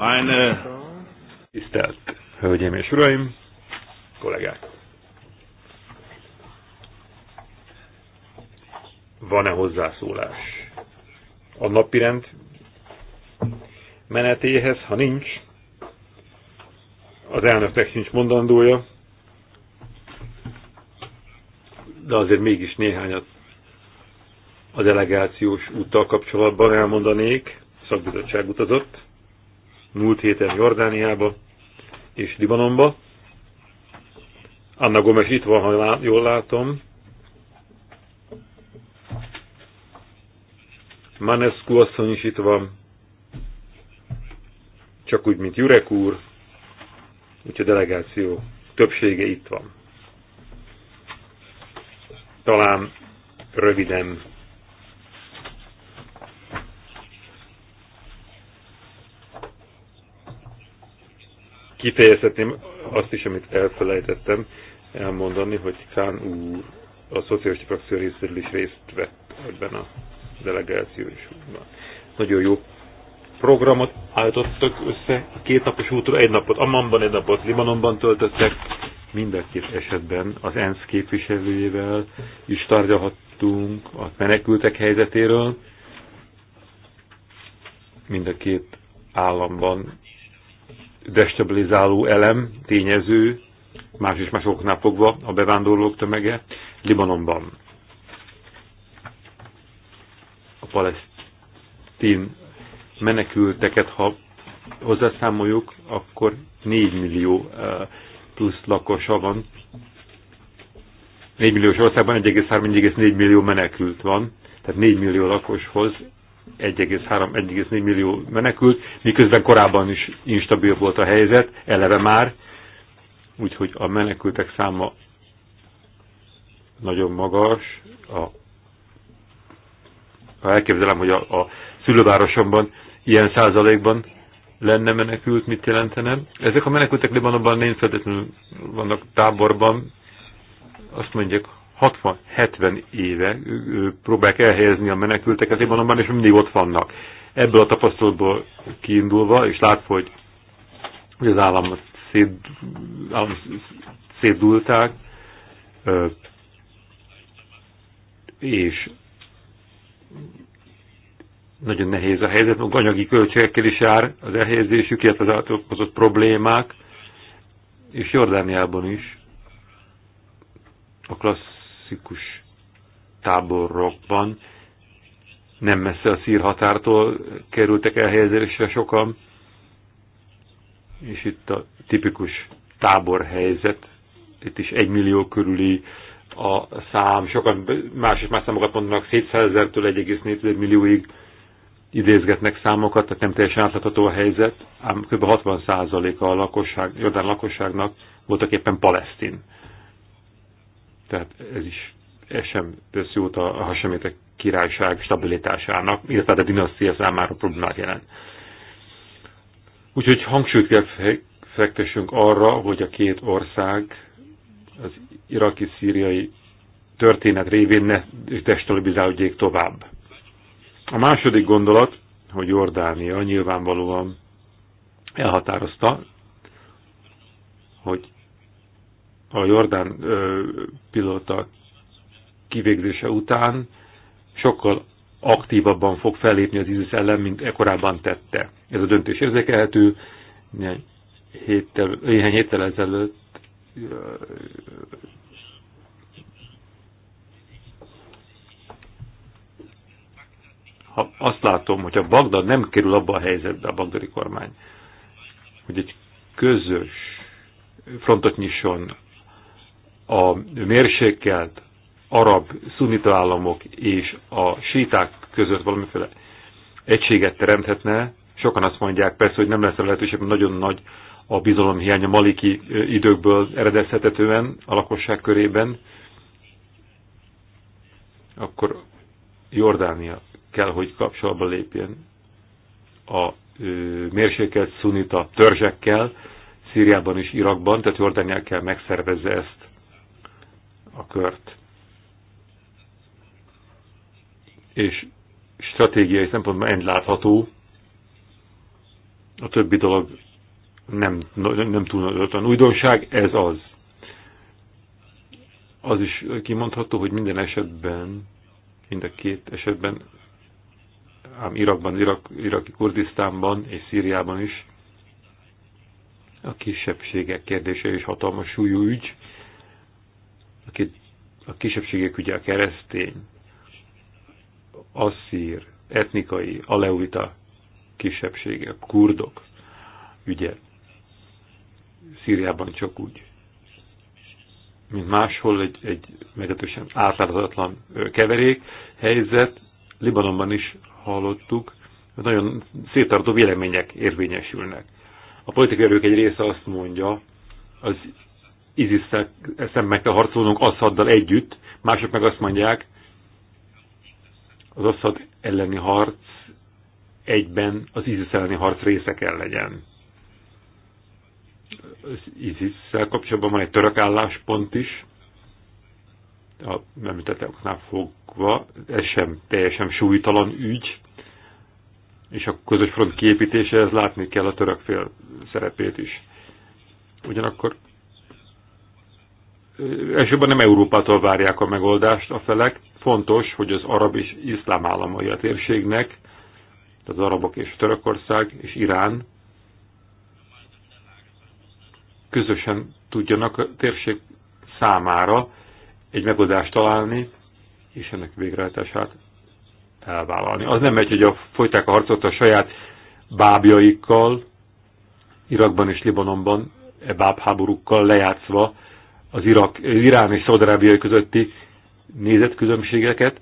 Meine tisztelt Hölgyeim és Uraim, kollégák! Van-e hozzászólás a napirend menetéhez? Ha nincs, az elnöknek sincs mondandója, de azért mégis néhányat a delegációs úttal kapcsolatban elmondanék, szakbizottság utazott, múlt héten Jordániába és Libanonba. Anna Gomes itt van, ha jól látom. Manescu asszony is itt van. Csak úgy, mint Jurek úr. Úgyhogy a delegáció többsége itt van. Talán röviden kifejezhetném azt is, amit elfelejtettem elmondani, hogy Kán úr a szociális frakció részéről is részt vett ebben a delegációban. Nagyon jó programot állítottak össze, a két napos útra egy napot Ammanban, egy napot Libanonban töltöttek, Mindenki esetben az ENSZ képviselőjével is tárgyalhattunk a menekültek helyzetéről. Mind a két államban destabilizáló elem, tényező, más és más oknál fogva a bevándorlók tömege Libanonban. A palesztin menekülteket, ha hozzászámoljuk, akkor 4 millió eh, plusz lakosa van. 4 milliós országban 1,3-1,4 millió menekült van, tehát 4 millió lakoshoz 1,3-1,4 millió menekült, miközben korábban is instabil volt a helyzet, eleve már, úgyhogy a menekültek száma nagyon magas. A, ha elképzelem, hogy a, a szülővárosomban ilyen százalékban lenne menekült, mit jelentene? Ezek a menekültek Libanonban nem feltétlenül vannak táborban, azt mondják, 60-70 éve próbálják elhelyezni a menekülteket Libanonban, és mindig ott vannak. Ebből a tapasztalatból kiindulva, és látva, hogy az államot szét, állam szétdulták, és nagyon nehéz a helyzet, mert anyagi költségekkel is jár az elhelyezésük, illetve az okozott problémák, és Jordániában is a klassz klasszikus táborokban, nem messze a szírhatártól kerültek elhelyezésre sokan, és itt a tipikus táborhelyzet, itt is egy millió körüli a szám, sokan más és más számokat mondanak, 700 ezer-től 1,4 millióig idézgetnek számokat, tehát nem teljesen átlátható a helyzet, ám kb. 60%-a a lakosság, Jordán lakosságnak voltak éppen palesztin. Tehát ez is ez sem tesz jót a hasemétek királyság stabilitásának, illetve a dinasztia számára problémát jelent. Úgyhogy hangsúlyt kell fektessünk arra, hogy a két ország az iraki-szíriai történet révén ne destabilizálódjék tovább. A második gondolat, hogy Jordánia nyilvánvalóan elhatározta, hogy a Jordán pilóta kivégzése után sokkal aktívabban fog fellépni az ISIS ellen, mint e korábban tette. Ez a döntés érzékelhető. Néhány héttel, néhány héttel ezelőtt ha azt látom, hogy a Bagdad nem kerül abba a helyzetbe, a bagdadi kormány, hogy egy közös frontot nyisson a mérsékelt arab szunita államok és a síták között valamiféle egységet teremthetne. Sokan azt mondják persze, hogy nem lesz a lehetőség, nagyon nagy a bizalom hiánya maliki időkből eredezhetetően a lakosság körében, akkor Jordánia kell, hogy kapcsolatba lépjen a mérsékelt szunita törzsekkel, Szíriában és Irakban, tehát Jordánia kell megszervezze ezt a kört. És stratégiai szempontból látható a többi dolog nem, nem túl nagy újdonság, ez az. Az is kimondható, hogy minden esetben, mind a két esetben, ám Irakban, Irak, Iraki Kurdisztánban és Szíriában is a kisebbségek kérdése is hatalmas súlyú ügy, akit a kisebbségek ugye a keresztény, asszír, etnikai, aleuita kisebbsége, kurdok ugye Szíriában csak úgy, mint máshol egy, egy meglehetősen átláthatatlan keverék helyzet. Libanonban is hallottuk, hogy nagyon széttartó vélemények érvényesülnek. A politikai erők egy része azt mondja, az ISIS-szel szemben kell harcolnunk Assaddal együtt, mások meg azt mondják, az Assad elleni harc egyben az ISIS elleni harc része kell legyen. Az ISIS-szel kapcsolatban van egy török álláspont is, a nemzeteknál fogva, ez sem teljesen súlytalan ügy, és a közös front kiépítése, ez látni kell a török fél szerepét is. Ugyanakkor elsőben nem Európától várják a megoldást a felek. Fontos, hogy az arab és iszlám államai a térségnek, az arabok és Törökország és Irán közösen tudjanak a térség számára egy megoldást találni, és ennek végrehajtását elvállalni. Az nem megy, hogy a, folyták a harcot a saját bábjaikkal, Irakban és Libanonban, e bábháborúkkal lejátszva az Irak, Irán és Szaudarábiai közötti nézetkülönbségeket.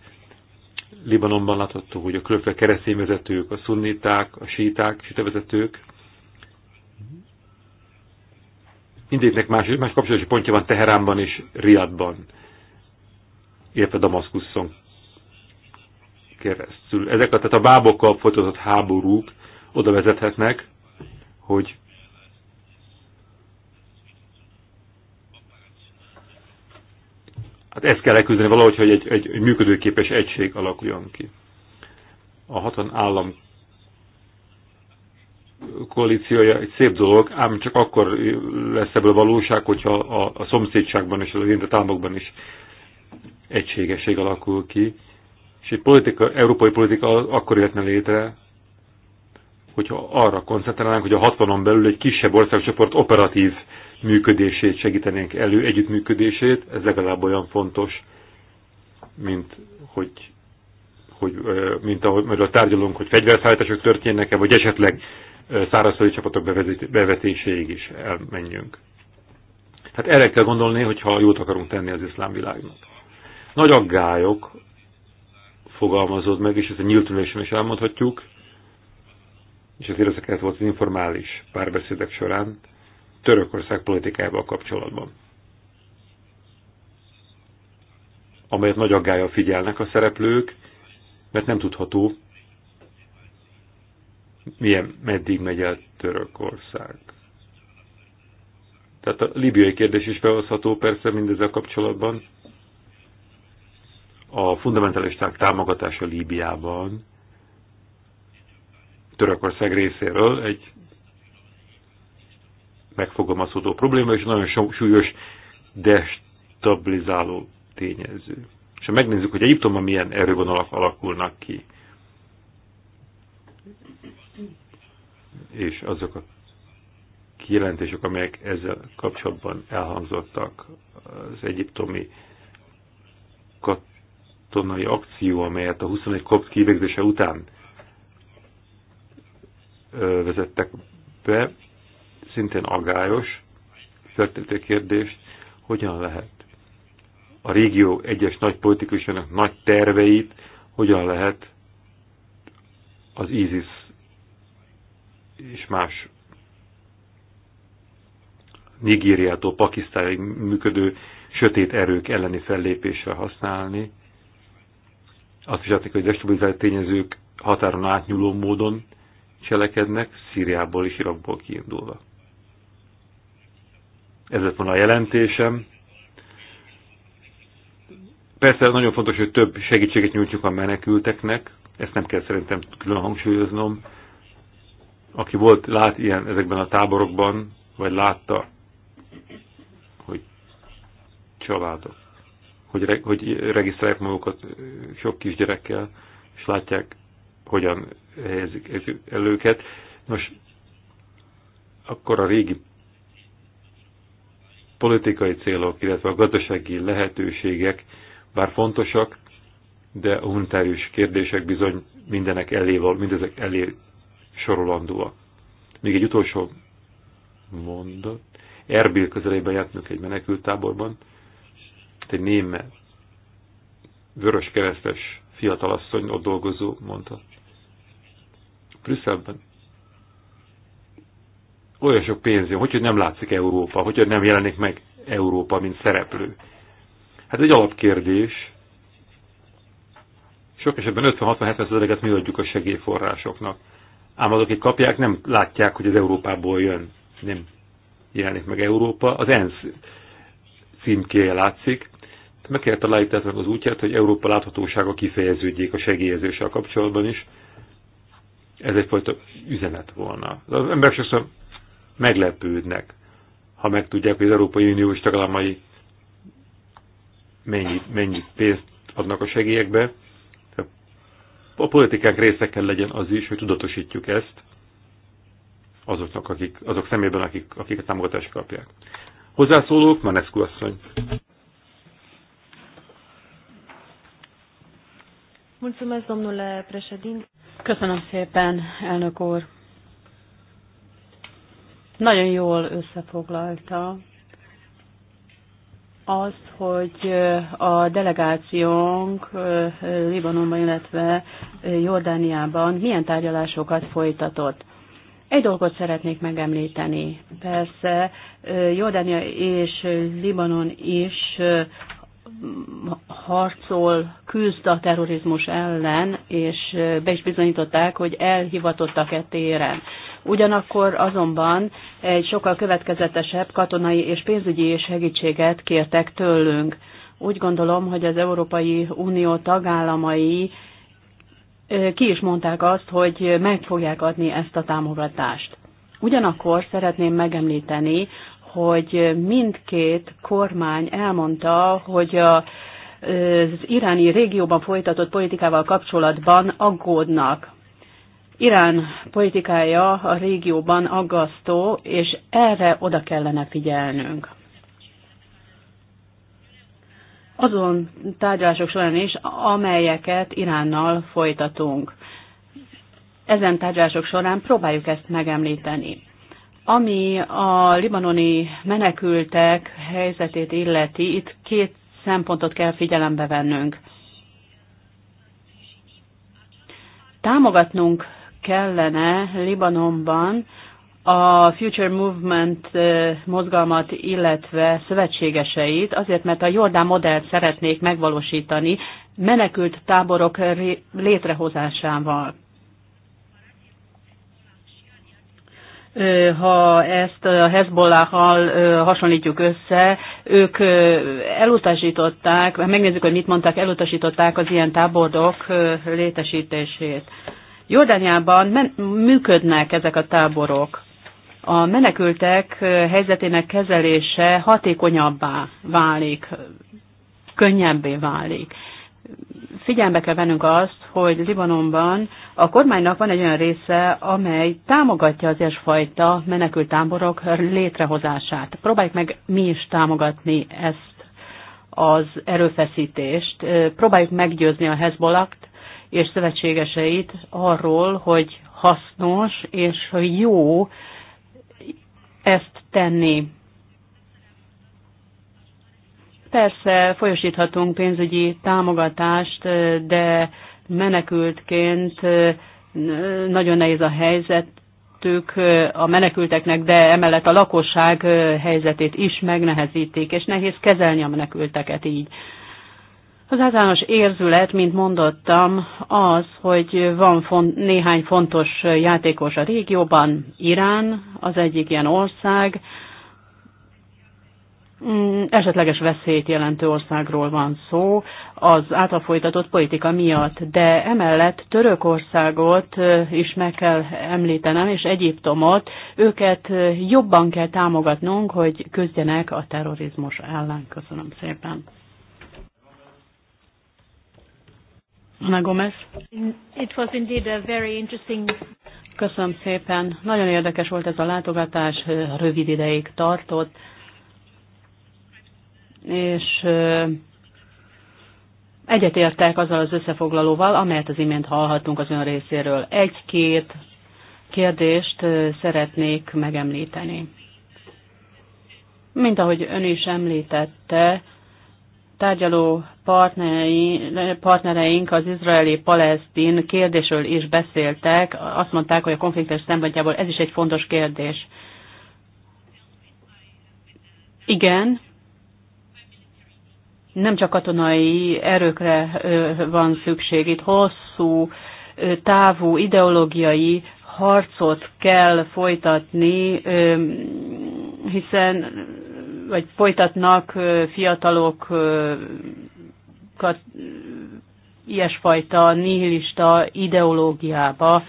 Libanonban látható, hogy a különféle keresztényvezetők, a szunniták, a síták, sítevezetők, mindegyiknek más, más kapcsolási pontja van Teheránban és Riadban, illetve Damaszkuszon keresztül. Ezek a, tehát a bábokkal folytatott háborúk oda vezethetnek, hogy Hát ezt kell elküzdeni valahogy, hogy egy, egy, egy működőképes egység alakuljon ki. A 60 állam koalíciója egy szép dolog, ám csak akkor lesz ebből valóság, hogyha a, a szomszédságban és az érintett államokban is egységesség alakul ki. És egy politika, európai politika akkor jöhetne létre, hogyha arra koncentrálnánk, hogy a 60-on belül egy kisebb országcsoport operatív működését segítenénk elő, együttműködését, ez legalább olyan fontos, mint hogy hogy, mint ahogy a tárgyalunk, hogy fegyverszállítások történnek-e, vagy esetleg szárazföldi csapatok bevetéséig is elmenjünk. Hát erre kell gondolni, hogyha jót akarunk tenni az iszlám világnak. Nagy aggályok fogalmazód meg, és ezt a nyílt ülésen is elmondhatjuk, és ezért ezeket volt az informális párbeszédek során, Törökország politikájával kapcsolatban, amelyet nagy aggája figyelnek a szereplők, mert nem tudható, milyen, meddig megy el Törökország. Tehát a libiai kérdés is behozható persze mindezzel kapcsolatban. A fundamentalisták támogatása Líbiában Törökország részéről egy megfogalmazható probléma, és nagyon súlyos destabilizáló tényező. És ha megnézzük, hogy Egyiptomban milyen erővonalak alakulnak ki, és azok a kijelentések, amelyek ezzel kapcsolatban elhangzottak, az egyiptomi katonai akció, amelyet a 21 kop kivégzése után vezettek be, szintén agályos, feltető kérdés, hogyan lehet a régió egyes nagy politikusának nagy terveit, hogyan lehet az ISIS és más Nigériától Pakisztánig működő sötét erők elleni fellépésre használni. Azt is látni, hogy destabilizált tényezők határon átnyúló módon cselekednek, Szíriából és Irakból kiindulva. Ez lett volna a jelentésem. Persze nagyon fontos, hogy több segítséget nyújtjuk a menekülteknek, ezt nem kell szerintem külön hangsúlyoznom. Aki volt, lát ilyen ezekben a táborokban, vagy látta, hogy családok, hogy, hogy regisztrálják magukat sok kisgyerekkel, és látják, hogyan helyezik előket. Most akkor a régi politikai célok, illetve a gazdasági lehetőségek bár fontosak, de a humanitárius kérdések bizony mindenek elé, mindezek elé sorolandóak. Még egy utolsó mondat. Erbil közelében jártunk egy menekültáborban, egy német vörös keresztes fiatalasszony, ott dolgozó, mondta. Brüsszelben olyan sok pénz jön, hogy nem látszik Európa, hogy nem jelenik meg Európa, mint szereplő. Hát egy alapkérdés. Sok esetben 50-60-70%-et mi adjuk a segélyforrásoknak. Ám azok, akik kapják, nem látják, hogy az Európából jön. Nem jelenik meg Európa. Az ENSZ címkéje látszik. Meg kell találni az útját, hogy Európa láthatósága kifejeződjék a segélyezéssel kapcsolatban is. Ez egyfajta üzenet volna. Az emberek sokszor meglepődnek, ha megtudják, hogy az Európai Uniós tagállamai mennyi, mennyi pénzt adnak a segélyekbe. A politikák része kell legyen az is, hogy tudatosítjuk ezt azoknak, akik, azok szemében, akik, akik a támogatást kapják. Hozzászólók, Manescu asszony. Köszönöm szépen, elnök úr. Nagyon jól összefoglalta azt, hogy a delegációnk Libanonban, illetve Jordániában milyen tárgyalásokat folytatott. Egy dolgot szeretnék megemlíteni. Persze Jordánia és Libanon is harcol, küzd a terrorizmus ellen, és be is bizonyították, hogy elhivatottak-e téren. Ugyanakkor azonban egy sokkal következetesebb katonai és pénzügyi segítséget kértek tőlünk. Úgy gondolom, hogy az Európai Unió tagállamai ki is mondták azt, hogy meg fogják adni ezt a támogatást. Ugyanakkor szeretném megemlíteni, hogy mindkét kormány elmondta, hogy a, az iráni régióban folytatott politikával kapcsolatban aggódnak. Irán politikája a régióban aggasztó, és erre oda kellene figyelnünk. Azon tárgyalások során is, amelyeket Iránnal folytatunk. Ezen tárgyalások során próbáljuk ezt megemlíteni. Ami a libanoni menekültek helyzetét illeti, itt két szempontot kell figyelembe vennünk. Támogatnunk kellene Libanonban a Future Movement mozgalmat, illetve szövetségeseit, azért mert a Jordán modellt szeretnék megvalósítani menekült táborok létrehozásával. ha ezt a Hezbollahal hasonlítjuk össze, ők elutasították, megnézzük, hogy mit mondták, elutasították az ilyen táborok létesítését. Jordániában működnek ezek a táborok. A menekültek helyzetének kezelése hatékonyabbá válik, könnyebbé válik. Figyelme kell vennünk azt, hogy Libanonban a kormánynak van egy olyan része, amely támogatja az ilyesfajta menekültáborok létrehozását. Próbáljuk meg mi is támogatni ezt az erőfeszítést. Próbáljuk meggyőzni a hezbollah és szövetségeseit arról, hogy hasznos és jó ezt tenni. Persze folyosíthatunk pénzügyi támogatást, de menekültként nagyon nehéz a helyzetük a menekülteknek, de emellett a lakosság helyzetét is megnehezítik, és nehéz kezelni a menekülteket így. Az általános érzület, mint mondottam, az, hogy van font, néhány fontos játékos a régióban, Irán az egyik ilyen ország, Mm, esetleges veszélyt jelentő országról van szó az által folytatott politika miatt, de emellett Törökországot is meg kell említenem, és Egyiptomot, őket jobban kell támogatnunk, hogy küzdjenek a terrorizmus ellen. Köszönöm szépen. Ana Gomez. It was indeed a very interesting... Köszönöm szépen. Nagyon érdekes volt ez a látogatás, rövid ideig tartott és egyetértek azzal az összefoglalóval, amelyet az imént hallhattunk az ön részéről. Egy-két kérdést szeretnék megemlíteni. Mint ahogy ön is említette, tárgyaló partnereink az izraeli-palesztin kérdésről is beszéltek. Azt mondták, hogy a konfliktus szempontjából ez is egy fontos kérdés. Igen, nem csak katonai erőkre van szükség, itt hosszú távú ideológiai harcot kell folytatni, hiszen vagy folytatnak fiatalok ilyesfajta nihilista ideológiába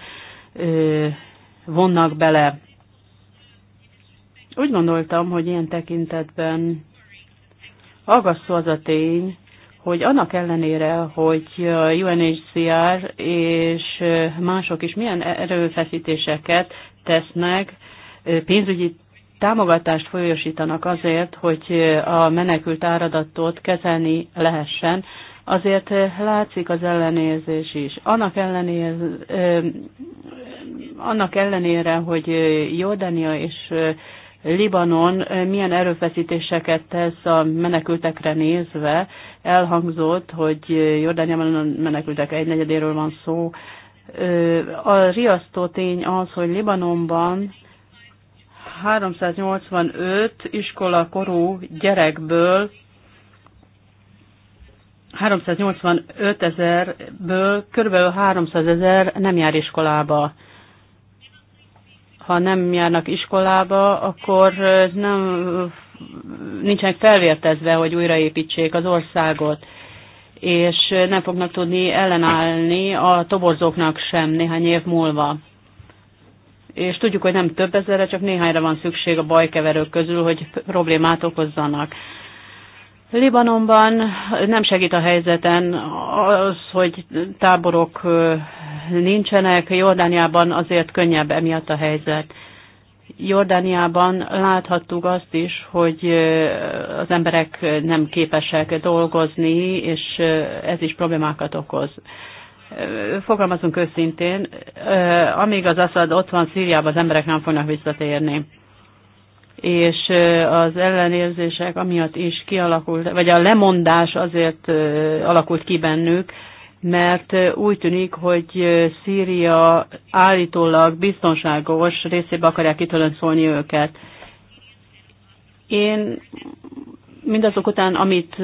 vonnak bele. Úgy gondoltam, hogy ilyen tekintetben Aggasztó az a tény, hogy annak ellenére, hogy a uh, UNHCR és uh, mások is milyen erőfeszítéseket tesznek, uh, pénzügyi támogatást folyosítanak azért, hogy a menekült áradatot kezelni lehessen, azért látszik az ellenérzés is. Annak, ellenére, annak ellenére, hogy Jordania és Libanon milyen erőfeszítéseket tesz a menekültekre nézve. Elhangzott, hogy Jordániában a menekültek egynegyedéről van szó. A riasztó tény az, hogy Libanonban 385 iskolakorú gyerekből 385 ezerből kb. 300 ezer nem jár iskolába ha nem járnak iskolába, akkor nem nincsenek felvértezve, hogy újraépítsék az országot, és nem fognak tudni ellenállni a toborzóknak sem néhány év múlva. És tudjuk, hogy nem több ezerre, csak néhányra van szükség a bajkeverők közül, hogy problémát okozzanak. Libanonban nem segít a helyzeten az, hogy táborok nincsenek, Jordániában azért könnyebb emiatt a helyzet. Jordániában láthattuk azt is, hogy az emberek nem képesek dolgozni, és ez is problémákat okoz. Fogalmazunk őszintén, amíg az Assad ott van Szíriában, az emberek nem fognak visszatérni és az ellenérzések amiatt is kialakult, vagy a lemondás azért alakult ki bennük, mert úgy tűnik, hogy Szíria állítólag biztonságos részébe akarják kitölönszolni őket. Én mindazok után, amit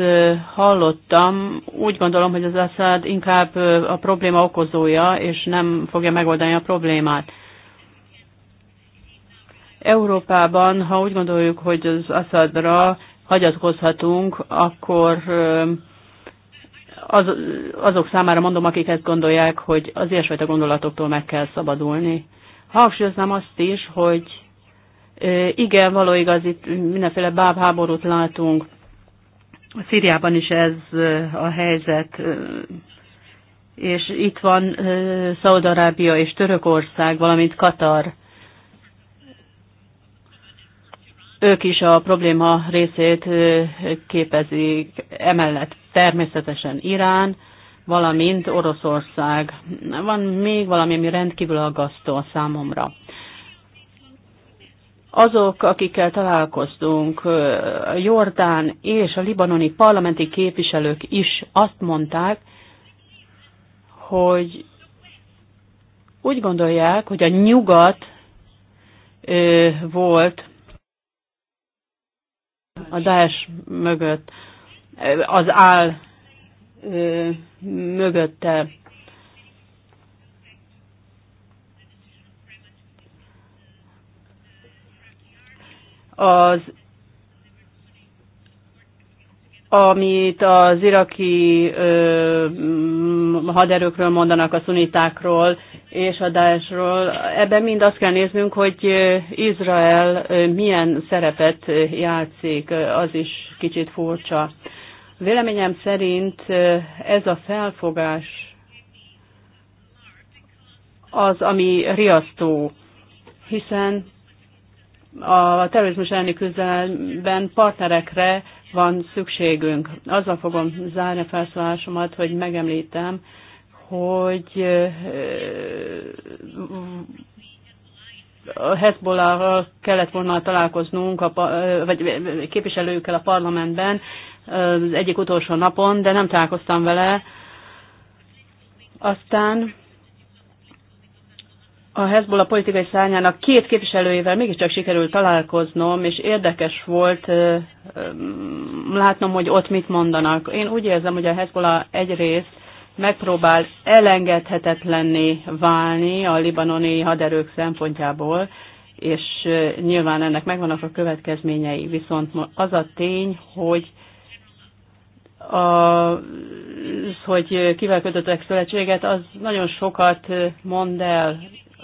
hallottam, úgy gondolom, hogy az Assad inkább a probléma okozója, és nem fogja megoldani a problémát. Európában, ha úgy gondoljuk, hogy az Assadra hagyatkozhatunk, akkor az, azok számára mondom, akik ezt gondolják, hogy az ilyesfajta gondolatoktól meg kell szabadulni. Hangsúlyoznám azt is, hogy igen, való igaz, itt mindenféle bábháborút látunk. Szíriában is ez a helyzet, és itt van Szaudarábia és Törökország, valamint Katar. ők is a probléma részét képezik, emellett természetesen Irán, valamint Oroszország. Van még valami, ami rendkívül aggasztó a számomra. Azok, akikkel találkoztunk, a Jordán és a libanoni parlamenti képviselők is azt mondták, hogy úgy gondolják, hogy a nyugat volt a Daesh mögött, az áll mögötte. Az amit az iraki ö, haderőkről mondanak, a szunitákról, és a Daesh-ról. Ebben mind azt kell néznünk, hogy Izrael milyen szerepet játszik, az is kicsit furcsa. Véleményem szerint ez a felfogás az, ami riasztó, hiszen a terrorizmus elleni küzdelemben partnerekre van szükségünk. Azzal fogom zárni a felszólásomat, hogy megemlítem, hogy a Hezbollah kellett volna találkoznunk, a, vagy képviselőkkel a parlamentben az egyik utolsó napon, de nem találkoztam vele. Aztán a Hezbollah politikai szárnyának két képviselőjével mégiscsak sikerült találkoznom, és érdekes volt látnom, hogy ott mit mondanak. Én úgy érzem, hogy a Hezbollah egyrészt megpróbál elengedhetetlenné válni a libanoni haderők szempontjából, és nyilván ennek megvannak a következményei. Viszont az a tény, hogy a, hogy kivel kötöttek szövetséget, az nagyon sokat mond el.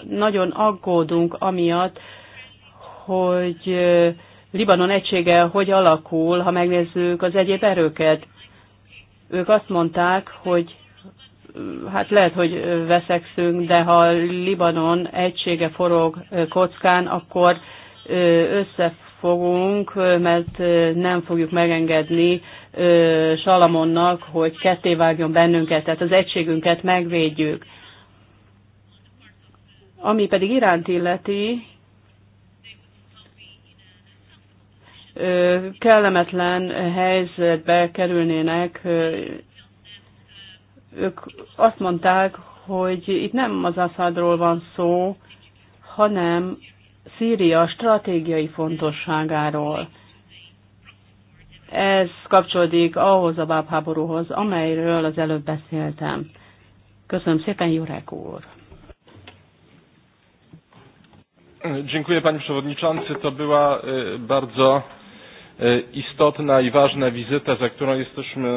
Nagyon aggódunk amiatt, hogy Libanon egysége hogy alakul, ha megnézzük az egyéb erőket. Ők azt mondták, hogy hát lehet, hogy veszekszünk, de ha Libanon egysége forog kockán, akkor összefogunk, mert nem fogjuk megengedni Salamonnak, hogy kettévágjon bennünket, tehát az egységünket megvédjük. Ami pedig iránt illeti, kellemetlen helyzetbe kerülnének ők azt mondták, hogy itt nem az Assadról van szó, hanem Szíria stratégiai fontosságáról. Ez kapcsolódik ahhoz a bábháborúhoz, amelyről az előbb beszéltem. Köszönöm szépen, Jurek úr! Dziękuję panie przewodniczący. To była e, bardzo E, istotna i ważna wizyta, za którą jesteśmy...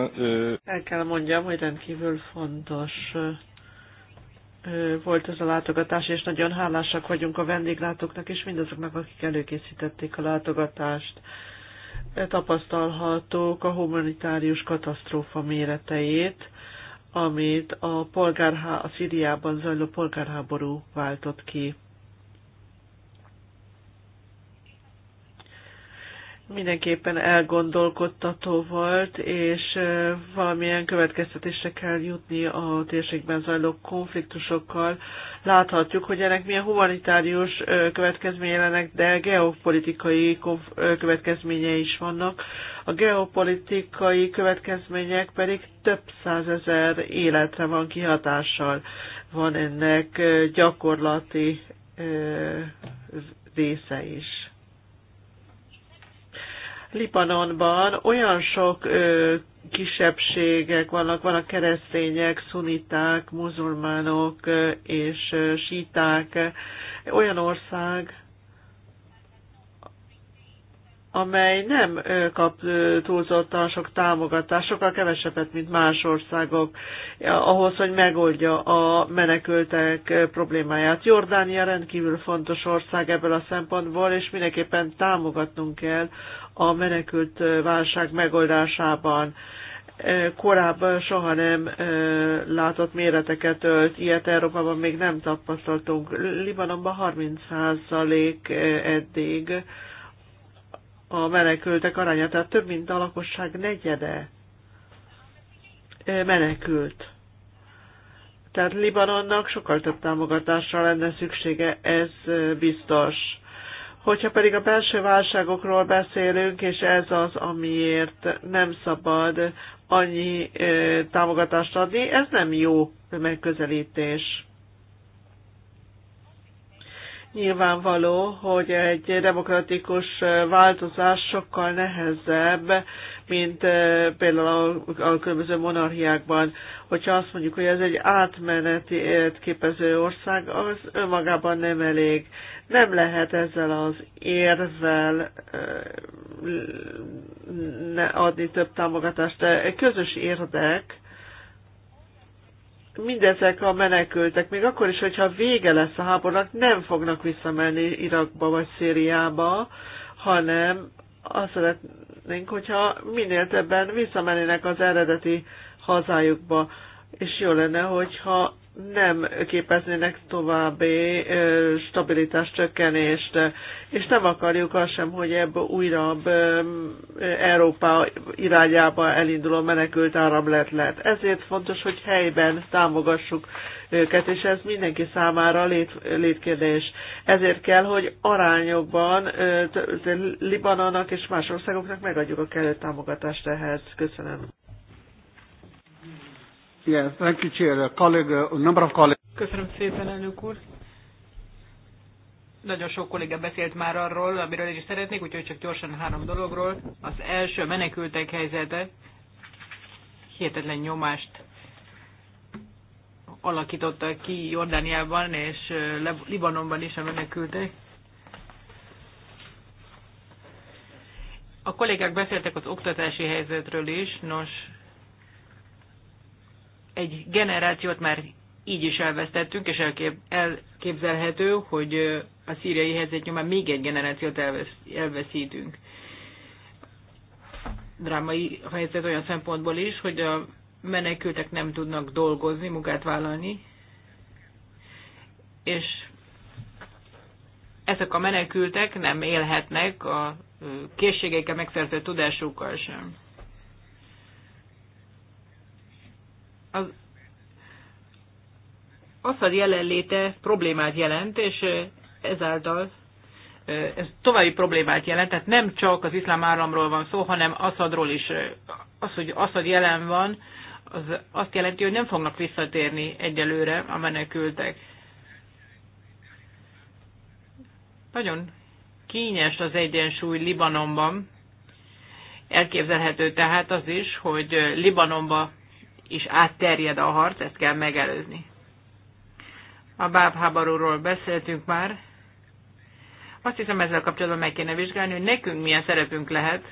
E, El kell mondjam, hogy rendkívül fontos e, volt ez a látogatás, és nagyon hálásak vagyunk a vendéglátóknak és mindazoknak, akik előkészítették a látogatást. Tapasztalhatók a humanitárius katasztrófa méreteit, amit a, polgárhá- a Szíriában zajló polgárháború váltott ki. mindenképpen elgondolkodtató volt, és valamilyen következtetésre kell jutni a térségben zajló konfliktusokkal. Láthatjuk, hogy ennek milyen humanitárius következménye lennek, de geopolitikai következménye is vannak. A geopolitikai következmények pedig több százezer életre van kihatással. Van ennek gyakorlati része is. Libanonban olyan sok ö, kisebbségek vannak, vannak keresztények, szuniták, muzulmánok és síták. Olyan ország, amely nem kap túlzottan sok támogatást, sokkal kevesebbet, mint más országok, ahhoz, hogy megoldja a menekültek problémáját. Jordánia rendkívül fontos ország ebből a szempontból, és mindenképpen támogatnunk kell a menekült válság megoldásában korábban soha nem látott méreteket ölt, ilyet Európában még nem tapasztaltunk. Libanonban 30% eddig a menekültek aránya, tehát több mint a lakosság negyede eh, menekült. Tehát Libanonnak sokkal több támogatásra lenne szüksége, ez eh, biztos. Hogyha pedig a belső válságokról beszélünk, és ez az, amiért nem szabad annyi eh, támogatást adni, ez nem jó megközelítés. Nyilvánvaló, hogy egy demokratikus változás sokkal nehezebb, mint eh, például a különböző monarchiákban. Hogyha azt mondjuk, hogy ez egy átmeneti képező ország, az önmagában nem elég. Nem lehet ezzel az érvel eh, adni több támogatást. Közös érdek, mindezek a menekültek, még akkor is, hogyha vége lesz a háborúnak, nem fognak visszamenni Irakba vagy Szíriába, hanem azt szeretnénk, hogyha minél többen visszamennének az eredeti hazájukba. És jó lenne, hogyha nem képeznének további stabilitás csökkenést, és nem akarjuk azt sem, hogy ebből újra Európa irányába elinduló menekült áramlet lett. Ezért fontos, hogy helyben támogassuk őket, és ez mindenki számára lét, létkérdés. Ezért kell, hogy arányokban Libanonnak és más országoknak megadjuk a kellő támogatást ehhez. Köszönöm. Yes, thank you, Chair. Colleague, a number of colleagues. Köszönöm szépen, elnök úr. Nagyon sok kolléga beszélt már arról, amiről is szeretnék, úgyhogy csak gyorsan három dologról. Az első menekültek helyzete, hihetetlen nyomást alakítottak ki Jordániában és Libanonban is a menekültek. A kollégák beszéltek az oktatási helyzetről is, nos, egy generációt már így is elvesztettünk, és elkép, elképzelhető, hogy a szíriai helyzet nyomán még egy generációt elvesz, elveszítünk. Drámai helyzet olyan szempontból is, hogy a menekültek nem tudnak dolgozni, munkát vállalni, és ezek a menekültek nem élhetnek a készségeikkel megszerzett tudásukkal sem. az Assad jelenléte problémát jelent, és ezáltal ez további problémát jelent, tehát nem csak az iszlám államról van szó, hanem Assadról is. Az, hogy Assad jelen van, az azt jelenti, hogy nem fognak visszatérni egyelőre a menekültek. Nagyon kényes az egyensúly Libanonban. Elképzelhető tehát az is, hogy Libanonba is átterjed a harc, ezt kell megelőzni. A bábháborúról beszéltünk már. Azt hiszem ezzel kapcsolatban meg kéne vizsgálni, hogy nekünk milyen szerepünk lehet,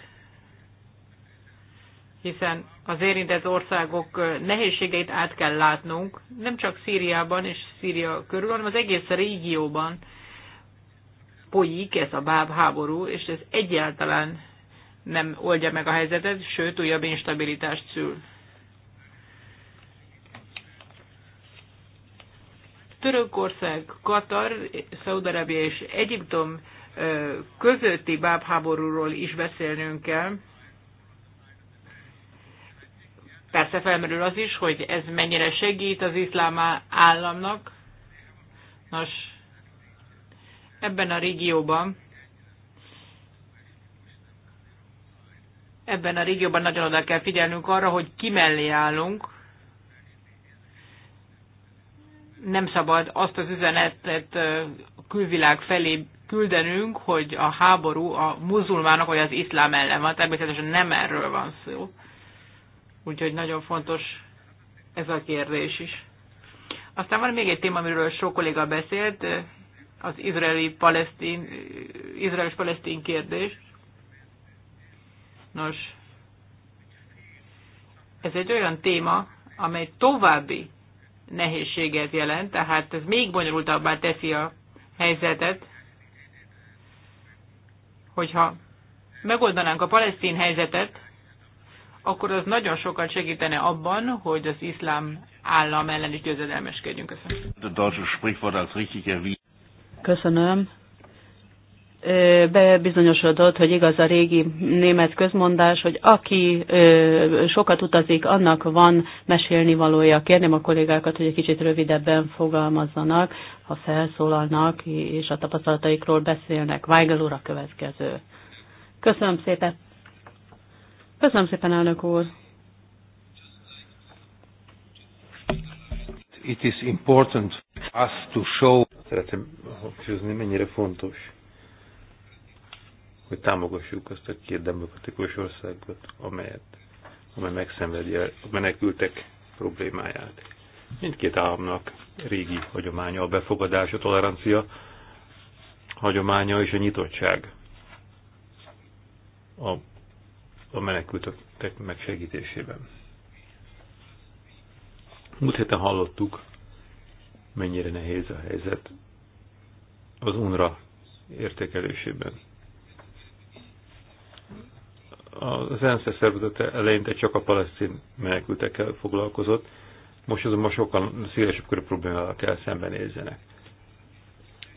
hiszen az érintett országok nehézségeit át kell látnunk, nem csak Szíriában és Szíria körül, hanem az egész régióban folyik ez a báb háború, és ez egyáltalán nem oldja meg a helyzetet, sőt újabb instabilitást szül. Törökország, Katar, Szaudarábia és Egyiptom közötti bábháborúról is beszélnünk kell. Persze felmerül az is, hogy ez mennyire segít az iszlám államnak. Nos, ebben a régióban ebben a régióban nagyon oda kell figyelnünk arra, hogy ki mellé állunk, nem szabad azt az üzenetet a külvilág felé küldenünk, hogy a háború a muzulmánok vagy az iszlám ellen van. Természetesen nem erről van szó. Úgyhogy nagyon fontos ez a kérdés is. Aztán van még egy téma, amiről sok kolléga beszélt, az izraeli-palesztin, izraelis-palesztin kérdés. Nos, ez egy olyan téma, amely további nehézséget jelent, tehát ez még bonyolultabbá teszi a helyzetet, hogyha megoldanánk a palesztin helyzetet, akkor az nagyon sokat segítene abban, hogy az iszlám állam ellen is győzedelmeskedjünk. Köszönöm. Köszönöm bebizonyosodott, hogy igaz a régi német közmondás, hogy aki sokat utazik, annak van mesélni valója. Kérném a kollégákat, hogy egy kicsit rövidebben fogalmazzanak, ha felszólalnak és a tapasztalataikról beszélnek. Weigel úr a következő. Köszönöm szépen. Köszönöm szépen, elnök úr. It is important us to show. Szeretném hangsúlyozni, mennyire fontos hogy támogassuk azt a két demokratikus országot, amelyet, amely megszenvedje a menekültek problémáját. Mindkét államnak régi hagyománya a befogadás, a tolerancia hagyománya és a nyitottság a, a menekültek megsegítésében. Múlt héten hallottuk, mennyire nehéz a helyzet az UNRA értékelésében az ENSZ szervezete eleinte csak a palesztin menekültekkel foglalkozott, most azonban sokkal szélesebb körű problémával kell szembenézzenek.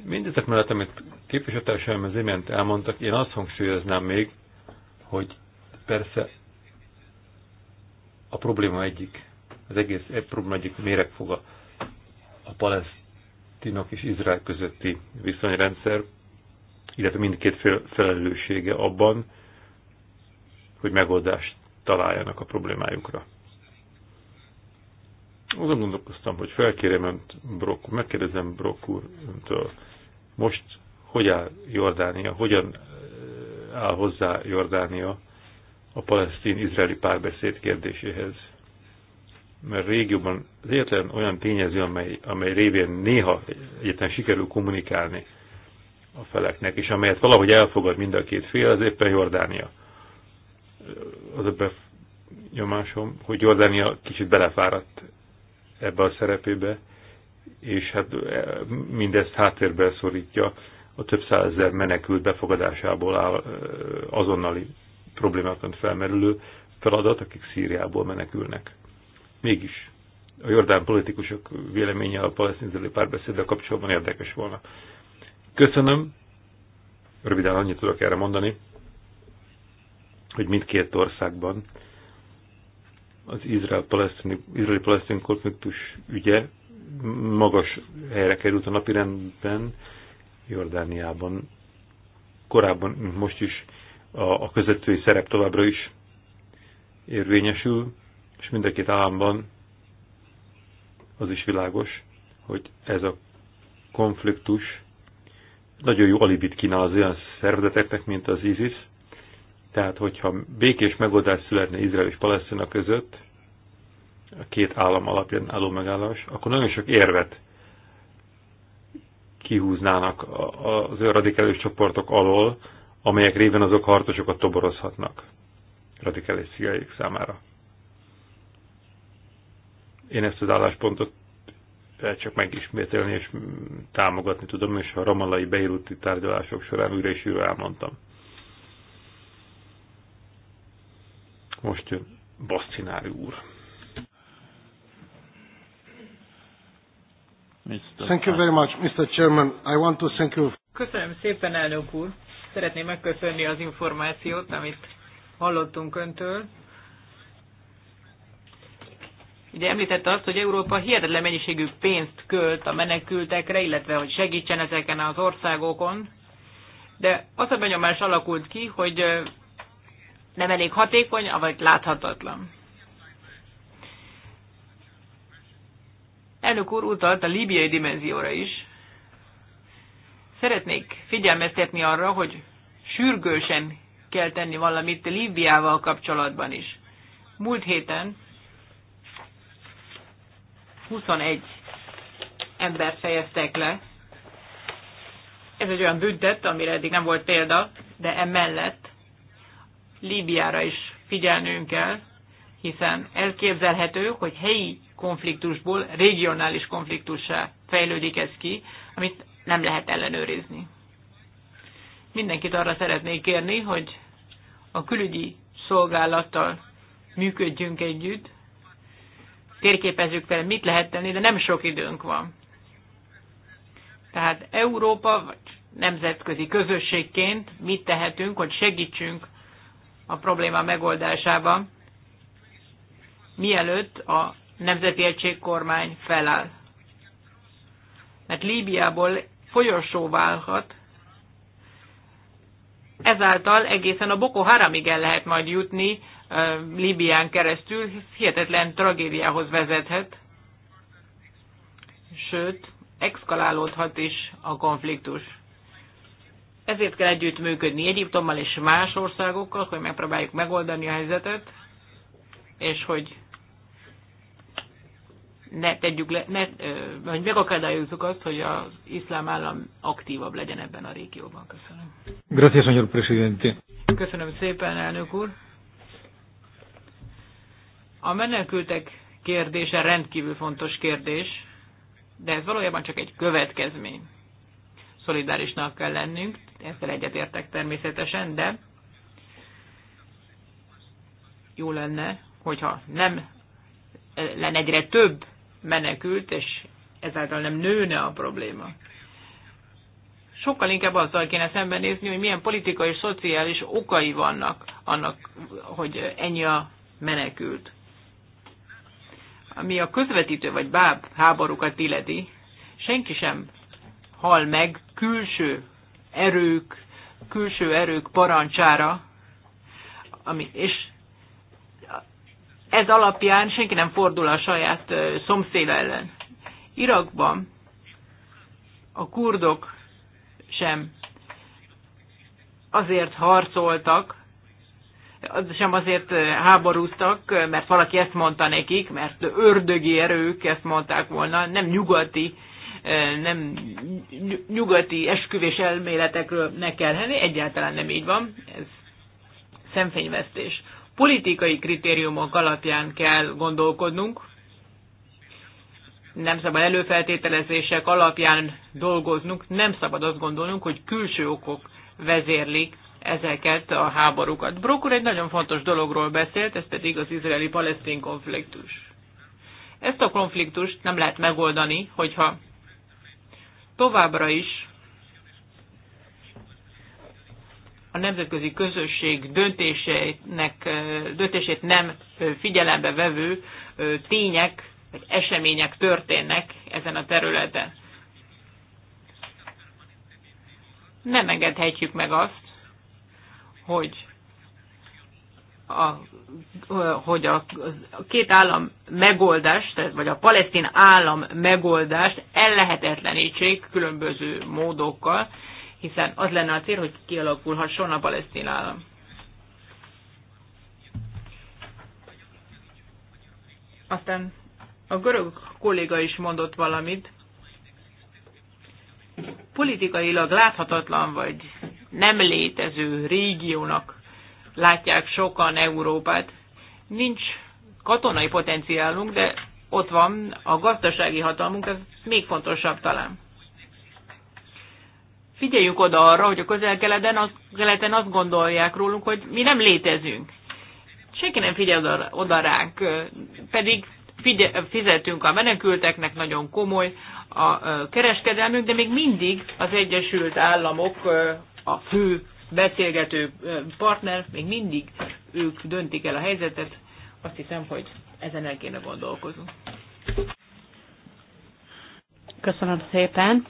Mindezek mellett, amit képviselőtársaim az imént elmondtak, én azt hangsúlyoznám még, hogy persze a probléma egyik, az egész egy probléma egyik méregfoga a palesztinok és Izrael közötti viszonyrendszer, illetve mindkét fél felelőssége abban, hogy megoldást találjanak a problémájukra. Azon gondolkoztam, hogy felkérem önt, Brok, megkérdezem Brok úr öntől, most hogy áll Jordánia, hogyan eh, áll hozzá Jordánia a palesztin-izraeli párbeszéd kérdéséhez? Mert régióban az egyetlen olyan tényező, amely, amely révén néha egyetlen sikerül kommunikálni a feleknek, és amelyet valahogy elfogad mind a két fél, az éppen Jordánia az a benyomásom, hogy Jordánia kicsit belefáradt ebbe a szerepébe, és hát e, mindezt háttérbe szorítja a több százezer menekült befogadásából áll, e, azonnali problémákat felmerülő feladat, akik Szíriából menekülnek. Mégis a jordán politikusok véleménye a palesztinzeli párbeszéddel kapcsolatban érdekes volna. Köszönöm, röviden annyit tudok erre mondani, hogy mindkét országban az izrael-palesztin konfliktus ügye magas helyre került a napirendben, Jordániában korábban, mint most is a, a közvetői szerep továbbra is érvényesül, és mind a két államban az is világos, hogy ez a konfliktus nagyon jó alibit kínál az olyan szervezeteknek, mint az ISIS, tehát, hogyha békés megoldás születne Izrael és Palesztina között, a két állam alapján álló megállás, akkor nagyon sok érvet kihúznának az ő radikális csoportok alól, amelyek réven azok harcosokat toborozhatnak radikális szigaik számára. Én ezt az álláspontot csak megismételni és támogatni tudom, és a ramallai beiruti tárgyalások során újra és újra elmondtam. Most jön Basztinári úr. Thank you very much, Mr. Chairman. I want to thank you. Köszönöm szépen, elnök úr. Szeretném megköszönni az információt, amit hallottunk öntől. Ugye említette azt, hogy Európa hihetetlen mennyiségű pénzt költ a menekültekre, illetve hogy segítsen ezeken az országokon, de az a benyomás alakult ki, hogy nem elég hatékony, vagy láthatatlan. Elnök úr utalt a líbiai dimenzióra is. Szeretnék figyelmeztetni arra, hogy sürgősen kell tenni valamit Líbiával kapcsolatban is. Múlt héten 21 ember fejeztek le. Ez egy olyan büntet, amire eddig nem volt példa, de emellett Líbiára is figyelnünk kell, hiszen elképzelhető, hogy helyi konfliktusból regionális konfliktussá fejlődik ez ki, amit nem lehet ellenőrizni. Mindenkit arra szeretnék kérni, hogy a külügyi szolgálattal működjünk együtt, térképezzük fel, mit lehet tenni, de nem sok időnk van. Tehát Európa, vagy nemzetközi közösségként mit tehetünk, hogy segítsünk a probléma megoldásában, mielőtt a nemzeti egységkormány feláll. Mert Líbiából folyosó válhat, ezáltal egészen a Boko Haramig el lehet majd jutni Líbián keresztül, hihetetlen tragédiához vezethet, sőt, exkalálódhat is a konfliktus. Ezért kell együttműködni Egyiptommal és más országokkal, hogy megpróbáljuk megoldani a helyzetet, és hogy ne tegyük le, ne, hogy megakadályozzuk azt, hogy az iszlám állam aktívabb legyen ebben a régióban. Köszönöm. Gracias, señor presidente. Köszönöm szépen, elnök úr. A menekültek kérdése rendkívül fontos kérdés, de ez valójában csak egy következmény. Szolidárisnak kell lennünk, ezzel egyetértek természetesen, de jó lenne, hogyha nem lenne egyre több menekült, és ezáltal nem nőne a probléma. Sokkal inkább azzal kéne szembenézni, hogy milyen politikai és szociális okai vannak annak, hogy ennyi a menekült. Ami a közvetítő vagy báb háborúkat illeti, senki sem hal meg külső erők, külső erők parancsára, ami, és ez alapján senki nem fordul a saját szomszéd ellen. Irakban a kurdok sem azért harcoltak, sem azért háborúztak, mert valaki ezt mondta nekik, mert ördögi erők ezt mondták volna, nem nyugati nem nyugati esküvés elméletekről ne kelheni, egyáltalán nem így van, ez szemfényvesztés. Politikai kritériumok alapján kell gondolkodnunk, nem szabad előfeltételezések alapján dolgoznunk, nem szabad azt gondolnunk, hogy külső okok vezérlik ezeket a háborúkat. Brokur egy nagyon fontos dologról beszélt, ez pedig az izraeli-palesztin konfliktus. Ezt a konfliktust nem lehet megoldani, hogyha továbbra is a nemzetközi közösség döntéseinek, döntését nem figyelembe vevő tények vagy események történnek ezen a területen. Nem engedhetjük meg azt, hogy a, hogy a, a két állam megoldást, vagy a palesztin állam megoldást ellehetetlenítsék különböző módokkal, hiszen az lenne a cél, hogy kialakulhasson a palesztin állam. Aztán a görög kolléga is mondott valamit. Politikailag láthatatlan vagy nem létező régiónak látják sokan Európát. Nincs katonai potenciálunk, de ott van a gazdasági hatalmunk, ez még fontosabb talán. Figyeljünk oda arra, hogy a közel-keleten azt, keleten azt gondolják rólunk, hogy mi nem létezünk. Senki nem figyel oda ránk, pedig figye, fizetünk a menekülteknek, nagyon komoly a kereskedelmünk, de még mindig az Egyesült Államok a fő beszélgető partner, még mindig ők döntik el a helyzetet. Azt hiszem, hogy ezen el kéne gondolkozunk. Köszönöm szépen.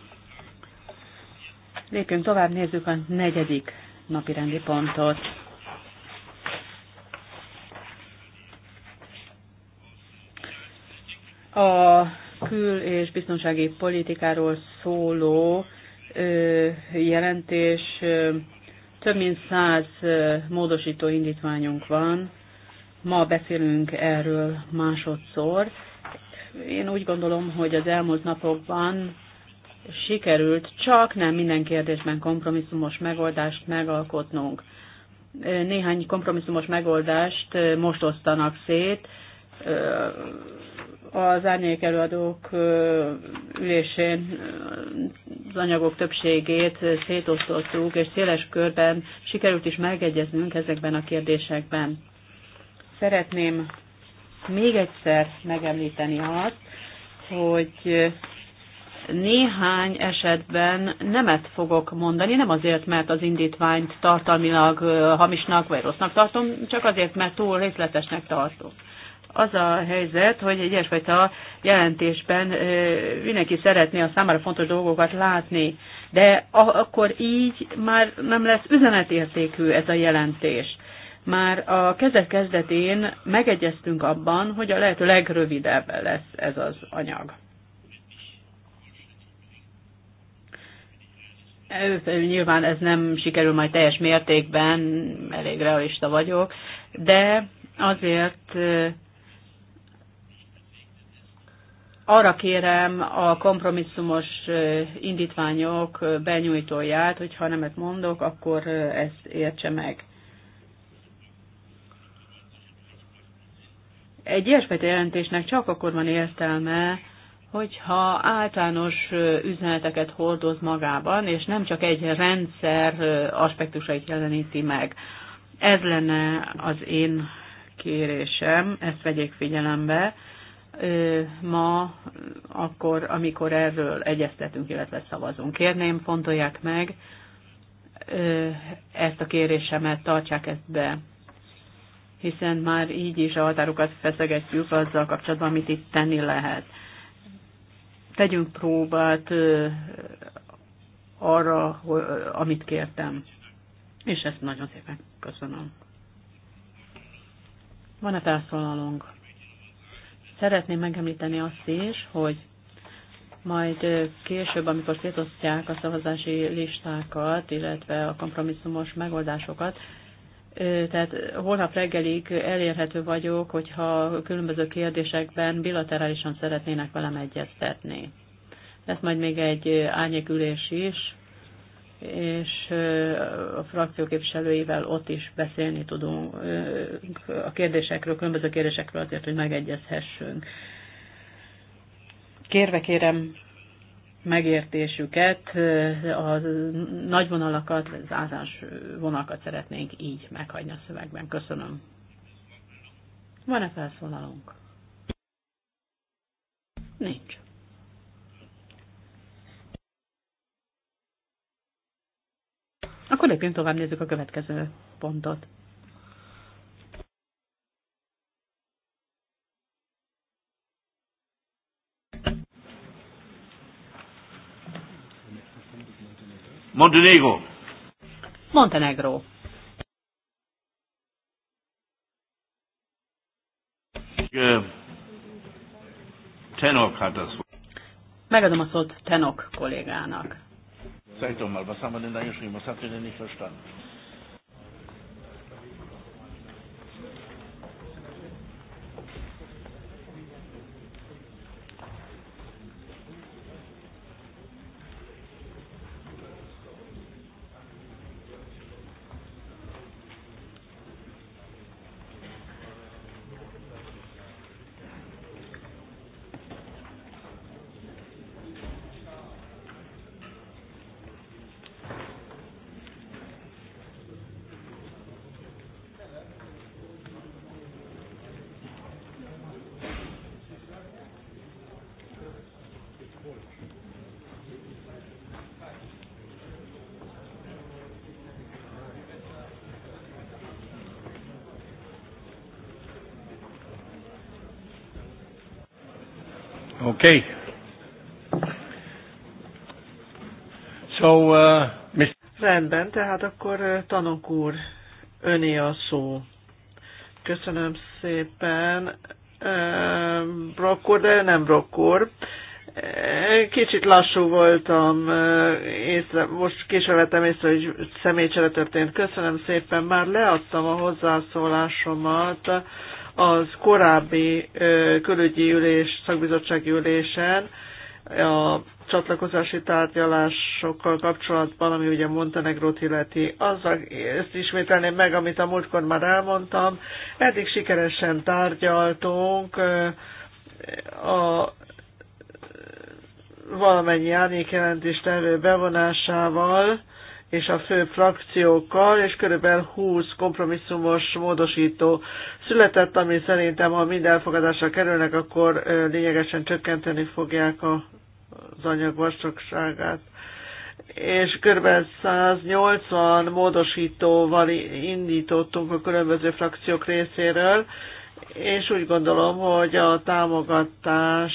Lépjünk tovább, nézzük a negyedik napi rendi pontot. A kül- és biztonsági politikáról szóló jelentés több mint száz módosító indítványunk van, ma beszélünk erről másodszor. Én úgy gondolom, hogy az elmúlt napokban sikerült csak nem minden kérdésben kompromisszumos megoldást megalkotnunk. Néhány kompromisszumos megoldást most osztanak szét, az árnyék előadók ülésén az anyagok többségét szétosztottuk, és széles körben sikerült is megegyeznünk ezekben a kérdésekben. Szeretném még egyszer megemlíteni azt, hogy néhány esetben nemet fogok mondani, nem azért, mert az indítványt tartalmilag hamisnak vagy rossznak tartom, csak azért, mert túl részletesnek tartom az a helyzet, hogy egy ilyesfajta jelentésben mindenki szeretné a számára fontos dolgokat látni, de akkor így már nem lesz üzenetértékű ez a jelentés. Már a kezdet kezdetén megegyeztünk abban, hogy a lehető legrövidebb lesz ez az anyag. Nyilván ez nem sikerül majd teljes mértékben, elég realista vagyok, de azért arra kérem a kompromisszumos indítványok benyújtóját, hogy ha nemet mondok, akkor ezt értse meg. Egy ilyesfajta jelentésnek csak akkor van értelme, hogyha általános üzeneteket hordoz magában, és nem csak egy rendszer aspektusait jeleníti meg. Ez lenne az én kérésem, ezt vegyék figyelembe ma, akkor, amikor erről egyeztetünk, illetve szavazunk. Kérném, fontolják meg, ezt a kérésemet, tartsák ezt be, hiszen már így is a határokat feszegetjük azzal kapcsolatban, amit itt tenni lehet. Tegyünk próbát arra, amit kértem. És ezt nagyon szépen köszönöm. Van-e felszólalónk? Szeretném megemlíteni azt is, hogy majd később, amikor szétosztják a szavazási listákat, illetve a kompromisszumos megoldásokat, tehát holnap reggelig elérhető vagyok, hogyha különböző kérdésekben bilaterálisan szeretnének velem egyeztetni. Lesz majd még egy árnyékülés is, és a frakció képviselőivel ott is beszélni tudunk a kérdésekről, különböző kérdésekről azért, hogy megegyezhessünk. Kérve kérem megértésüket, a nagy vonalakat, az általános vonalakat szeretnénk így meghagyni a szövegben. Köszönöm. Van-e felszólalunk? Nincs. Akkor lépjünk tovább, nézzük a következő pontot. Montenegro. Montenegro. Tenok hát az. Megadom a szót Tenok kollégának. Zeitung mal, was haben wir denn da geschrieben? Was habt ihr er denn nicht verstanden? Okay. So, uh, Mr. Rendben, tehát akkor uh, tanok úr, öné a szó. Köszönöm szépen. Uh, brokkor, de nem brokkor. Uh, kicsit lassú voltam, uh, észre, most később vettem észre, hogy személycsere történt. Köszönöm szépen, már leadtam a hozzászólásomat az korábbi külügyi ülés, szakbizottsági ülésen a csatlakozási tárgyalásokkal kapcsolatban, ami ugye Montenegrót illeti, azzal ezt ismételném meg, amit a múltkor már elmondtam. Eddig sikeresen tárgyaltunk a valamennyi árnyékjelentés tevő bevonásával, és a fő frakciókkal, és körülbelül 20 kompromisszumos módosító született, ami szerintem, ha mind elfogadásra kerülnek, akkor lényegesen csökkenteni fogják a, az anyag vastagságát. És kb. 180 módosítóval indítottunk a különböző frakciók részéről, és úgy gondolom, hogy a támogatás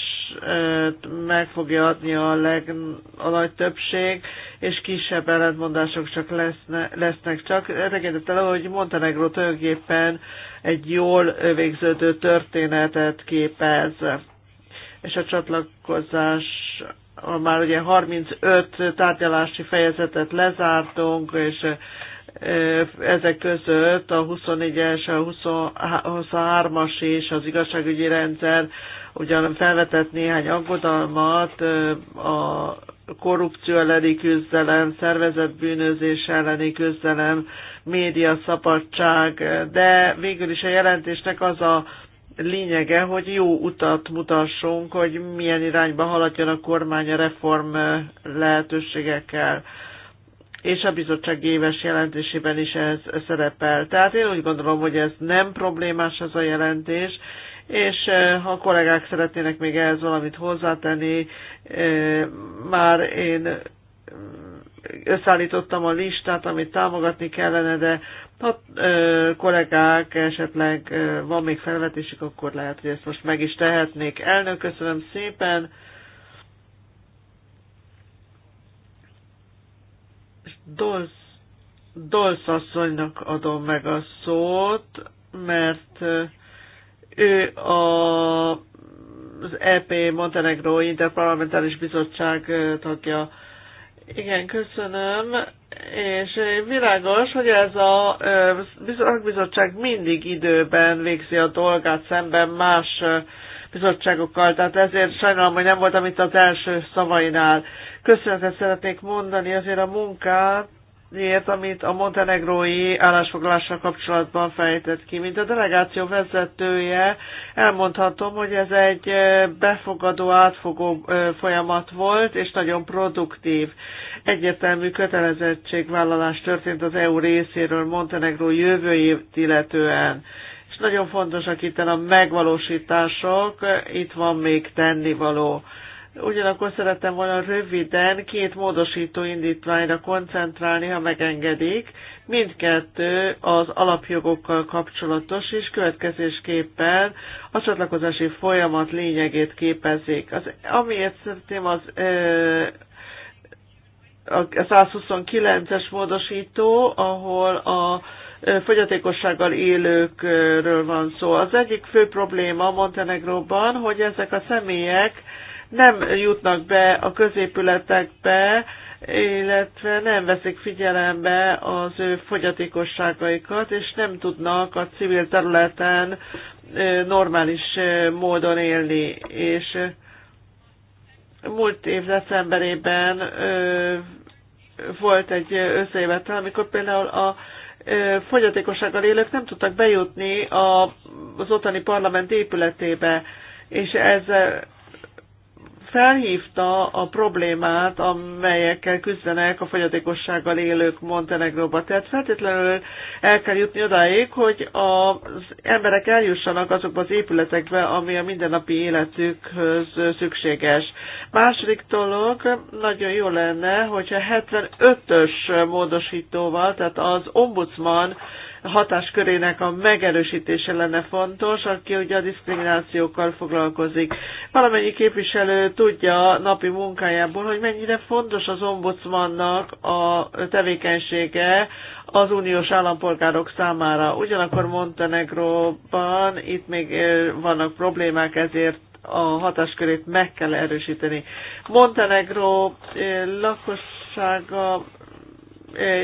meg fogja adni a, leg, a nagy többség, és kisebb ellentmondások csak leszne, lesznek csak. Tekintettel, hogy Montenegro tulajdonképpen egy jól végződő történetet képez, és a csatlakozás már ugye 35 tárgyalási fejezetet lezártunk, és ezek között a 24-es, a 23-as és az igazságügyi rendszer ugyan felvetett néhány aggodalmat a korrupció elleni küzdelem, szervezett bűnözés elleni küzdelem, média szabadság, de végül is a jelentésnek az a lényege, hogy jó utat mutassunk, hogy milyen irányba haladjon a kormány a reform lehetőségekkel és a bizottság éves jelentésében is ez szerepel. Tehát én úgy gondolom, hogy ez nem problémás ez a jelentés, és eh, ha a kollégák szeretnének még ehhez valamit hozzátenni, eh, már én eh, összeállítottam a listát, amit támogatni kellene, de ha kollégák esetleg van még felvetésük, akkor lehet, hogy ezt most meg is tehetnék. Elnök, köszönöm szépen! Dolz, asszonynak adom meg a szót, mert ő a, az EP Montenegro Interparlamentális Bizottság tagja. Igen, köszönöm. És világos, hogy ez a bizottság mindig időben végzi a dolgát szemben más bizottságokkal, tehát ezért sajnálom, hogy nem voltam itt az első szavainál köszönetet szeretnék mondani azért a munkát, miért, amit a montenegrói állásfoglalással kapcsolatban fejtett ki. Mint a delegáció vezetője, elmondhatom, hogy ez egy befogadó, átfogó folyamat volt, és nagyon produktív. Egyértelmű kötelezettségvállalás történt az EU részéről Montenegró jövőjét illetően. És nagyon fontosak itt a megvalósítások, itt van még tennivaló. Ugyanakkor szeretem volna röviden két módosító indítványra koncentrálni, ha megengedik. Mindkettő az alapjogokkal kapcsolatos, és következésképpen a csatlakozási folyamat lényegét képezik. Az, amiért szeretném az ö, a 129-es módosító, ahol a fogyatékossággal élőkről van szó. Az egyik fő probléma Montenegróban, hogy ezek a személyek nem jutnak be a középületekbe, illetve nem veszik figyelembe az ő fogyatékosságaikat, és nem tudnak a civil területen normális módon élni. És múlt év decemberében volt egy összejövetel, amikor például a fogyatékossággal élők nem tudtak bejutni az otthoni parlament épületébe, és ez felhívta a problémát, amelyekkel küzdenek a fogyatékossággal élők Montenegróba. Tehát feltétlenül el kell jutni odáig, hogy az emberek eljussanak azokba az épületekbe, ami a mindennapi életükhöz szükséges. Második dolog, nagyon jó lenne, hogyha 75-ös módosítóval, tehát az ombudsman hatáskörének a megerősítése lenne fontos, aki ugye a diszkriminációkkal foglalkozik. Valamennyi képviselő tudja napi munkájából, hogy mennyire fontos az ombudsmannak a tevékenysége az uniós állampolgárok számára. Ugyanakkor Montenegróban itt még vannak problémák, ezért a hatáskörét meg kell erősíteni. Montenegró lakossága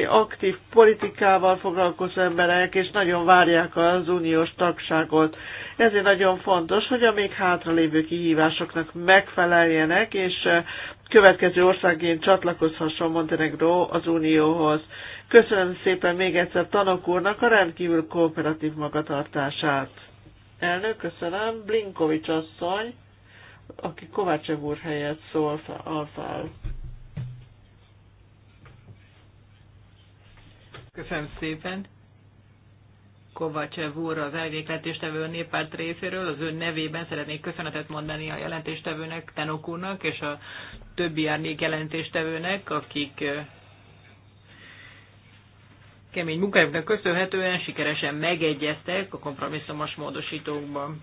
aktív politikával foglalkozó emberek, és nagyon várják az uniós tagságot. Ezért nagyon fontos, hogy a még hátralévő kihívásoknak megfeleljenek, és következő országként csatlakozhasson Montenegro az unióhoz. Köszönöm szépen még egyszer Tanok úrnak a rendkívül kooperatív magatartását. Elnök, köszönöm. Blinkovics asszony, aki Kovácsev úr helyett szól fel. Köszönöm szépen. Kovácsev úr az elvégletéstevő a néppárt részéről. Az ő nevében szeretnék köszönetet mondani a jelentéstevőnek, Tenok úrnak és a többi árnyék jelentéstevőnek, akik kemény munkájuknak köszönhetően sikeresen megegyeztek a kompromisszumos módosítókban.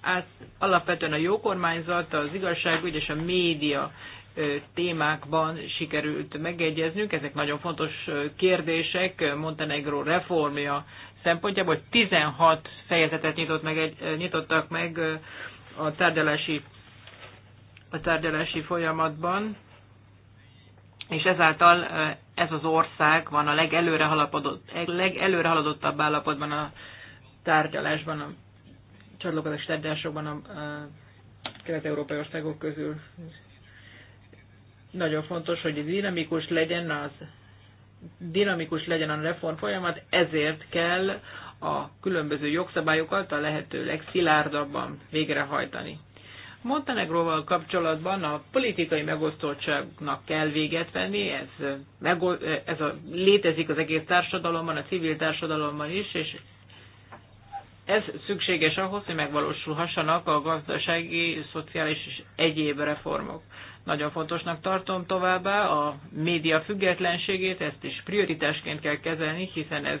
Át, alapvetően a jó kormányzat, az igazságügy és a média témákban sikerült megegyeznünk. Ezek nagyon fontos kérdések Montenegro reformja szempontjából. 16 fejezetet nyitott meg, nyitottak meg a tárgyalási, a tárgyalási folyamatban, és ezáltal ez az ország van a legelőre haladott, legelőre haladottabb állapotban a tárgyalásban, a csatlakozás tárgyalásokban a kelet-európai országok közül. Nagyon fontos, hogy dinamikus legyen az dinamikus legyen a reform folyamat, ezért kell a különböző jogszabályokat a lehető legszilárdabban végrehajtani. Montenegróval kapcsolatban a politikai megosztottságnak kell véget venni, ez, ez a, létezik az egész társadalomban, a civil társadalomban is, és ez szükséges ahhoz, hogy megvalósulhassanak a gazdasági, szociális és egyéb reformok. Nagyon fontosnak tartom továbbá a média függetlenségét, ezt is prioritásként kell kezelni, hiszen ez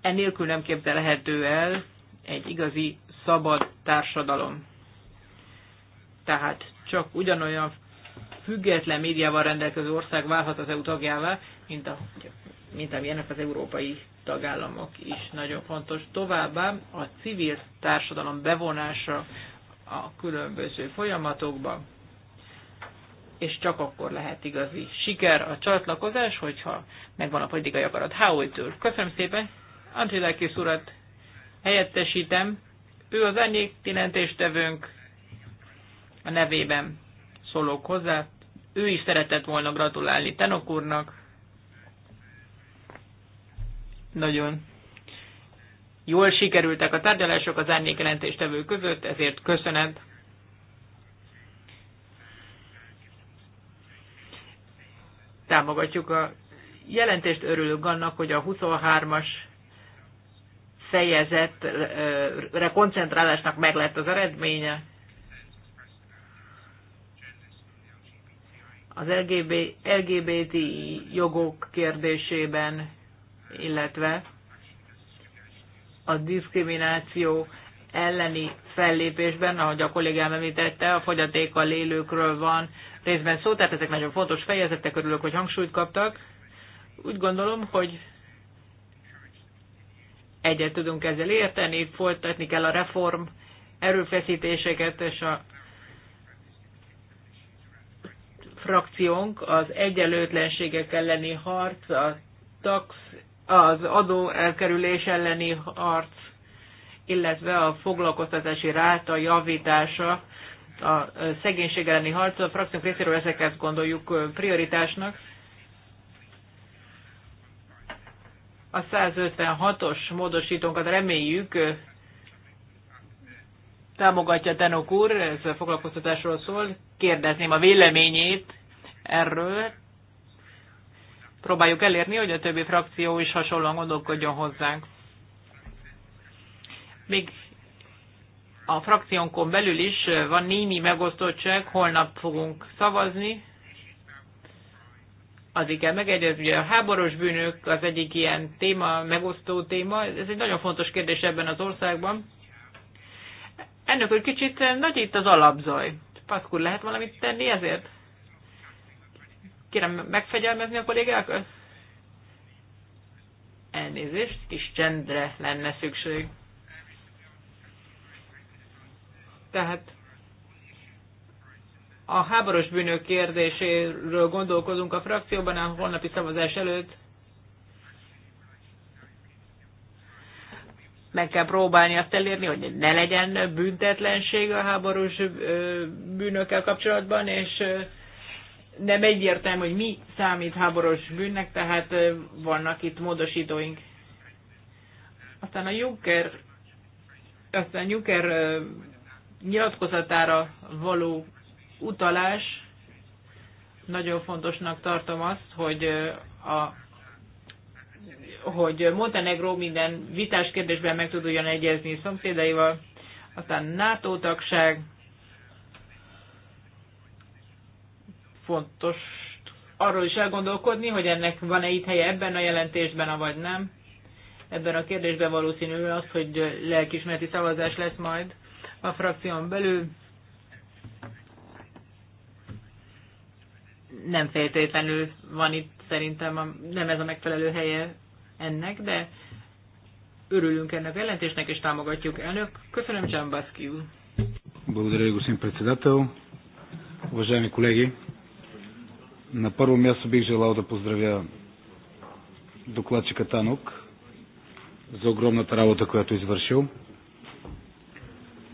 enélkül nem képzelhető el egy igazi szabad társadalom. Tehát csak ugyanolyan független médiával rendelkező ország válhat az EU tagjává, mint, a, mint amilyenek az európai tagállamok is nagyon fontos. Továbbá a civil társadalom bevonása a különböző folyamatokban, és csak akkor lehet igazi siker a csatlakozás, hogyha megvan a politikai akarat. Howard úr, köszönöm szépen, Antilakis urat helyettesítem, ő az ennyi tinentéstevőnk a nevében szólok hozzá. Ő is szeretett volna gratulálni Tenok úrnak. Nagyon Jól sikerültek a tárgyalások az jelentéstevő között, ezért köszönet. Támogatjuk a jelentést, örülünk annak, hogy a 23-as fejezetre koncentrálásnak meg lett az eredménye. Az LGBT jogok kérdésében, illetve a diszkrimináció elleni fellépésben, ahogy a kollégám említette, a fogyatékkal élőkről van részben szó, tehát ezek nagyon fontos fejezetek, örülök, hogy hangsúlyt kaptak. Úgy gondolom, hogy egyet tudunk ezzel érteni, folytatni kell a reform erőfeszítéseket, és a frakciónk az egyenlőtlenségek elleni harc, a tax az adó elkerülés elleni harc, illetve a foglalkoztatási ráta javítása, a szegénység elleni harc. A frakciók részéről ezeket gondoljuk prioritásnak. A 156-os módosítónkat reméljük támogatja Tenok úr, ez a foglalkoztatásról szól. Kérdezném a véleményét erről, próbáljuk elérni, hogy a többi frakció is hasonlóan gondolkodjon hozzánk. Még a frakciónkon belül is van némi megosztottság, holnap fogunk szavazni. Azért kell megegyezni, hogy a háborús bűnök az egyik ilyen téma, megosztó téma. Ez egy nagyon fontos kérdés ebben az országban. Ennek egy kicsit nagy itt az alapzaj. Paszkul lehet valamit tenni ezért? Kérem megfegyelmezni a kollégákat? Elnézést, kis csendre lenne szükség. Tehát a háborús bűnök kérdéséről gondolkozunk a frakcióban a holnapi szavazás előtt. Meg kell próbálni azt elérni, hogy ne legyen büntetlenség a háborús bűnökkel kapcsolatban, és nem egyértelmű, hogy mi számít háborús bűnnek, tehát vannak itt módosítóink. Aztán a Juncker, aztán Juncker nyilatkozatára való utalás, nagyon fontosnak tartom azt, hogy a hogy Montenegro minden vitás kérdésben meg tud ugyan egyezni szomszédaival, aztán NATO tagság, fontos arról is elgondolkodni, hogy ennek van-e itt helye ebben a jelentésben, vagy nem. Ebben a kérdésben valószínű az, hogy lelkismereti szavazás lesz majd a frakción belül. Nem feltétlenül van itt szerintem, a, nem ez a megfelelő helye ennek, de örülünk ennek a jelentésnek, és támogatjuk elnök. Köszönöm, Csambaszki úr. Благодаря, господин председател. Уважаеми колеги, На първо място бих желал да поздравя докладчика Танок за огромната работа, която извършил.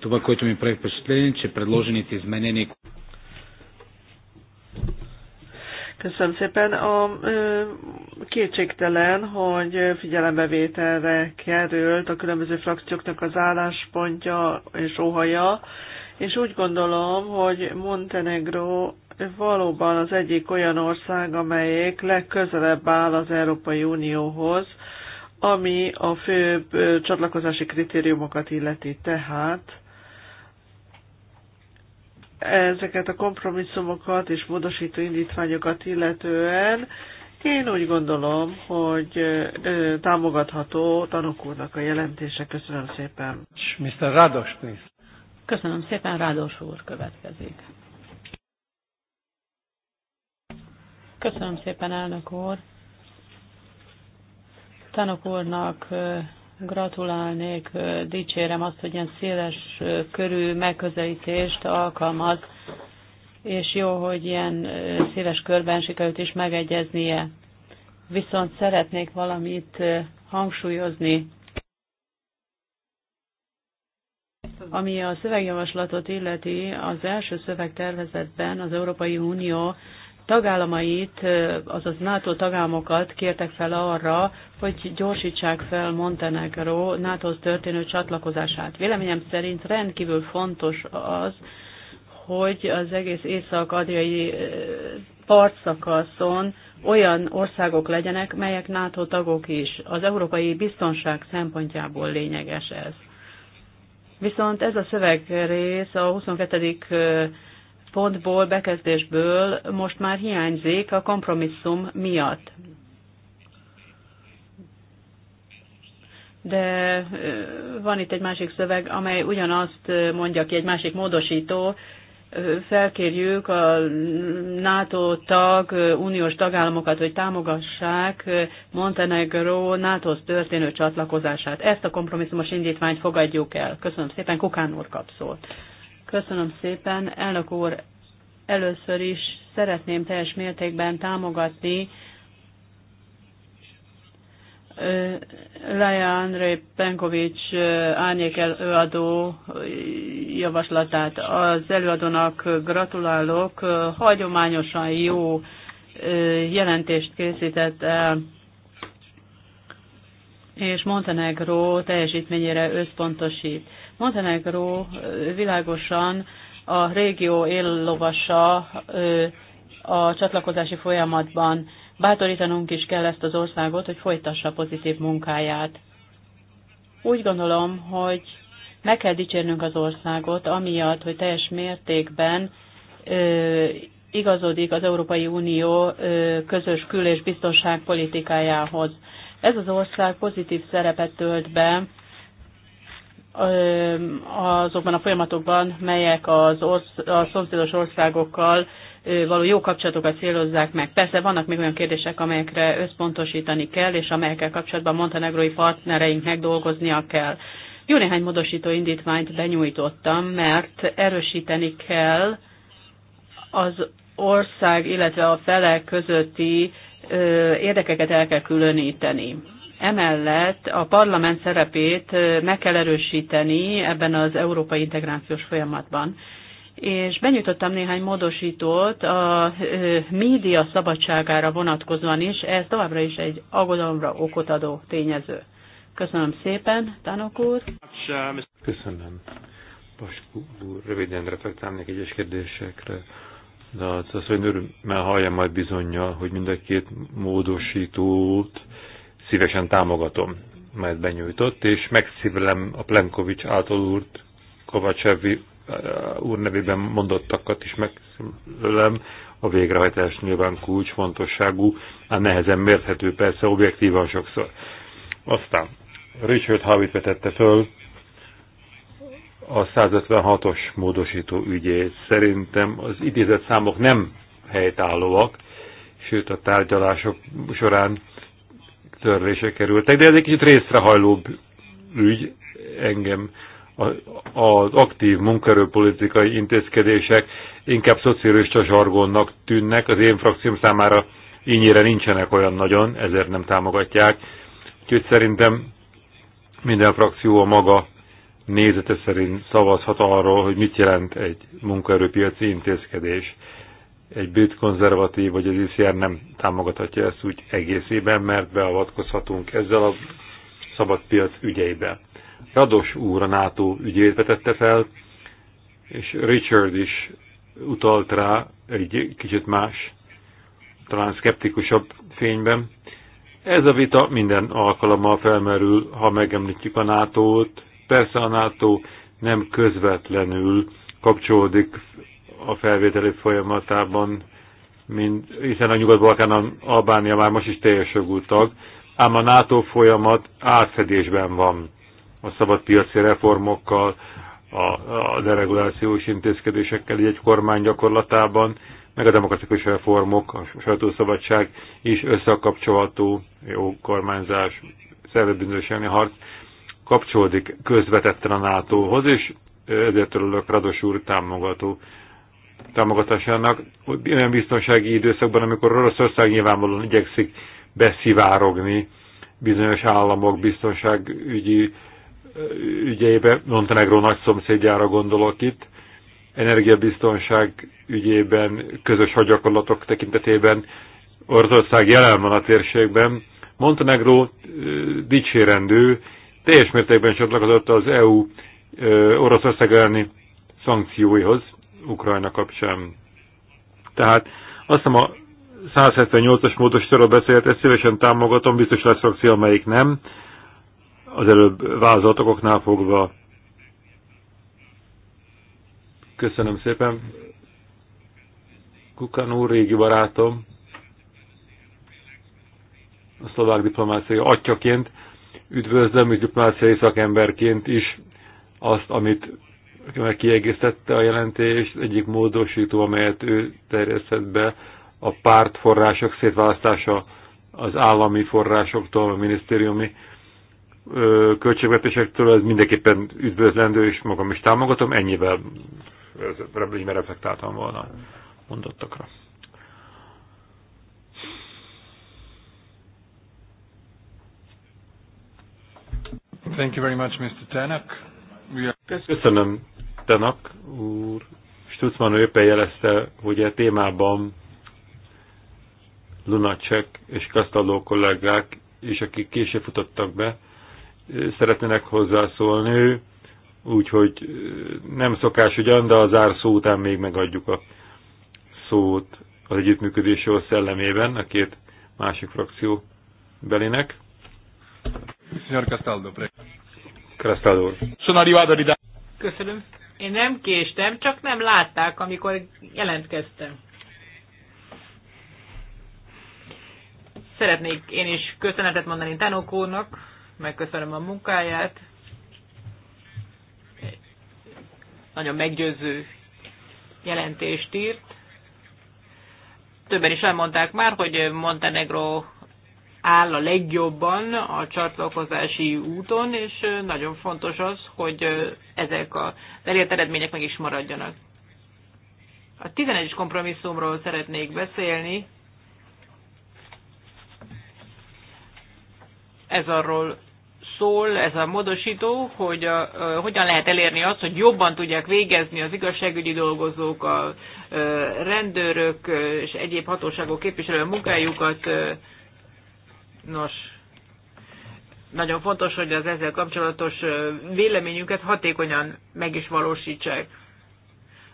Това, което ми прави впечатление, че предложените изменения Köszönöm szépen. A ö, kétségtelen, hogy figyelembevételre került a különböző frakcióknak az álláspontja és óhaja, és úgy gondolom, hogy Montenegro Hát valóban az egyik olyan ország, amelyik legközelebb áll az Európai Unióhoz, ami a fő csatlakozási kritériumokat illeti. Tehát ezeket a kompromisszumokat és módosító indítványokat illetően én úgy gondolom, hogy támogatható tanok úrnak a jelentése. Köszönöm szépen. Mr. Rados, please. Köszönöm szépen, Rádos úr következik. Köszönöm szépen, elnök úr. Tanok úrnak gratulálnék, dicsérem azt, hogy ilyen széles körű megközelítést alkalmaz, és jó, hogy ilyen széles körben sikerült is megegyeznie. Viszont szeretnék valamit hangsúlyozni. Ami a szövegjavaslatot illeti, az első szövegtervezetben az Európai Unió tagállamait, azaz NATO tagállamokat kértek fel arra, hogy gyorsítsák fel Montenegro NATO-hoz történő csatlakozását. Véleményem szerint rendkívül fontos az, hogy az egész észak-adriai partszakaszon olyan országok legyenek, melyek NATO tagok is. Az európai biztonság szempontjából lényeges ez. Viszont ez a szövegrész a 22 pontból, bekezdésből most már hiányzik a kompromisszum miatt. De van itt egy másik szöveg, amely ugyanazt mondja ki, egy másik módosító, felkérjük a NATO tag, uniós tagállamokat, hogy támogassák Montenegro nato történő csatlakozását. Ezt a kompromisszumos indítványt fogadjuk el. Köszönöm szépen, Kukán úr kapszolt. Köszönöm szépen. Elnök úr, először is szeretném teljes mértékben támogatni Laja Andrei Penkovics árnyék előadó javaslatát. Az előadónak gratulálok, hagyományosan jó jelentést készített el, és Montenegro teljesítményére összpontosít. Montenegro világosan a régió éllovasa a csatlakozási folyamatban. Bátorítanunk is kell ezt az országot, hogy folytassa pozitív munkáját. Úgy gondolom, hogy meg kell dicsérnünk az országot, amiatt, hogy teljes mértékben ö, igazodik az Európai Unió ö, közös kül- és biztonságpolitikájához. Ez az ország pozitív szerepet tölt be azokban a folyamatokban, melyek az orsz, a szomszédos országokkal való jó kapcsolatokat célozzák meg. Persze vannak még olyan kérdések, amelyekre összpontosítani kell, és amelyekkel kapcsolatban montenegrói partnereinknek dolgoznia kell. Jó néhány módosító indítványt benyújtottam, mert erősíteni kell az ország, illetve a felek közötti érdekeket el kell különíteni Emellett a parlament szerepét meg kell erősíteni ebben az európai integrációs folyamatban. És benyújtottam néhány módosítót a média szabadságára vonatkozóan is, ez továbbra is egy aggodalomra okot adó tényező. Köszönöm szépen, Tanok úr. Köszönöm. Paskú úr, röviden reflektálnék egyes kérdésekre. De az, az hogy örömmel hallja majd bizonyja, hogy mind a két módosítót szívesen támogatom, mert benyújtott, és megszívelem a Plenkovics által úrt, Kovacsevi eh, úr nevében mondottakat is megszívelem, A végrehajtás nyilván kulcsfontosságú, a nehezen mérthető persze objektívan sokszor. Aztán Richard Howitt vetette föl a 156-os módosító ügyét. Szerintem az idézett számok nem helytállóak, sőt a tárgyalások során törlése kerültek, de ez egy kicsit részrehajlóbb ügy engem. Az aktív munkaerőpolitikai intézkedések inkább szocialista zsargonnak tűnnek, az én frakcióm számára ínyire nincsenek olyan nagyon, ezért nem támogatják. Úgyhogy szerintem minden frakció a maga nézete szerint szavazhat arról, hogy mit jelent egy munkaerőpiaci intézkedés egy brit konzervatív vagy az ICR nem támogathatja ezt úgy egészében, mert beavatkozhatunk ezzel a szabadpiac ügyeibe. Rados úr a NATO ügyét vetette fel, és Richard is utalt rá egy kicsit más, talán szkeptikusabb fényben. Ez a vita minden alkalommal felmerül, ha megemlítjük a NATO-t. Persze a NATO nem közvetlenül kapcsolódik a felvételi folyamatában, mint, hiszen a Nyugat-Balkánon Albánia már most is teljes jogú tag, ám a NATO folyamat átfedésben van a szabadpiaci reformokkal, a, a deregulációs intézkedésekkel egy kormány gyakorlatában, meg a demokratikus reformok, a sajtószabadság is összekapcsolható, jó kormányzás, szervezetbűnösségni harc kapcsolódik közvetetten a NATO-hoz, és ezért örülök Rados úr támogató támogatásának olyan biztonsági időszakban, amikor Oroszország nyilvánvalóan igyekszik beszivárogni bizonyos államok biztonságügyi ügyeibe, Montenegro nagy szomszédjára gondolok itt, energiabiztonság ügyében, közös hagyakorlatok tekintetében, Oroszország jelen van a térségben, Montenegro dicsérendő, teljes mértékben csatlakozott az EU Oroszország elleni szankcióihoz, Ukrajna kapcsán. Tehát azt hiszem a 178-as módosítóról beszélt, ezt szívesen támogatom, biztos lesz frakció, amelyik nem. Az előbb vázlatokoknál fogva. Köszönöm szépen. Kukan úr, régi barátom, a szlovák diplomáciai atyaként, üdvözlöm, és diplomáciai szakemberként is azt, amit kiegészítette a jelentést, egyik módosító, amelyet ő terjesztett be, a párt források szétválasztása az állami forrásoktól, a minisztériumi költségvetésektől, ez mindenképpen üdvözlendő, és magam is támogatom, ennyivel így reflektáltam volna mondottakra. Thank you very much, Mr. Tanak. Köszönöm, Tanak úr, Stutzman éppen jelezte, hogy a témában Lunacek és Kasztalló kollégák, és akik később futottak be, szeretnének hozzászólni, úgyhogy nem szokás ugyan, de az árszó után még megadjuk a szót az együttműködés jó szellemében a két másik frakció belének. Signor Castaldo, Castaldo. Sono arrivato Köszönöm. Én nem késtem, csak nem látták, amikor jelentkeztem. Szeretnék én is köszönetet mondani Tanok úrnak, megköszönöm a munkáját. Nagyon meggyőző jelentést írt. Többen is elmondták már, hogy Montenegro áll a legjobban a csatlakozási úton, és nagyon fontos az, hogy ezek a elért eredmények meg is maradjanak. A 11-es kompromisszumról szeretnék beszélni. Ez arról szól, ez a módosító, hogy a, a, hogyan lehet elérni azt, hogy jobban tudják végezni az igazságügyi dolgozók, a, a rendőrök és egyéb hatóságok képviselő munkájukat, a, Nos, nagyon fontos, hogy az ezzel kapcsolatos véleményünket hatékonyan meg is valósítsák.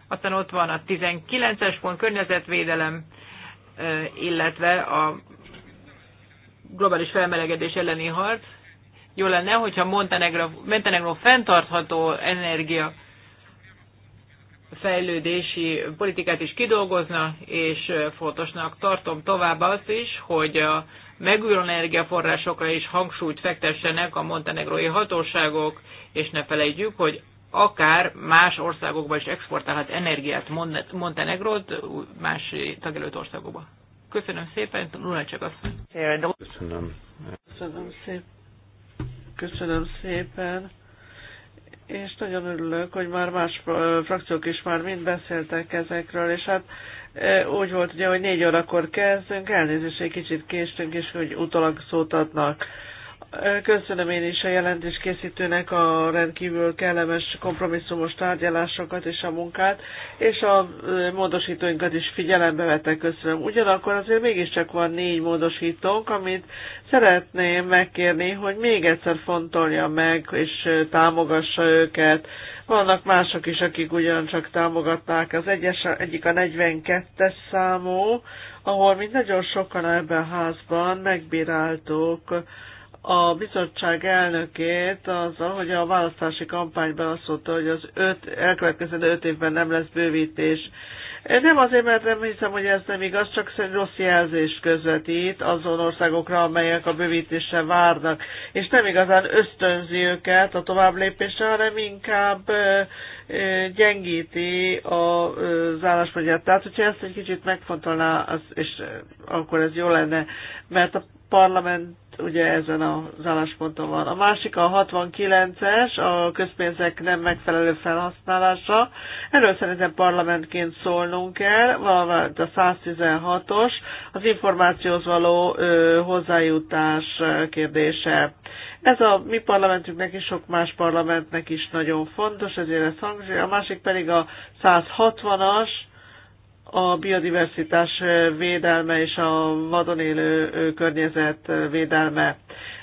Aztán ott van a 19-es pont környezetvédelem, illetve a globális felmelegedés elleni harc. Jó lenne, hogyha Montenegro, Montenegro fenntartható energia fejlődési politikát is kidolgozna, és fontosnak tartom tovább azt is, hogy a megújuló energiaforrásokra is hangsúlyt fektessenek a montenegrói hatóságok, és ne felejtjük, hogy akár más országokba is exportálhat energiát Montenegrót, más tagjelölt országokba. Köszönöm szépen, Lunacsak azt Köszönöm. Köszönöm szépen. Köszönöm szépen és nagyon örülök, hogy már más frakciók is már mind beszéltek ezekről, és hát úgy volt ugye, hogy négy órakor kezdünk, elnézést, egy kicsit késtünk, és hogy utalag szót adnak. Köszönöm én is a jelentés készítőnek a rendkívül kellemes kompromisszumos tárgyalásokat és a munkát, és a módosítóinkat is figyelembe vettek, köszönöm. Ugyanakkor azért mégiscsak van négy módosítónk, amit szeretném megkérni, hogy még egyszer fontolja meg és támogassa őket. Vannak mások is, akik ugyancsak támogatták. Az egyes, egyik a 42-es számú, ahol mi nagyon sokan ebben a házban megbíráltuk, a bizottság elnökét azzal, hogy a választási kampányban azt mondta, hogy az öt, elkövetkező öt évben nem lesz bővítés. Nem azért, mert nem hiszem, hogy ez nem igaz, csak rossz jelzést közvetít azon országokra, amelyek a bővítésre várnak, és nem igazán ösztönzi őket a tovább lépésre, hanem inkább gyengíti az álláspontját. Tehát, hogyha ezt egy kicsit megfontolná, az, és akkor ez jó lenne, mert a parlament ugye ezen az állásponton van. A másik a 69-es, a közpénzek nem megfelelő felhasználása. Erről szerintem parlamentként szólnunk kell, valamint a 116-os, az információhoz való ö, hozzájutás kérdése. Ez a mi parlamentünknek és sok más parlamentnek is nagyon fontos, ezért ez hangzik. A másik pedig a 160-as, a biodiversitás védelme és a vadon élő környezet védelme.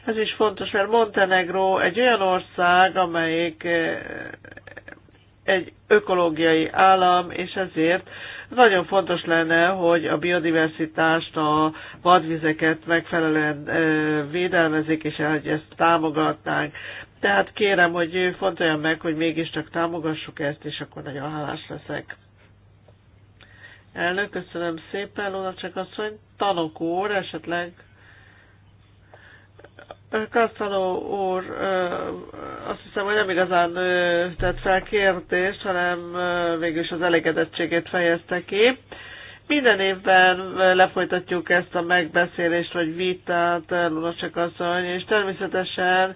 Ez is fontos, mert Montenegro egy olyan ország, amelyik egy ökológiai állam, és ezért nagyon fontos lenne, hogy a biodiversitást, a vadvizeket megfelelően védelmezik, és hogy ezt támogatnánk. Tehát kérem, hogy fontoljam meg, hogy mégiscsak támogassuk ezt, és akkor nagyon hálás leszek. Elnök, köszönöm szépen, Lunacek asszony. Tanok úr, esetleg Kasztaló úr azt hiszem, hogy nem igazán tett fel kérdést, hanem végül is az elégedettségét fejezte ki. Minden évben lefolytatjuk ezt a megbeszélést vagy vitát, Lunacsek asszony, és természetesen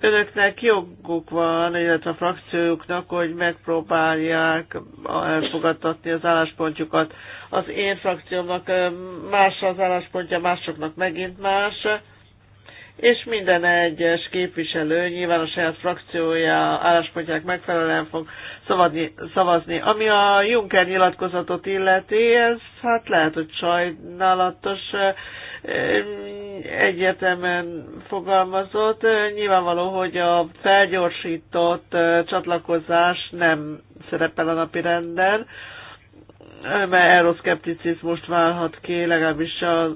önöknek joguk van, illetve a frakcióknak, hogy megpróbálják elfogadtatni az álláspontjukat. Az én frakciómnak más az álláspontja, másoknak megint más és minden egyes képviselő nyilván a saját frakciója álláspontják megfelelően fog szavazni, szavazni. Ami a Juncker nyilatkozatot illeti, ez hát lehet, hogy sajnálatos egyetemen fogalmazott. Nyilvánvaló, hogy a felgyorsított csatlakozás nem szerepel a napi renden, mert euroszkepticizmust válhat ki, legalábbis az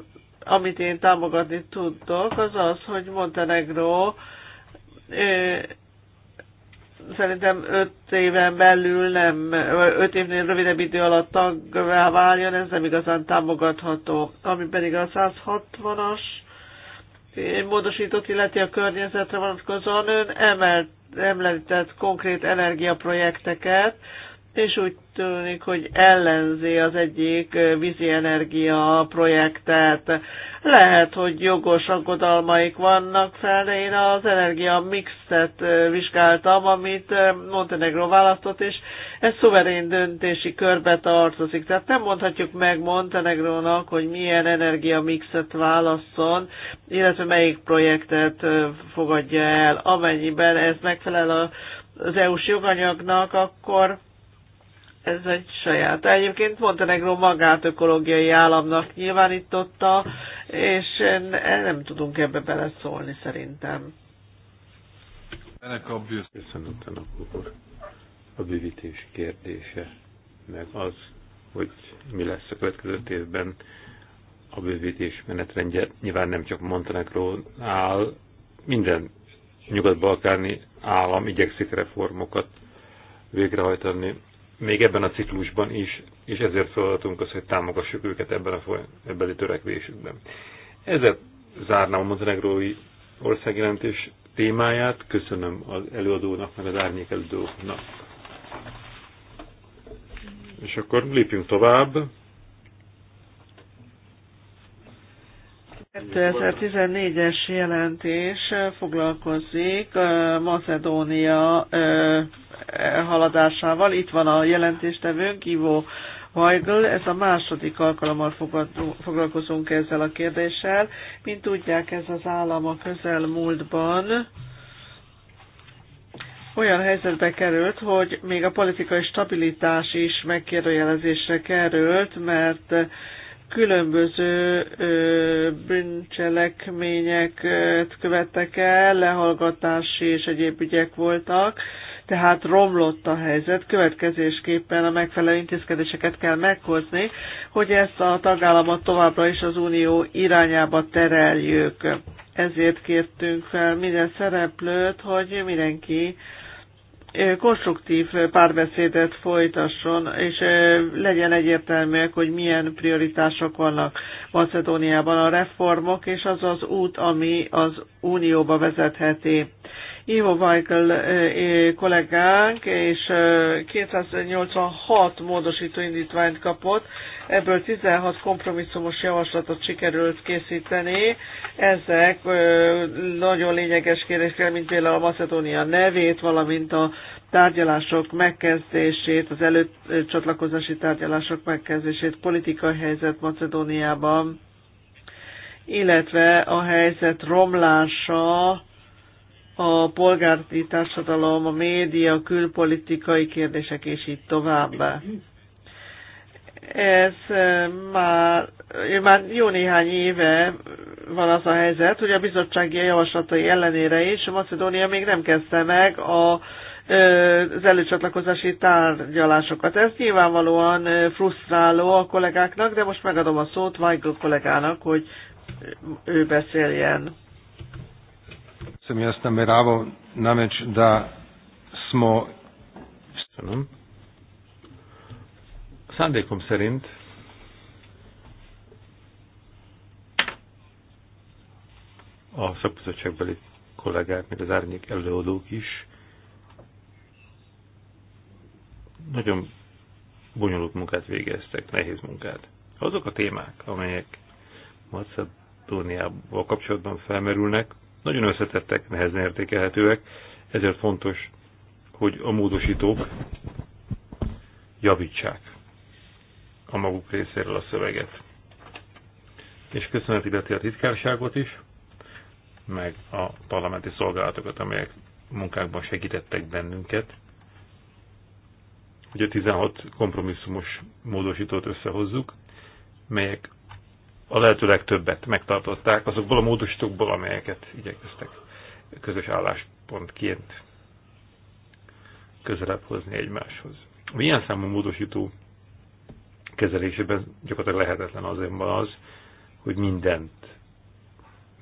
amit én támogatni tudok, az az, hogy Montenegro szerintem öt éven belül nem, öt évnél rövidebb idő alatt tagvá váljon, ez nem igazán támogatható. Ami pedig a 160-as módosított illeti a környezetre vonatkozóan, ön emelt, említett konkrét energiaprojekteket, és úgy tűnik, hogy ellenzi az egyik vízi energia projektet. Lehet, hogy jogos aggodalmaik vannak fel, én az energia mixet vizsgáltam, amit Montenegro választott, és ez szuverén döntési körbe tartozik. Tehát nem mondhatjuk meg Montenegrónak, hogy milyen energia mixet válasszon, illetve melyik projektet fogadja el. Amennyiben ez megfelel az EU-s joganyagnak, akkor ez egy saját. Egyébként Montenegro magát ökológiai államnak nyilvánította, és nem tudunk ebbe beleszólni szerintem. Ennek a bűzköszönetlenek úr, a bűvítés kérdése, meg az, hogy mi lesz a következő évben a bővítés menetrendje, nyilván nem csak Montenegro áll, minden nyugat-balkáni állam igyekszik reformokat végrehajtani még ebben a ciklusban is, és ezért feladatunk az, hogy támogassuk őket ebben a folyam, ebben a törekvésükben. Ezzel zárnám a montenegrói országjelentés témáját. Köszönöm az előadónak, meg az árnyék előadónak. És akkor lépjünk tovább. 2014-es jelentés foglalkozik Macedónia haladásával. Itt van a jelentéstevőnk, Ivo Weigl. Ez a második alkalommal foglalkozunk ezzel a kérdéssel. Mint tudják, ez az állam a közelmúltban olyan helyzetbe került, hogy még a politikai stabilitás is megkérdőjelezésre került, mert különböző ö, bűncselekményeket követtek el, lehallgatási és egyéb ügyek voltak, tehát romlott a helyzet, következésképpen a megfelelő intézkedéseket kell meghozni, hogy ezt a tagállamot továbbra is az unió irányába tereljük. Ezért kértünk fel minden szereplőt, hogy mindenki konstruktív párbeszédet folytasson, és legyen egyértelműek, hogy milyen prioritások vannak Macedóniában a reformok, és az az út, ami az Unióba vezetheti. Ivo Weigl kollégánk, és 286 módosító indítványt kapott, Ebből 16 kompromisszumos javaslatot sikerült készíteni. Ezek nagyon lényeges kérdések, mint például a Macedónia nevét, valamint a tárgyalások megkezdését, az előcsatlakozási tárgyalások megkezdését, politikai helyzet Macedóniában, illetve a helyzet romlása, a polgári társadalom, a média, a külpolitikai kérdések és így tovább ez már, már jó néhány éve van az a helyzet, hogy a bizottsági javaslatai ellenére is Macedónia még nem kezdte meg a, az előcsatlakozási tárgyalásokat. Ez nyilvánvalóan frusztráló a kollégáknak, de most megadom a szót Weigl kollégának, hogy ő beszéljen. Sem jaz nameraval da smo... Köszönöm szándékom szerint a szakbizottságbeli kollégák, mint az árnyék előadók is nagyon bonyolult munkát végeztek, nehéz munkát. Azok a témák, amelyek Macedóniával kapcsolatban felmerülnek, nagyon összetettek, nehezen értékelhetőek, ezért fontos, hogy a módosítók javítsák a maguk részéről a szöveget. És köszönet illeti a titkárságot is, meg a parlamenti szolgálatokat, amelyek munkákban segítettek bennünket, hogy a 16 kompromisszumos módosítót összehozzuk, melyek a lehető legtöbbet megtartották azokból a módosítókból, amelyeket igyekeztek közös álláspontként közelebb hozni egymáshoz. Milyen számú módosító kezelésében gyakorlatilag lehetetlen azonban az, hogy mindent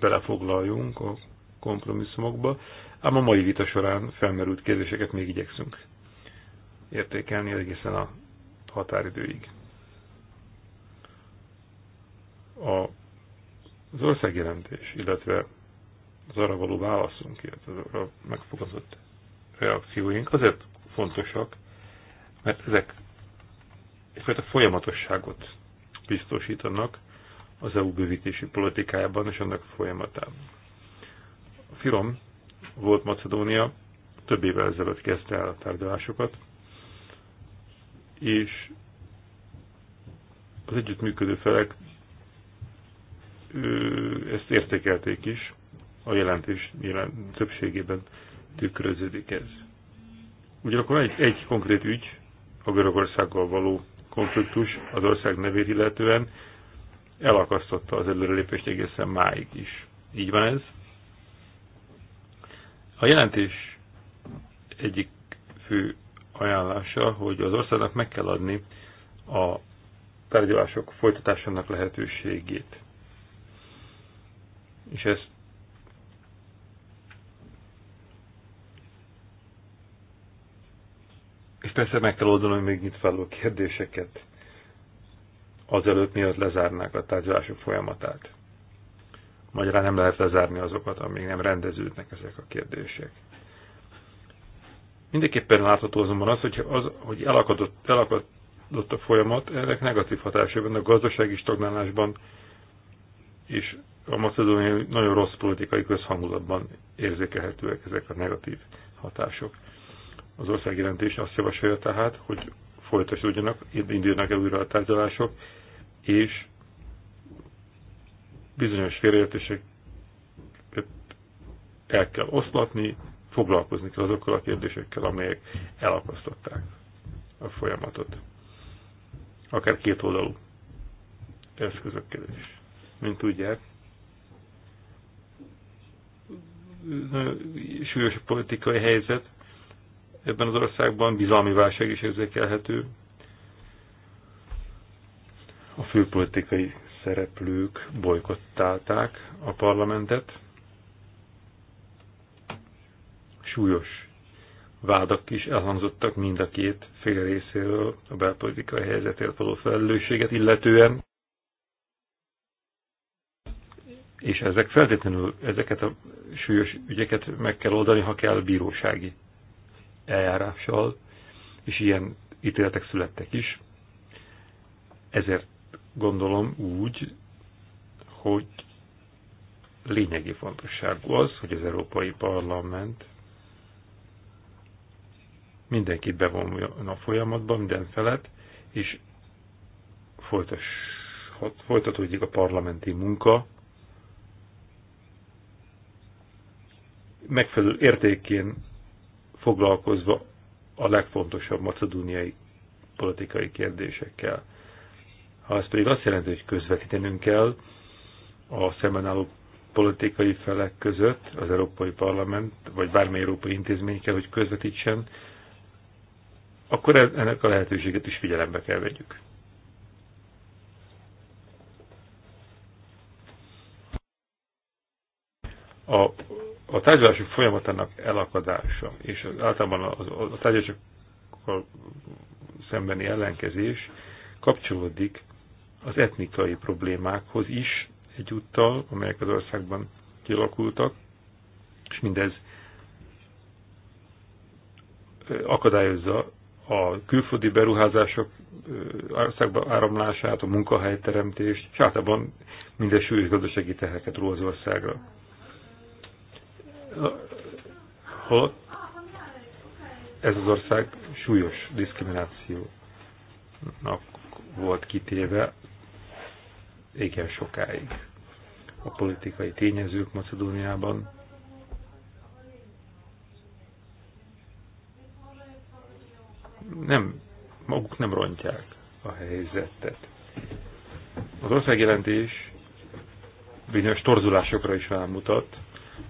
belefoglaljunk a kompromisszumokba, ám a mai vita során felmerült kérdéseket még igyekszünk értékelni egészen a határidőig. A, az országjelentés, illetve az arra való válaszunk, illetve az arra megfogazott reakcióink azért fontosak, mert ezek egyfajta folyamatosságot biztosítanak az EU bővítési politikájában és annak folyamatában. A Firom volt Macedónia, több évvel ezelőtt kezdte el a tárgyalásokat, és az együttműködő felek ezt értékelték is, a jelentés jelen, többségében tükröződik ez. Ugyanakkor egy, egy konkrét ügy, a Görögországgal való konfliktus az ország nevét illetően elakasztotta az előrelépést egészen máig is. Így van ez? A jelentés egyik fő ajánlása, hogy az országnak meg kell adni a tárgyalások folytatásának lehetőségét. És ezt és persze meg kell oldani még nyitváló kérdéseket azelőtt, miatt lezárnák a tárgyalások folyamatát. Magyarán nem lehet lezárni azokat, amíg nem rendeződnek ezek a kérdések. Mindenképpen látható azonban az, hogy, az, hogy elakadott, elakadott a folyamat, ennek negatív hatásában a gazdasági stagnálásban, és a macedóniai nagyon rossz politikai közhangulatban érzékelhetőek ezek a negatív hatások. Az jelentése azt javasolja tehát, hogy folytatódjanak, induljanak el újra a tárgyalások, és bizonyos félreértéseket el kell oszlatni, foglalkozni kell azokkal a kérdésekkel, amelyek elakasztották a folyamatot. Akár két oldalú eszközökkel is. Mint tudják, súlyos politikai helyzet ebben az országban, bizalmi válság is érzékelhető. A főpolitikai szereplők bolykottálták a parlamentet. Súlyos vádak is elhangzottak mind a két fél részéről a belpolitikai helyzetért való felelősséget illetően. És ezek feltétlenül, ezeket a súlyos ügyeket meg kell oldani, ha kell bírósági eljárással, és ilyen ítéletek születtek is. Ezért gondolom úgy, hogy lényegi fontosságú az, hogy az Európai Parlament mindenkit bevonjon a folyamatban, minden felett, és folytatódik a parlamenti munka, megfelelő értékén foglalkozva a legfontosabb macedóniai politikai kérdésekkel. Ha ez pedig azt jelenti, hogy közvetítenünk kell a szemben álló politikai felek között, az Európai Parlament, vagy bármely európai intézmény kell, hogy közvetítsen, akkor e- ennek a lehetőséget is figyelembe kell vegyük. A a tárgyalások folyamatának elakadása és az általában a, a, a tárgyalásokkal szembeni ellenkezés kapcsolódik az etnikai problémákhoz is egyúttal, amelyek az országban kialakultak, és mindez akadályozza a külföldi beruházások országba áramlását, a munkahelyteremtést, és általában minden súlyos gazdasági teheket ró az országra holott ez az ország súlyos diszkriminációnak volt kitéve igen sokáig. A politikai tényezők Macedóniában nem, maguk nem rontják a helyzetet. Az országjelentés bizonyos torzulásokra is rámutat,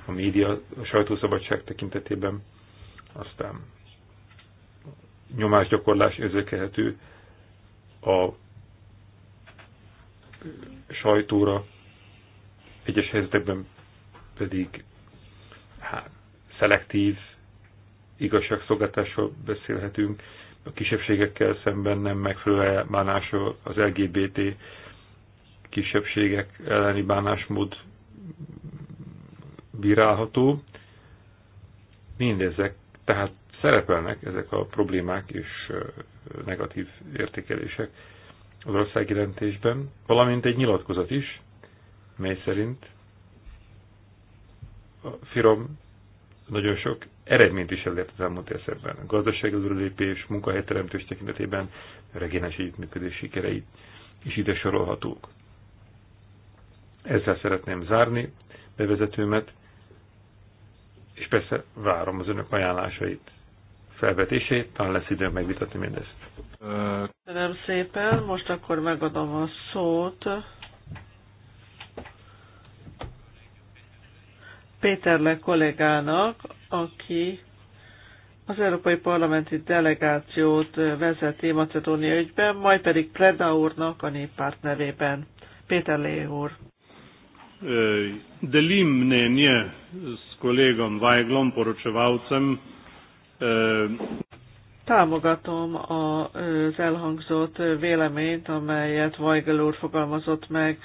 a média, a sajtószabadság tekintetében, aztán nyomásgyakorlás érzékelhető a sajtóra, egyes helyzetekben pedig hát, szelektív igazságszolgáltásról beszélhetünk, a kisebbségekkel szemben nem megfelelő bánásról, az LGBT kisebbségek elleni bánásmód bírálható. Mindezek, tehát szerepelnek ezek a problémák és negatív értékelések az országjelentésben, valamint egy nyilatkozat is, mely szerint a FIROM nagyon sok eredményt is elért az elmúlt években. A gazdasági előrelépés, munkahelyteremtés tekintetében regionális együttműködés sikerei is ide sorolhatók. Ezzel szeretném zárni bevezetőmet, és persze várom az önök ajánlásait, felvetését, talán lesz időm megvitatni mindezt. Köszönöm szépen, most akkor megadom a szót. Péterle kollégának, aki az Európai Parlamenti Delegációt vezeti Macedónia ügyben, majd pedig Preda úrnak a néppárt nevében. Péter Lé úr. Delim mnenje kolegom Vajglom, poročevalcem. Támogatom az elhangzott véleményt, amelyet Vajgel úr fogalmazott meg.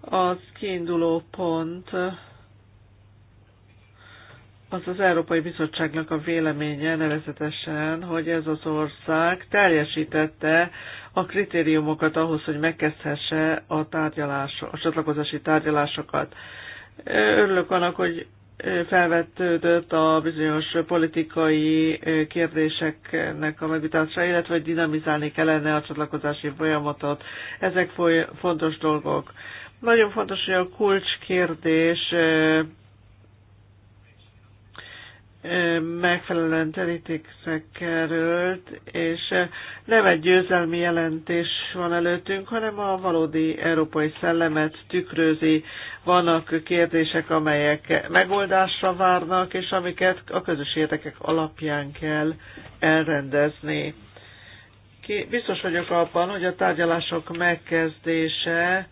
Az kiinduló pont az az Európai Bizottságnak a véleménye nevezetesen, hogy ez az ország teljesítette a kritériumokat ahhoz, hogy megkezdhesse a, tárgyalás, a csatlakozási tárgyalásokat. Örülök annak, hogy felvetődött a bizonyos politikai kérdéseknek a megvitása, illetve hogy dinamizálni kellene a csatlakozási folyamatot. Ezek foly- fontos dolgok. Nagyon fontos, hogy a kulcskérdés megfelelően terítékre került, és eh, nem egy győzelmi jelentés van előttünk, hanem a valódi európai szellemet tükrözi. Vannak kérdések, amelyek megoldásra várnak, és amiket a közös érdekek alapján kell elrendezni. biztos vagyok abban, hogy a tárgyalások megkezdése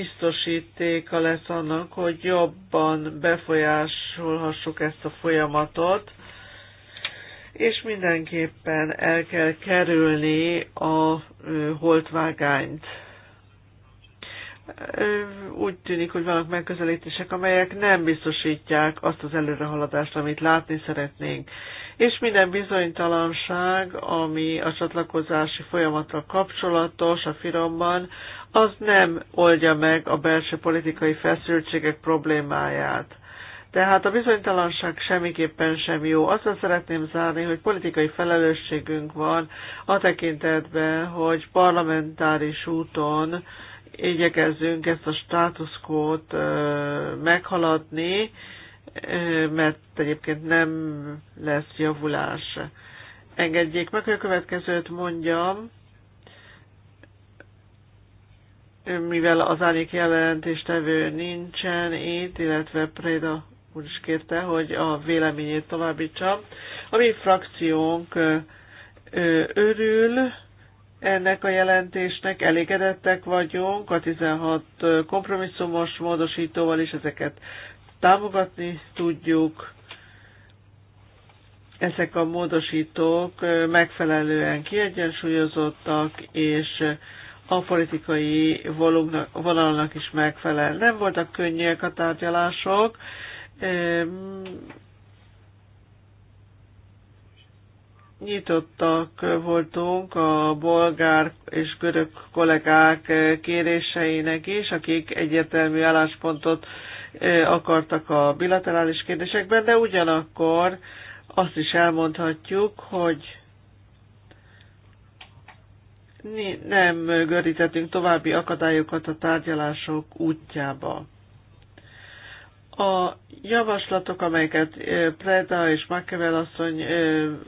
biztosítéka lesz annak, hogy jobban befolyásolhassuk ezt a folyamatot, és mindenképpen el kell kerülni a holtvágányt. Úgy tűnik, hogy vannak megközelítések, amelyek nem biztosítják azt az előrehaladást, amit látni szeretnénk és minden bizonytalanság, ami a csatlakozási folyamattal kapcsolatos a firomban, az nem oldja meg a belső politikai feszültségek problémáját. Tehát a bizonytalanság semmiképpen sem jó. Azzal szeretném zárni, hogy politikai felelősségünk van a tekintetben, hogy parlamentáris úton igyekezzünk ezt a státuszkót meghaladni, mert egyébként nem lesz javulás. Engedjék meg, hogy a következőt mondjam, mivel az árnyék jelentéstevő nincsen itt, illetve Préda úgy is kérte, hogy a véleményét továbbítsam. A mi frakciónk örül ennek a jelentésnek, elégedettek vagyunk a 16 kompromisszumos módosítóval is, ezeket támogatni tudjuk. Ezek a módosítók megfelelően kiegyensúlyozottak, és a politikai vonalnak is megfelel. Nem voltak könnyűek a tárgyalások, nyitottak voltunk a bolgár és görög kollégák kéréseinek is, akik egyértelmű álláspontot akartak a bilaterális kérdésekben, de ugyanakkor azt is elmondhatjuk, hogy nem görítettünk további akadályokat a tárgyalások útjába. A javaslatok, amelyeket Preda és Makevel asszony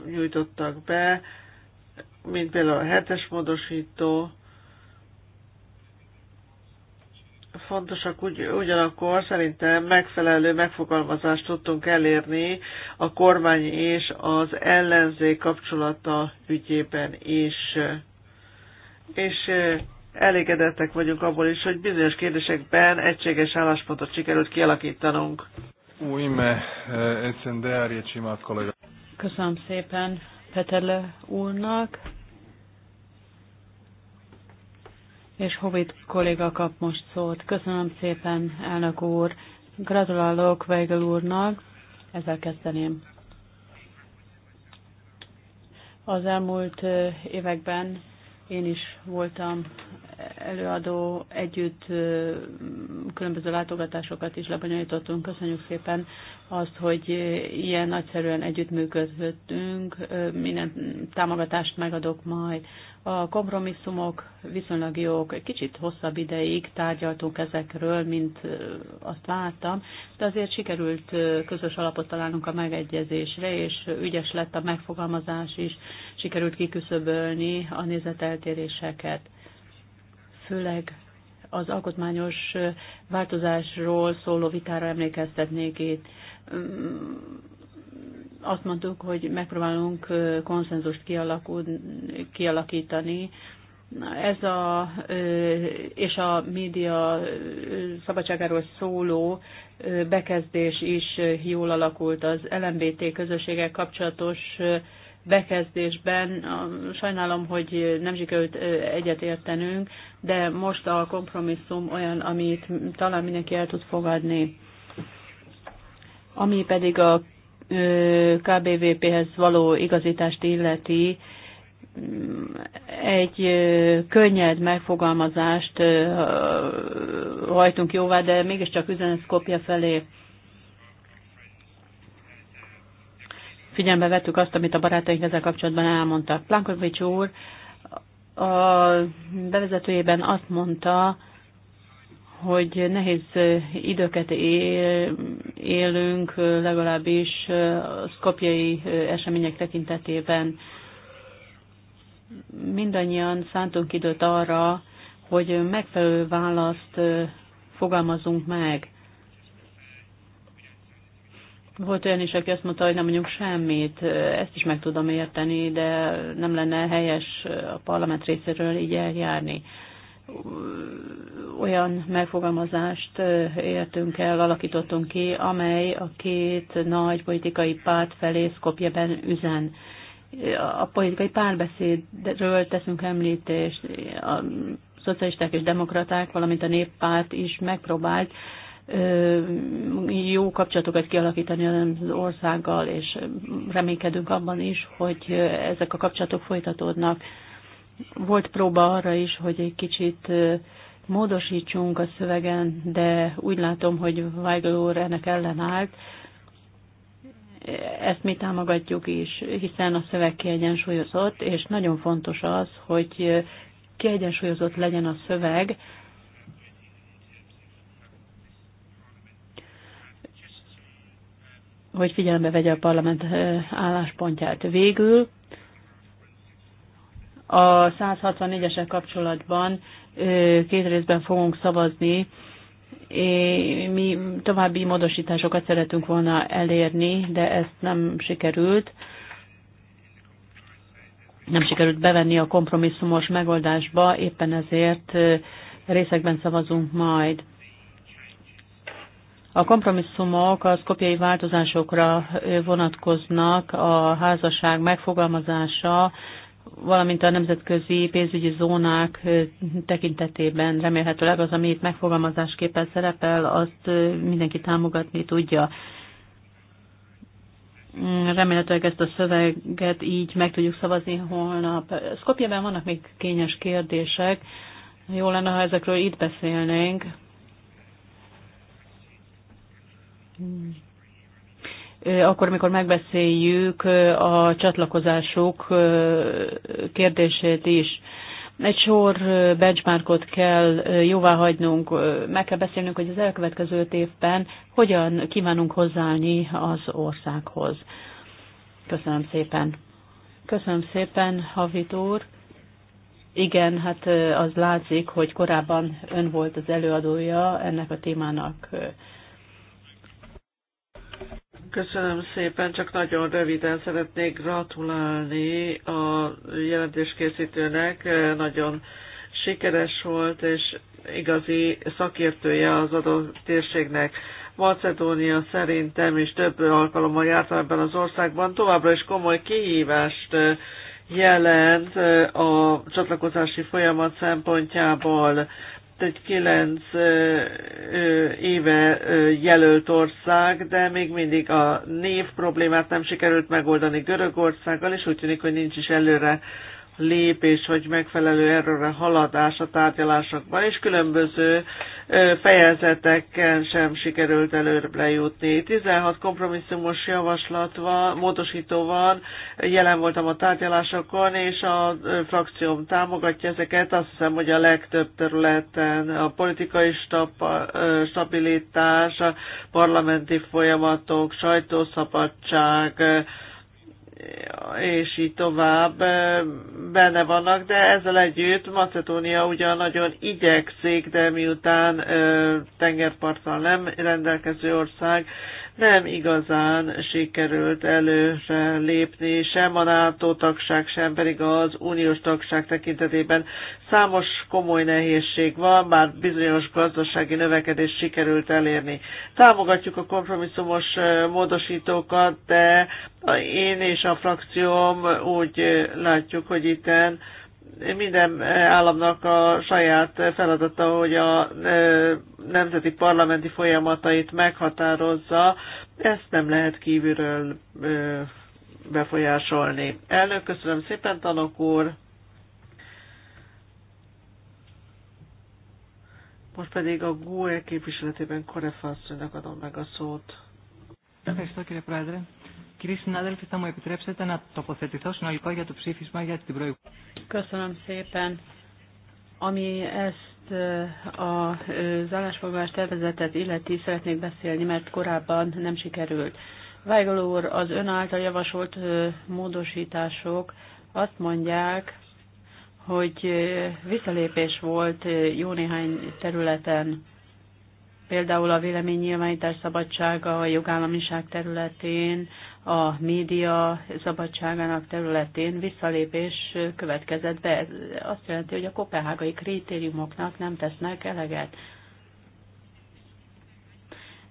nyújtottak be, mint például a hetes módosító, fontosak, ugy, ugyanakkor szerintem megfelelő megfogalmazást tudtunk elérni a kormány és az ellenzék kapcsolata ügyében is. És elégedettek vagyunk abból is, hogy bizonyos kérdésekben egységes álláspontot sikerült kialakítanunk. Újme, SND Árjécsimát kollega. Köszönöm szépen Peterle úrnak. és Hovid kolléga kap most szót. Köszönöm szépen, elnök úr. Gratulálok Weigel úrnak, ezzel kezdeném. Az elmúlt években én is voltam előadó együtt különböző látogatásokat is lebonyolítottunk. Köszönjük szépen azt, hogy ilyen nagyszerűen együttműködtünk. Minden támogatást megadok majd. A kompromisszumok viszonylag jók. Egy kicsit hosszabb ideig tárgyaltunk ezekről, mint azt vártam, de azért sikerült közös alapot találnunk a megegyezésre, és ügyes lett a megfogalmazás is, sikerült kiküszöbölni a nézeteltéréseket főleg az alkotmányos változásról szóló vitára emlékeztetnék itt. Azt mondtuk, hogy megpróbálunk konszenzust kialakítani, ez a, és a média szabadságáról szóló bekezdés is jól alakult. Az LMBT közösségek kapcsolatos bekezdésben. Sajnálom, hogy nem sikerült egyetértenünk, de most a kompromisszum olyan, amit talán mindenki el tud fogadni. Ami pedig a KBVP-hez való igazítást illeti, egy könnyed megfogalmazást hajtunk jóvá, de mégiscsak üzenet kopja felé. figyelembe vettük azt, amit a barátaink ezzel kapcsolatban elmondtak. Plankovics úr a bevezetőjében azt mondta, hogy nehéz időket élünk, legalábbis a szkopjai események tekintetében. Mindannyian szántunk időt arra, hogy megfelelő választ fogalmazunk meg. Volt olyan is, aki azt mondta, hogy nem mondjuk semmit, ezt is meg tudom érteni, de nem lenne helyes a parlament részéről így eljárni. Olyan megfogalmazást értünk el, alakítottunk ki, amely a két nagy politikai párt felé Szkopjeben üzen. A politikai párbeszédről teszünk említést, a szocialisták és demokraták, valamint a néppárt is megpróbált jó kapcsolatokat kialakítani az országgal, és reménykedünk abban is, hogy ezek a kapcsolatok folytatódnak. Volt próba arra is, hogy egy kicsit módosítsunk a szövegen, de úgy látom, hogy Weigel úr ennek ellenállt. Ezt mi támogatjuk is, hiszen a szöveg kiegyensúlyozott, és nagyon fontos az, hogy kiegyensúlyozott legyen a szöveg, hogy figyelembe vegye a parlament álláspontját. Végül a 164-esek kapcsolatban két részben fogunk szavazni. Mi további módosításokat szeretünk volna elérni, de ezt nem sikerült. Nem sikerült bevenni a kompromisszumos megoldásba, éppen ezért részekben szavazunk majd. A kompromisszumok a szkopjai változásokra vonatkoznak, a házasság megfogalmazása, valamint a nemzetközi pénzügyi zónák tekintetében remélhetőleg az, ami itt megfogalmazásképpen szerepel, azt mindenki támogatni tudja. Remélhetőleg ezt a szöveget így meg tudjuk szavazni holnap. Szkopjában vannak még kényes kérdések. Jó lenne, ha ezekről itt beszélnénk. akkor, amikor megbeszéljük a csatlakozások kérdését is. Egy sor benchmarkot kell jóvá hagynunk, meg kell beszélnünk, hogy az elkövetkező évben hogyan kívánunk hozzáállni az országhoz. Köszönöm szépen. Köszönöm szépen, Havit úr. Igen, hát az látszik, hogy korábban ön volt az előadója ennek a témának. Köszönöm szépen, csak nagyon röviden szeretnék gratulálni a jelentéskészítőnek. Nagyon sikeres volt, és igazi szakértője az adott térségnek. Macedónia szerintem is több alkalommal járt ebben az országban, továbbra is komoly kihívást jelent a csatlakozási folyamat szempontjából egy kilenc éve jelölt ország, de még mindig a név problémát nem sikerült megoldani Görögországgal, és úgy tűnik, hogy nincs is előre lépés vagy megfelelő erőre haladás a tárgyalásokban, és különböző fejezeteken sem sikerült előre jutni. 16 kompromisszumos javaslat van, módosító van, jelen voltam a tárgyalásokon, és a frakcióm támogatja ezeket. Azt hiszem, hogy a legtöbb területen a politikai stabilitás, a parlamenti folyamatok, sajtószabadság, és így tovább eh, benne vannak, de ezzel együtt Macedónia ugyan nagyon igyekszik, de miután eh, tengerparttal nem rendelkező ország, nem igazán sikerült előre lépni, sem a NATO tagság, sem pedig az uniós tagság tekintetében. Számos komoly nehézség van, bár bizonyos gazdasági növekedés sikerült elérni. Támogatjuk a kompromisszumos eh, módosítókat, de én és a frakcióm úgy eh, látjuk, hogy itten minden államnak a saját feladata, hogy a nemzeti parlamenti folyamatait meghatározza, ezt nem lehet kívülről befolyásolni. Elnök, köszönöm szépen, tanok úr! Most pedig a GUE képviseletében Korefa adom meg a szót. Köszönöm, Κύριοι συνάδελφοι, θα μου επιτρέψετε να τοποθετηθώ συνολικά για το ψήφισμα για την προηγούμενη. Köszönöm szépen. Ami ezt az állásfoglalás tervezetet illeti, szeretnék beszélni, mert korábban nem sikerült. Weigel úr, az ön által javasolt módosítások azt mondják, hogy visszalépés volt jó néhány területen, például a véleménynyilvánítás szabadsága a jogállamiság területén, a média szabadságának területén visszalépés következett be. Ez azt jelenti, hogy a kopenhágai kritériumoknak nem tesznek eleget.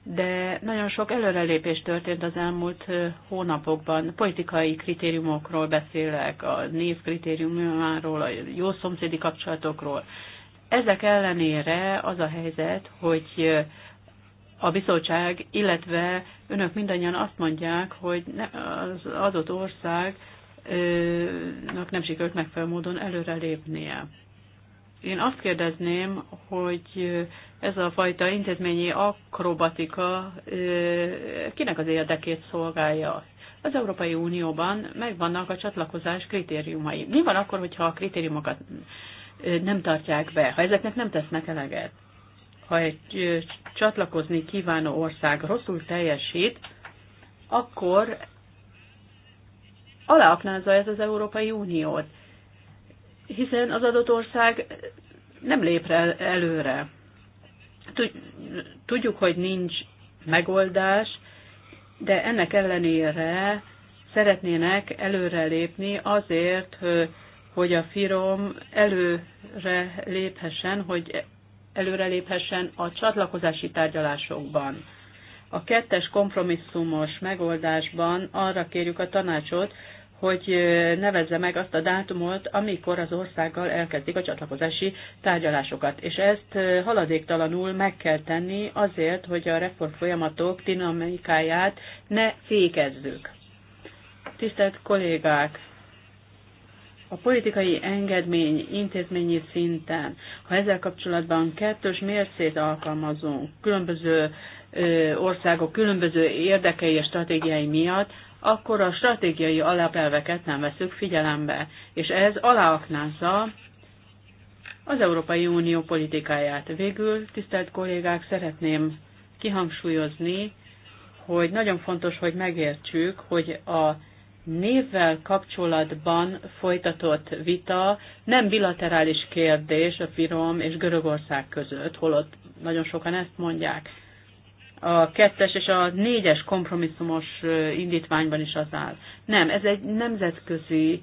De nagyon sok előrelépés történt az elmúlt hónapokban. Politikai kritériumokról beszélek, a név kritériumáról, a jó szomszédi kapcsolatokról. Ezek ellenére az a helyzet, hogy a bizottság, illetve önök mindannyian azt mondják, hogy az adott országnak nem sikerült megfelelő módon előrelépnie. Én azt kérdezném, hogy ez a fajta intézményi akrobatika kinek az érdekét szolgálja? Az Európai Unióban megvannak a csatlakozás kritériumai. Mi van akkor, hogyha a kritériumokat nem tartják be, ha ezeknek nem tesznek eleget? ha egy csatlakozni kívánó ország rosszul teljesít, akkor aláaknázza ez az Európai Uniót, hiszen az adott ország nem lép el előre. Tudjuk, hogy nincs megoldás, de ennek ellenére szeretnének előrelépni azért, hogy a firom előre léphessen, hogy előreléphessen a csatlakozási tárgyalásokban. A kettes kompromisszumos megoldásban arra kérjük a tanácsot, hogy nevezze meg azt a dátumot, amikor az országgal elkezdik a csatlakozási tárgyalásokat. És ezt haladéktalanul meg kell tenni azért, hogy a reform folyamatok dinamikáját ne fékezzük. Tisztelt kollégák, a politikai engedmény intézményi szinten, ha ezzel kapcsolatban kettős mércét alkalmazunk különböző országok különböző érdekei és stratégiái miatt, akkor a stratégiai alapelveket nem veszük figyelembe, és ez aláaknázza az Európai Unió politikáját. Végül, tisztelt kollégák, szeretném kihangsúlyozni, hogy nagyon fontos, hogy megértsük, hogy a névvel kapcsolatban folytatott vita nem bilaterális kérdés a Firom és Görögország között, holott nagyon sokan ezt mondják. A kettes és a négyes kompromisszumos indítványban is az áll. Nem, ez egy nemzetközi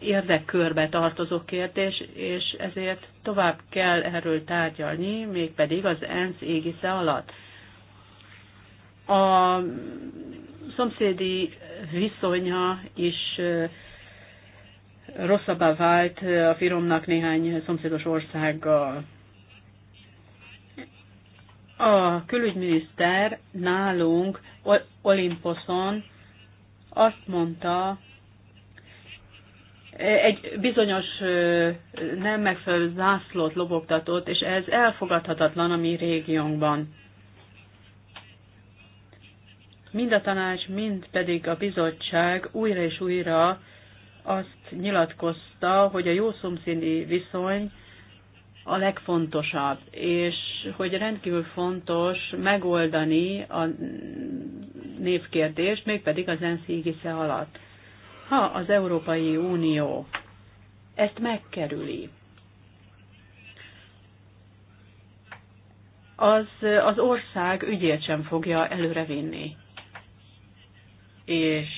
érdekkörbe tartozó kérdés, és ezért tovább kell erről tárgyalni, mégpedig az ENSZ égisze alatt. A szomszédi viszonya is rosszabbá vált a firomnak néhány szomszédos országgal. A külügyminiszter nálunk Olimposzon azt mondta, egy bizonyos nem megfelelő zászlót lobogtatott, és ez elfogadhatatlan a mi régiónkban mind a tanács, mind pedig a bizottság újra és újra azt nyilatkozta, hogy a jó szomszédi viszony a legfontosabb, és hogy rendkívül fontos megoldani a névkérdést, mégpedig az ENSZ ígisze alatt. Ha az Európai Unió ezt megkerüli, az az ország ügyét sem fogja előrevinni és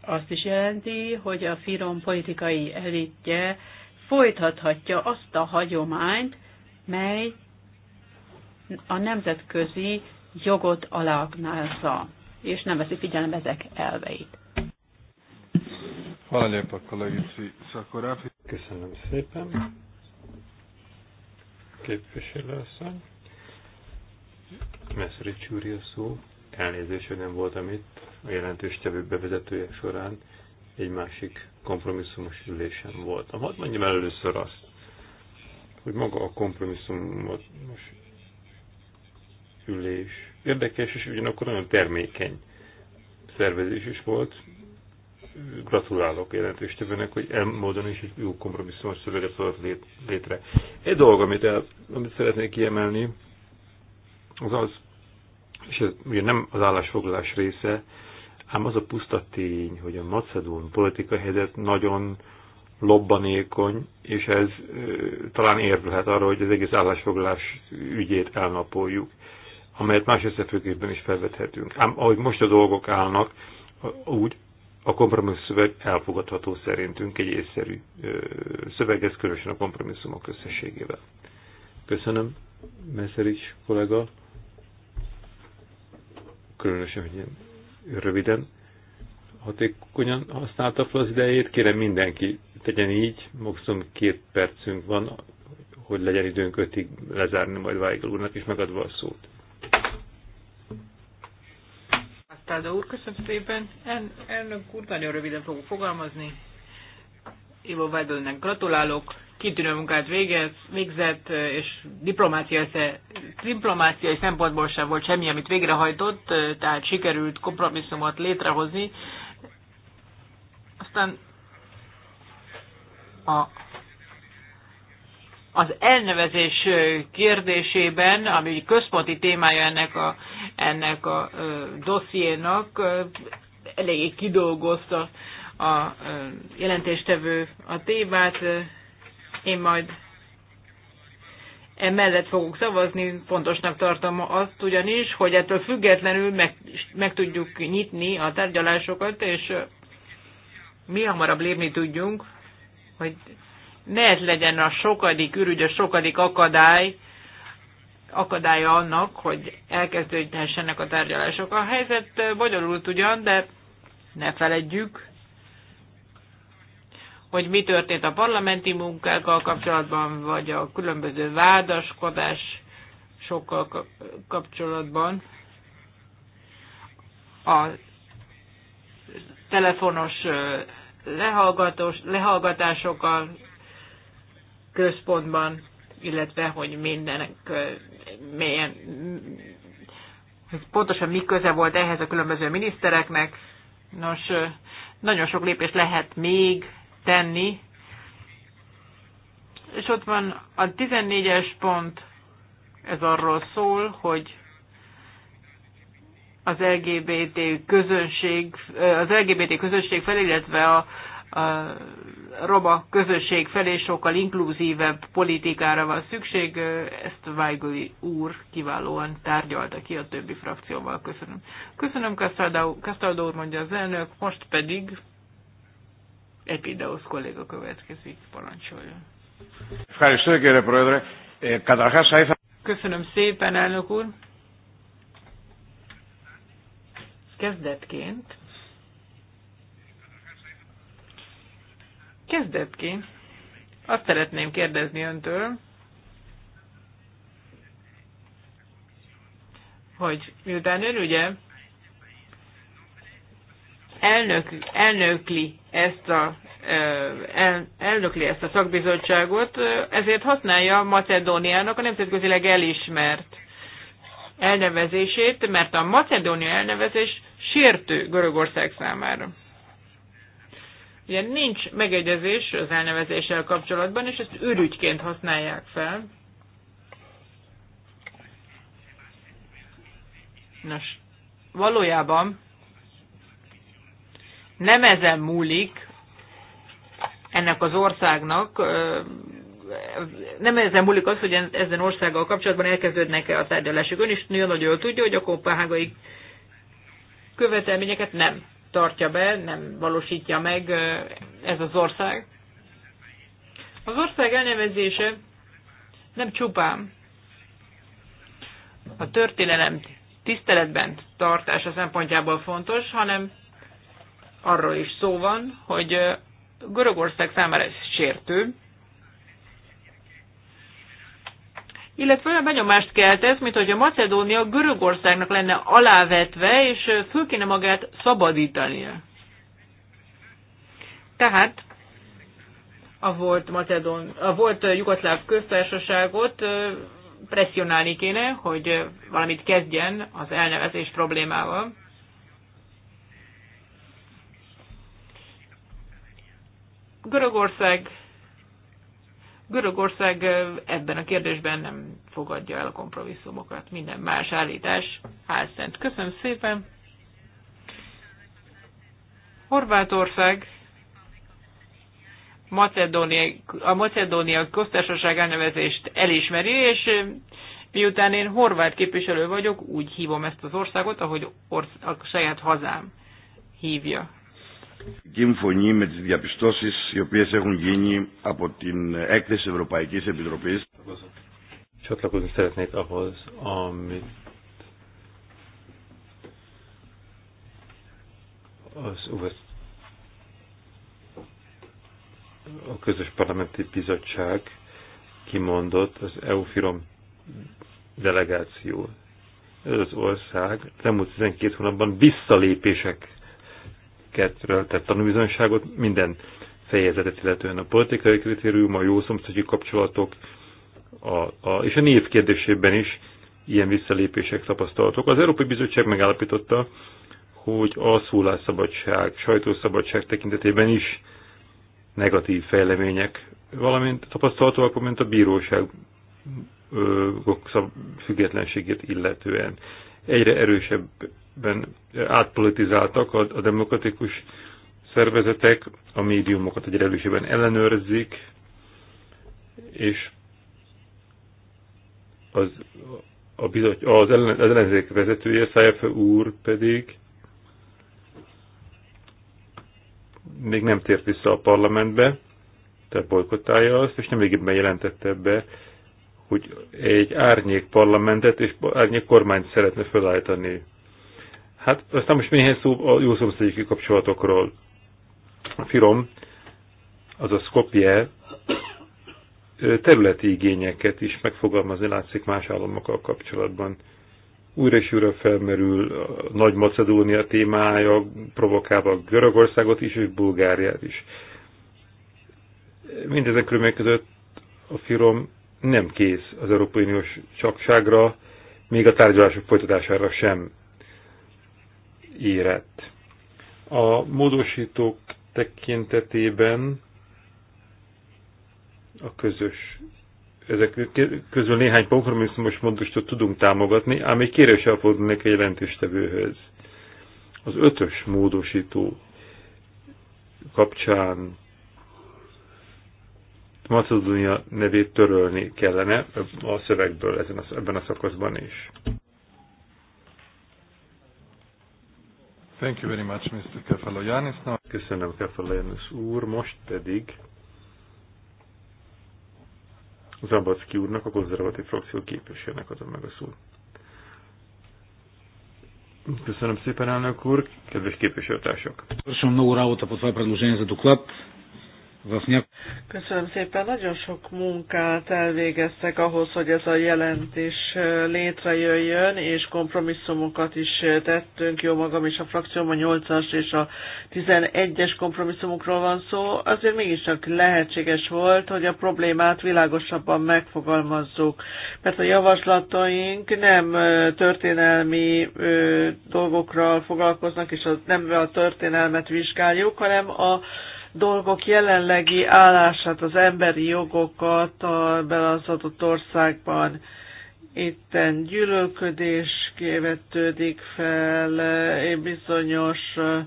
azt is jelenti, hogy a Firom politikai elitje folytathatja azt a hagyományt, mely a nemzetközi jogot aláaknázza, és nem veszi figyelembe ezek elveit. Köszönöm szépen. asszony. Messzeri csúri a szó. Elnézést, hogy nem voltam itt a jelentős tevő bevezetője során egy másik kompromisszumos ülésen voltam. Hadd mondjam először azt, hogy maga a kompromisszumos ülés érdekes, és ugyanakkor nagyon termékeny szervezés is volt. Gratulálok jelentős tevőnek, hogy e módon is egy jó kompromisszumos szövege szólt létre. Egy dolog, amit, el, amit szeretnék kiemelni, az az, és ez ugye nem az állásfoglalás része, Ám az a puszta tény, hogy a macedón politikai helyzet nagyon lobbanékony, és ez ö, talán érvelhet arra, hogy az egész állásfoglalás ügyét elnapoljuk, amelyet más összefüggésben is felvethetünk. Ám ahogy most a dolgok állnak, úgy a kompromisszszöveg elfogadható szerintünk egy észszerű szöveg, ez különösen a kompromisszumok összességével. Köszönöm, Messzerics kollega. Különösen, hogy ilyen röviden hatékonyan használta fel az idejét. Kérem mindenki tegyen így, maximum két percünk van, hogy legyen időnk ötig lezárni majd Weigel úrnak, és megadva a szót. Tálda úr, köszönöm szépen. El, elnök úr, nagyon röviden fogok fogalmazni. Ivo Weidelnek gratulálok kitűnő munkát végez, végzett, és diplomáciai, szempontból sem volt semmi, amit végrehajtott, tehát sikerült kompromisszumot létrehozni. Aztán a, az elnevezés kérdésében, ami központi témája ennek a, ennek a dossziénak, eléggé kidolgozta a jelentéstevő a témát, én majd emellett fogok szavazni, fontosnak tartom azt ugyanis, hogy ettől függetlenül meg, meg tudjuk nyitni a tárgyalásokat, és mi hamarabb lépni tudjunk, hogy ne ez legyen a sokadik ürügy, a sokadik akadály, akadálya annak, hogy elkezdődhessenek a tárgyalások. A helyzet bonyolult ugyan, de ne feledjük, hogy mi történt a parlamenti munkákkal kapcsolatban, vagy a különböző vádaskodás sokkal kapcsolatban. A telefonos lehallgatós, lehallgatások a központban, illetve hogy mindenek milyen, pontosan mi köze volt ehhez a különböző minisztereknek. Nos, nagyon sok lépés lehet még tenni. És ott van a 14-es pont, ez arról szól, hogy az LGBT közönség, az LGBT közösség felé, illetve a, a roma közösség felé sokkal inkluzívebb politikára van szükség. Ezt Weigli úr kiválóan tárgyalta ki a többi frakcióval. Köszönöm. Köszönöm, Kastaldó úr, mondja az elnök. Most pedig Επίδεος kolléga következik, parancsoljon. Köszönöm szépen, elnök úr. Kezdetként. Kezdetként. Azt szeretném kérdezni öntől, hogy miután ön ugye elnök, elnökli ezt a el, elnökli ezt a szakbizottságot, ezért használja Macedóniának a nemzetközileg elismert elnevezését, mert a Macedónia elnevezés sértő Görögország számára. Ugye nincs megegyezés az elnevezéssel kapcsolatban, és ezt ürügyként használják fel. Nos, valójában nem ezen múlik ennek az országnak, nem ezen múlik az, hogy ezen országgal kapcsolatban elkezdődnek-e a tárgyalások. Ön is nagyon jól tudja, hogy a kopenhágai követelményeket nem tartja be, nem valósítja meg ez az ország. Az ország elnevezése nem csupán a történelem tiszteletben tartása szempontjából fontos, hanem arról is szó van, hogy Görögország számára ez sértő, illetve olyan benyomást kelt ez, mint hogy a Macedónia Görögországnak lenne alávetve, és föl kéne magát szabadítania. Tehát a volt, Macedón, a volt Jugoszláv köztársaságot presszionálni kéne, hogy valamit kezdjen az elnevezés problémával. Görögország, Görögország ebben a kérdésben nem fogadja el a kompromisszumokat. Minden más állítás álszent. Köszönöm szépen. Horvátország Macedónia, a Macedónia köztársaság elnevezést elismeri, és miután én horvát képviselő vagyok, úgy hívom ezt az országot, ahogy orsz- a saját hazám hívja. Συμφωνεί με τις διαπιστώσεις οι οποίες έχουν γίνει από την έκθεση Ευρωπαϊκής Επιτροπής. a közös parlamenti bizottság kimondott az EU-firom delegáció. Ez az ország az elmúlt 12 hónapban visszalépések cikketről tett tanúbizonyságot minden fejezetet, illetően a politikai kritérium, a jó szomszédi kapcsolatok, a, a, és a név kérdésében is ilyen visszalépések tapasztalatok. Az Európai Bizottság megállapította, hogy a szólásszabadság, sajtószabadság tekintetében is negatív fejlemények, valamint tapasztalatok, mint a bíróság függetlenségét illetően. Egyre erősebb ben átpolitizáltak a, a demokratikus szervezetek, a médiumokat egy erősében ellenőrzik, és az, a bizony, az, ellen, az ellenzék vezetője, Szájfe úr pedig még nem tért vissza a parlamentbe, tehát bolykottálja azt, és nemrégiben jelentette be, hogy egy árnyék parlamentet és árnyék kormányt szeretne felállítani Hát aztán most néhány szó a jó szomszédjogi kapcsolatokról. A Firom, az a Skopje területi igényeket is megfogalmazni látszik más államokkal kapcsolatban. Újra és újra felmerül a Nagy-Macedónia témája, provokálva Görögországot is, és Bulgáriát is. Mindezek körülmények között a Firom nem kész az Európai Uniós csakságra, még a tárgyalások folytatására sem érett. A módosítók tekintetében a közös ezek közül néhány kompromisszumos módosítót tudunk támogatni, ám egy kérés elfordulnék egy jelentéstevőhöz. Az ötös módosító kapcsán Macedónia nevét törölni kellene a szövegből ezen a, ebben a szakaszban is. Thank you very much, Mr. Kefaloyanis. Now... Köszönöm, Kefaloyanis úr. Most pedig Zabacki úrnak, a konzervatív frakció képviselőnek adom meg a szót. Köszönöm szépen, elnök úr, kedves képviselőtársak! Köszönöm, Nóra, a poszvá a за доклад. Köszönöm szépen, nagyon sok munkát elvégeztek ahhoz, hogy ez a jelentés létrejöjjön, és kompromisszumokat is tettünk, jó magam és a frakcióm a 8-as és a 11-es kompromisszumokról van szó, azért mégiscsak lehetséges volt, hogy a problémát világosabban megfogalmazzuk, mert a javaslataink nem történelmi dolgokra foglalkoznak, és nem a történelmet vizsgáljuk, hanem a dolgok jelenlegi állását, az emberi jogokat a, az adott országban. Itten gyűlölködés kévetődik fel, eh, bizonyos eh,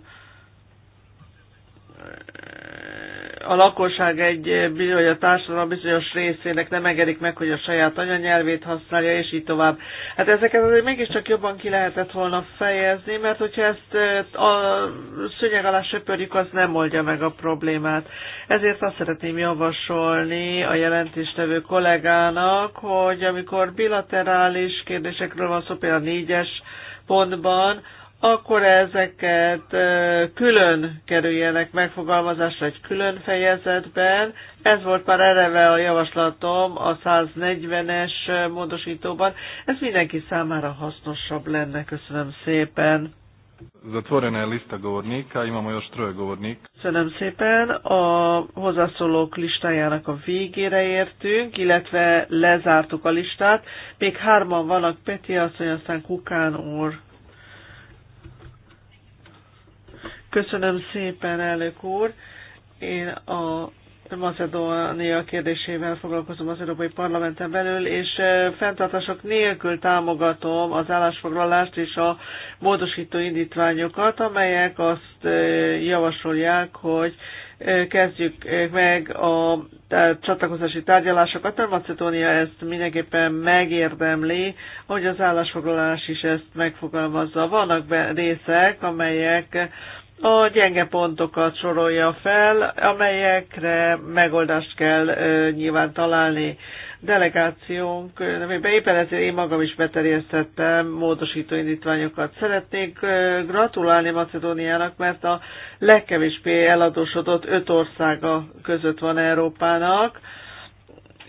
a lakosság egy bizony, a társadalom bizonyos részének nem engedik meg, hogy a saját anyanyelvét használja, és így tovább. Hát ezeket azért mégiscsak jobban ki lehetett volna fejezni, mert hogyha ezt a szőnyeg alá söpörjük, az nem oldja meg a problémát. Ezért azt szeretném javasolni a jelentéstevő kollégának, hogy amikor bilaterális kérdésekről van szó, például a négyes pontban, akkor ezeket külön kerüljenek megfogalmazásra egy külön fejezetben. Ez volt már eleve a javaslatom a 140-es módosítóban. Ez mindenki számára hasznosabb lenne. Köszönöm szépen. Zatvorena lista govornika, imamo još troje govornika. Köszönöm szépen, a hozzászólók listájának a végére értünk, illetve lezártuk a listát. Még hárman vannak, Peti asszony, aztán Kukán úr. Köszönöm szépen, elnök úr. Én a Macedónia kérdésével foglalkozom az Európai Parlamenten belül, és fenntartások nélkül támogatom az állásfoglalást és a módosító indítványokat, amelyek azt javasolják, hogy kezdjük meg a csatlakozási tárgyalásokat, mert Macedónia ezt mindenképpen megérdemli, hogy az állásfoglalás is ezt megfogalmazza. Vannak részek, amelyek a gyenge pontokat sorolja fel, amelyekre megoldást kell ö, nyilván találni. Delegációnk amiben éppen ezért én magam is beterjesztettem módosító indítványokat. Szeretnék ö, gratulálni Macedóniának, mert a legkevésbé eladósodott öt országa között van Európának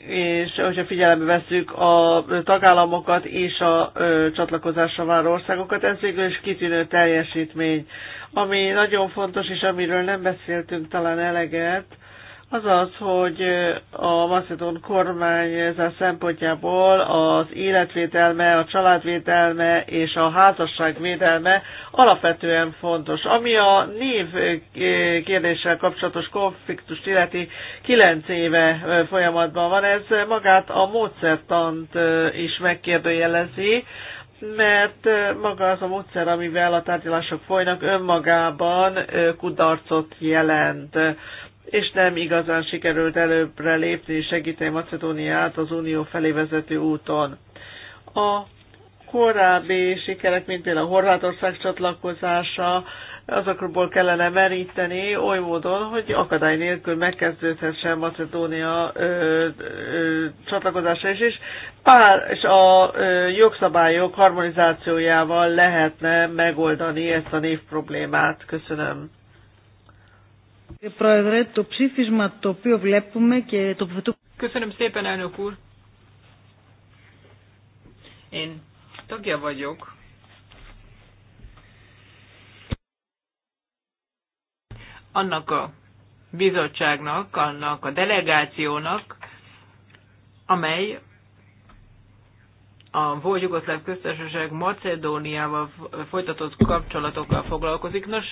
és hogyha figyelembe veszük a tagállamokat és a csatlakozásra váró országokat, ez végül is kitűnő teljesítmény. Ami nagyon fontos, és amiről nem beszéltünk talán eleget, az az, hogy a Macedon kormány ezzel szempontjából az életvételme, a családvételme és a házasság védelme alapvetően fontos. Ami a név kérdéssel kapcsolatos konfliktust illeti, kilenc éve folyamatban van, ez magát a módszertant is megkérdőjelezi, mert maga az a módszer, amivel a tárgyalások folynak, önmagában kudarcot jelent és nem igazán sikerült előbbre lépni, és segíteni Macedóniát az Unió felé vezető úton. A korábbi sikerek, mint például a Horvátország csatlakozása, azokból kellene meríteni oly módon, hogy akadály nélkül megkezdődhessen Macedónia ö, ö, csatlakozása is, és, pár, és a ö, jogszabályok harmonizációjával lehetne megoldani ezt a név problémát. Köszönöm. Köszönöm szépen, elnök úr! Én tagja vagyok annak a bizottságnak, annak a delegációnak, amely a volt Jugoszláv köztársaság Macedóniával folytatott kapcsolatokkal foglalkozik. Nos,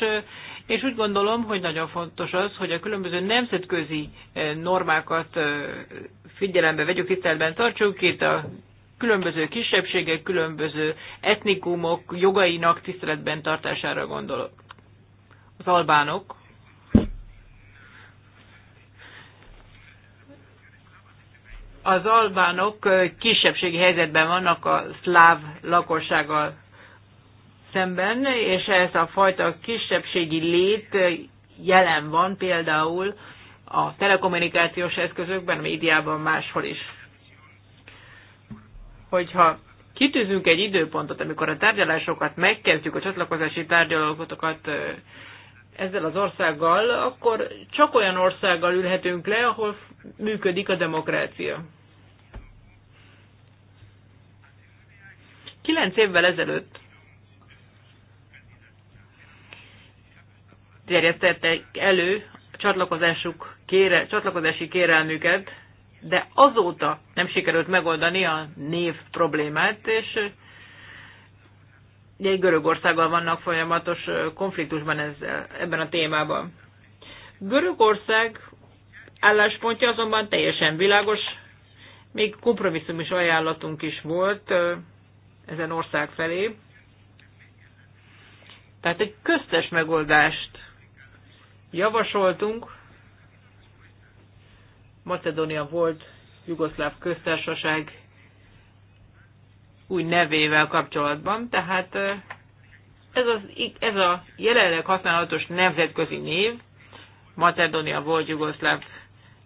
és úgy gondolom, hogy nagyon fontos az, hogy a különböző nemzetközi normákat figyelembe vegyük, tiszteletben tartsuk itt a különböző kisebbségek, különböző etnikumok jogainak tiszteletben tartására gondolok. Az albánok az albánok kisebbségi helyzetben vannak a szláv lakossággal szemben, és ez a fajta kisebbségi lét jelen van például a telekommunikációs eszközökben, médiában, máshol is. Hogyha kitűzünk egy időpontot, amikor a tárgyalásokat megkezdjük, a csatlakozási tárgyalókatokat ezzel az országgal, akkor csak olyan országgal ülhetünk le, ahol működik a demokrácia. Kilenc évvel ezelőtt terjesztettek elő a csatlakozásuk kére, csatlakozási kérelmüket, de azóta nem sikerült megoldani a név problémát, és egy Görögországgal vannak folyamatos konfliktusban ezzel, ebben a témában. Görögország álláspontja azonban teljesen világos, még kompromisszum is ajánlatunk is volt ezen ország felé. Tehát egy köztes megoldást javasoltunk. Macedónia volt Jugoszláv köztársaság új nevével kapcsolatban, tehát ez, az, ez a jelenleg használatos nemzetközi név, Macedónia volt Jugoszláv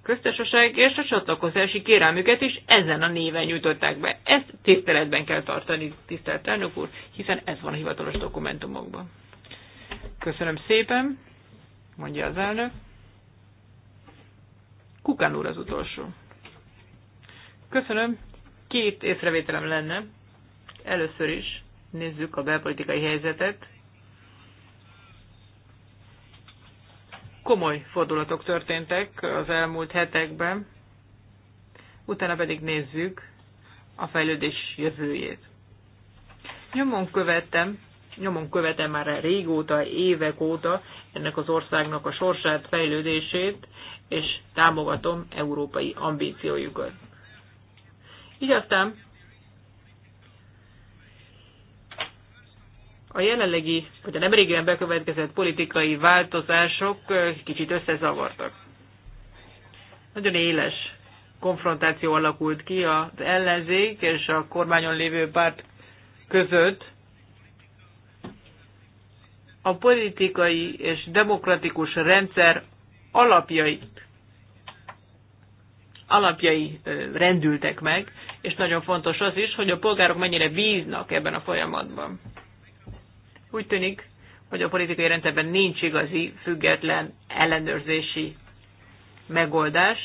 köztársaság és a csatlakozási kérelmüket is ezen a néven nyújtották be. Ezt tiszteletben kell tartani, tisztelt elnök úr, hiszen ez van a hivatalos dokumentumokban. Köszönöm szépen, mondja az elnök. Kukán úr az utolsó. Köszönöm. Két észrevételem lenne. Először is nézzük a belpolitikai helyzetet. komoly fordulatok történtek az elmúlt hetekben, utána pedig nézzük a fejlődés jövőjét. Nyomon követtem, nyomon követem már régóta, évek óta ennek az országnak a sorsát, fejlődését, és támogatom európai ambíciójukat. Így aztán A jelenlegi, vagy a nemrégiben bekövetkezett politikai változások kicsit összezavartak. Nagyon éles konfrontáció alakult ki az ellenzék és a kormányon lévő párt között. A politikai és demokratikus rendszer alapjai alapjai rendültek meg, és nagyon fontos az is, hogy a polgárok mennyire bíznak ebben a folyamatban. Úgy tűnik, hogy a politikai rendszerben nincs igazi, független ellenőrzési megoldás.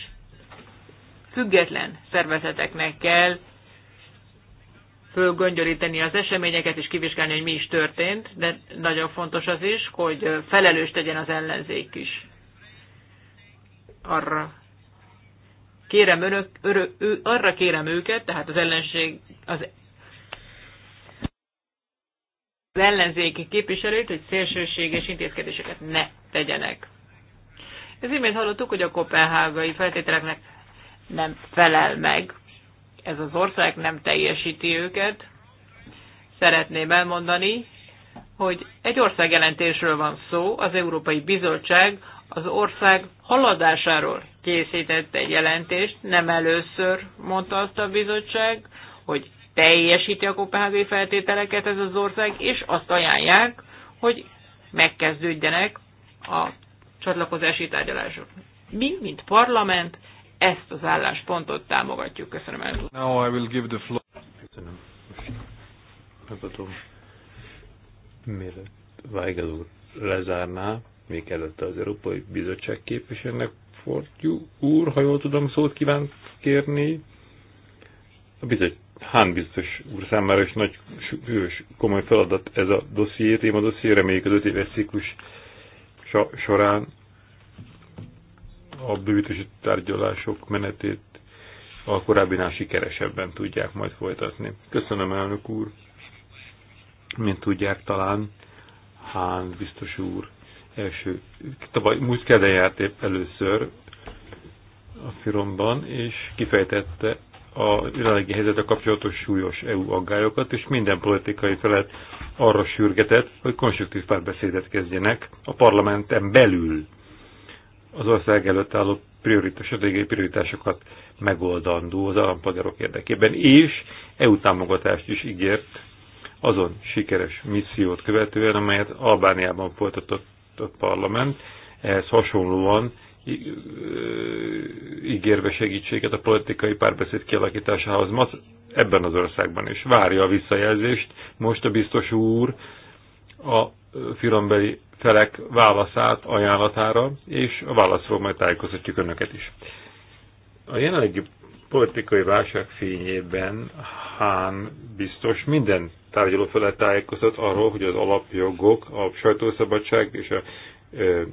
Független szervezeteknek kell fölgöngyölíteni az eseményeket és kivizsgálni, hogy mi is történt, de nagyon fontos az is, hogy felelős tegyen az ellenzék is. Arra kérem önök, örök, ő, arra kérem őket, tehát az ellenség, az ellenzéki képviselőt, hogy szélsőséges intézkedéseket ne tegyenek. Ez imént hallottuk, hogy a kopenhágai feltételeknek nem felel meg. Ez az ország nem teljesíti őket. Szeretném elmondani, hogy egy országjelentésről van szó, az Európai Bizottság az ország haladásáról készített egy jelentést, nem először mondta azt a bizottság, hogy teljesíti a kopenhágai feltételeket ez az ország, és azt ajánlják, hogy megkezdődjenek a csatlakozási tárgyalások. Mi, mint parlament, ezt az álláspontot támogatjuk. Köszönöm el. Now I will give the floor. Köszönöm. Köszönöm. Mielőtt Weigel úr lezárná, még előtte az Európai Bizottság képviselőnek fordjuk. úr, ha jól tudom, szót kívánt kérni. A bizottság Hán biztos úr számára is nagy, sűrűs, komoly feladat ez a dosszié, téma dosszié, reméljük az öt éves ciklus során a bővítési tárgyalások menetét a korábbinál sikeresebben tudják majd folytatni. Köszönöm, elnök úr! Mint tudják talán, Hán biztos úr első, tavaly múlt kedden járt épp először a Firomban, és kifejtette a jelenlegi helyzetre kapcsolatos súlyos EU aggályokat, és minden politikai felet arra sürgetett, hogy konstruktív párbeszédet kezdjenek a parlamenten belül az ország előtt álló prioritás, prioritásokat megoldandó az állampolgárok érdekében, és EU támogatást is ígért azon sikeres missziót követően, amelyet Albániában folytatott a parlament, ehhez hasonlóan ígérve segítséget a politikai párbeszéd kialakításához ma ebben az országban is. Várja a visszajelzést most a biztos úr a filombeli felek válaszát, ajánlatára, és a válaszról majd tájékozhatjuk önöket is. A jelenlegi politikai válság fényében Hán biztos minden tárgyaló felett tájékozott arról, hogy az alapjogok, a sajtószabadság és a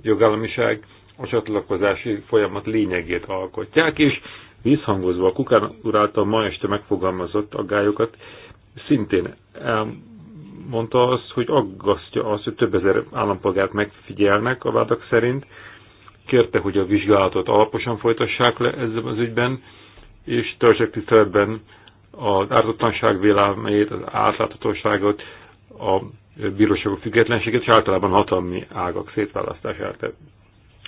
jogállamiság a csatlakozási folyamat lényegét alkotják, és visszhangozva a Kukán uráltal ma este megfogalmazott aggályokat, szintén elmondta azt, hogy aggasztja azt, hogy több ezer állampolgárt megfigyelnek a vádak szerint, kérte, hogy a vizsgálatot alaposan folytassák le ezzel az ügyben, és törzsek tiszteletben az ártatlanság véleményét, az átláthatóságot, a bíróságok függetlenségét, és általában hatalmi ágak szétválasztását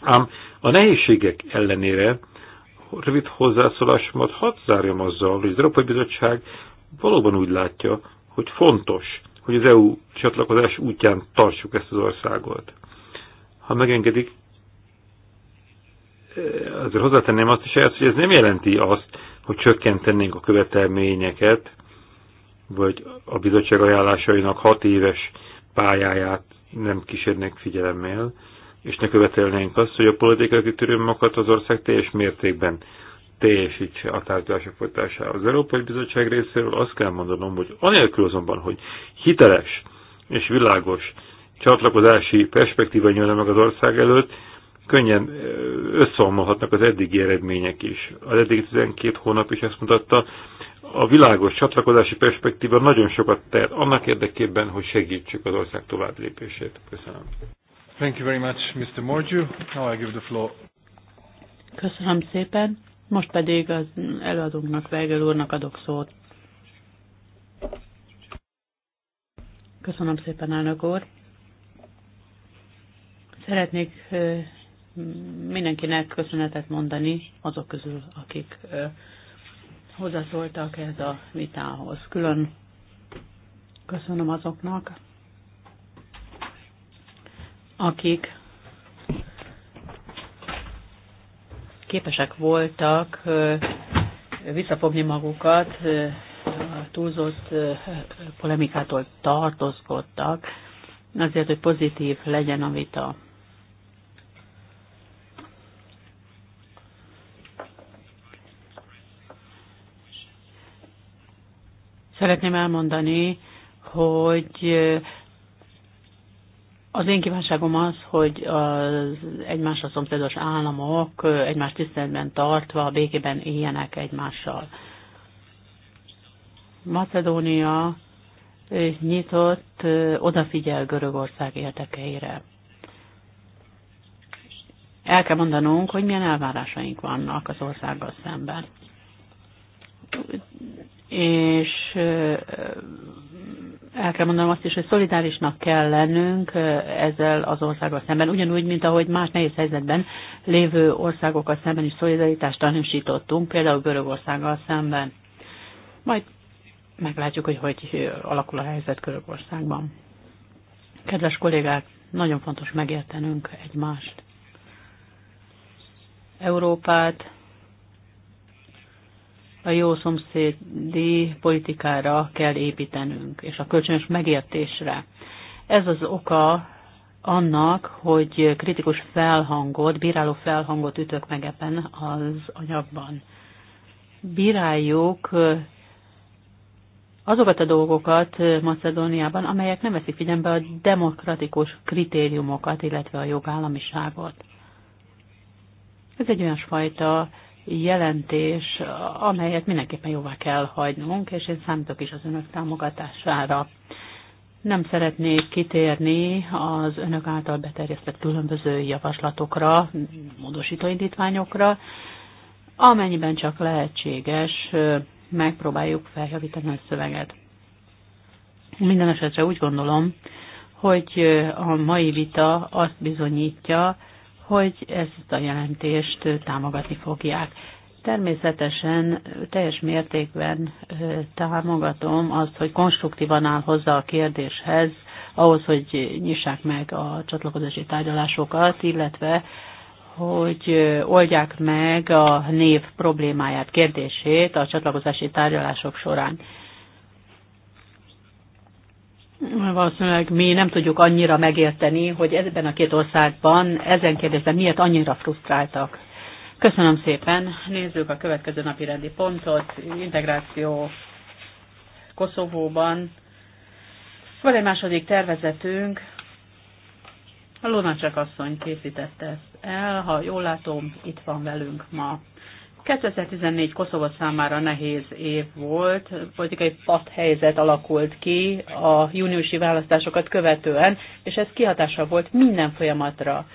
Ám a nehézségek ellenére rövid hozzászólásomat hadd zárjam azzal, hogy az Európai Bizottság valóban úgy látja, hogy fontos, hogy az EU csatlakozás útján tartsuk ezt az országot. Ha megengedik, eh, azért hozzátenném azt is, hogy ez nem jelenti azt, hogy csökkentenénk a követelményeket, vagy a bizottság ajánlásainak hat éves pályáját nem kísérnek figyelemmel, és ne követelnénk azt, hogy a politikai kritériumokat az ország teljes mértékben teljesítse a tárgyalások folytására. Az Európai Bizottság részéről azt kell mondanom, hogy anélkül azonban, hogy hiteles és világos csatlakozási perspektíva nyílna meg az ország előtt, könnyen összeomolhatnak az eddigi eredmények is. Az eddigi 12 hónap is ezt mutatta, a világos csatlakozási perspektíva nagyon sokat tehet annak érdekében, hogy segítsük az ország tovább lépését. Köszönöm. Thank you very much, Mr. Now I give the floor. Köszönöm szépen. Most pedig az előadónknak, Weigel úrnak adok szót. Köszönöm szépen, elnök úr. Szeretnék mindenkinek köszönetet mondani azok közül, akik hozzászóltak ez a vitához. Külön köszönöm azoknak, akik képesek voltak visszafogni magukat, a túlzott polemikától tartózkodtak, azért, hogy pozitív legyen a vita. Szeretném elmondani, hogy az én kívánságom az, hogy az egymásra szomszédos államok egymás tiszteletben tartva békében éljenek egymással. Macedónia nyitott, odafigyel Görögország érdekeire. El kell mondanunk, hogy milyen elvárásaink vannak az országgal szemben. És el kell mondanom azt is, hogy szolidárisnak kell lennünk ezzel az országgal szemben, ugyanúgy, mint ahogy más nehéz helyzetben lévő országokkal szemben is szolidaritást tanúsítottunk, például Görögországgal szemben. Majd meglátjuk, hogy hogy alakul a helyzet Görögországban. Kedves kollégák, nagyon fontos megértenünk egymást. Európát a jó szomszédi politikára kell építenünk, és a kölcsönös megértésre. Ez az oka annak, hogy kritikus felhangot, bíráló felhangot ütök meg ebben az anyagban. Bíráljuk azokat a dolgokat Macedóniában, amelyek nem veszik figyelembe a demokratikus kritériumokat, illetve a jogállamiságot. Ez egy olyan fajta jelentés, amelyet mindenképpen jóvá kell hagynunk, és én számítok is az önök támogatására. Nem szeretnék kitérni az önök által beterjesztett különböző javaslatokra, módosító indítványokra, amennyiben csak lehetséges, megpróbáljuk feljavítani a szöveget. Minden esetre úgy gondolom, hogy a mai vita azt bizonyítja, hogy ezt a jelentést támogatni fogják. Természetesen teljes mértékben támogatom azt, hogy konstruktívan áll hozzá a kérdéshez, ahhoz, hogy nyissák meg a csatlakozási tárgyalásokat, illetve hogy oldják meg a név problémáját, kérdését a csatlakozási tárgyalások során. Valószínűleg mi nem tudjuk annyira megérteni, hogy ebben a két országban ezen kérdésben miért annyira frusztráltak. Köszönöm szépen. Nézzük a következő napi rendi pontot. Integráció Koszovóban. Van egy második tervezetünk. A Lunacsek asszony készítette ezt el. Ha jól látom, itt van velünk ma. 2014 Koszova számára nehéz év volt, politikai helyzet alakult ki a júniusi választásokat követően, és ez kihatása volt minden folyamatra.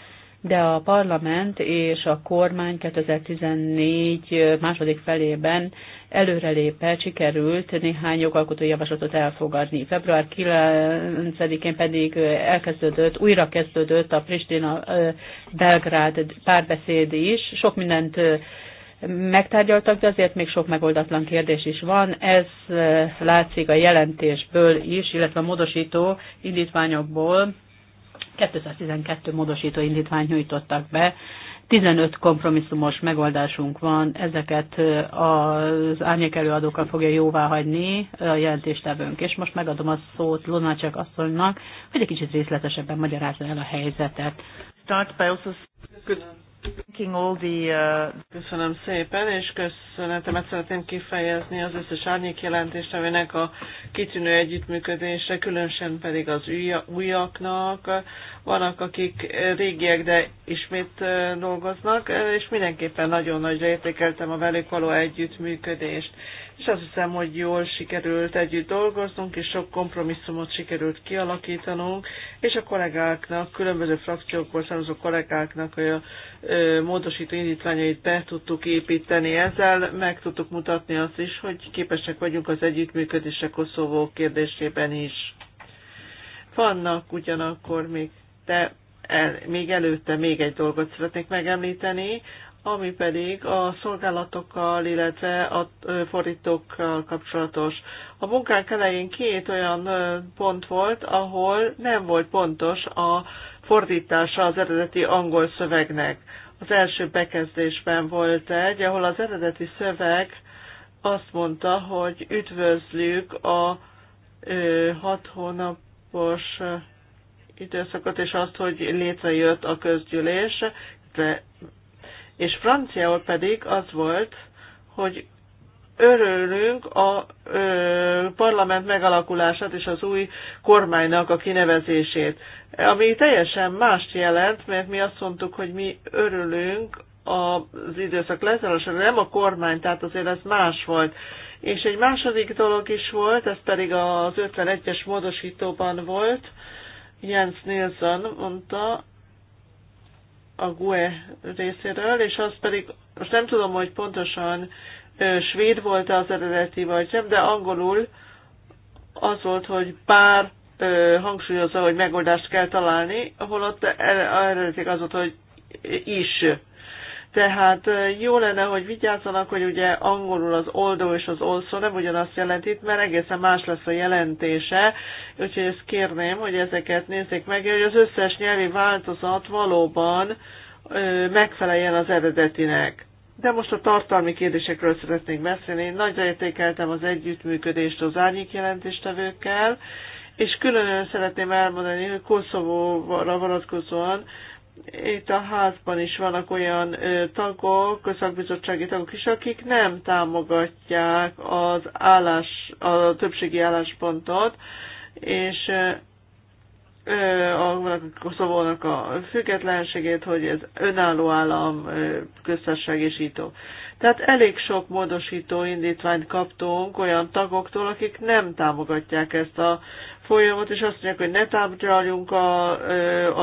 De a parlament és a kormány 2014 második felében előrelépe sikerült néhány jogalkotó javaslatot elfogadni. Február 9-én pedig elkezdődött, újra kezdődött a Pristina-Belgrád párbeszéd is. Sok mindent megtárgyaltak, de azért még sok megoldatlan kérdés is van. Ez látszik a jelentésből is, illetve a módosító indítványokból. 212 módosító indítványt nyújtottak be. 15 kompromisszumos megoldásunk van, ezeket az árnyék előadókkal fogja jóvá hagyni a jelentéstevőnk. És most megadom a szót Lunácsak asszonynak, hogy egy kicsit részletesebben magyarázza el a helyzetet. Köszönöm. Uh, Köszönöm szépen, és köszönetemet szeretném kifejezni az összes árnyék jelentéstevének a kitűnő együttműködésre, különösen pedig az újaknak. Vannak, akik régiek, de ismét dolgoznak, és mindenképpen nagyon nagyra értékeltem a velük való együttműködést és azt hiszem, hogy jól sikerült együtt dolgoznunk, és sok kompromisszumot sikerült kialakítanunk, és a kollégáknak, különböző frakciókból származó kollégáknak a módosító indítványait be tudtuk építeni. Ezzel meg tudtuk mutatni azt is, hogy képesek vagyunk az együttműködésre Koszovó kérdésében is. Vannak ugyanakkor még, de el, még előtte még egy dolgot szeretnék megemlíteni, ami pedig a szolgálatokkal, illetve a fordítókkal kapcsolatos. A munkánk elején két olyan pont volt, ahol nem volt pontos a fordítása az eredeti angol szövegnek. Az első bekezdésben volt egy, ahol az eredeti szöveg azt mondta, hogy üdvözlük a ö, hat hónapos időszakot, és azt, hogy létrejött a közgyűlés, de és franciául pedig az volt, hogy örülünk a ö, parlament megalakulását és az új kormánynak a kinevezését, ami teljesen mást jelent, mert mi azt mondtuk, hogy mi örülünk az időszak lezárására, nem a kormány, tehát azért ez más volt. És egy második dolog is volt, ez pedig az 51-es módosítóban volt, Jens Nilsson mondta, a GUE részéről, és az pedig, most nem tudom, hogy pontosan svéd volt az eredeti vagy nem, de angolul az volt, hogy pár hangsúlyozza, hogy megoldást kell találni, holott e, e, eredetileg az volt, hogy is tehát jó lenne, hogy vigyázzanak, hogy ugye angolul az oldó és az olszó nem ugyanazt itt, mert egészen más lesz a jelentése, úgyhogy ezt kérném, hogy ezeket nézzék meg, hogy az összes nyelvi változat valóban ö, megfeleljen az eredetinek. De most a tartalmi kérdésekről szeretnék beszélni. Én nagyra értékeltem az együttműködést az árnyék jelentéstevőkkel, és különösen szeretném elmondani, hogy Koszovóra vonatkozóan itt a házban is vannak olyan tagok, közszakbizottsági tagok is, akik nem támogatják az állás, a többségi álláspontot, és vannak, akkor a függetlenségét, hogy ez önálló állam, köztársaság Tehát elég sok módosító indítványt kaptunk olyan tagoktól, akik nem támogatják ezt a folyamat, és azt mondják, hogy ne tárgyaljunk a,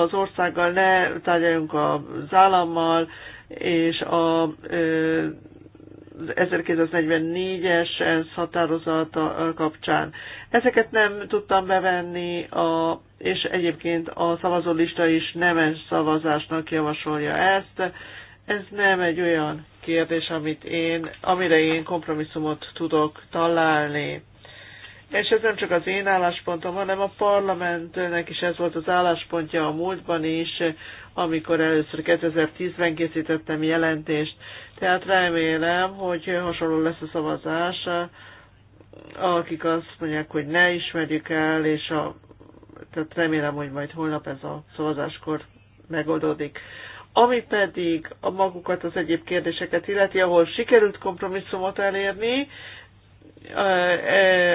az országgal, ne tárgyaljunk az állammal, és a 1944-es ENSZ határozata kapcsán. Ezeket nem tudtam bevenni, a, és egyébként a szavazólista is nemes szavazásnak javasolja ezt. Ez nem egy olyan kérdés, amit én, amire én kompromisszumot tudok találni. És ez nem csak az én álláspontom, hanem a parlamentnek is ez volt az álláspontja a múltban is, amikor először 2010-ben készítettem jelentést. Tehát remélem, hogy hasonló lesz a szavazás, akik azt mondják, hogy ne ismerjük el, és a, tehát remélem, hogy majd holnap ez a szavazáskor megoldódik. Ami pedig a magukat az egyéb kérdéseket illeti, ahol sikerült kompromisszumot elérni,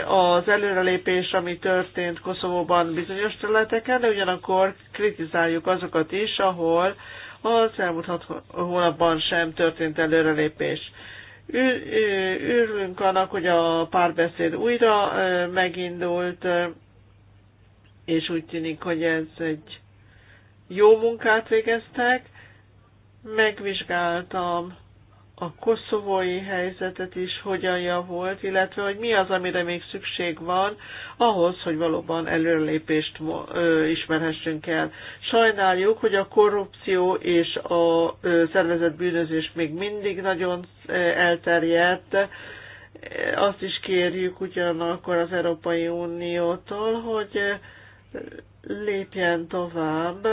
az előrelépés, ami történt Koszovóban bizonyos területeken, de ugyanakkor kritizáljuk azokat is, ahol az elmúlt hat hónapban sem történt előrelépés. Őrülünk annak, hogy a párbeszéd újra megindult, és úgy tűnik, hogy ez egy jó munkát végeztek. Megvizsgáltam a koszovói helyzetet is hogyan javult, illetve hogy mi az, amire még szükség van ahhoz, hogy valóban előrelépést ismerhessünk el. Sajnáljuk, hogy a korrupció és a szervezett bűnözés még mindig nagyon elterjedt. Azt is kérjük ugyanakkor az Európai Uniótól, hogy lépjen tovább,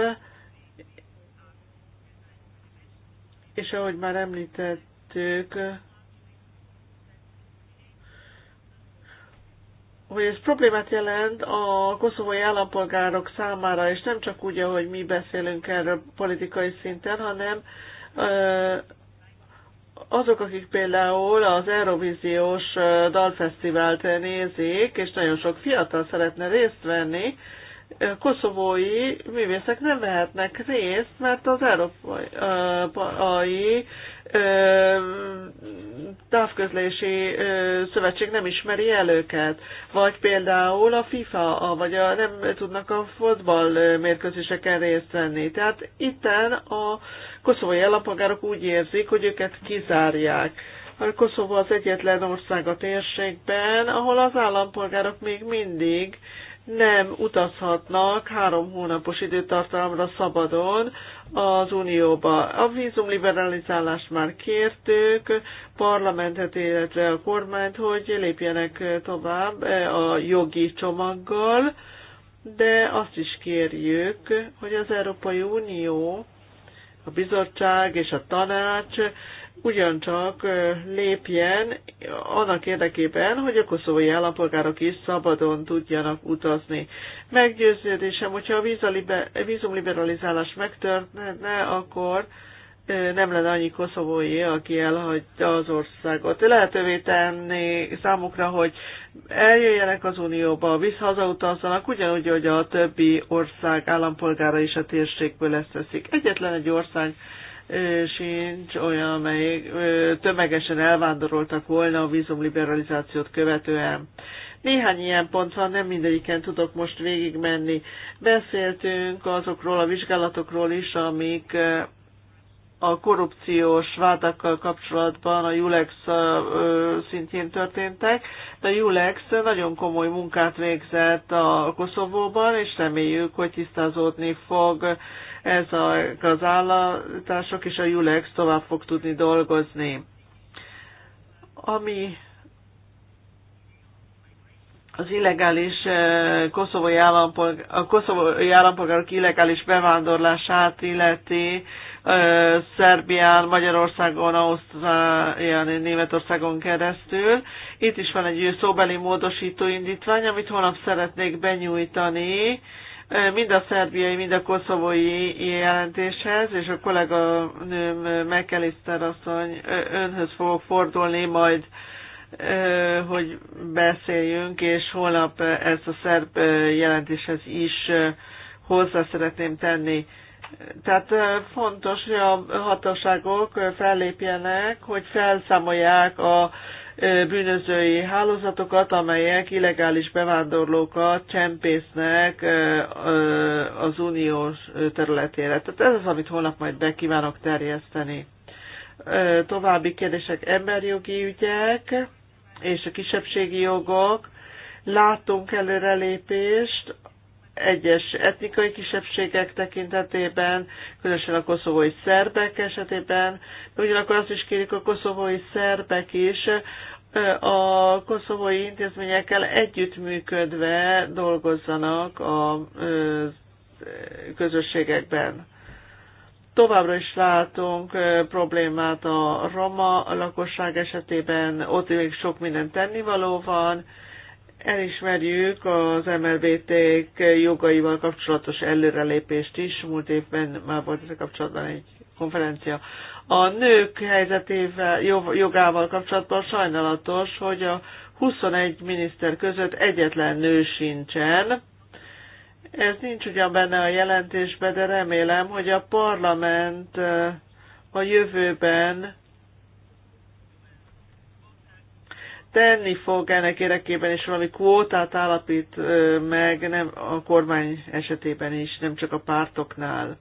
és ahogy már említett, említettük, hogy ez problémát jelent a koszovói állampolgárok számára, és nem csak úgy, ahogy mi beszélünk erről politikai szinten, hanem azok, akik például az Eurovíziós dalfesztivált nézik, és nagyon sok fiatal szeretne részt venni, koszovói művészek nem vehetnek részt, mert az európai távközlési szövetség nem ismeri el őket, vagy például a FIFA, vagy a, nem tudnak a fotball mérkőzéseken részt venni. Tehát itten a koszovói állampolgárok úgy érzik, hogy őket kizárják. A Koszovó az egyetlen ország a térségben, ahol az állampolgárok még mindig nem utazhatnak három hónapos időtartalomra szabadon, az Unióba. A vízumliberalizálást már kértük, parlamentet, illetve a kormányt, hogy lépjenek tovább e, a jogi csomaggal, de azt is kérjük, hogy az Európai Unió, a bizottság és a tanács ugyancsak lépjen annak érdekében, hogy a koszovói állampolgárok is szabadon tudjanak utazni. Meggyőződésem, hogyha a vízumliberalizálás megtörténne, akkor nem lenne annyi koszovói, aki elhagyja az országot. Lehetővé tenni számukra, hogy eljöjjenek az Unióba, visszahazautazzanak, ugyanúgy, hogy a többi ország állampolgára is a térségből lesz teszik. Egyetlen egy ország sincs olyan, amelyik tömegesen elvándoroltak volna a vízumliberalizációt követően. Néhány ilyen pont van, nem mindegyiken tudok most végigmenni. Beszéltünk azokról a vizsgálatokról is, amik a korrupciós vádakkal kapcsolatban a Julex szintjén történtek, de a Julex nagyon komoly munkát végzett a Koszovóban, és reméljük, hogy tisztázódni fog ez az állítások, és a Julex tovább fog tudni dolgozni. Ami az illegális koszovói, állampolgár, a koszovói állampolgárok illegális bevándorlását illeti, Szerbián, Magyarországon, Ausztrálián, Németországon keresztül. Itt is van egy szóbeli módosító indítvány, amit holnap szeretnék benyújtani mind a szerbiai, mind a koszovói jelentéshez, és a kollega nőm McAllister asszony önhöz fogok fordulni majd, hogy beszéljünk, és holnap ezt a szerb jelentéshez is hozzá szeretném tenni. Tehát fontos, hogy a hatóságok fellépjenek, hogy felszámolják a bűnözői hálózatokat, amelyek illegális bevándorlókat csempésznek az uniós területére. Tehát ez az, amit holnap majd be kívánok terjeszteni. További kérdések emberjogi ügyek és a kisebbségi jogok. Látunk előrelépést egyes etnikai kisebbségek tekintetében, különösen a koszovói szerbek esetében, de ugyanakkor azt is kérik a koszovói szerbek is, a koszovói intézményekkel együttműködve dolgozzanak a közösségekben. Továbbra is látunk problémát a roma lakosság esetében, ott még sok minden tennivaló van, Elismerjük az MLBT-k jogaival kapcsolatos előrelépést is. Múlt évben már volt ezzel kapcsolatban egy konferencia. A nők helyzetével, jogával kapcsolatban sajnálatos, hogy a 21 miniszter között egyetlen nő sincsen. Ez nincs ugyan benne a jelentésben, de remélem, hogy a parlament a jövőben tenni fog ennek érdekében, és valami kvótát állapít meg nem a kormány esetében is, nem csak a pártoknál.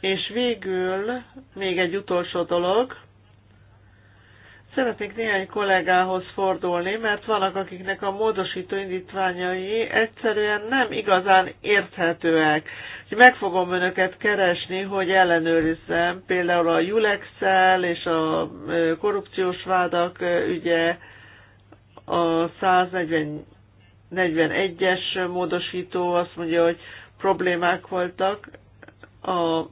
És végül még egy utolsó dolog, Szeretnék néhány kollégához fordulni, mert vannak, akiknek a módosító indítványai egyszerűen nem igazán érthetőek. meg fogom önöket keresni, hogy ellenőrizzem például a julex és a korrupciós vádak ügye, a 141-es módosító azt mondja, hogy problémák voltak, a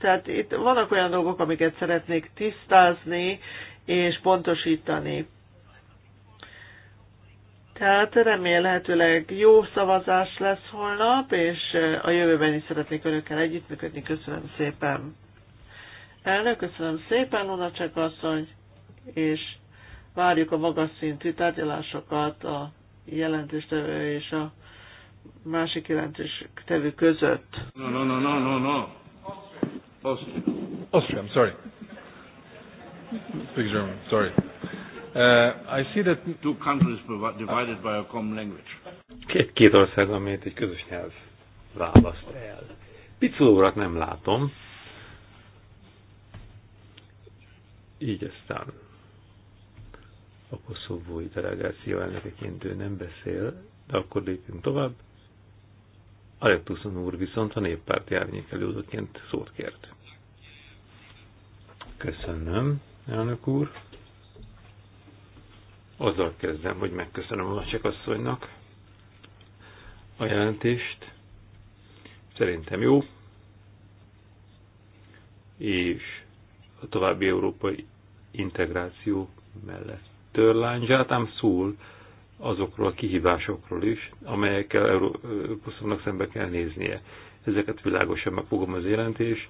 tehát itt vannak olyan dolgok, amiket szeretnék tisztázni és pontosítani. Tehát remélhetőleg jó szavazás lesz holnap, és a jövőben is szeretnék önökkel együttműködni. Köszönöm szépen. Elnök, köszönöm szépen, Luna asszony, és várjuk a magas szintű tárgyalásokat a jelentéstevő és a másik jelentéstevő között. No, no, no, no, no, no. Austria. Austria, I'm sorry. Speak German, sorry. Uh, I see that two countries divided by a common language. Két, két ország, amelyet egy közös nyelv választ el. Piccolo urat nem látom. Így aztán a koszovói delegáció elnökeként ő nem beszél, de akkor lépjünk tovább. Aleptuszon úr viszont a néppárt járnyék előadóként szót kért. Köszönöm, elnök úr. Azzal kezdem, hogy megköszönöm a csekasszonynak a jelentést. Szerintem jó. És a további európai integráció mellett törlányzsát ám szól, azokról a kihívásokról is, amelyekkel Európuszomnak szembe kell néznie. Ezeket világosan az jelentés,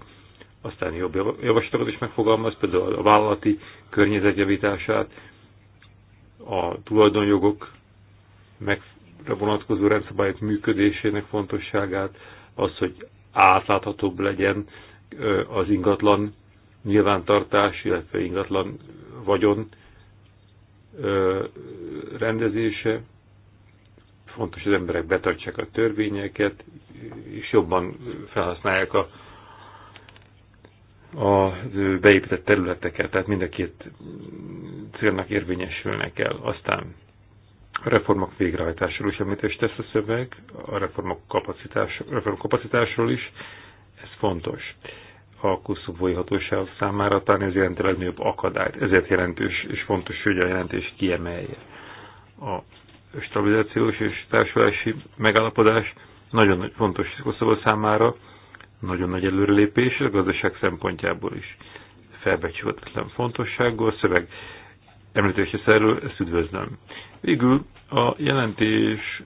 aztán jobb javaslatokat is megfogalmaz, például a vállalati környezetjavítását, a tulajdonjogok megre vonatkozó rendszabályok működésének fontosságát, az, hogy átláthatóbb legyen az ingatlan nyilvántartás, illetve ingatlan vagyon rendezése, fontos, hogy az emberek betartsák a törvényeket, és jobban felhasználják a, a beépített területeket, tehát mind a két célnak érvényesülnek el. Aztán a reformok végrehajtásáról is említést tesz a szöveg, a reformok kapacitás, kapacitásról is, ez fontos a koszovói hatóság számára, talán ez jelenti a legnagyobb akadályt. Ezért jelentős és fontos, hogy a jelentés kiemelje. A stabilizációs és társulási megállapodás nagyon fontos Koszovó számára, nagyon nagy előrelépés a gazdaság szempontjából is. felbecsülhetetlen fontosságú a szöveg említése szerről, ezt üdvözlöm. Végül a jelentés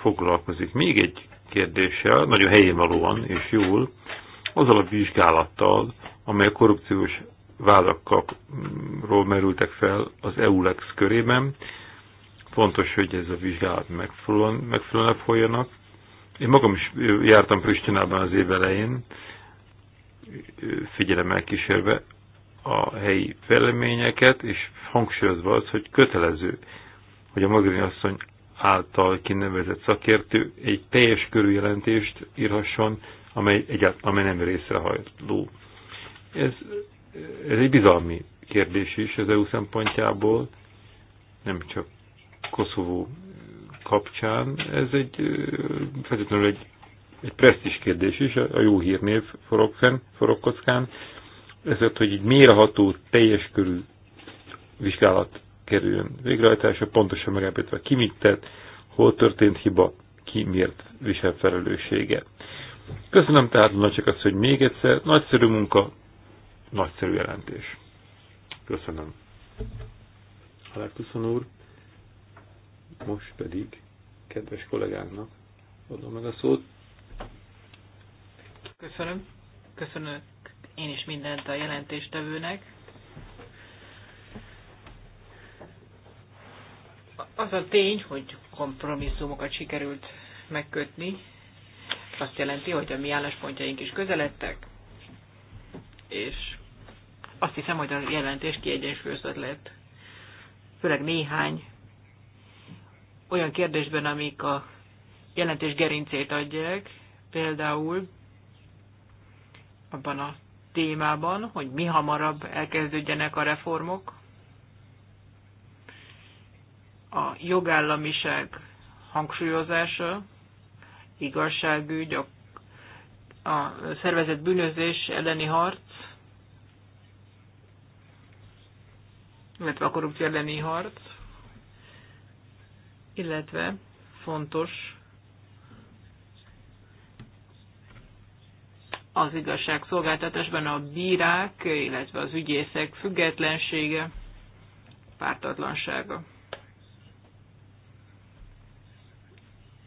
foglalkozik még egy kérdéssel, nagyon helyén valóan és jól, azzal a vizsgálattal, amely a korrupciós vádakról merültek fel az EULEX körében. Fontos, hogy ez a vizsgálat megfelelően, megfelelően folyanak. Én magam is jártam Pristinában az év elején, figyelemmel kísérve a helyi fejleményeket, és hangsúlyozva az, hogy kötelező, hogy a Magrini asszony által kinevezett szakértő egy teljes körüljelentést írhasson amely, egyáltalán, amely nem részrehajló. Ez, ez egy bizalmi kérdés is az EU szempontjából, nem csak Koszovó kapcsán, ez egy feltétlenül egy, egy presztis kérdés is, a jó hírnév forog fenn, forog kockán, ezért, hogy egy mérható, teljes körű vizsgálat kerüljön végrehajtásra, pontosan megállapítva ki mit tett, hol történt hiba, ki miért visel felelősséget. Köszönöm tehát csak azt, hogy még egyszer nagyszerű munka, nagyszerű jelentés. Köszönöm. Halálkuszon úr, most pedig kedves kollégának adom meg a szót. Köszönöm. Köszönöm. én is mindent a jelentéstevőnek. Az a tény, hogy kompromisszumokat sikerült megkötni, azt jelenti, hogy a mi álláspontjaink is közeledtek, és azt hiszem, hogy a jelentés kiegyensúlyozott lett. Főleg néhány olyan kérdésben, amik a jelentés gerincét adják, például abban a témában, hogy mi hamarabb elkezdődjenek a reformok, a jogállamiság hangsúlyozása, igazságügy, a, a szervezett bűnözés elleni harc, illetve a korrupció elleni harc, illetve fontos az igazság szolgáltatásban a bírák, illetve az ügyészek függetlensége, pártatlansága.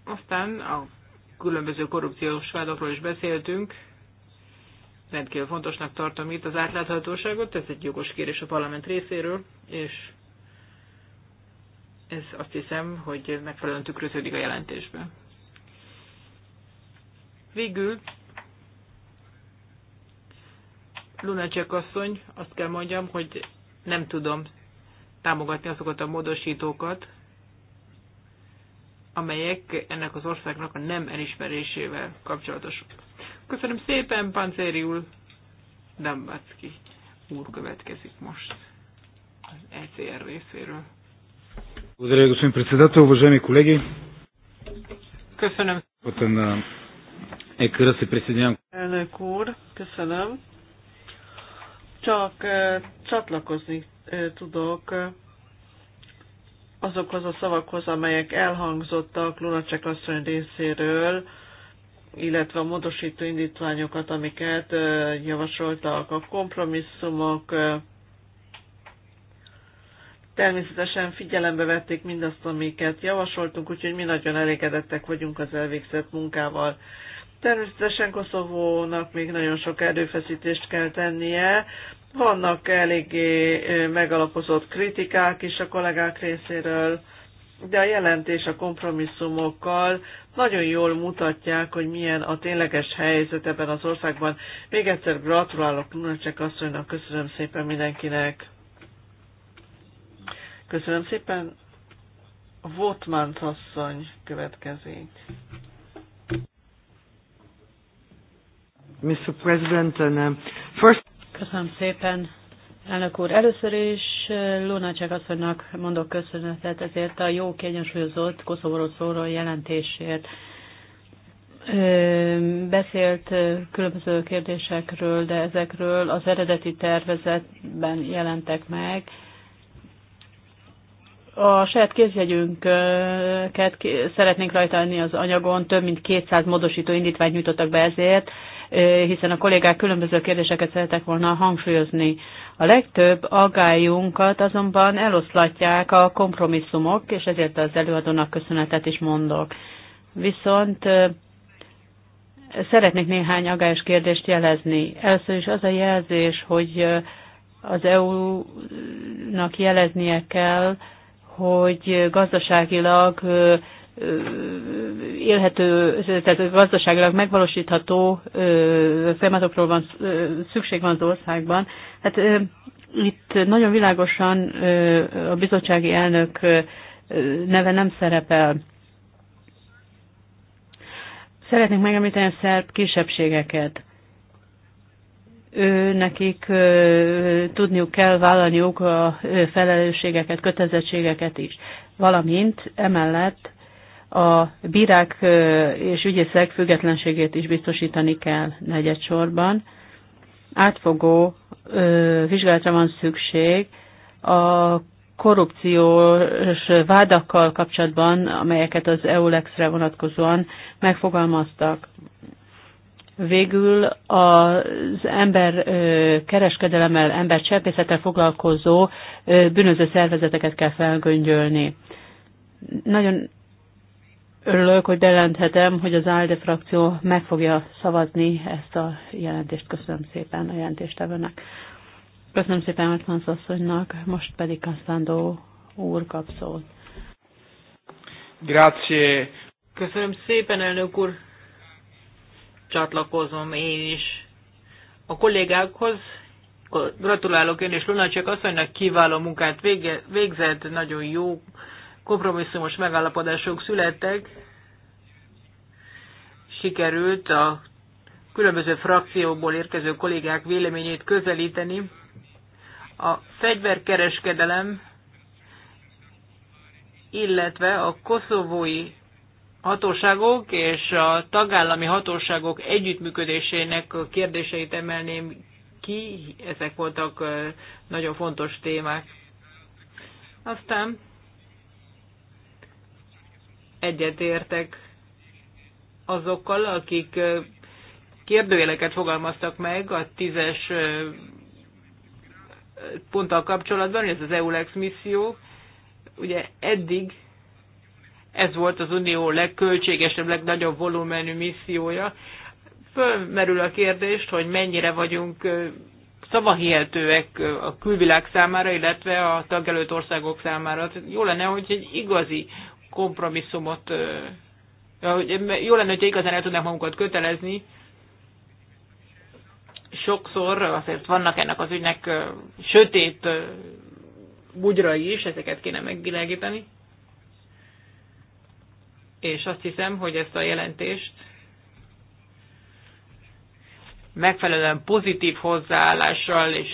Aztán a különböző korrupciós vádakról is beszéltünk. Rendkívül fontosnak tartom itt az átláthatóságot, ez egy jogos kérés a parlament részéről, és ez azt hiszem, hogy megfelelően tükröződik a jelentésben. Végül Lunacek asszony, azt kell mondjam, hogy nem tudom támogatni azokat a módosítókat, amelyek ennek az országnak a nem elismerésével kapcsolatosak. Köszönöm szépen, Pancériul Dambacki úr következik most az ECR részéről. Köszönöm. Köszönöm. Elnök úr, köszönöm. Csak uh, csatlakozni uh, tudok azokhoz a szavakhoz, amelyek elhangzottak Lunacek asszony részéről, illetve a módosító indítványokat, amiket javasoltak a kompromisszumok, Természetesen figyelembe vették mindazt, amiket javasoltunk, úgyhogy mi nagyon elégedettek vagyunk az elvégzett munkával. Természetesen Koszovónak még nagyon sok erőfeszítést kell tennie, vannak eléggé megalapozott kritikák is a kollégák részéről, de a jelentés a kompromisszumokkal nagyon jól mutatják, hogy milyen a tényleges helyzet ebben az országban. Még egyszer gratulálok Lunacek asszonynak, köszönöm szépen mindenkinek. Köszönöm szépen. Votmant asszony következik. Mr. President, and, um, first... Köszönöm szépen, elnök úr. Először is eh, Lunácsek asszonynak mondok köszönetet ezért a jó kiegyensúlyozott Koszovóról szóló jelentésért. Beszélt eh, különböző kérdésekről, de ezekről az eredeti tervezetben jelentek meg. A saját kézjegyünket szeretnénk rajta az anyagon, több mint 200 módosító indítványt nyújtottak be ezért Eh, hiszen a kollégák különböző kérdéseket szeretek volna hangsúlyozni. A legtöbb aggályunkat azonban eloszlatják a kompromisszumok, és ezért az előadónak köszönetet is mondok. Viszont eh, szeretnék néhány agályos kérdést jelezni. Először is az a jelzés, hogy eh, az EU-nak jeleznie kell, hogy gazdaságilag élhető, tehát gazdaságilag megvalósítható folyamatokról van szükség van az országban. Hát itt nagyon világosan a bizottsági elnök neve nem szerepel. Szeretnék megemlíteni a szerb kisebbségeket. Ő, nekik tudniuk kell vállalniuk a felelősségeket, kötelezettségeket is. Valamint emellett a bírák és ügyészek függetlenségét is biztosítani kell negyedsorban. Átfogó vizsgálatra van szükség a korrupciós vádakkal kapcsolatban, amelyeket az EULEX-re vonatkozóan megfogalmaztak. Végül az ember kereskedelemmel, ember cserpészettel foglalkozó bűnöző szervezeteket kell felgöngyölni. Nagyon Örülök, hogy bejelenthetem, hogy az ALDE frakció meg fogja szavazni ezt a jelentést. Köszönöm szépen a jelentéstevőnek. Köszönöm szépen hogy asszonynak, most pedig Kasszandó úr kap szót. Grazie. Köszönöm szépen, elnök úr. Csatlakozom én is a kollégákhoz. Gratulálok én és Lunacek asszonynak, kiváló munkát végzett, nagyon jó kompromisszumos megállapodások születtek, sikerült a különböző frakcióból érkező kollégák véleményét közelíteni. A fegyverkereskedelem, illetve a koszovói hatóságok és a tagállami hatóságok együttműködésének a kérdéseit emelném ki, ezek voltak nagyon fontos témák. Aztán egyetértek azokkal, akik kérdőjeleket fogalmaztak meg a tízes ponttal kapcsolatban, ez az EULEX misszió. Ugye eddig ez volt az Unió legköltségesebb, legnagyobb volumenű missziója. Fölmerül a kérdést, hogy mennyire vagyunk szavahihetőek a külvilág számára, illetve a tagjelölt országok számára. Hát jó lenne, hogy egy igazi kompromisszumot, jó lenne, hogy igazán el tudnák magunkat kötelezni. Sokszor azért vannak ennek az ügynek sötét bugyrai is, ezeket kéne megvilágítani. És azt hiszem, hogy ezt a jelentést megfelelően pozitív hozzáállással és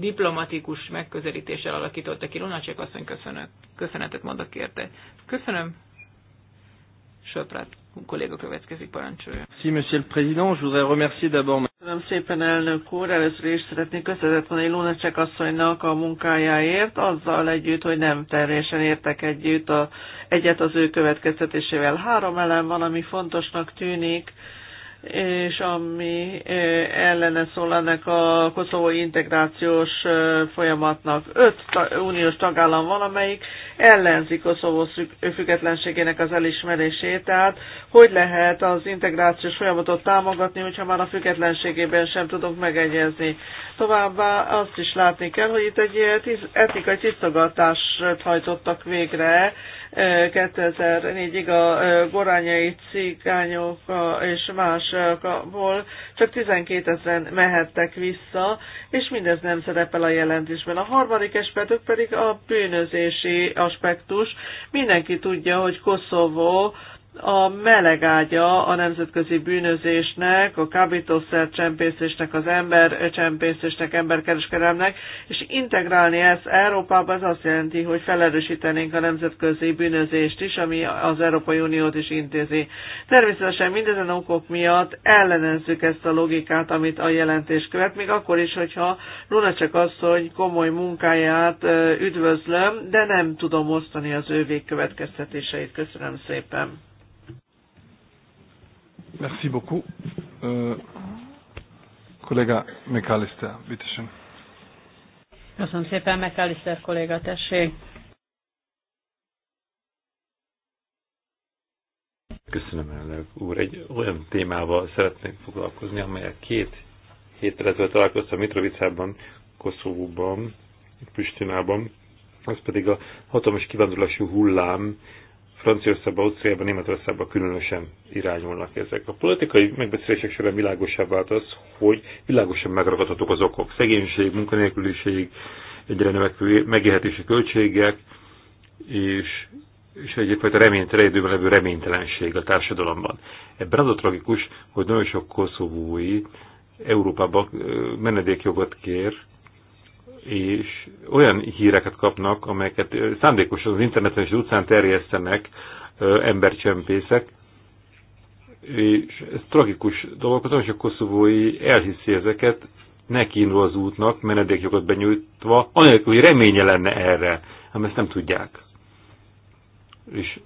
diplomatikus megközelítéssel alakította ki. Lunacek asszony köszönet, köszönetet mondok érte. Köszönöm. Söprát kolléga következik, parancsolja. Si, monsieur le président, je voudrais remercier d'abord... Köszönöm szépen, elnök úr. Először is szeretnék köszönetet mondani Lunacek asszonynak a munkájáért, azzal együtt, hogy nem teljesen értek együtt a, egyet az ő következtetésével. Három elem van, ami fontosnak tűnik és ami ellene szól ennek a koszovói integrációs folyamatnak. Öt uniós tagállam van, amelyik ellenzi Koszovó függetlenségének az elismerését, tehát hogy lehet az integrációs folyamatot támogatni, hogyha már a függetlenségében sem tudunk megegyezni. Továbbá azt is látni kell, hogy itt egy etnikai tisztogatást hajtottak végre, 2004-ig a gorányai cigányok és másokból csak 12 ezeren mehettek vissza, és mindez nem szerepel a jelentésben. A harmadik aspektus pedig a bűnözési aspektus. Mindenki tudja, hogy Koszovó a melegágya a nemzetközi bűnözésnek, a kábítószer csempészésnek, az ember csempészésnek, emberkereskedelemnek, és integrálni ezt Európába, ez azt jelenti, hogy felerősítenénk a nemzetközi bűnözést is, ami az Európai Uniót is intézi. Természetesen mindezen okok miatt ellenezzük ezt a logikát, amit a jelentés követ, még akkor is, hogyha Luna csak az, hogy komoly munkáját üdvözlöm, de nem tudom osztani az ő végkövetkeztetéseit. Köszönöm szépen! Merci beaucoup. Euh, kollega McAllister, bitteschön. Köszönöm szépen, McAllister kolléga, tessék. Köszönöm, elnök úr. Egy olyan témával szeretnék foglalkozni, a két héttel ezelőtt találkoztam Mitrovicában, Koszovóban, Pristinában, az pedig a hatalmas kivándorlási hullám Franciaországba, Ausztriába, Németországba különösen irányulnak ezek. A politikai megbeszélések során világosabb vált az, hogy világosan megragadhatók az okok. Szegénység, munkanélküliség, egyre növekvő megélhetési költségek, és, és egyfajta reményt, rejtőben levő reménytelenség a társadalomban. Ebben az a tragikus, hogy nagyon sok koszovói Európában menedékjogot kér, és olyan híreket kapnak, amelyeket szándékosan az interneten és az utcán terjesztenek embercsempészek, és ez tragikus dolog, az a koszovói elhiszi ezeket, neki indul az útnak, menedékjogot benyújtva, anélkül, hogy reménye lenne erre, hanem ezt nem tudják. És,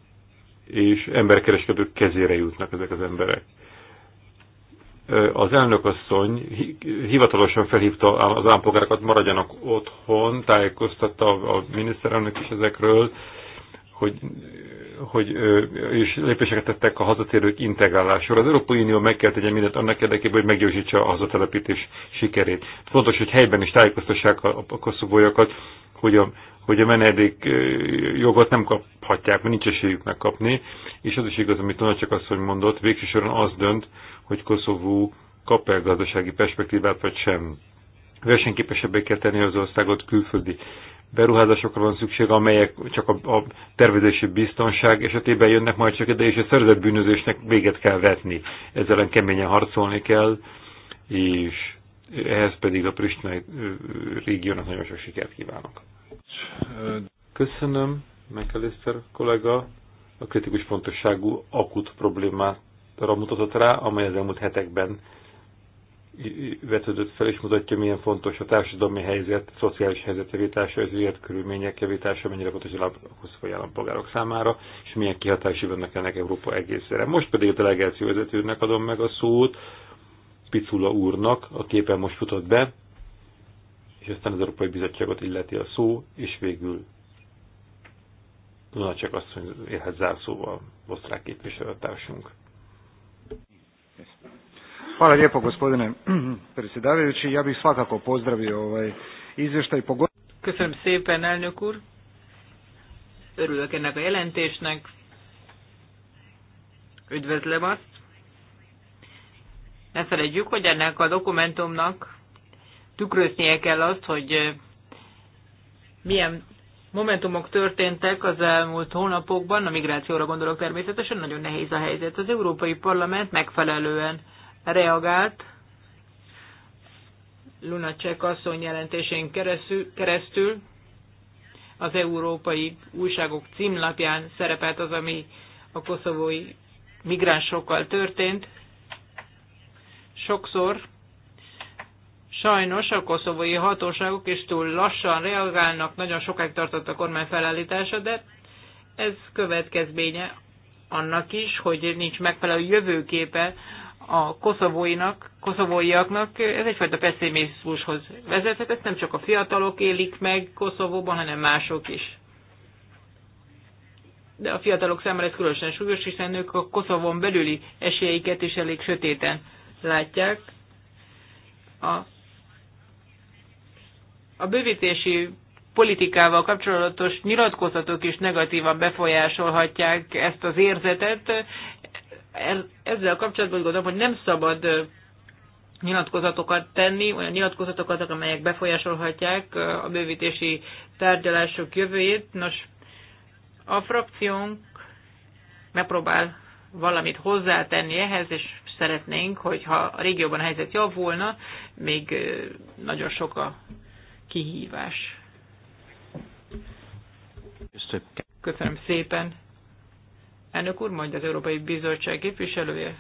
és emberkereskedők kezére jutnak ezek az emberek az elnökasszony hivatalosan felhívta az állampolgárokat, maradjanak otthon, tájékoztatta a miniszterelnök is ezekről, hogy, hogy és lépéseket tettek a hazatérők integrálására. Az Európai Unió meg kell tegye mindent annak érdekében, hogy meggyőzítse a hazatelepítés sikerét. Fontos, hogy helyben is tájékoztassák a, a hogy a, hogy a menedék jogot nem kaphatják, mert nincs esélyük megkapni, és az is igaz, amit azt, hogy mondott, végső soron az dönt, hogy Koszovó kap-e gazdasági perspektívát, vagy sem. Versenyképesebbé kell tenni az országot külföldi beruházásokra van szükség, amelyek csak a, a tervezési biztonság esetében jönnek majd csak ide, és a szervezett bűnözésnek véget kell vetni. Ezzel keményen harcolni kell, és ehhez pedig a Pristina régiónak nagyon sok sikert kívánok. Köszönöm, McAllister kollega. A kritikus fontosságú akut problémát arra mutatott rá, amely az elmúlt hetekben vetődött fel, és mutatja, milyen fontos a társadalmi helyzet, a szociális helyzet javítása, az körülmények javítása, mennyire fontos a hosszú állampolgárok számára, és milyen kihatási vannak ennek Európa egészére. Most pedig a delegáció vezetőnek adom meg a szót, Picula úrnak, a képen most futott be, és aztán az Európai Bizottságot illeti a szó, és végül azt asszony élhet zárszóval, osztrák képviselőtársunk. Hvala lijepo gospodine predsjedavajući. Ja bih svakako pozdravio ovaj izvještaj. Köszönöm szépen, elnök úr. Örülök ennek a jelentésnek. Üdvözlöm azt. Ne felejtjük, hogy ennek a dokumentumnak tükröznie kell azt, hogy eh, milyen momentumok történtek az elmúlt hónapokban, a migrációra gondolok természetesen, nagyon nehéz a helyzet. Az Európai Parlament megfelelően reagált Csek asszony jelentésén keresztül az európai újságok címlapján szerepelt az, ami a koszovói migránsokkal történt. Sokszor sajnos a koszovói hatóságok is túl lassan reagálnak, nagyon sokáig tartott a kormány felállítása, de ez következménye annak is, hogy nincs megfelelő jövőképe a koszovóinak, koszovóiaknak, ez egyfajta pessimizmushoz vezethet, ezt nem csak a fiatalok élik meg Koszovóban, hanem mások is. De a fiatalok számára ez különösen súlyos, hiszen ők a Koszovon belüli esélyeiket is elég sötéten látják. A, a bővítési politikával kapcsolatos nyilatkozatok is negatívan befolyásolhatják ezt az érzetet ezzel kapcsolatban gondolom, hogy nem szabad nyilatkozatokat tenni, olyan nyilatkozatokat, amelyek befolyásolhatják a bővítési tárgyalások jövőjét. Nos, a frakciónk megpróbál valamit hozzátenni ehhez, és szeretnénk, hogyha a régióban a helyzet javulna, még nagyon sok a kihívás. Köszönöm szépen. Elnök úr, mondja az Európai Bizottság képviselője.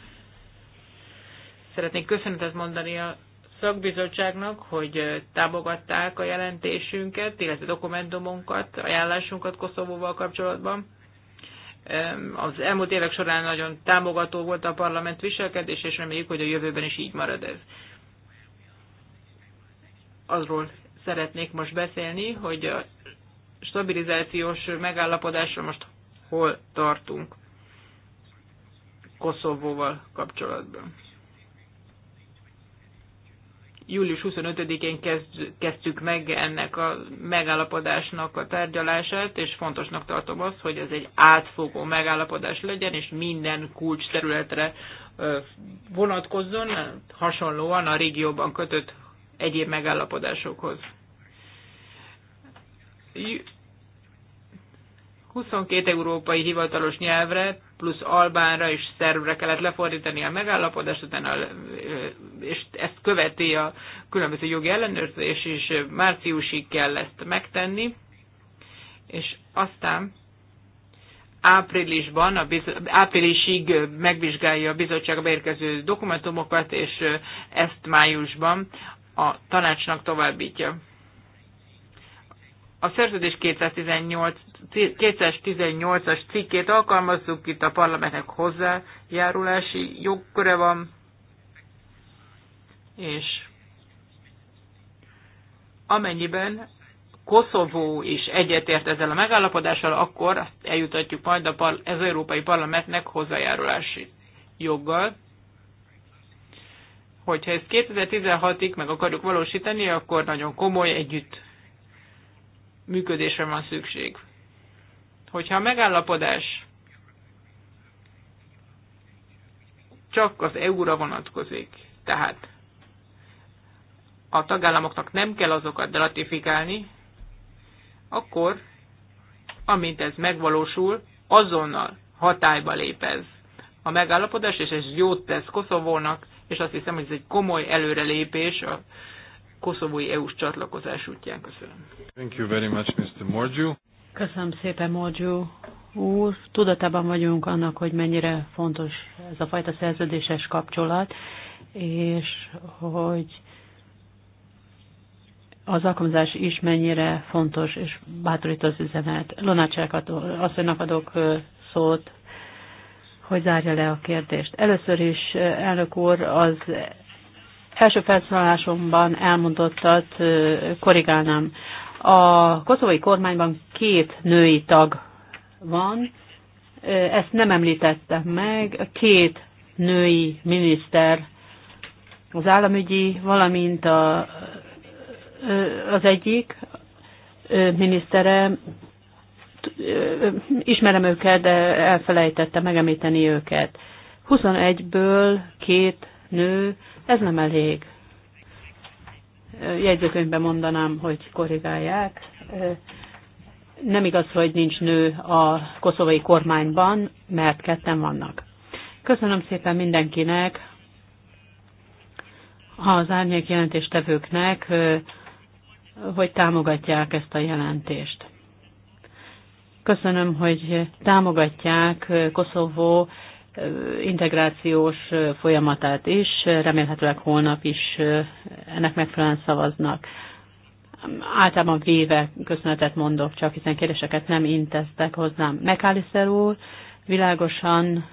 Szeretnék köszönetet mondani a szakbizottságnak, hogy támogatták a jelentésünket, illetve dokumentumunkat, ajánlásunkat Koszovóval kapcsolatban. Az elmúlt évek során nagyon támogató volt a parlament viselkedés, és reméljük, hogy a jövőben is így marad ez. Azról szeretnék most beszélni, hogy a stabilizációs megállapodásra most hol tartunk Koszovóval kapcsolatban. Július 25-én kezdtük meg ennek a megállapodásnak a tárgyalását, és fontosnak tartom azt, hogy ez egy átfogó megállapodás legyen, és minden kulcs területre vonatkozzon, hasonlóan a régióban kötött egyéb megállapodásokhoz 22 európai hivatalos nyelvre, plusz albánra és szervre kellett lefordítani a megállapodást, utána, és ezt követi a különböző jogi ellenőrzés, és márciusig kell ezt megtenni, és aztán áprilisban, a biz, áprilisig megvizsgálja a bizottság beérkező dokumentumokat, és ezt májusban a tanácsnak továbbítja a szerződés 218, 218-as cikkét alkalmazzuk, itt a parlamentnek hozzájárulási jogköre van, és amennyiben Koszovó is egyetért ezzel a megállapodással, akkor azt eljutatjuk majd a par- az Európai Parlamentnek hozzájárulási joggal. Hogyha ezt 2016-ig meg akarjuk valósítani, akkor nagyon komoly együtt működésre van szükség. Hogyha a megállapodás csak az EU-ra vonatkozik, tehát a tagállamoknak nem kell azokat ratifikálni, akkor, amint ez megvalósul, azonnal hatályba lép ez a megállapodás, és ez jót tesz Koszovónak, és azt hiszem, hogy ez egy komoly előrelépés a koszovói EU-s csatlakozás útján. Köszönöm. Thank you very much, Mr. Morgyu. Köszönöm szépen, Morgyu úr. Tudatában vagyunk annak, hogy mennyire fontos ez a fajta szerződéses kapcsolat, és hogy az alkalmazás is mennyire fontos, és bátorít az üzemet. Lonácsákat asszonynak adok szót, hogy zárja le a kérdést. Először is, elnök úr, az Első felszólalásomban elmondottat korrigálnám. A koszovai kormányban két női tag van, ezt nem említettem meg, két női miniszter az államügyi, valamint a, az egyik minisztere, ismerem őket, de elfelejtette megemlíteni őket. 21-ből két nő ez nem elég. Jegyzőkönyvben mondanám, hogy korrigálják. Nem igaz, hogy nincs nő a koszovai kormányban, mert ketten vannak. Köszönöm szépen mindenkinek, az árnyék jelentéstevőknek, hogy támogatják ezt a jelentést. Köszönöm, hogy támogatják Koszovó integrációs folyamatát is, remélhetőleg holnap is ennek megfelelően szavaznak. Általában véve köszönetet mondok, csak hiszen kérdéseket nem intéztek hozzám. Mekáliszer úr világosan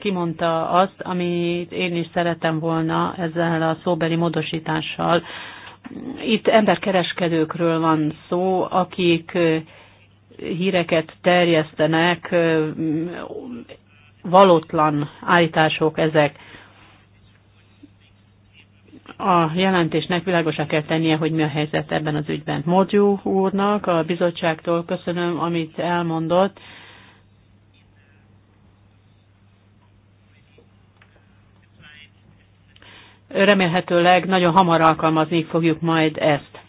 kimondta azt, amit én is szeretem volna ezzel a szóbeli módosítással. Itt emberkereskedőkről van szó, akik híreket terjesztenek valótlan állítások ezek. A jelentésnek világosá kell tennie, hogy mi a helyzet ebben az ügyben. Modjú úrnak, a bizottságtól köszönöm, amit elmondott. remélhetőleg nagyon hamar alkalmazni fogjuk majd ezt.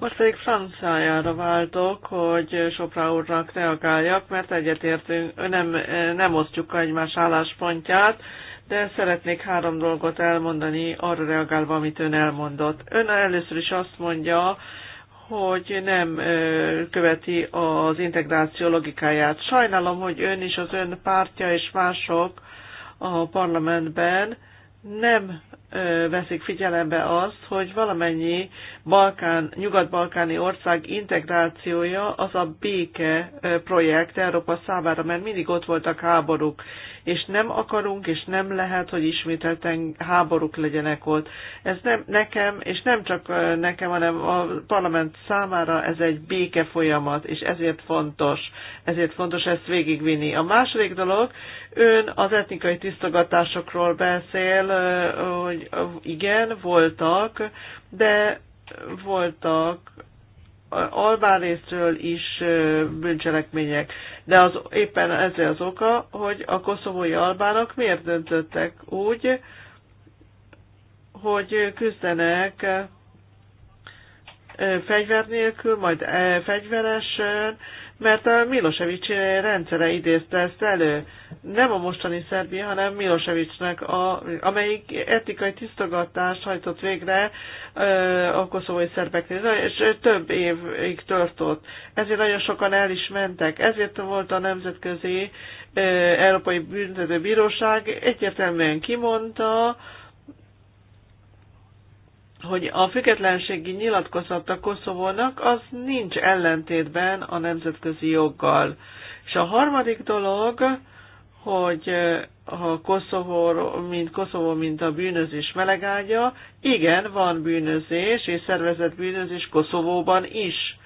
Most pedig franciájára váltok, hogy Sopra úrnak reagáljak, mert egyetértünk, nem, nem osztjuk egymás álláspontját, de szeretnék három dolgot elmondani, arra reagálva, amit ön elmondott. Ön először is azt mondja, hogy nem követi az integráció logikáját. Sajnálom, hogy ön is, az ön pártja és mások a parlamentben nem veszik figyelembe azt, hogy valamennyi Balkán, nyugat-balkáni ország integrációja az a béke projekt Európa számára, mert mindig ott voltak háborúk, és nem akarunk, és nem lehet, hogy ismételten háborúk legyenek ott. Ez nem nekem, és nem csak nekem, hanem a parlament számára ez egy béke folyamat, és ezért fontos, ezért fontos ezt végigvinni. A második dolog, ön az etnikai tisztogatásokról beszél, hogy igen, voltak, de voltak albán részről is bűncselekmények. De az, éppen ez az oka, hogy a koszovói albánok miért döntöttek úgy, hogy küzdenek fegyver nélkül, majd fegyveresen, mert a Milosevic rendszere idézte ezt elő. Nem a mostani Szerbia, hanem Milosevicnek, a, amelyik etikai tisztogatást hajtott végre a koszovói szerbeknél, és több évig tartott. Ezért nagyon sokan el is mentek. Ezért volt a Nemzetközi Európai Büntetőbíróság egyértelműen kimondta, hogy a függetlenségi nyilatkozata Koszovónak az nincs ellentétben a nemzetközi joggal. És a harmadik dolog, hogy eh, ha Koszovó, mint Koszovó, mint a bűnözés melegágya, igen, van bűnözés és szervezett bűnözés Koszovóban is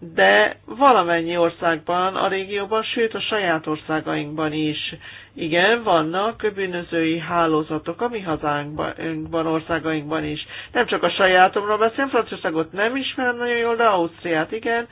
de valamennyi országban, a régióban, sőt a saját országainkban is. Igen, vannak bűnözői hálózatok a mi hazánkban, országainkban is. Nem csak a sajátomról beszélem, Franciaországot nem ismerem nagyon jól, de Ausztriát igen.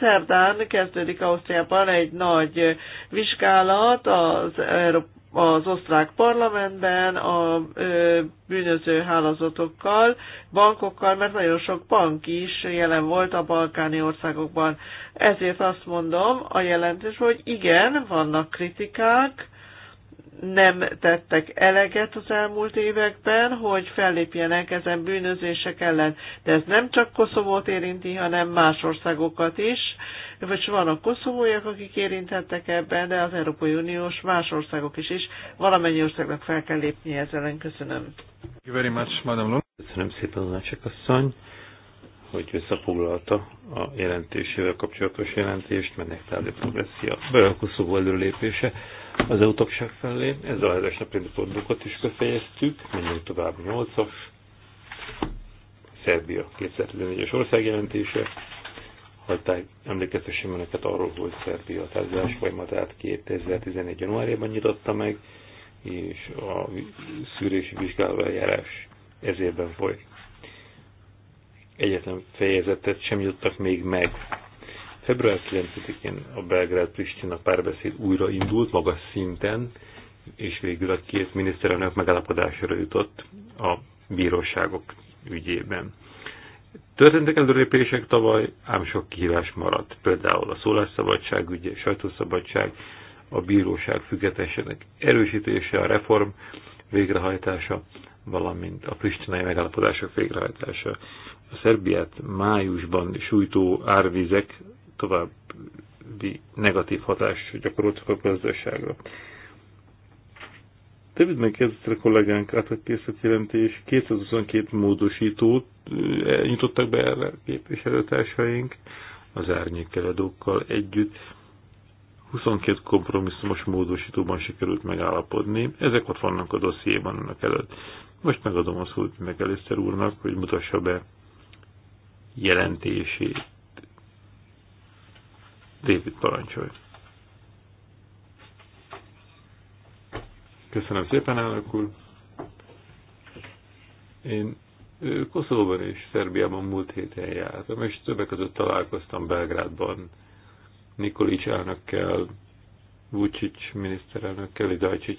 Szerdán kezdődik Ausztriában egy nagy vizsgálat az Európa az osztrák parlamentben a ö, bűnöző hálózatokkal, bankokkal, mert nagyon sok bank is jelen volt a balkáni országokban. Ezért azt mondom a jelentés, hogy igen, vannak kritikák, nem tettek eleget az elmúlt években, hogy fellépjenek ezen bűnözések ellen. De ez nem csak Koszovót érinti, hanem más országokat is, vagy vannak koszovóiak, akik érintettek ebben, de az Európai Uniós más országok is is. Valamennyi országnak fel kell lépni ezzel. Köszönöm. Very much, Madam Lund. Köszönöm szépen, a asszony, hogy összefoglalta a jelentésével kapcsolatos jelentést, mennek tárgyi progresszia, a Koszovó előlépése az eu felé. ez a helyes napi pontokat is befejeztük, menjünk tovább 8-as, Szerbia 2004 es országjelentése, hagyták emlékeztessem önöket arról, hogy Szerbia a tárgyalás folyamatát 2011. januárjában nyitotta meg, és a szűrési vizsgáló eljárás ezében folyt. Egyetlen fejezetet sem jutottak még meg. Február 9-én a Belgrád Pristina párbeszéd újra indult magas szinten, és végül a két miniszterelnök megállapodásra jutott a bíróságok ügyében. Történtek előrépések tavaly, ám sok kihívás maradt, például a szólásszabadság ügye, sajtószabadság, a bíróság függetlenségének erősítése, a reform végrehajtása, valamint a pristinai megállapodások végrehajtása. A Szerbiát májusban sújtó árvizek további negatív hatást gyakoroltak a gazdaságra. David a kollégánk által készített jelentés 222 módosítót nyitottak be erre képviselőtársaink az árnyékeladókkal együtt. 22 kompromisszumos módosítóban sikerült megállapodni, ezek ott vannak a dossziéban annak előtt. Most megadom a szót meg először úrnak, hogy mutassa be jelentését. David parancsolj. Köszönöm szépen, elnök úr. Én Koszovóban és Szerbiában múlt héten jártam, és többek között találkoztam Belgrádban Nikolics elnökkel, Vucic miniszterelnökkel, Idajcic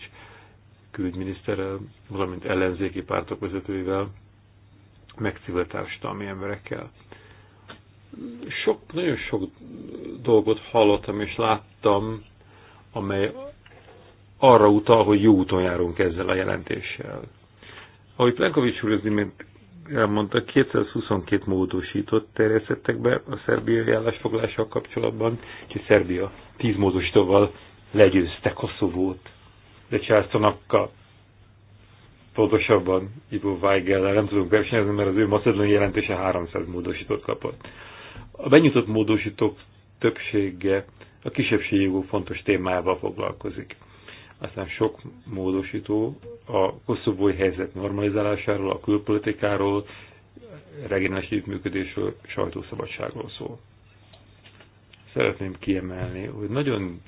külügyminiszterrel, valamint ellenzéki pártok vezetőivel, meg civil társadalmi emberekkel. Sok, nagyon sok dolgot hallottam és láttam, amely arra utal, hogy jó úton járunk ezzel a jelentéssel. Ahogy Plenkovics úr az imént elmondta, 222 módosított terjesztettek be a szerbiai állásfoglással kapcsolatban, és Szerbia 10 módosítóval legyőzte Koszovót. De Császtonakkal pontosabban Ivo Weigel-lel nem tudunk versenyezni, mert az ő macedoni jelentése 300 módosítót kapott. A benyújtott módosítók többsége a kisebbségi jogok fontos témával foglalkozik. Aztán sok módosító a koszovói helyzet normalizálásáról, a külpolitikáról, regionális működésről, sajtószabadságról szól. Szeretném kiemelni, hogy nagyon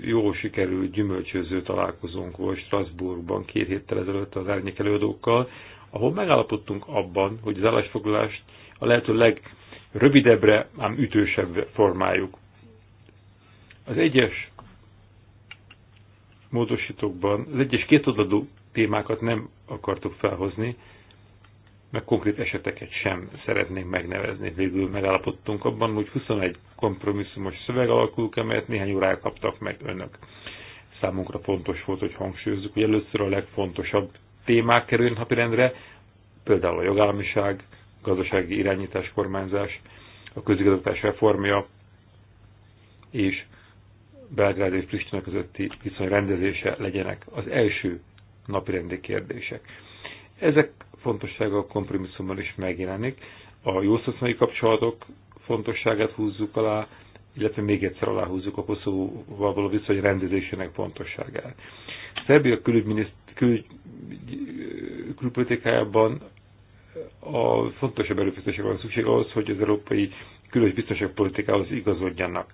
jó sikerült gyümölcsöző találkozónk volt Strasbourgban két héttel ezelőtt az árnyék előadókkal, ahol megállapodtunk abban, hogy az állásfoglalást a lehető legrövidebbre, ám ütősebb formájuk. Az egyes módosítókban az egyes kétoldalú témákat nem akartuk felhozni, meg konkrét eseteket sem szeretnénk megnevezni. Végül megállapodtunk abban, hogy 21 kompromisszumos szöveg alakul ki, amelyet néhány órára kaptak meg önök. Számunkra fontos volt, hogy hangsúlyozzuk, hogy először a legfontosabb témák kerüljön napirendre, például a jogállamiság, gazdasági irányítás, kormányzás, a közigazgatás reformja és Belgrád és Pristina közötti viszony rendezése legyenek az első napirendi kérdések. Ezek fontossága a kompromisszumban is megjelenik. A jószaszmai kapcsolatok fontosságát húzzuk alá, illetve még egyszer aláhúzzuk a Koszovóval való viszony rendezésének fontosságát. Szerbia külpolitikájában a fontosabb erőfeszítésekre van szükség ahhoz, hogy az európai külös biztonságpolitikához igazodjanak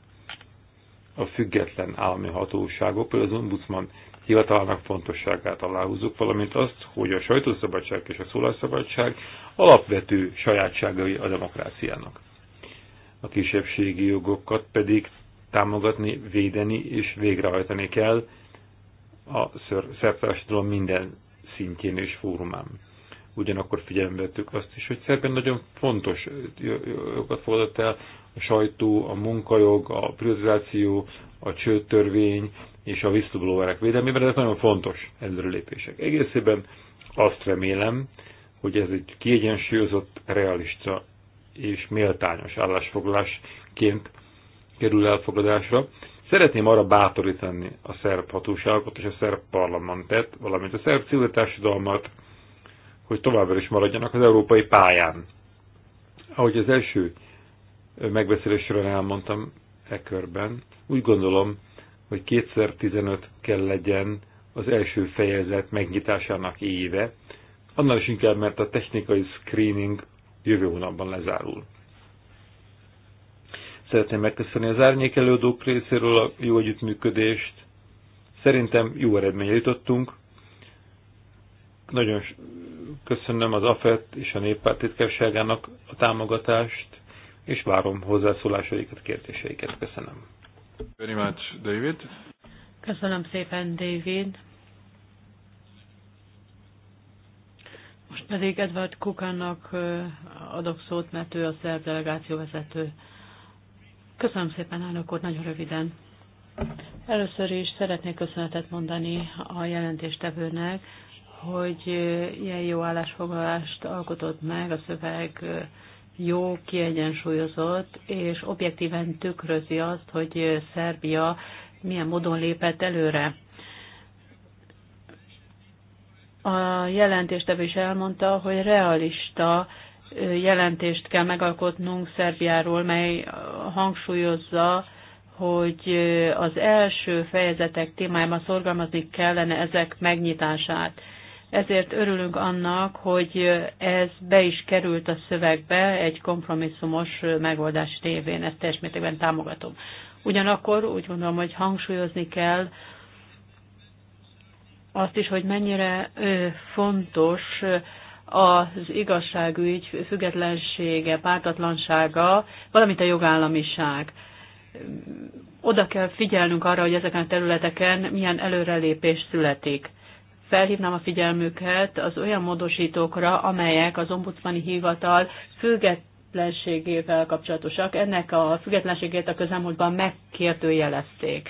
a független állami hatóságok, például az ombudsman hivatalának fontosságát aláhúzok, valamint azt, hogy a sajtószabadság és a szólásszabadság alapvető sajátságai a demokráciának. A kisebbségi jogokat pedig támogatni, védeni és végrehajtani kell a szertársadalom minden szintjén és fórumán. Ugyanakkor figyelembe vettük azt is, hogy szerben nagyon fontos jogokat fogadott el a sajtó, a munkajog, a privatizáció, a csőtörvény és a whistleblowerek védelmében, ezek nagyon fontos előrelépések. Egészében azt remélem, hogy ez egy kiegyensúlyozott, realista és méltányos állásfoglalásként kerül elfogadásra. Szeretném arra bátorítani a szerb hatóságot és a szerb parlamentet, valamint a szerb civil társadalmat, hogy továbbra is maradjanak az európai pályán. Ahogy az első megbeszélésről elmondtam e körben. Úgy gondolom, hogy 2015 kell legyen az első fejezet megnyitásának éve, annál is inkább, mert a technikai screening jövő hónapban lezárul. Szeretném megköszönni az árnyék előadók részéről a jó együttműködést. Szerintem jó eredménye jutottunk. Nagyon köszönöm az AFET és a Néppárt titkárságának a támogatást és várom hozzászólásaikat, kérdéseiket. Köszönöm. Very much, David. Köszönöm szépen, David. Most pedig Edward Kukannak adok szót, mert ő a szerb delegáció vezető. Köszönöm szépen, elnök úr, nagyon röviden. Először is szeretnék köszönetet mondani a jelentéstevőnek, hogy ilyen jó állásfoglalást alkotott meg a szöveg jó, kiegyensúlyozott, és objektíven tükrözi azt, hogy Szerbia milyen módon lépett előre. A jelentéstevő is elmondta, hogy realista jelentést kell megalkotnunk Szerbiáról, mely hangsúlyozza, hogy az első fejezetek témájában szorgalmazni kellene ezek megnyitását ezért örülünk annak, hogy ez be is került a szövegbe egy kompromisszumos megoldás révén, ezt teljes mértékben támogatom. Ugyanakkor úgy gondolom, hogy hangsúlyozni kell azt is, hogy mennyire fontos az igazságügy függetlensége, pártatlansága, valamint a jogállamiság. Oda kell figyelnünk arra, hogy ezeken a területeken milyen előrelépés születik felhívnám a figyelmüket az olyan módosítókra, amelyek az ombudsmani hivatal függetlenségével kapcsolatosak. Ennek a függetlenségét a közelmúltban megkérdőjelezték.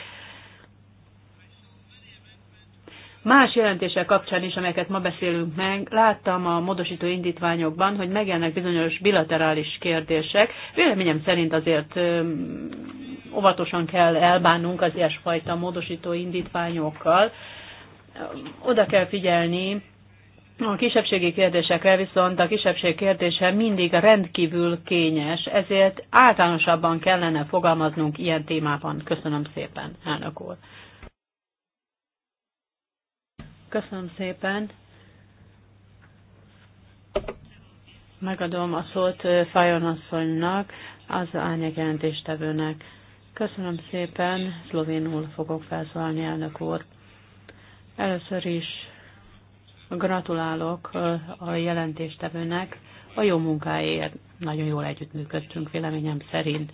Más jelentések kapcsán is, amelyeket ma beszélünk meg, láttam a módosító indítványokban, hogy megjelennek bizonyos bilaterális kérdések. Véleményem szerint azért óvatosan kell elbánnunk az ilyesfajta módosító indítványokkal, oda kell figyelni a kisebbségi kérdésekre, viszont a kisebbség kérdése mindig rendkívül kényes, ezért általánosabban kellene fogalmaznunk ilyen témában. Köszönöm szépen, elnök úr. Köszönöm szépen. Megadom a szót Fajon asszonynak, az árnyék jelentéstevőnek. Köszönöm szépen, szlovénul fogok felszólalni, elnök úr. Először is gratulálok a jelentéstevőnek a jó munkáért. Nagyon jól együttműködtünk véleményem szerint.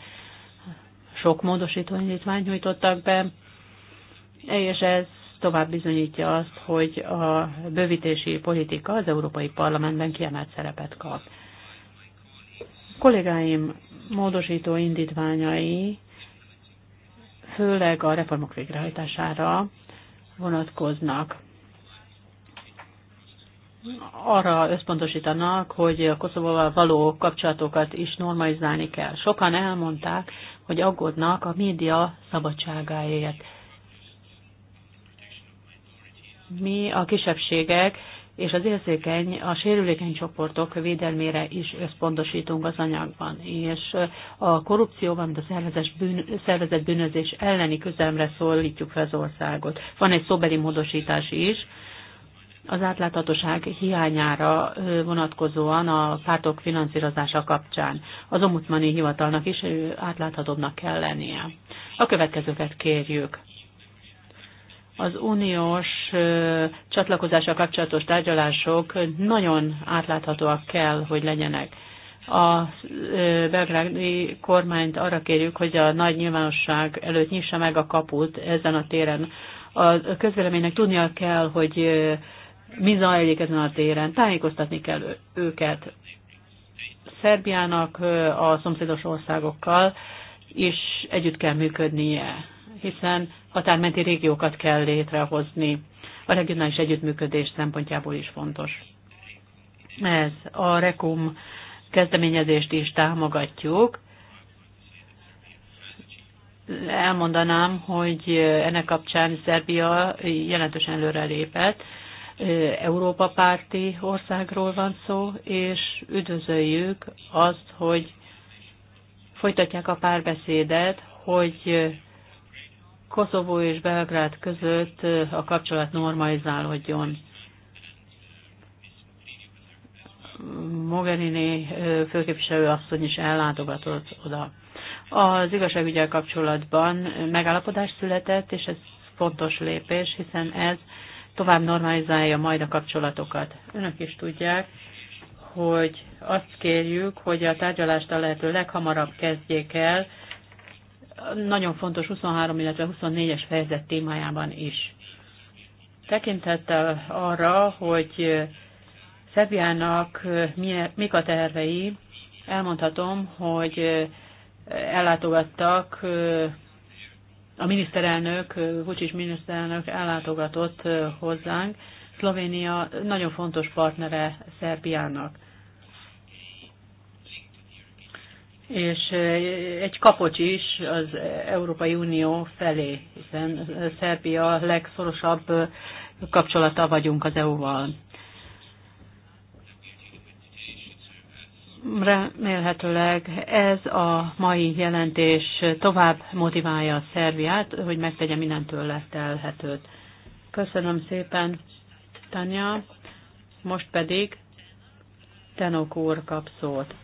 Sok módosító indítványt nyújtottak be, és ez tovább bizonyítja azt, hogy a bővítési politika az Európai Parlamentben kiemelt szerepet kap. Kollégáim módosító indítványai főleg a reformok végrehajtására vonatkoznak. Arra összpontosítanak, hogy a Koszovóval való kapcsolatokat is normalizálni kell. Sokan elmondták, hogy aggódnak a média szabadságáért. Mi a kisebbségek és az érzékeny, a sérülékeny csoportok védelmére is összpontosítunk az anyagban. És a korrupcióban, mint a bűn, szervezet bűnözés elleni küzdelemre szólítjuk fel az országot. Van egy szóbeli módosítás is, az átláthatóság hiányára vonatkozóan a pártok finanszírozása kapcsán. Az omutmani hivatalnak is átláthatóbbnak kell lennie. A következőket kérjük az uniós csatlakozással kapcsolatos tárgyalások nagyon átláthatóak kell, hogy legyenek. A belgrádi kormányt arra kérjük, hogy a nagy nyilvánosság előtt nyissa meg a kaput ezen a téren. A közvéleménynek tudnia kell, hogy mi zajlik ezen a téren, tájékoztatni kell őket. Szerbiának a szomszédos országokkal is együtt kell működnie, hiszen határmenti régiókat kell létrehozni. A regionális együttműködés szempontjából is fontos. Ez a REKUM kezdeményezést is támogatjuk. Elmondanám, hogy ennek kapcsán Szerbia jelentősen előrelépett. Európa párti országról van szó, és üdvözöljük azt, hogy folytatják a párbeszédet, hogy Koszovó és Belgrád között a kapcsolat normalizálódjon. Mogherini főképviselő asszony is ellátogatott oda. Az igazságügyel kapcsolatban megállapodás született, és ez fontos lépés, hiszen ez tovább normalizálja majd a kapcsolatokat. Önök is tudják, hogy azt kérjük, hogy a tárgyalást a lehető leghamarabb kezdjék el, nagyon fontos 23, illetve 24-es fejezet témájában is. Tekintettel arra, hogy Szebjának mik a tervei, elmondhatom, hogy ellátogattak, a miniszterelnök, Vucsis miniszterelnök ellátogatott hozzánk. Szlovénia nagyon fontos partnere Szerbiának. és egy kapocs is az Európai Unió felé, hiszen Szerbia legszorosabb kapcsolata vagyunk az EU-val. Remélhetőleg ez a mai jelentés tovább motiválja a Szerbiát, hogy megtegye mindentől telhetőt. Köszönöm szépen, Tanya. Most pedig Tenok úr kap szót.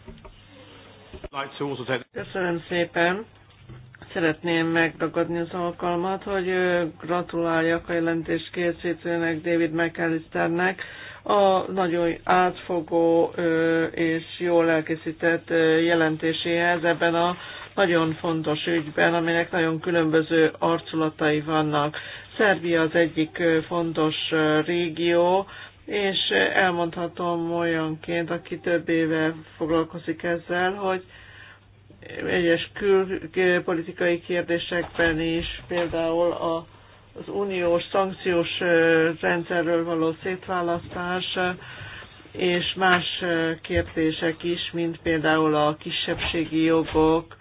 Köszönöm szépen. Szeretném megragadni az alkalmat, hogy gratuláljak a jelentés készítőnek, David McAllisternek, a nagyon átfogó és jól elkészített jelentéséhez ebben a nagyon fontos ügyben, aminek nagyon különböző arculatai vannak. Szerbia az egyik fontos régió, és elmondhatom olyanként, aki több éve foglalkozik ezzel, hogy egyes külpolitikai kérdésekben is, például a, az uniós szankciós rendszerről való szétválasztás, és más kérdések is, mint például a kisebbségi jogok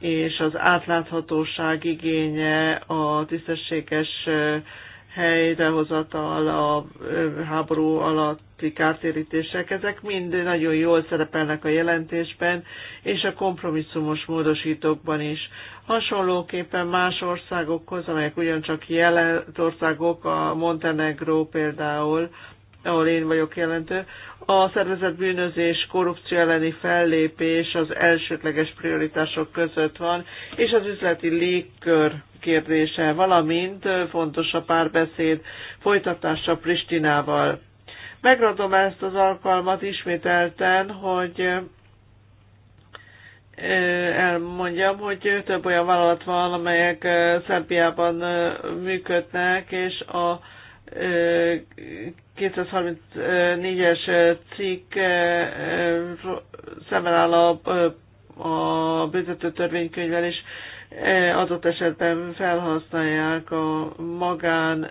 és az átláthatóság igénye, a tisztességes helyrehozatal, a háború alatti kártérítések, ezek mind nagyon jól szerepelnek a jelentésben, és a kompromisszumos módosítókban is. Hasonlóképpen más országokhoz, amelyek ugyancsak jelent országok, a Montenegro például, ahol én vagyok jelentő, a szervezet bűnözés, korrupció elleni fellépés az elsődleges prioritások között van, és az üzleti légkör kérdése, valamint fontos a párbeszéd folytatása Pristinával. Megradom ezt az alkalmat ismételten, hogy elmondjam, hogy több olyan vállalat van, amelyek Szerbiában működnek, és a 234-es cikk szemben áll a, a büntető törvénykönyvvel, és adott esetben felhasználják a magán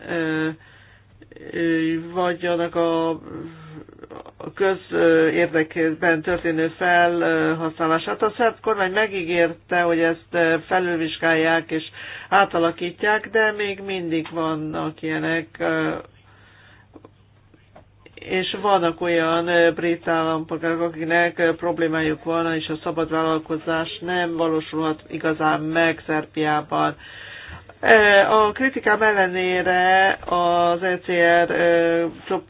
vagy annak a, a közérdekben történő felhasználását. A szerb kormány megígérte, hogy ezt felülvizsgálják és átalakítják, de még mindig vannak ilyenek, és vannak olyan brit állampolgárok, akiknek problémájuk van, és a szabad vállalkozás nem valósulhat igazán meg Szerbiában a kritikám ellenére az ECR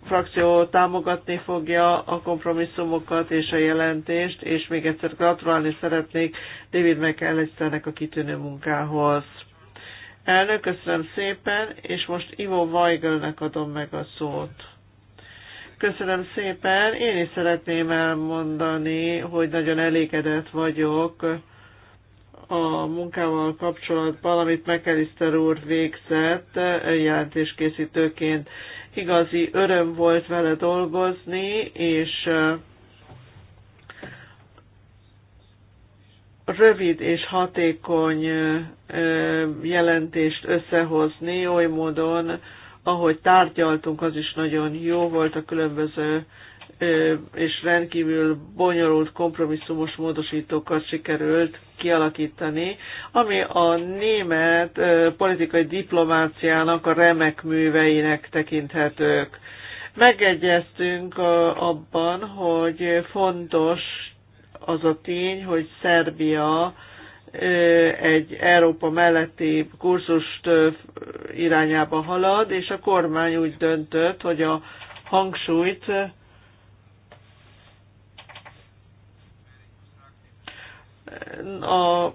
frakció támogatni fogja a kompromisszumokat és a jelentést, és még egyszer gratulálni szeretnék David McAllisternek a kitűnő munkához. Elnök, köszönöm szépen, és most Ivo Weigelnek adom meg a szót. Köszönöm szépen, én is szeretném elmondani, hogy nagyon elégedett vagyok a munkával kapcsolatban, amit McAllister úr végzett jelentéskészítőként. Igazi öröm volt vele dolgozni, és rövid és hatékony jelentést összehozni, oly módon, ahogy tárgyaltunk, az is nagyon jó volt a különböző és rendkívül bonyolult kompromisszumos módosítókat sikerült kialakítani, ami a német politikai diplomáciának a remek műveinek tekinthetők. Megegyeztünk abban, hogy fontos az a tény, hogy Szerbia egy Európa melletti kurzust irányába halad, és a kormány úgy döntött, hogy a hangsúlyt a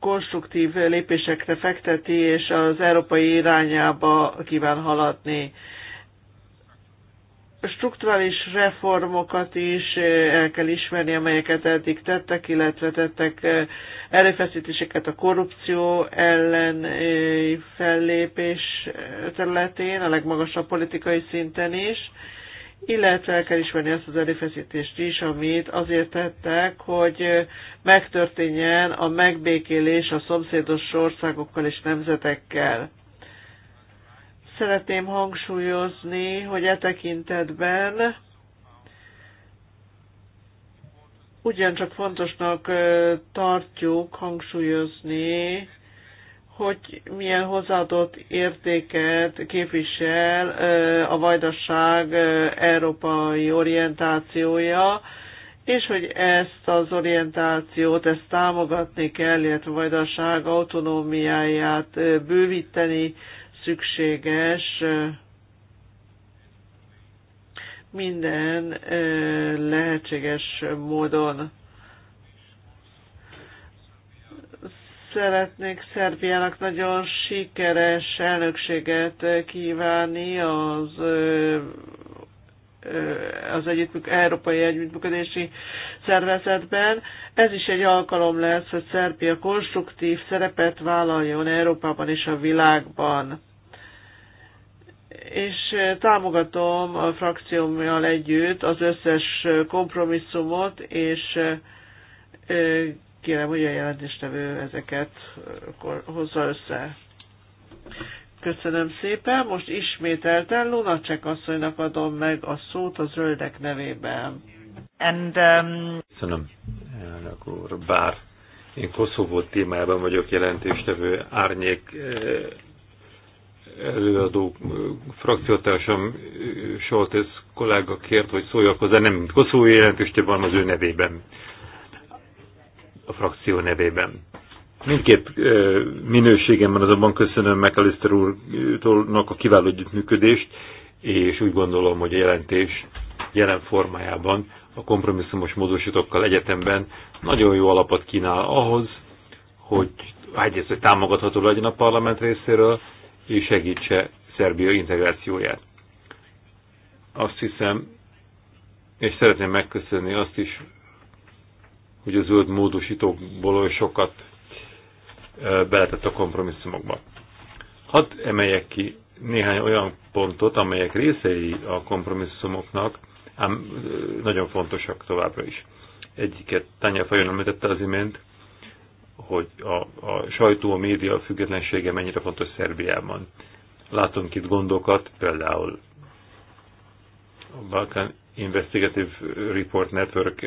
konstruktív lépésekre fekteti, és az európai irányába kíván haladni. Strukturális reformokat is el kell ismerni, amelyeket eddig tettek, illetve tettek erőfeszítéseket a korrupció ellen fellépés területén, a legmagasabb politikai szinten is illetve el kell ismerni azt az erőfeszítést is, amit azért tettek, hogy megtörténjen a megbékélés a szomszédos országokkal és nemzetekkel. Szeretném hangsúlyozni, hogy e tekintetben ugyancsak fontosnak tartjuk hangsúlyozni hogy milyen hozzáadott értéket képvisel a vajdaság európai orientációja, és hogy ezt az orientációt, ezt támogatni kell, illetve a vajdaság autonómiáját bővíteni szükséges minden lehetséges módon. szeretnék Szerbiának nagyon sikeres elnökséget kívánni az az együttműk, Európai Együttműködési Szervezetben. Ez is egy alkalom lesz, hogy Szerbia konstruktív szerepet vállaljon Európában és a világban. És támogatom a frakciómmal együtt az összes kompromisszumot, és kérem, hogy a jelentéstevő ezeket akkor hozza össze. Köszönöm szépen, most ismételten Lunacek asszonynak adom meg a szót a zöldek nevében. And, um... Köszönöm, elnök úr, bár én Koszovó témában vagyok jelentéstevő árnyék eh, előadó eh, frakciótársam eh, Soltész kollega kért, hogy szóljak hozzá, nem Koszovó jelentéstevő, van az ő nevében a frakció nevében. Mindkét minőségemben azonban köszönöm McAllister úrnak a kiváló együttműködést, és úgy gondolom, hogy a jelentés jelen formájában a kompromisszumos módosítókkal egyetemben nagyon jó alapot kínál ahhoz, hogy egyrészt, hogy támogatható legyen a parlament részéről, és segítse Szerbia integrációját. Azt hiszem, és szeretném megköszönni azt is, hogy a zöld módosítókból oly sokat beletett a kompromisszumokba. Hadd emeljek ki néhány olyan pontot, amelyek részei a kompromisszumoknak, ám nagyon fontosak továbbra is. Egyiket Tanya Fajon említette az imént, hogy a, a sajtó, a média függetlensége mennyire fontos Szerbiában. Látunk itt gondokat, például a Balkan Investigative Report Network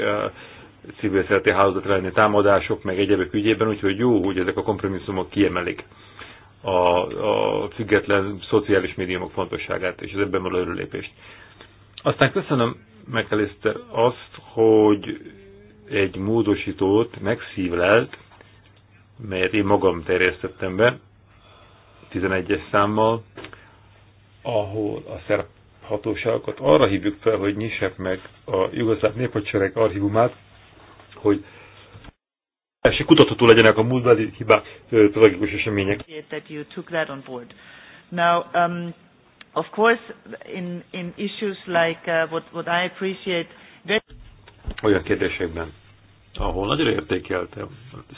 civil szereti hálózatra lenni támadások, meg egyebek ügyében, úgyhogy jó, hogy ezek a kompromisszumok kiemelik a, a független szociális médiumok fontosságát és az ebben való örülépést. Aztán köszönöm McAllister azt, hogy egy módosítót megszívlelt, melyet én magam terjesztettem be, 11-es számmal, ahol a szerb hatóságokat arra hívjuk fel, hogy nyissák meg a Jugoszláv Néphadsereg archívumát, hogy és kutatható legyenek a múltbeli hibák, tragikus események. Now, um, of course, in, in issues like uh, what, what I appreciate... That... Olyan kérdésekben, ahol nagyon értékelte a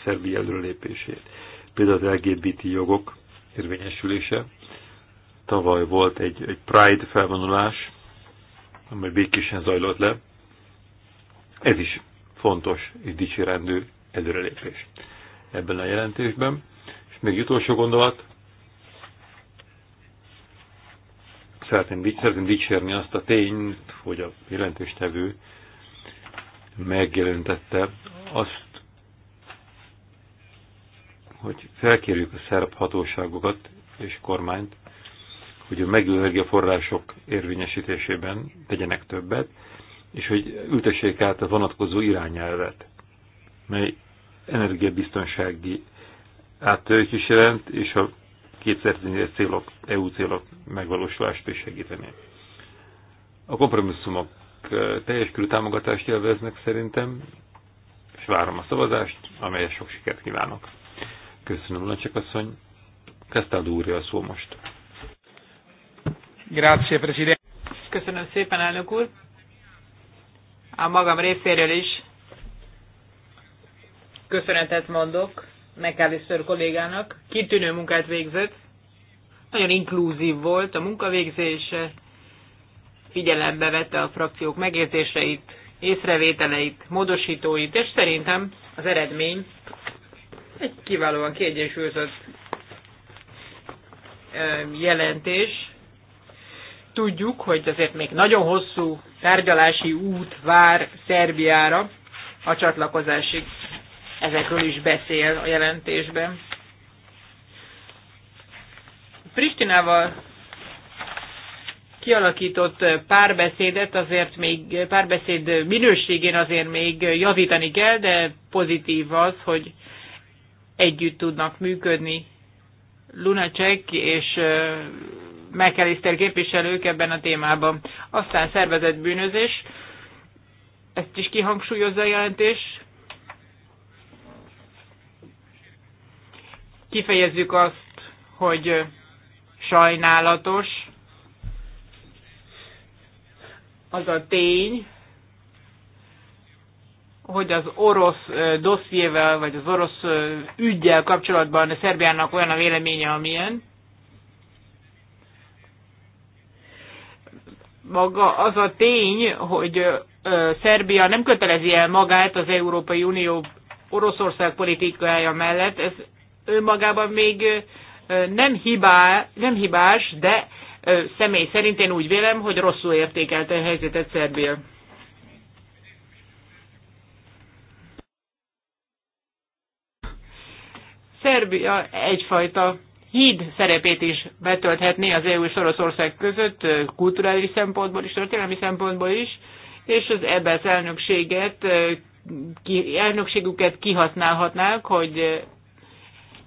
Szerbia előrelépését, például az LGBT jogok érvényesülése. Tavaly volt egy, egy Pride felvonulás, amely békésen zajlott le. Ez is fontos és dicsérendő előrelépés ebben a jelentésben. És még utolsó gondolat, szeretném, szeretném dicsérni azt a tényt, hogy a jelentéstevő megjelentette azt, hogy felkérjük a szerb hatóságokat és kormányt, hogy a megőrgi források érvényesítésében tegyenek többet, és hogy ültessék át a vonatkozó irányelvet, mely energiabiztonsági áttörést is jelent, és a kétszerzényes célok, EU célok megvalósulást is segíteni. A kompromisszumok teljes körű támogatást élveznek szerintem, és várom a szavazást, amelyet sok sikert kívánok. Köszönöm, Lancsek asszony. Kezdtád úrja a szó most. Grazie, Presidente. Köszönöm szépen, elnök úr a magam részéről is köszönetet mondok McAllister kollégának. Kitűnő munkát végzett, nagyon inkluzív volt a munkavégzése, figyelembe vette a frakciók megértéseit, észrevételeit, módosítóit, és szerintem az eredmény egy kiválóan kiegyensúlyozott jelentés. Tudjuk, hogy azért még nagyon hosszú tárgyalási út vár Szerbiára a csatlakozásig. Ezekről is beszél a jelentésben. Pristinával kialakított párbeszédet azért még, párbeszéd minőségén azért még javítani kell, de pozitív az, hogy együtt tudnak működni Lunacek és McAllister képviselők ebben a témában. Aztán szervezett bűnözés, ezt is kihangsúlyozza a jelentés. Kifejezzük azt, hogy sajnálatos az a tény, hogy az orosz dossziével, vagy az orosz ügyjel kapcsolatban a Szerbiának olyan a véleménye, amilyen. maga az a tény, hogy Szerbia nem kötelezi el magát az Európai Unió Oroszország politikája mellett, ez önmagában még nem, hibá, nem hibás, de személy szerint én úgy vélem, hogy rosszul értékelte a helyzetet Szerbia. Szerbia egyfajta híd szerepét is betölthetné az EU és Oroszország között, kulturális szempontból is, történelmi szempontból is, és az EBSZ e elnökséget, ki, elnökségüket kihasználhatnák, hogy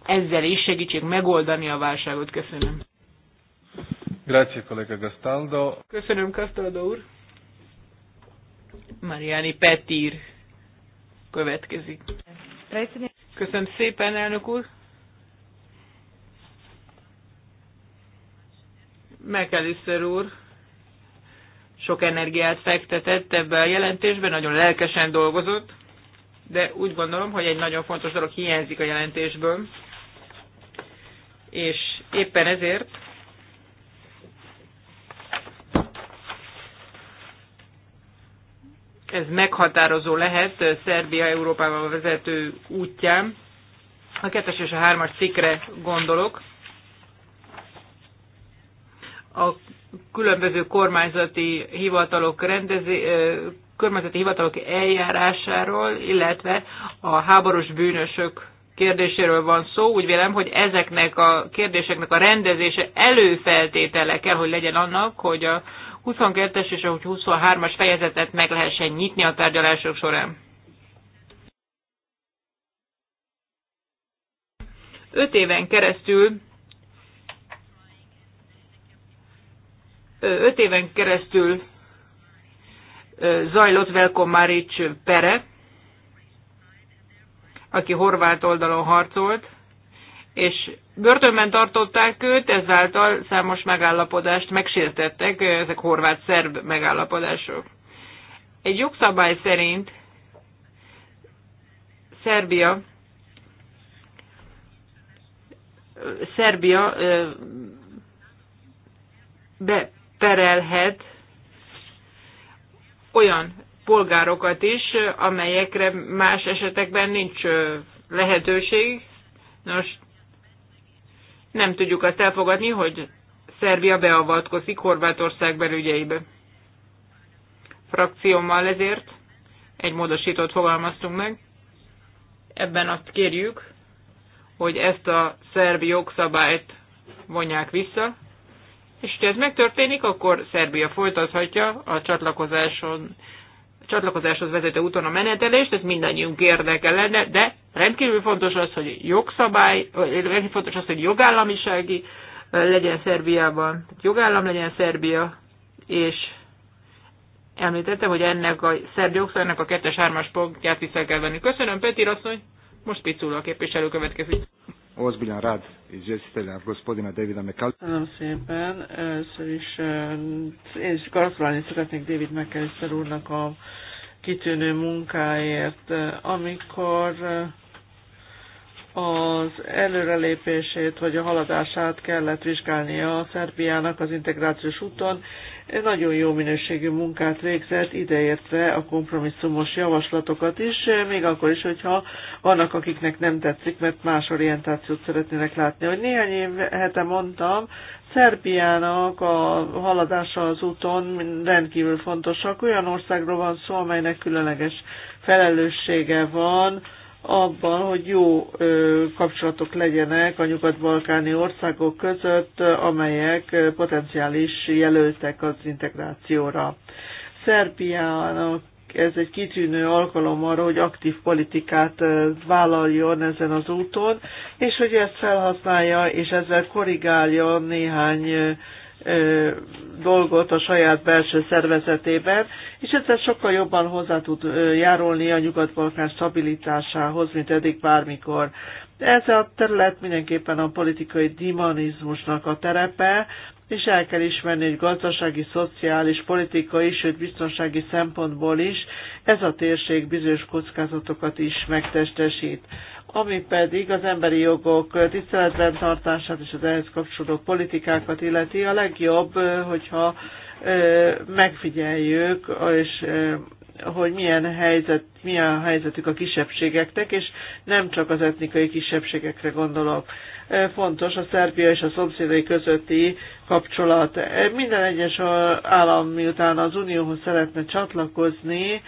ezzel is segítsék megoldani a válságot. Köszönöm. Grazie, kollega Gastaldo. Köszönöm, Gastaldo úr. Mariani Petír következik. Köszönöm szépen, elnök úr. McAllister úr sok energiát fektetett ebbe a jelentésbe, nagyon lelkesen dolgozott, de úgy gondolom, hogy egy nagyon fontos dolog hiányzik a jelentésből, és éppen ezért ez meghatározó lehet Szerbia Európával vezető útján. A kettes és a hármas cikkre gondolok a különböző kormányzati hivatalok rendezi, kormányzati hivatalok eljárásáról, illetve a háborús bűnösök kérdéséről van szó. Úgy vélem, hogy ezeknek a kérdéseknek a rendezése előfeltétele kell, hogy legyen annak, hogy a 22-es és a 23-as fejezetet meg lehessen nyitni a tárgyalások során. Öt éven keresztül öt éven keresztül zajlott Velko Maric pere, aki horvát oldalon harcolt, és börtönben tartották őt, ezáltal számos megállapodást megsértettek, ezek horvát-szerb megállapodások. Egy jogszabály szerint Szerbia Szerbia be perelhet olyan polgárokat is, amelyekre más esetekben nincs lehetőség. Nos, nem tudjuk azt elfogadni, hogy Szerbia beavatkozik Horvátország belügyeibe. Frakciómmal ezért egy módosítót fogalmaztunk meg. Ebben azt kérjük, hogy ezt a szerb jogszabályt vonják vissza, és ha ez megtörténik, akkor Szerbia folytathatja a csatlakozáson a csatlakozáshoz vezető úton a menetelést, ez mindannyiunk érdeke lenne, de rendkívül fontos az, hogy jogszabály, rendkívül fontos az, hogy jogállamisági eh, legyen Szerbiában, jogállam legyen Szerbia, és említettem, hogy ennek a szerb jogszabálynak a kettes hármas pontját vissza kell venni. Köszönöm, Peti Rasszony, most Picula a képviselő következik ozbiljan rad izvjestitelja gospodina Davida McAllister. Hvala szépen. Először is eh, én is gratulálni szeretnék David McAllister úrnak a kitűnő munkáért. Amikor eh, az előrelépését vagy a haladását kellett vizsgálnia a Szerbiának az integrációs úton, nagyon jó minőségű munkát végzett, ideértve a kompromisszumos javaslatokat is, még akkor is, hogyha vannak, akiknek nem tetszik, mert más orientációt szeretnének látni. Hogy néhány év hete mondtam, Szerbiának a haladása az úton rendkívül fontosak. Olyan országról van szó, amelynek különleges felelőssége van, abban, hogy jó kapcsolatok legyenek a nyugat-balkáni országok között, amelyek potenciális jelöltek az integrációra. Szerbiának ez egy kitűnő alkalom arra, hogy aktív politikát vállaljon ezen az úton, és hogy ezt felhasználja, és ezzel korrigálja néhány dolgot a saját belső szervezetében, és ezzel sokkal jobban hozzá tud járulni a Nyugat-Balkán stabilitásához, mint eddig bármikor. ez a terület mindenképpen a politikai dimanizmusnak a terepe, és el kell ismerni, hogy gazdasági, szociális, politikai, sőt biztonsági szempontból is ez a térség bizonyos kockázatokat is megtestesít. Ami pedig az emberi jogok tiszteletben tartását és az ehhez kapcsolódó politikákat illeti, a legjobb, hogyha megfigyeljük, és hogy milyen, helyzet, milyen helyzetük a kisebbségeknek, és nem csak az etnikai kisebbségekre gondolok fontos a Szerbia és a szomszédai közötti kapcsolat. Minden egyes állam, miután az Unióhoz szeretne csatlakozni,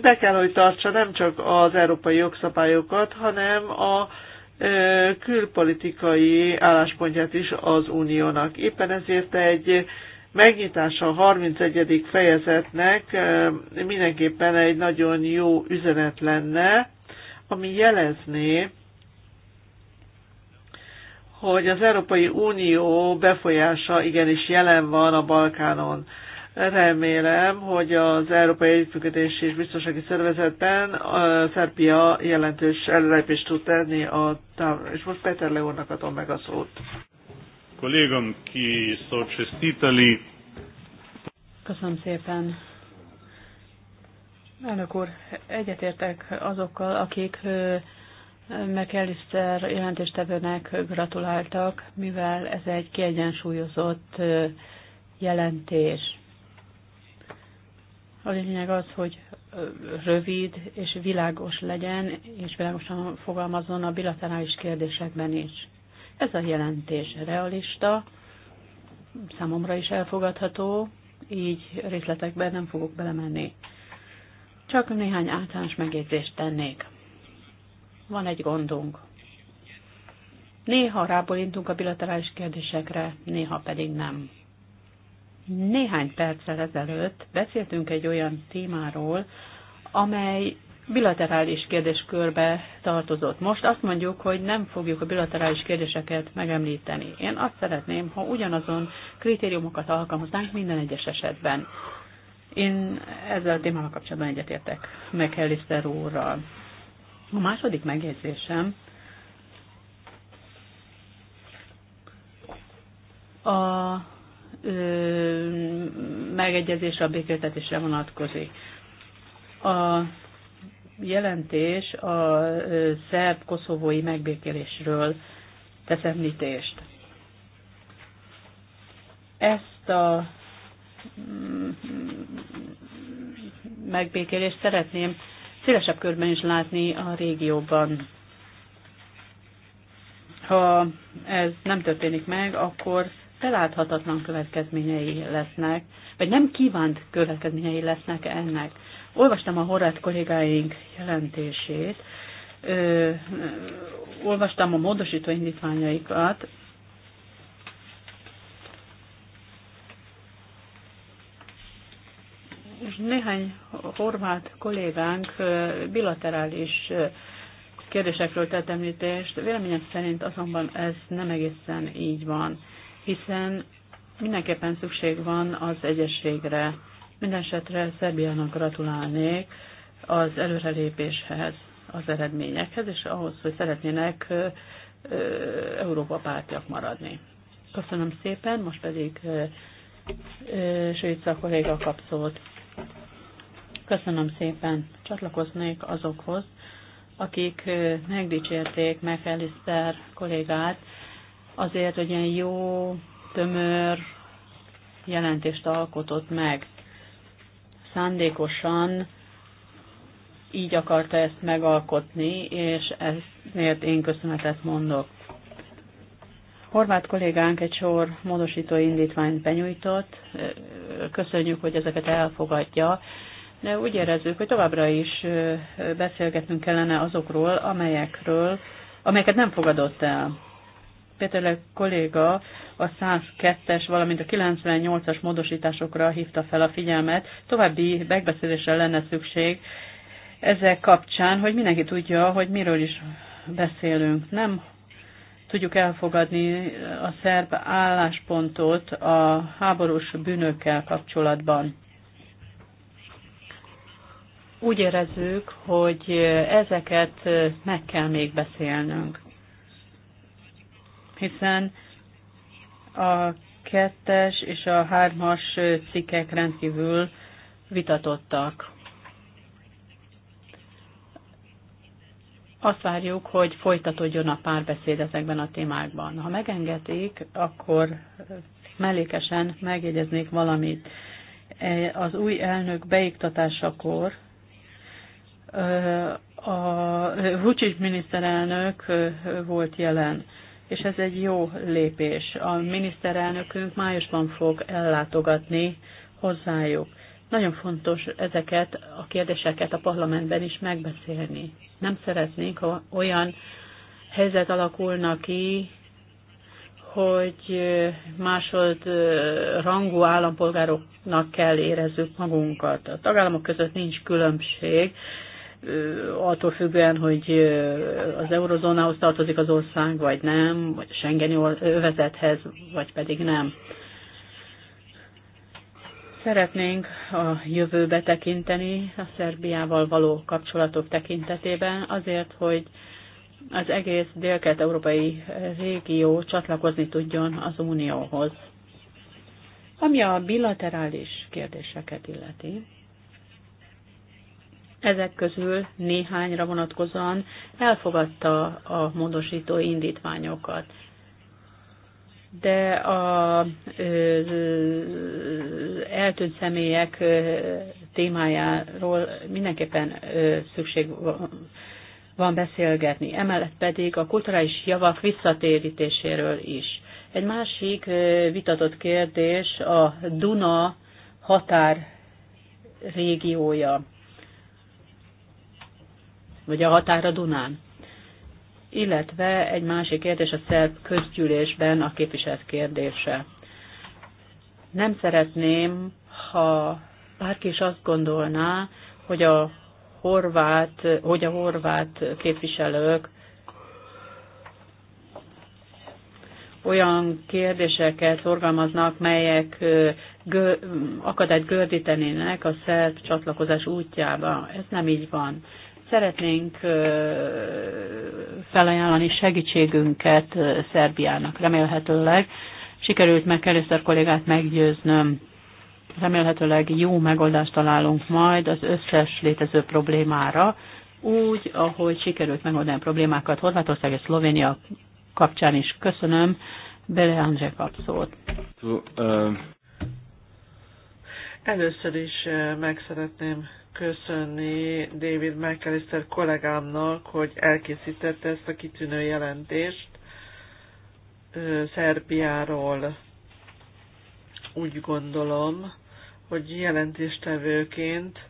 be kell, hogy tartsa nem csak az európai jogszabályokat, hanem a külpolitikai álláspontját is az uniónak. Éppen ezért egy megnyitása a 31. fejezetnek mindenképpen egy nagyon jó üzenet lenne, ami jelezné, hogy az Európai Unió befolyása igenis jelen van a Balkánon. Remélem, hogy az Európai Együttműködési és Biztonsági Szervezetben a Szerbia jelentős előrelépést tud tenni, a táv... és most Peter Leónak adom meg a szót. Kollégám, ki szócsesztíteli. Köszönöm szépen. Elnök úr, egyetértek azokkal, akik McAllister jelentéstevőnek gratuláltak, mivel ez egy kiegyensúlyozott jelentés. A lényeg az, hogy rövid és világos legyen, és világosan fogalmazzon a bilaterális kérdésekben is. Ez a jelentés realista, számomra is elfogadható, így részletekben nem fogok belemenni. Csak néhány általános megjegyzést tennék van egy gondunk. Néha rábólintunk a bilaterális kérdésekre, néha pedig nem. Néhány perccel ezelőtt beszéltünk egy olyan témáról, amely bilaterális kérdéskörbe tartozott. Most azt mondjuk, hogy nem fogjuk a bilaterális kérdéseket megemlíteni. Én azt szeretném, ha ugyanazon kritériumokat alkalmaznánk minden egyes esetben. Én ezzel a témával kapcsolatban egyetértek McAllister úrral. A második megjegyzésem a ö, megegyezésre, a békéltetésre vonatkozik. A jelentés a szerb-koszovói megbékélésről tesz említést. Ezt a mm, mm, megbékélést szeretném szélesebb körben is látni a régióban. Ha ez nem történik meg, akkor feláthatatlan következményei lesznek, vagy nem kívánt következményei lesznek ennek. Olvastam a horát kollégáink jelentését, ö, olvastam a módosító indítványaikat, Néhány horvát kollégánk bilaterális kérdésekről tett említést, véleményem szerint azonban ez nem egészen így van, hiszen mindenképpen szükség van az egyességre. Mindenesetre Szerbiának gratulálnék az előrelépéshez, az eredményekhez, és ahhoz, hogy szeretnének Európa pártjak maradni. Köszönöm szépen, most pedig Sőica kolléga kap szót. Köszönöm szépen. Csatlakoznék azokhoz, akik megdicsérték McAllister kollégát azért, hogy ilyen jó, tömör jelentést alkotott meg. Szándékosan így akarta ezt megalkotni, és ezért én köszönetet mondok. Horvát kollégánk egy sor módosító indítványt benyújtott. Köszönjük, hogy ezeket elfogadja, de úgy érezzük, hogy továbbra is beszélgetnünk kellene azokról, amelyekről, amelyeket nem fogadott el. Például a kolléga a 102-es, valamint a 98-as módosításokra hívta fel a figyelmet. További megbeszélésre lenne szükség ezzel kapcsán, hogy mindenki tudja, hogy miről is beszélünk. Nem tudjuk elfogadni a szerb álláspontot a háborús bűnökkel kapcsolatban úgy érezzük, hogy ezeket meg kell még beszélnünk. Hiszen a kettes és a hármas cikkek rendkívül vitatottak. Azt várjuk, hogy folytatódjon a párbeszéd ezekben a témákban. Ha megengedik, akkor mellékesen megjegyeznék valamit. E, az új elnök beiktatásakor a Vucic miniszterelnök volt jelen, és ez egy jó lépés. A miniszterelnökünk májusban fog ellátogatni hozzájuk. Nagyon fontos ezeket a kérdéseket a parlamentben is megbeszélni. Nem szeretnénk, ha olyan helyzet alakulna ki, hogy másod rangú állampolgároknak kell érezzük magunkat. A tagállamok között nincs különbség, attól függően, hogy az eurozónához tartozik az ország, vagy nem, vagy Schengeni övezethez, vagy pedig nem. Szeretnénk a jövőbe tekinteni a Szerbiával való kapcsolatok tekintetében azért, hogy az egész délkelet-európai régió csatlakozni tudjon az Unióhoz. Ami a bilaterális kérdéseket illeti, ezek közül néhányra vonatkozóan elfogadta a módosító indítványokat. De a eltűnt személyek témájáról mindenképpen szükség van beszélgetni. Emellett pedig a kulturális javak visszatérítéséről is. Egy másik vitatott kérdés a Duna határ régiója vagy a határa Dunán. Illetve egy másik kérdés a szerb közgyűlésben a képviselt kérdése. Nem szeretném, ha bárki is azt gondolná, hogy a horvát, hogy a horvát képviselők olyan kérdéseket szorgalmaznak, melyek gö- akadályt gördítenének a szerb csatlakozás útjába. Ez nem így van. Szeretnénk felajánlani segítségünket Szerbiának. Remélhetőleg sikerült meg Keliszter kollégát meggyőznöm. Remélhetőleg jó megoldást találunk majd az összes létező problémára, úgy, ahogy sikerült megoldani a problémákat Horvátország és Szlovénia kapcsán is. Köszönöm. Bele André kapszót. szót. Először is meg szeretném köszönni David McAllister kollégámnak, hogy elkészítette ezt a kitűnő jelentést Szerbiáról. Úgy gondolom, hogy jelentéstevőként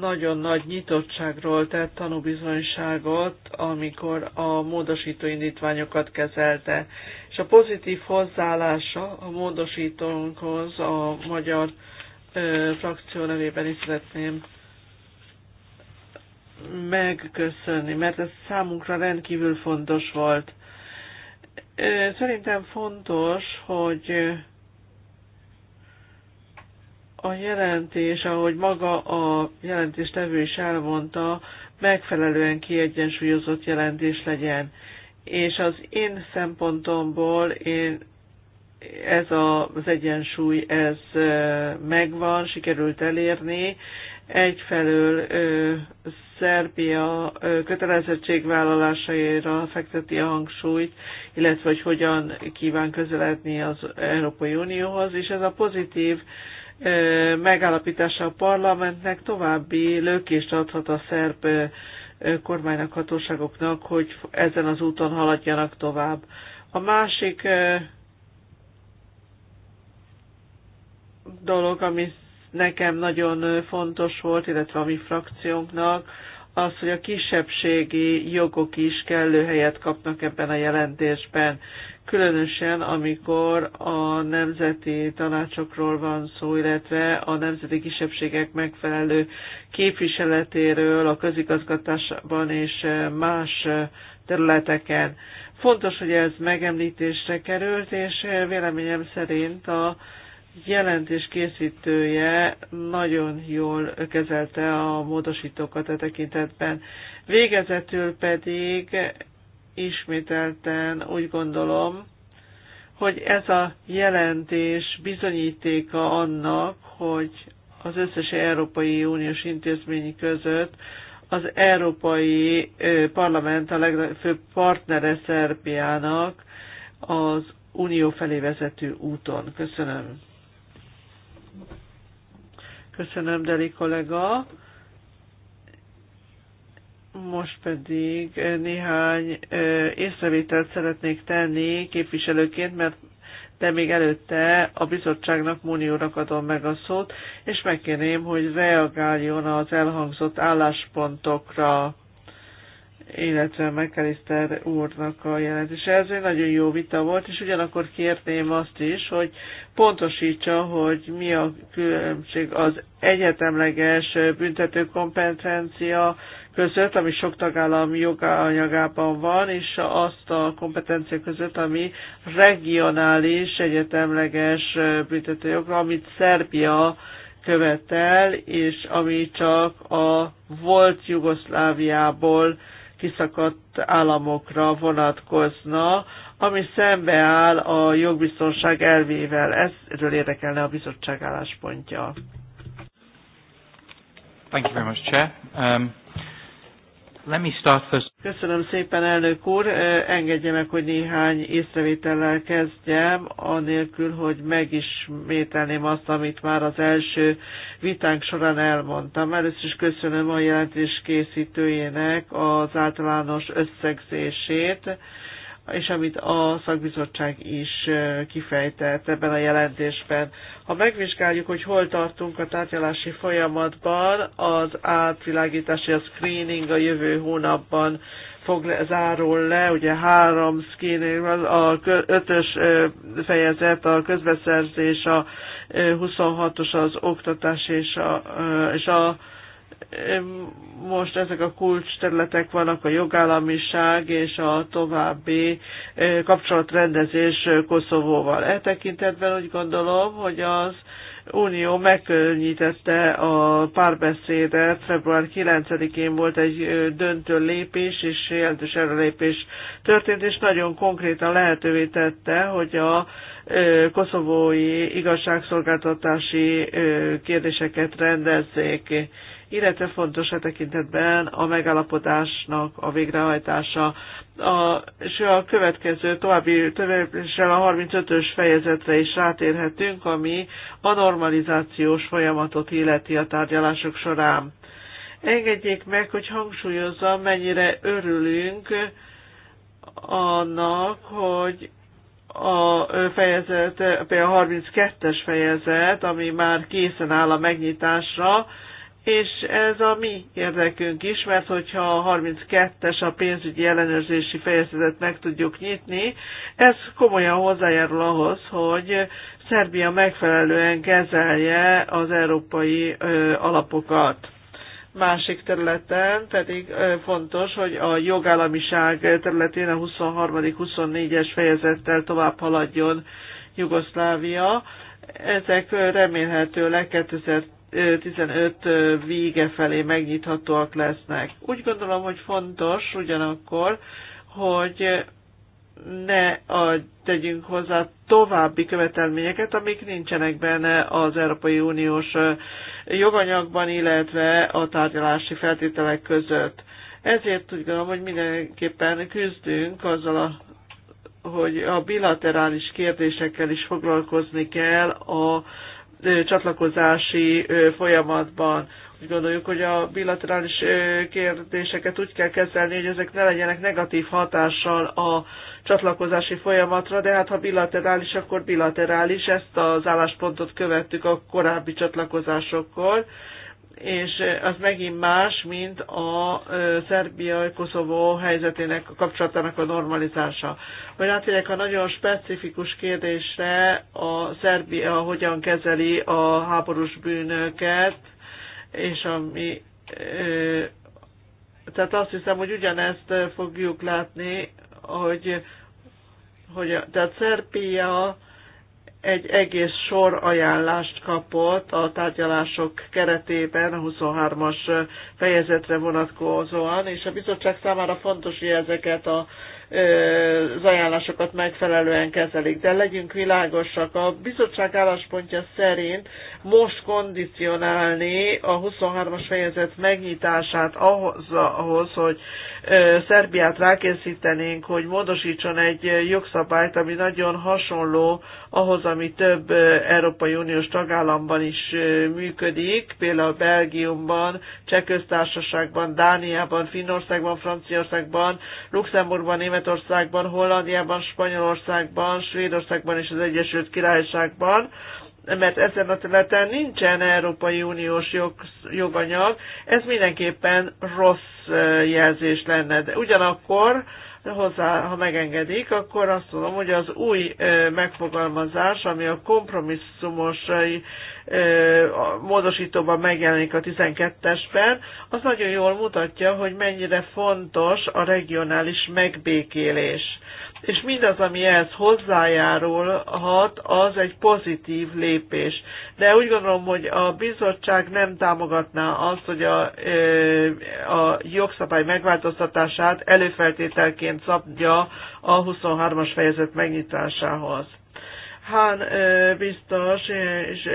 nagyon nagy nyitottságról tett tanúbizonyságot, amikor a módosító indítványokat kezelte. És a pozitív hozzáállása a módosítónkhoz a magyar ö, frakció nevében is szeretném megköszönni, mert ez számunkra rendkívül fontos volt. szerintem fontos, hogy a jelentés, ahogy maga a jelentéstevő is elmondta, megfelelően kiegyensúlyozott jelentés legyen. És az én szempontomból én ez a, az egyensúly, ez megvan, sikerült elérni. Egyfelől Szerbia kötelezettségvállalásaira fekteti a hangsúlyt, illetve hogy hogyan kíván közeledni az Európai Unióhoz, és ez a pozitív megállapítása a parlamentnek további lökést adhat a szerb kormánynak, hatóságoknak, hogy ezen az úton haladjanak tovább. A másik dolog, ami nekem nagyon fontos volt, illetve a mi frakciónknak, az, hogy a kisebbségi jogok is kellő helyet kapnak ebben a jelentésben, különösen amikor a nemzeti tanácsokról van szó, illetve a nemzeti kisebbségek megfelelő képviseletéről a közigazgatásban és más területeken. Fontos, hogy ez megemlítésre került, és véleményem szerint a jelentés készítője nagyon jól kezelte a módosítókat a tekintetben. Végezetül pedig ismételten úgy gondolom, hogy ez a jelentés bizonyítéka annak, hogy az összes Európai Uniós intézmény között az Európai Parlament a legfőbb partnere Szerbiának az Unió felé vezető úton. Köszönöm. Köszönöm, Deli kollega. Most pedig eh, néhány eh, észrevételt szeretnék tenni képviselőként, mert de még előtte a bizottságnak Móni úrnak adom meg a szót, és megkérném, hogy reagáljon az elhangzott álláspontokra illetve McAllister úrnak a jelentése. Ez egy nagyon jó vita volt, és ugyanakkor kérném azt is, hogy pontosítsa, hogy mi a különbség az egyetemleges büntető kompetencia között, ami sok tagállam joganyagában van, és azt a kompetencia között, ami regionális egyetemleges büntetőjogra, amit Szerbia követel, és ami csak a volt Jugoszláviából kiszakadt államokra vonatkozna, ami szembeáll a jogbiztonság elvével. Ezről érdekelne a bizottság álláspontja. Thank you very much, Chair. Um... Let me start first. Köszönöm szépen, elnök úr. Engedje meg, hogy néhány észrevétellel kezdjem, anélkül, hogy megismételném azt, amit már az első vitánk során elmondtam. Először is köszönöm a jelentés készítőjének az általános összegzését és amit a szakbizottság is kifejtett ebben a jelentésben. Ha megvizsgáljuk, hogy hol tartunk a tárgyalási folyamatban, az átvilágítási, a screening a jövő hónapban fog le, zárul le, ugye három screening, a ötös fejezet, a közbeszerzés, a 26-os az oktatás és a, és a most ezek a kulcs területek vannak a jogállamiság és a további kapcsolatrendezés Koszovóval. E tekintetben úgy gondolom, hogy az Unió megkönnyítette a párbeszédet. Február 9-én volt egy döntő lépés, és jelentős előlépés történt, és nagyon konkrétan lehetővé tette, hogy a koszovói igazságszolgáltatási kérdéseket rendezzék illetve fontos a tekintetben a megállapodásnak a végrehajtása. A, és a következő további tövéssel a 35-ös fejezetre is rátérhetünk, ami a normalizációs folyamatot illeti a tárgyalások során. Engedjék meg, hogy hangsúlyozzam, mennyire örülünk annak, hogy a fejezet, például a 32-es fejezet, ami már készen áll a megnyitásra, és ez a mi érdekünk is, mert hogyha a 32-es a pénzügyi ellenőrzési fejezetet meg tudjuk nyitni, ez komolyan hozzájárul ahhoz, hogy Szerbia megfelelően kezelje az európai ö, alapokat. Másik területen pedig ö, fontos, hogy a jogállamiság területén a 23.-24-es fejezettel tovább haladjon Jugoszlávia. Ezek remélhetőleg 2000 15 vége felé megnyithatóak lesznek. Úgy gondolom, hogy fontos ugyanakkor, hogy ne a, tegyünk hozzá további követelményeket, amik nincsenek benne az Európai Uniós joganyagban, illetve a tárgyalási feltételek között. Ezért úgy gondolom, hogy mindenképpen küzdünk azzal a hogy a bilaterális kérdésekkel is foglalkozni kell a csatlakozási folyamatban. Úgy gondoljuk, hogy a bilaterális kérdéseket úgy kell kezelni, hogy ezek ne legyenek negatív hatással a csatlakozási folyamatra, de hát ha bilaterális, akkor bilaterális. Ezt az álláspontot követtük a korábbi csatlakozásokkor és az megint más, mint a Szerbia-Koszovó helyzetének a kapcsolatának a normalizása. vagy átérek a nagyon specifikus kérdésre, a Szerbia hogyan kezeli a háborús bűnöket, és ami tehát azt hiszem, hogy ugyanezt fogjuk látni, hogy, hogy tehát Szerbia egy egész sor ajánlást kapott a tárgyalások keretében, a 23-as fejezetre vonatkozóan, és a bizottság számára fontos, hogy ezeket a az ajánlásokat megfelelően kezelik. De legyünk világosak, a bizottság álláspontja szerint most kondicionálni a 23-as fejezet megnyitását ahhoz, ahhoz hogy Szerbiát rákészítenénk, hogy módosítson egy jogszabályt, ami nagyon hasonló ahhoz, ami több Európai Uniós tagállamban is működik, például Belgiumban, Csehköztársaságban, Dániában, Finnországban, Franciaországban, Luxemburgban, Németországban, Németországban, Hollandiában, Spanyolországban, Svédországban és az Egyesült Királyságban, mert ezen a területen nincsen Európai Uniós jog, joganyag, ez mindenképpen rossz eh, jelzés lenne. De ugyanakkor hozzá, ha megengedik, akkor azt mondom, hogy az új megfogalmazás, ami a kompromisszumos módosítóban megjelenik a 12-esben, az nagyon jól mutatja, hogy mennyire fontos a regionális megbékélés és mindaz, ami ehhez hozzájárulhat, az egy pozitív lépés. De úgy gondolom, hogy a bizottság nem támogatná azt, hogy a, a jogszabály megváltoztatását előfeltételként szabja a 23-as fejezet megnyitásához. Hán biztos és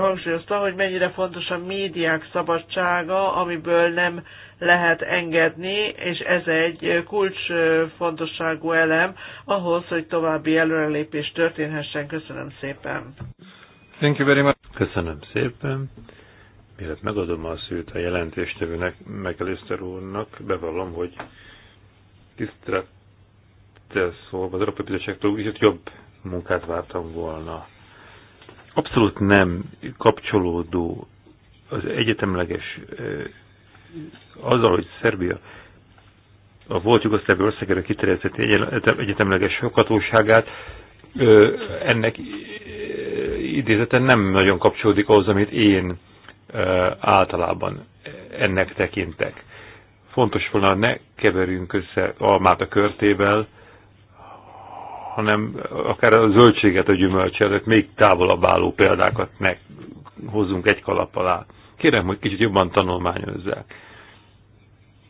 hangsúlyozta, hogy mennyire fontos a médiák szabadsága, amiből nem lehet engedni, és ez egy kulcsfontosságú elem ahhoz, hogy további előrelépés történhessen. Köszönöm szépen. Thank you very much. Köszönöm szépen. Mielőtt megadom a szűt a jelentéstevőnek, Megelőszter úrnak, bevallom, hogy tisztelettel szólva az Európai Bizottságtól kicsit jobb munkát vártam volna. Abszolút nem kapcsolódó az egyetemleges eh, azzal, hogy Szerbia a volt Jugoszláv országára kiterjesztett egyetemleges hatóságát, ennek idézeten nem nagyon kapcsolódik ahhoz, amit én általában ennek tekintek. Fontos volna, ne keverjünk össze almát a körtével, hanem akár a zöldséget, a gyümölcset, még távolabb álló példákat meghozunk egy kalap alá. Kérem, hogy kicsit jobban tanulmányozzák,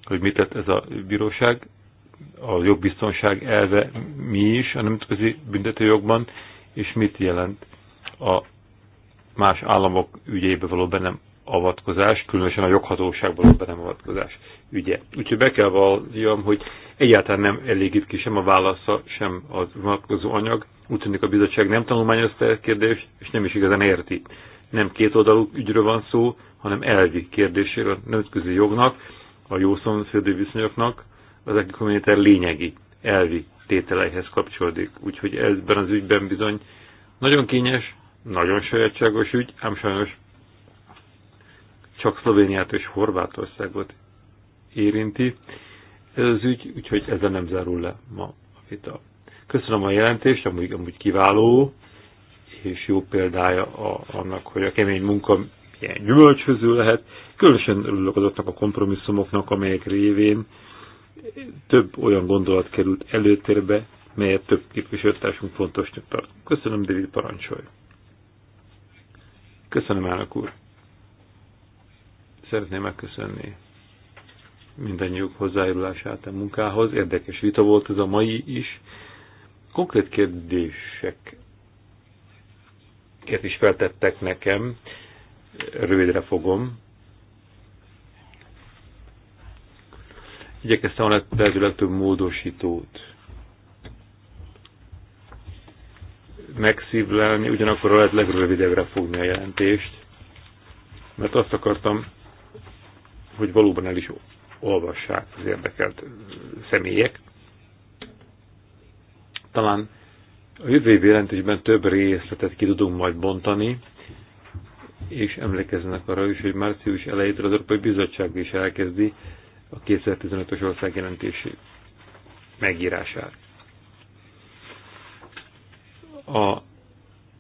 hogy mit tett ez a bíróság, a jogbiztonság elve mi is a nemzetközi büntetőjogban, és mit jelent a más államok ügyébe való bennem nem avatkozás, különösen a joghatóságban való bennem avatkozás ügye. Úgyhogy be kell valljam, hogy egyáltalán nem elégít ki sem a válasza, sem az vonatkozó anyag. Úgy tűnik a bizottság nem tanulmányozta ezt a kérdést, és nem is igazán érti. Nem két oldalú ügyről van szó, hanem elvi kérdésére a nemzetközi jognak, a jó szomszédi viszonyoknak, az ekikommunitár lényegi elvi tételeihez kapcsolódik. Úgyhogy ebben az ügyben bizony nagyon kényes, nagyon sajátságos ügy, ám sajnos csak Szlovéniát és Horvátországot érinti. Ez az ügy, úgyhogy ezzel nem zárul le ma a vita. Köszönöm a jelentést, amúgy, amúgy kiváló, és jó példája a, annak, hogy a kemény munka ilyen gyümölcsöző lehet. Különösen örülök azoknak a kompromisszumoknak, amelyek révén több olyan gondolat került előtérbe, melyet több képviselőtársunk fontosnak tart. Köszönöm, David parancsolj. Köszönöm, Állak úr. Szeretném megköszönni mindannyiuk hozzájárulását a munkához. Érdekes vita volt ez a mai is. Konkrét kérdéseket is feltettek nekem rövidre fogom. Igyekeztem a lehető legtöbb módosítót megszívlelni, ugyanakkor a lehet legrövidebbre fogni a jelentést, mert azt akartam, hogy valóban el is olvassák az érdekelt személyek. Talán a jövő jelentésben több részletet ki tudunk majd bontani, és emlékeznek arra is, hogy március elejétől az Európai Bizottság is elkezdi a 2015-ös országjelentési megírását. A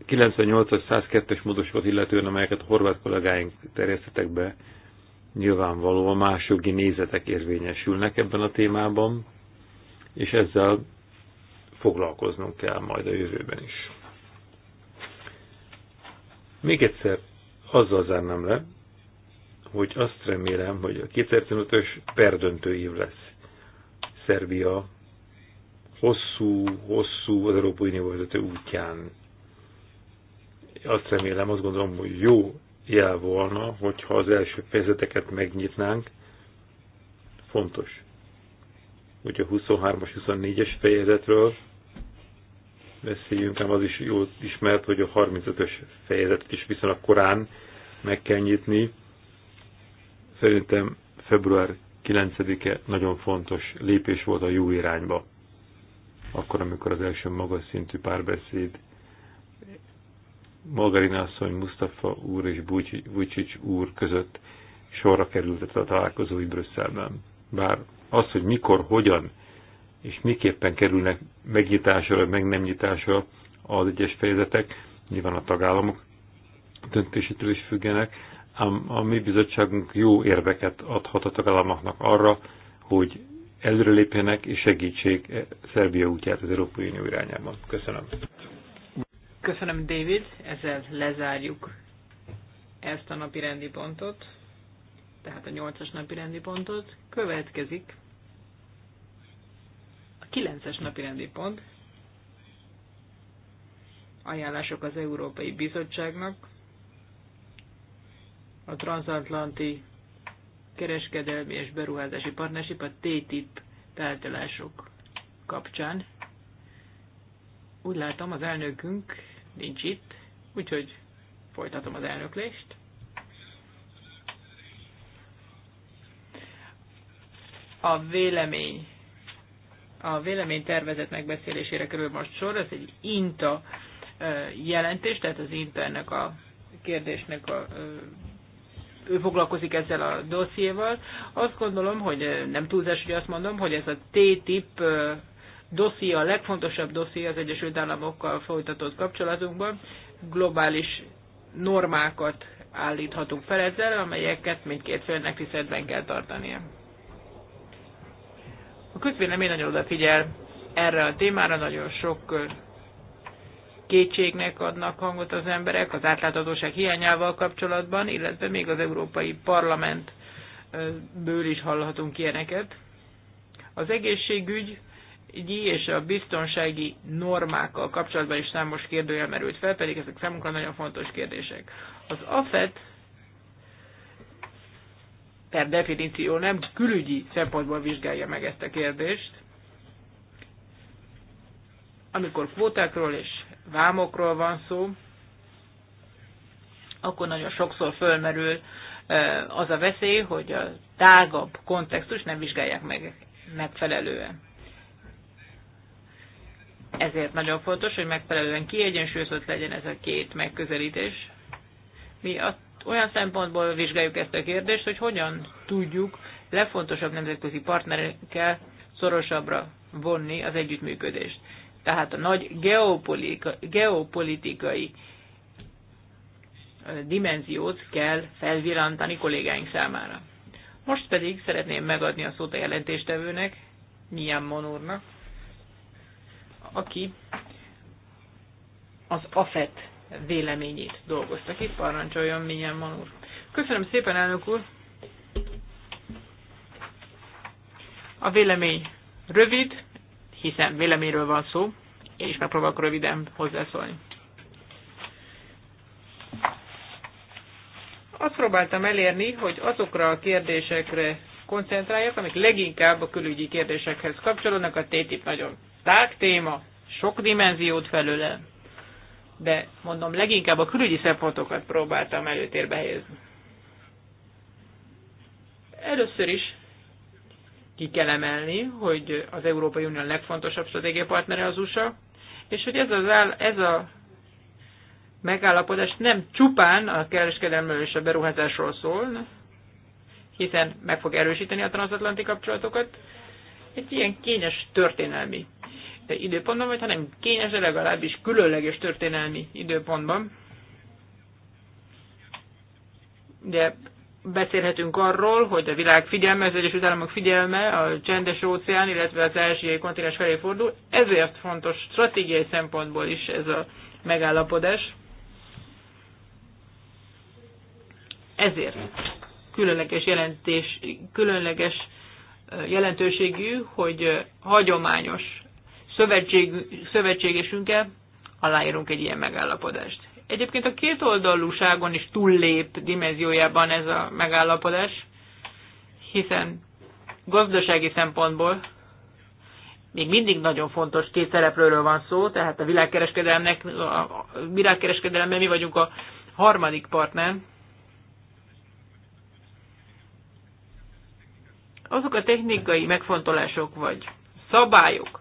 98-as 102-es módosokat illetően, amelyeket a horvát kollégáink terjesztettek be, nyilvánvalóan más jogi nézetek érvényesülnek ebben a témában, és ezzel foglalkoznunk kell majd a jövőben is. Még egyszer azzal zárnám le, hogy azt remélem, hogy a 2015-ös perdöntő év lesz. Szerbia hosszú, hosszú az Európai Unió vezető útján. Azt remélem, azt gondolom, hogy jó jel volna, hogyha az első fejezeteket megnyitnánk. Fontos. Ugye a 23-as, 24-es fejezetről beszéljünk, hanem az is jó, ismert, hogy a 35-ös fejezetet is viszonylag korán meg kell nyitni. Szerintem február 9-e nagyon fontos lépés volt a jó irányba. Akkor, amikor az első magas szintű párbeszéd Margarin asszony, Mustafa úr és Vucic úr között sorra került a találkozói Brüsszelben. Bár az, hogy mikor, hogyan és miképpen kerülnek megnyitásra, meg nem nyitásra az egyes fejezetek, nyilván a tagállamok döntésétől is függenek, ám a mi bizottságunk jó érveket adhat a tagállamoknak arra, hogy előrelépjenek és segítsék e Szerbia útját az Európai Unió irányában. Köszönöm. Köszönöm, David. Ezzel lezárjuk ezt a napi rendi pontot, tehát a nyolcas napi rendi pontot. Következik Kilences napi rendi pont. Ajánlások az Európai Bizottságnak. A transatlanti kereskedelmi és beruházási partnership a TTIP tárgyalások kapcsán. Úgy látom, az elnökünk nincs itt, úgyhogy folytatom az elnöklést. A vélemény a véleménytervezet megbeszélésére kerül most sor, ez egy INTA jelentés, tehát az INTA ennek a kérdésnek a ő foglalkozik ezzel a dossziéval. Azt gondolom, hogy nem túlzás, hogy azt mondom, hogy ez a T-tip dosszia, a legfontosabb dosszia az Egyesült Államokkal folytatott kapcsolatunkban. Globális normákat állíthatunk fel ezzel, amelyeket mindkét félnek tiszteletben kell tartania. A közvélemény nagyon odafigyel erre a témára, nagyon sok kétségnek adnak hangot az emberek az átláthatóság hiányával kapcsolatban, illetve még az Európai Parlamentből is hallhatunk ilyeneket. Az egészségügy és a biztonsági normákkal kapcsolatban is számos kérdőjel merült fel, pedig ezek számunkra nagyon fontos kérdések. Az AFET per definíció nem külügyi szempontból vizsgálja meg ezt a kérdést. Amikor kvótákról és vámokról van szó, akkor nagyon sokszor fölmerül az a veszély, hogy a tágabb kontextus nem vizsgálják meg megfelelően. Ezért nagyon fontos, hogy megfelelően kiegyensúlyozott legyen ez a két megközelítés. Mi azt olyan szempontból vizsgáljuk ezt a kérdést, hogy hogyan tudjuk legfontosabb nemzetközi partnerekkel szorosabbra vonni az együttműködést. Tehát a nagy geopolitika, geopolitikai dimenziót kell felvillantani kollégáink számára. Most pedig szeretném megadni a szót a jelentéstevőnek, Nian Monurnak, aki az AFET véleményét dolgozta ki. Parancsoljon van úr. Köszönöm szépen, elnök úr! A vélemény rövid, hiszen véleményről van szó, én is megpróbálok röviden hozzászólni. Azt próbáltam elérni, hogy azokra a kérdésekre koncentráljak, amik leginkább a külügyi kérdésekhez kapcsolódnak. A TTIP nagyon tág téma, sok dimenziót felölel de mondom, leginkább a külügyi szempontokat próbáltam előtérbe helyezni. Először is ki kell emelni, hogy az Európai Unió legfontosabb stratégiai partnere az USA, és hogy ez, az áll, ez a megállapodás nem csupán a kereskedelmről és a beruházásról szól, hiszen meg fog erősíteni a transatlanti kapcsolatokat, egy ilyen kényes történelmi időpontban, vagy hanem kényes, de legalábbis különleges történelmi időpontban. De beszélhetünk arról, hogy a világ figyelme, az Egyesült Államok figyelme a csendes óceán, illetve az ázsiai kontinens felé fordul, ezért fontos stratégiai szempontból is ez a megállapodás. Ezért különleges, jelentés, különleges jelentőségű, hogy hagyományos szövetség, szövetségesünkkel aláírunk egy ilyen megállapodást. Egyébként a kétoldalúságon is túllép dimenziójában ez a megállapodás, hiszen gazdasági szempontból még mindig nagyon fontos két szereplőről van szó, tehát a világkereskedelemnek, a világkereskedelemben mi vagyunk a harmadik partner. Azok a technikai megfontolások vagy szabályok,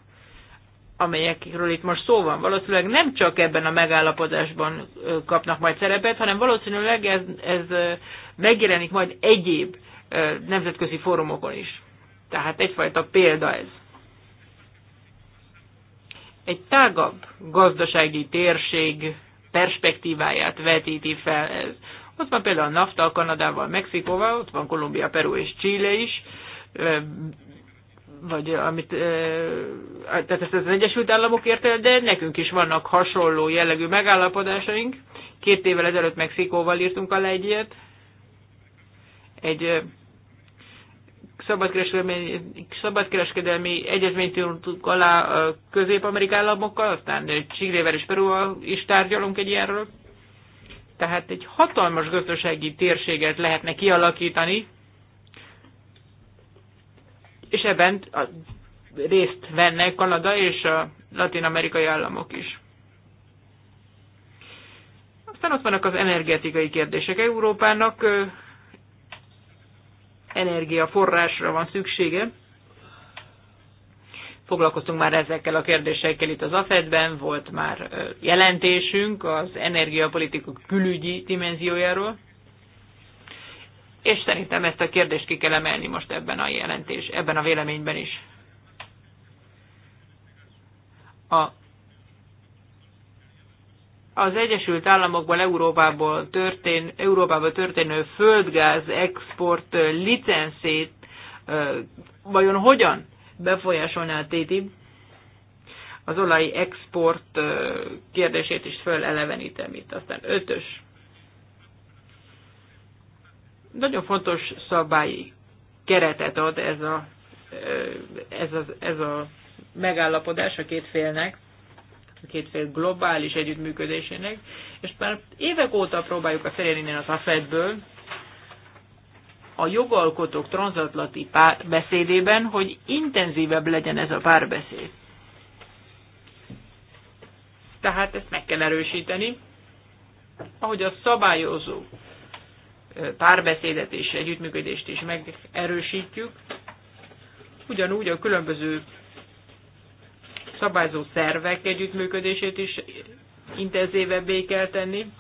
amelyekről itt most szó van. Valószínűleg nem csak ebben a megállapodásban kapnak majd szerepet, hanem valószínűleg ez, ez megjelenik majd egyéb nemzetközi fórumokon is. Tehát egyfajta példa ez. Egy tágabb gazdasági térség perspektíváját vetíti fel ez. Ott van például a NAFTA, Kanadával, Mexikóval, ott van Kolumbia, Peru és Chile is, vagy eh, amit, eh, tehát ezt az Egyesült Államok érte, de nekünk is vannak hasonló jellegű megállapodásaink. Két évvel ezelőtt Mexikóval írtunk alá egy ilyet. Egy eh, szabadkereskedelmi, szabadkereskedelmi egyezményt írtunk alá a közép-amerik államokkal, aztán Csigrével és Perúval is tárgyalunk egy ilyenről. Tehát egy hatalmas gazdasági térséget lehetne kialakítani, és ebben a részt vennek Kanada és a latin-amerikai államok is. Aztán ott vannak az energetikai kérdések. Európának energiaforrásra van szüksége. Foglalkoztunk már ezekkel a kérdésekkel itt az AFED-ben, volt már jelentésünk az energiapolitika külügyi dimenziójáról és szerintem ezt a kérdést ki kell emelni most ebben a jelentés, ebben a véleményben is. A az Egyesült Államokból Európából történ, Európába történő földgáz export licenszét vajon hogyan befolyásolná a TTIP? Az olaj export kérdését is fölelevenítem itt. Aztán ötös nagyon fontos szabályi keretet ad ez a, ez a, ez a megállapodás a két félnek, a két fél globális együttműködésének, és már évek óta próbáljuk a felérni az AFED-ből, a jogalkotók transatlanti párbeszédében, hogy intenzívebb legyen ez a párbeszéd. Tehát ezt meg kell erősíteni. Ahogy a szabályozó párbeszédet és együttműködést is megerősítjük. Ugyanúgy a különböző szabályzó szervek együttműködését is intenzívebbé kell tenni.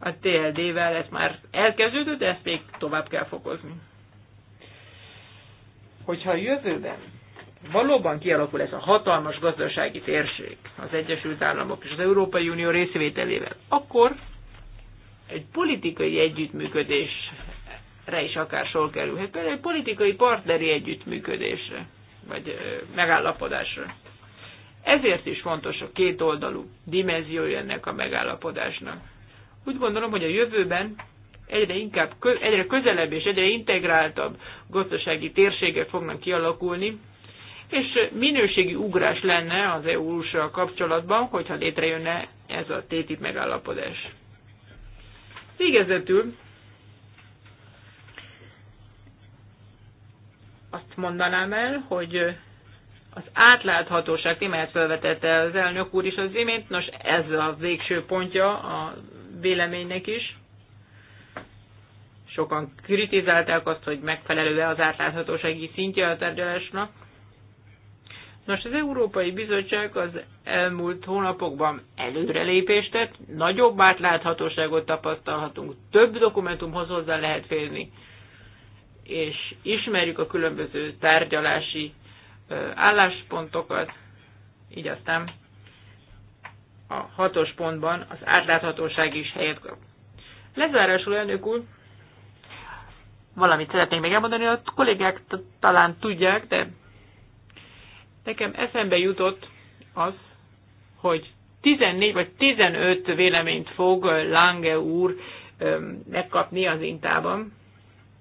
A TLD-vel ez már elkezdődött, de ezt még tovább kell fokozni. Hogyha a jövőben valóban kialakul ez a hatalmas gazdasági térség az Egyesült Államok és az Európai Unió részvételével, akkor egy politikai együttműködésre is akár sor kerülhet, például egy politikai partneri együttműködésre, vagy megállapodásra. Ezért is fontos a kétoldalú dimenziója ennek a megállapodásnak. Úgy gondolom, hogy a jövőben egyre inkább, egyre közelebb és egyre integráltabb gazdasági térségek fognak kialakulni, és minőségi ugrás lenne az EU-ssal kapcsolatban, hogyha létrejönne ez a TTIP megállapodás. Végezetül azt mondanám el, hogy az átláthatóság témáját felvetette az elnök úr is az imént, nos ez a végső pontja a véleménynek is. Sokan kritizálták azt, hogy megfelelő-e az átláthatósági szintje a tárgyalásnak. Nos, az Európai Bizottság az elmúlt hónapokban előrelépést tett, nagyobb átláthatóságot tapasztalhatunk, több dokumentumhoz hozzá lehet férni, és ismerjük a különböző tárgyalási álláspontokat, így aztán a hatos pontban az átláthatóság is helyet kap. Lezárásul, elnök úr, valamit szeretnék még elmondani, a kollégák talán tudják, de Nekem eszembe jutott az, hogy 14 vagy 15 véleményt fog Lange úr megkapni az intában,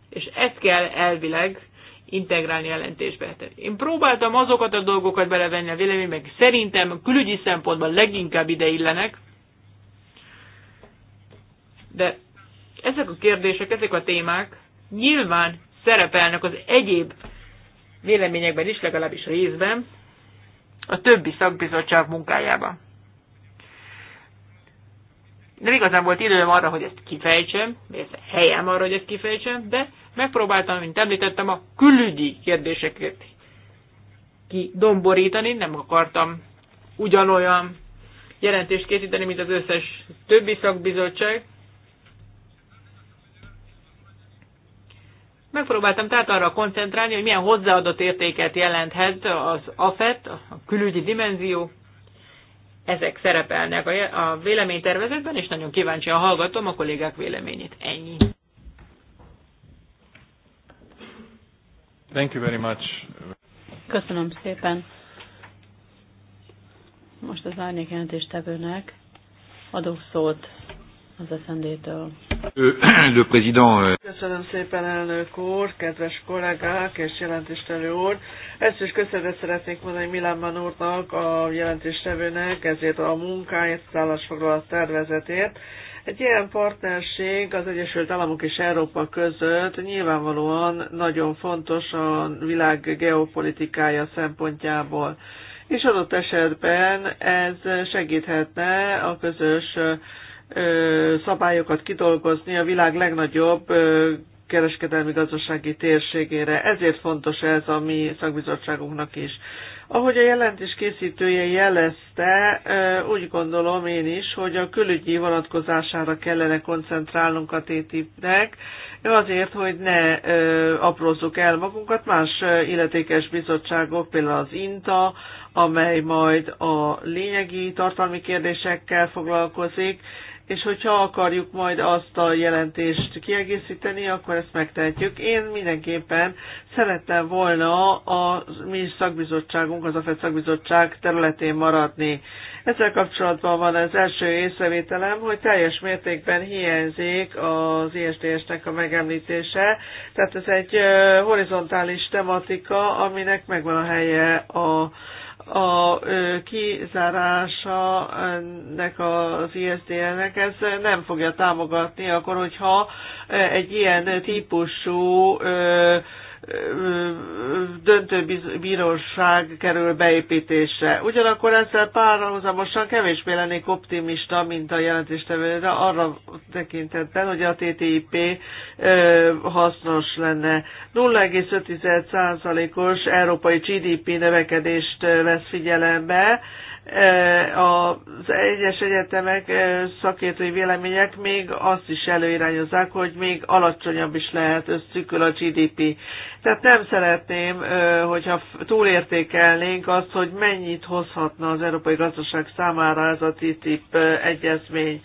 és ezt kell elvileg integrálni jelentésbe. Hát én próbáltam azokat a dolgokat belevenni a véleménybe, szerintem külügyi szempontban leginkább ide illenek, de ezek a kérdések, ezek a témák nyilván szerepelnek az egyéb véleményekben is, legalábbis részben, a többi szakbizottság munkájába. Nem igazán volt időm arra, hogy ezt kifejtsem, ez helyem arra, hogy ezt kifejtsem, de megpróbáltam, mint említettem, a külügyi kérdéseket kidomborítani, nem akartam ugyanolyan jelentést készíteni, mint az összes többi szakbizottság, Megpróbáltam tehát arra koncentrálni, hogy milyen hozzáadott értéket jelenthet az AFET, a külügyi dimenzió. Ezek szerepelnek a véleménytervezetben, és nagyon kíváncsian hallgatom a kollégák véleményét. Ennyi. Thank you very much. Köszönöm szépen. Most az árnyékjelentéstevőnek adok szót az eszendétől. Köszönöm szépen, elnök úr, kedves kollégák és jelentéstevő úr. Ezt is köszönet szeretnék mondani Milánban úrnak, a jelentéstevőnek, ezért a munkáért, szállásfoglalat tervezetért. Egy ilyen partnerség az Egyesült Államok és Európa között nyilvánvalóan nagyon fontos a világ geopolitikája szempontjából. És adott esetben ez segíthetne a közös szabályokat kidolgozni a világ legnagyobb kereskedelmi gazdasági térségére. Ezért fontos ez a mi szakbizottságunknak is. Ahogy a jelentés készítője jelezte, úgy gondolom én is, hogy a külügyi vonatkozására kellene koncentrálnunk a TTIP-nek, azért, hogy ne aprózzuk el magunkat. Más illetékes bizottságok, például az INTA, amely majd a lényegi tartalmi kérdésekkel foglalkozik, és hogyha akarjuk majd azt a jelentést kiegészíteni, akkor ezt megtehetjük. Én mindenképpen szerettem volna a mi szakbizottságunk, az AFED szakbizottság területén maradni. Ezzel kapcsolatban van az első észrevételem, hogy teljes mértékben hiányzik az ISDS-nek a megemlítése. Tehát ez egy horizontális tematika, aminek megvan a helye a a kizárása ennek az ISDN-nek ez nem fogja támogatni, akkor hogyha egy ilyen típusú döntő bíróság kerül beépítésre. Ugyanakkor ezzel párhuzamosan kevésbé lennék optimista, mint a de arra tekintetben, hogy a TTIP hasznos lenne. 0,5%-os európai GDP növekedést vesz figyelembe, Eh, az egyes egyetemek eh, szakértői vélemények még azt is előirányozzák, hogy még alacsonyabb is lehet összükül a GDP. Tehát nem szeretném, eh, hogyha túlértékelnénk azt, hogy mennyit hozhatna az európai gazdaság számára ez a TTIP egyezmény.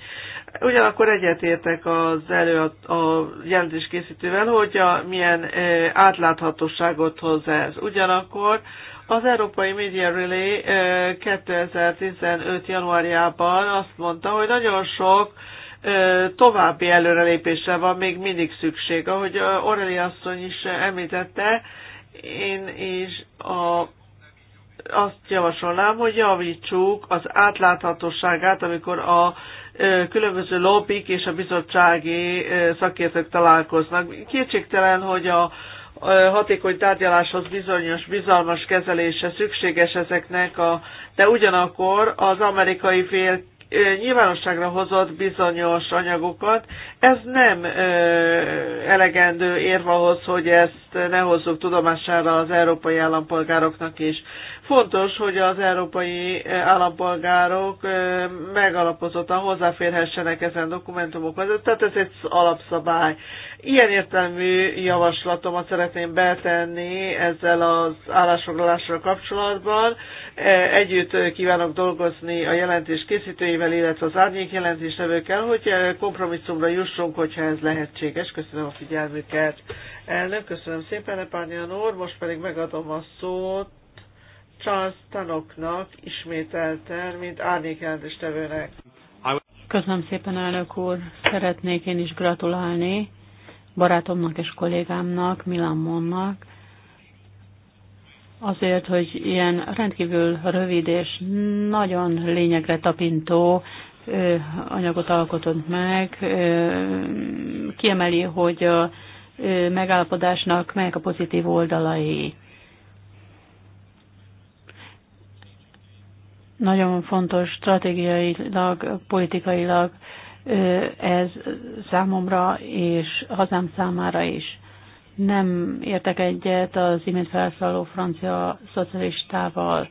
Ugyanakkor egyetértek az elő a, a jelentés készítővel, hogy a, milyen átláthatóságot hoz ez. Ugyanakkor az Európai Media Relay 2015. januárjában azt mondta, hogy nagyon sok további előrelépésre van még mindig szükség. Ahogy Aureli asszony is említette, én is a, azt javasolnám, hogy javítsuk az átláthatóságát, amikor a különböző lobbik és a bizottsági szakértők találkoznak. Kétségtelen, hogy a hatékony tárgyaláshoz bizonyos bizalmas kezelése szükséges ezeknek, a, de ugyanakkor az amerikai fél nyilvánosságra hozott bizonyos anyagokat. Ez nem elegendő érv ahhoz, hogy ezt ne hozzuk tudomására az európai állampolgároknak is. Fontos, hogy az európai állampolgárok megalapozottan hozzáférhessenek ezen dokumentumokhoz, tehát ez egy alapszabály. Ilyen értelmű javaslatomat szeretném betenni ezzel az állásfoglalással kapcsolatban, E, együtt kívánok dolgozni a jelentés készítőivel, illetve az árnyék jelentéstevőkkel, hogy kompromisszumra jussunk, hogyha ez lehetséges. Köszönöm a figyelmüket. Elnök, köszönöm szépen, Epárnyan úr. Most pedig megadom a szót Charles Tanoknak ismételten, mint árnyék jelentéstevőnek. Köszönöm szépen, elnök úr. Szeretnék én is gratulálni barátomnak és kollégámnak, Milan Monnak, azért, hogy ilyen rendkívül rövid és nagyon lényegre tapintó anyagot alkotott meg. Kiemeli, hogy a megállapodásnak melyek a pozitív oldalai. Nagyon fontos stratégiailag, politikailag ez számomra és hazám számára is nem értek egyet az imént felszálló francia szocialistával.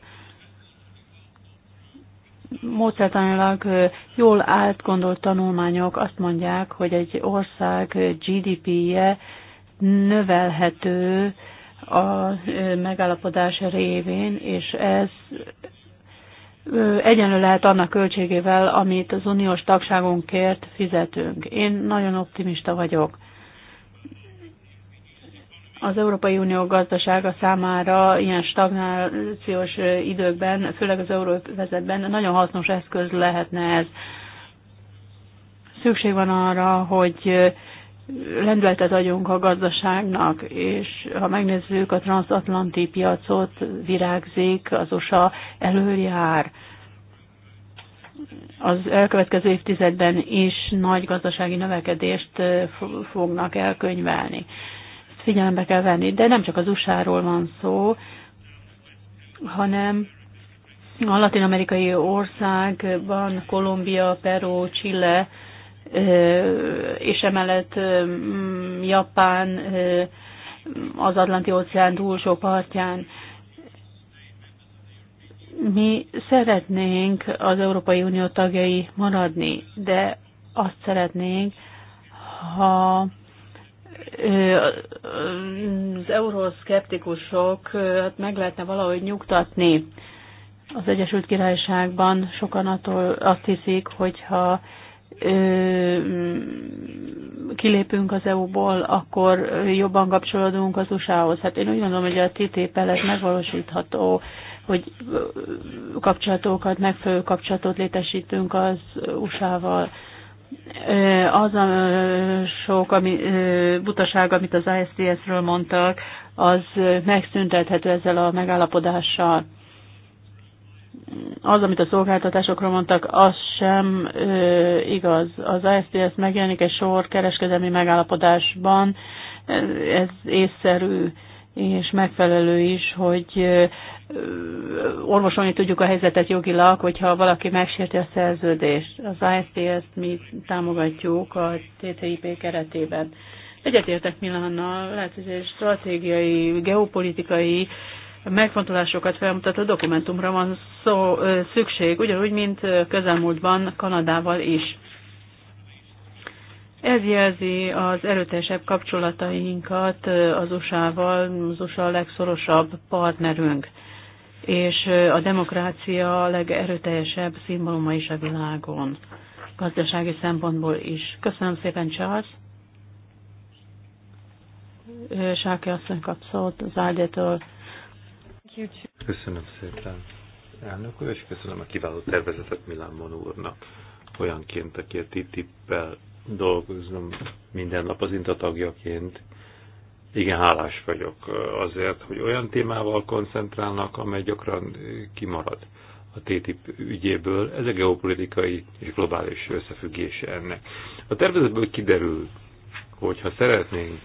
Módszertanilag jól átgondolt tanulmányok azt mondják, hogy egy ország GDP-je növelhető a megállapodás révén, és ez egyenlő lehet annak költségével, amit az uniós tagságunkért fizetünk. Én nagyon optimista vagyok. Az Európai Unió gazdasága számára ilyen stagnációs időkben, főleg az euróvezetben nagyon hasznos eszköz lehetne ez. Szükség van arra, hogy lendületet adjunk a gazdaságnak, és ha megnézzük, a transatlanti piacot virágzik, az USA előjár. Az elkövetkező évtizedben is nagy gazdasági növekedést fognak elkönyvelni figyelembe kell venni. De nem csak az USA-ról van szó, hanem a latin-amerikai országban Kolumbia, Peru, Chile, és emellett Japán az Atlanti óceán túlsó partján. Mi szeretnénk az Európai Unió tagjai maradni, de azt szeretnénk, ha az euroszkeptikusok hát meg lehetne valahogy nyugtatni. Az Egyesült Királyságban sokan attól azt hiszik, hogyha kilépünk az EU-ból, akkor jobban kapcsolódunk az USA-hoz. Hát én úgy gondolom, hogy a ttp ez megvalósítható, hogy kapcsolatokat, megfelelő kapcsolatot létesítünk az USA-val az a sok ami, butaság, amit az ISDS-ről mondtak, az megszüntethető ezzel a megállapodással. Az, amit a szolgáltatásokról mondtak, az sem ö, igaz. Az ISDS megjelenik egy sor kereskedelmi megállapodásban, ez észszerű és megfelelő is, hogy orvosolni tudjuk a helyzetet jogilag, hogyha valaki megsérti a szerződést. Az aszt t mi támogatjuk a TTIP keretében. Egyetértek Milánnal, lehet, hogy egy stratégiai, geopolitikai megfontolásokat felmutató dokumentumra van szó, szükség, ugyanúgy, mint közelmúltban Kanadával is. Ez jelzi az erőteljesebb kapcsolatainkat az USA-val, az USA a legszorosabb partnerünk és a demokrácia legerőteljesebb szimbóluma is a világon, gazdasági szempontból is. Köszönöm szépen, Charles. Sáki asszony kap szót az áldjától. Köszönöm szépen, elnök úr, és köszönöm a kiváló tervezetet Milán Mon úrnak. Olyanként, aki a TTIP-pel dolgozom minden nap az intatagjaként, igen hálás vagyok azért, hogy olyan témával koncentrálnak, amely gyakran kimarad a TTIP ügyéből. Ez a geopolitikai és globális összefüggése ennek. A tervezetből kiderül, hogy ha szeretnénk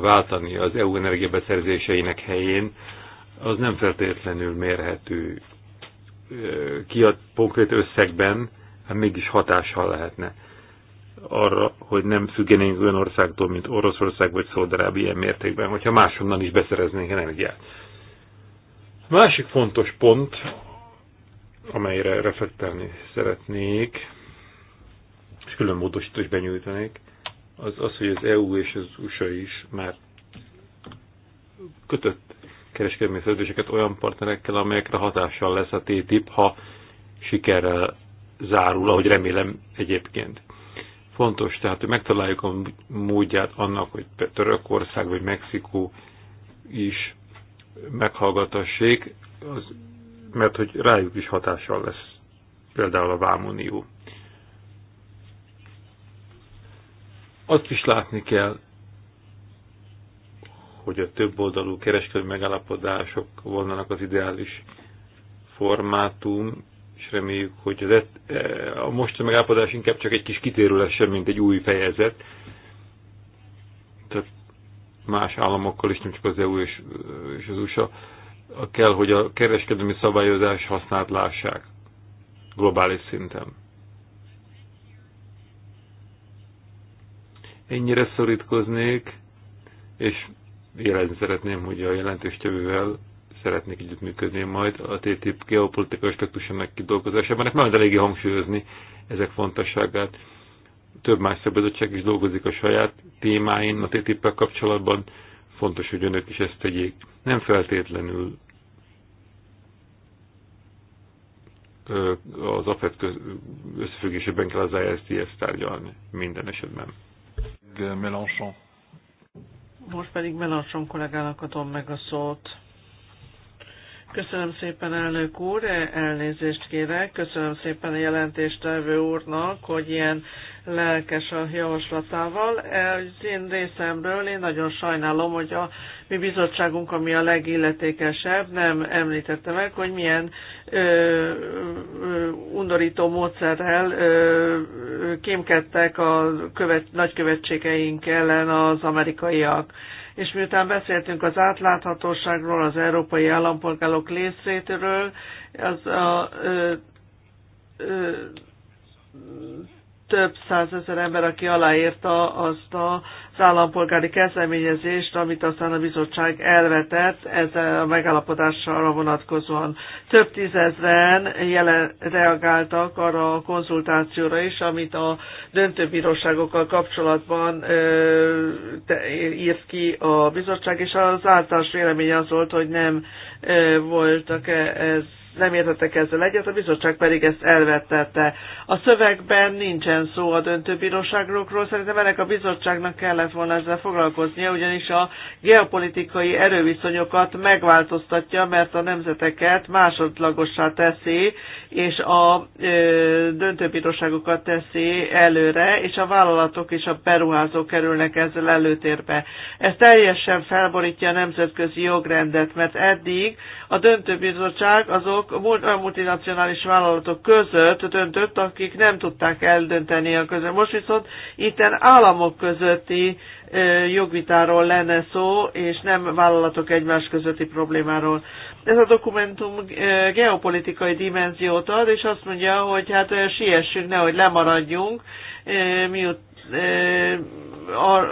váltani az EU energiabeszerzéseinek helyén, az nem feltétlenül mérhető ki a konkrét összegben, hát mégis hatással lehetne arra, hogy nem függenénk olyan országtól, mint Oroszország vagy Szoldaráb ilyen mértékben, hogyha másonnan is beszereznénk energiát. Másik fontos pont, amelyre reflektálni szeretnék, és külön módosító benyújtanék, az az, hogy az EU és az USA is már kötött kereskedelmi szerződéseket olyan partnerekkel, amelyekre hatással lesz a TTIP, ha sikerrel zárul, ahogy remélem egyébként. Fontos tehát, hogy megtaláljuk a módját annak, hogy Törökország vagy Mexikó is meghallgatassék, az, mert hogy rájuk is hatással lesz például a Vámunió. Azt is látni kell, hogy a több oldalú kereskedelmi megállapodások volnának az ideális formátum, reméljük, hogy az ezt, e- a mostani megállapodás inkább csak egy kis kitérő lesz, mint egy új fejezet. Tehát más államokkal is, nem csak az EU és, és az USA, kell, hogy a kereskedelmi szabályozás hasznát lássák globális szinten. Ennyire szorítkoznék, és jelezni szeretném, hogy a jelentéstevővel szeretnék együttműködni majd a TTIP geopolitikai aspektusa megkidolgozásában. Ezt nagyon eléggé hangsúlyozni ezek fontosságát. Több más szabadság is dolgozik a saját témáin a ttip kapcsolatban. Fontos, hogy önök is ezt tegyék. Nem feltétlenül az AFET összefüggésében kell az ISDS tárgyalni minden esetben. Mélenchon. Most pedig Melanchon kollégának adom meg a szót. Köszönöm szépen, elnök úr, elnézést kérek. Köszönöm szépen a jelentéstevő úrnak, hogy ilyen lelkes a javaslatával. Az én részemről én nagyon sajnálom, hogy a mi bizottságunk, ami a legilletékesebb, nem említette meg, hogy milyen ö, ö, undorító módszerrel ö, kémkedtek a követ, nagykövetségeink ellen az amerikaiak és miután beszéltünk az átláthatóságról, az európai állampolgárok részétről, az a, ö, ö, több százezer ember, aki aláírta azt az állampolgári kezdeményezést, amit aztán a bizottság elvetett ezzel a megállapodásra vonatkozóan. Több tízezren jelen reagáltak arra a konzultációra is, amit a döntőbíróságokkal kapcsolatban ö, te, írt ki a bizottság, és az általános vélemény az volt, hogy nem ö, voltak ez nem értettek ezzel egyet, a bizottság pedig ezt elvettette. A szövegben nincsen szó a döntőbíróságokról, szerintem ennek a bizottságnak kellett volna ezzel foglalkoznia, ugyanis a geopolitikai erőviszonyokat megváltoztatja, mert a nemzeteket másodlagossá teszi, és a ö, döntőbíróságokat teszi előre, és a vállalatok és a beruházók kerülnek ezzel előtérbe. Ez teljesen felborítja a nemzetközi jogrendet, mert eddig a döntőbizottság azok a multinacionális vállalatok között döntött, akik nem tudták eldönteni a között. Most viszont itten államok közötti jogvitáról lenne szó, és nem vállalatok egymás közötti problémáról. Ez a dokumentum geopolitikai dimenziót ad, és azt mondja, hogy hát siessünk, nehogy lemaradjunk, miután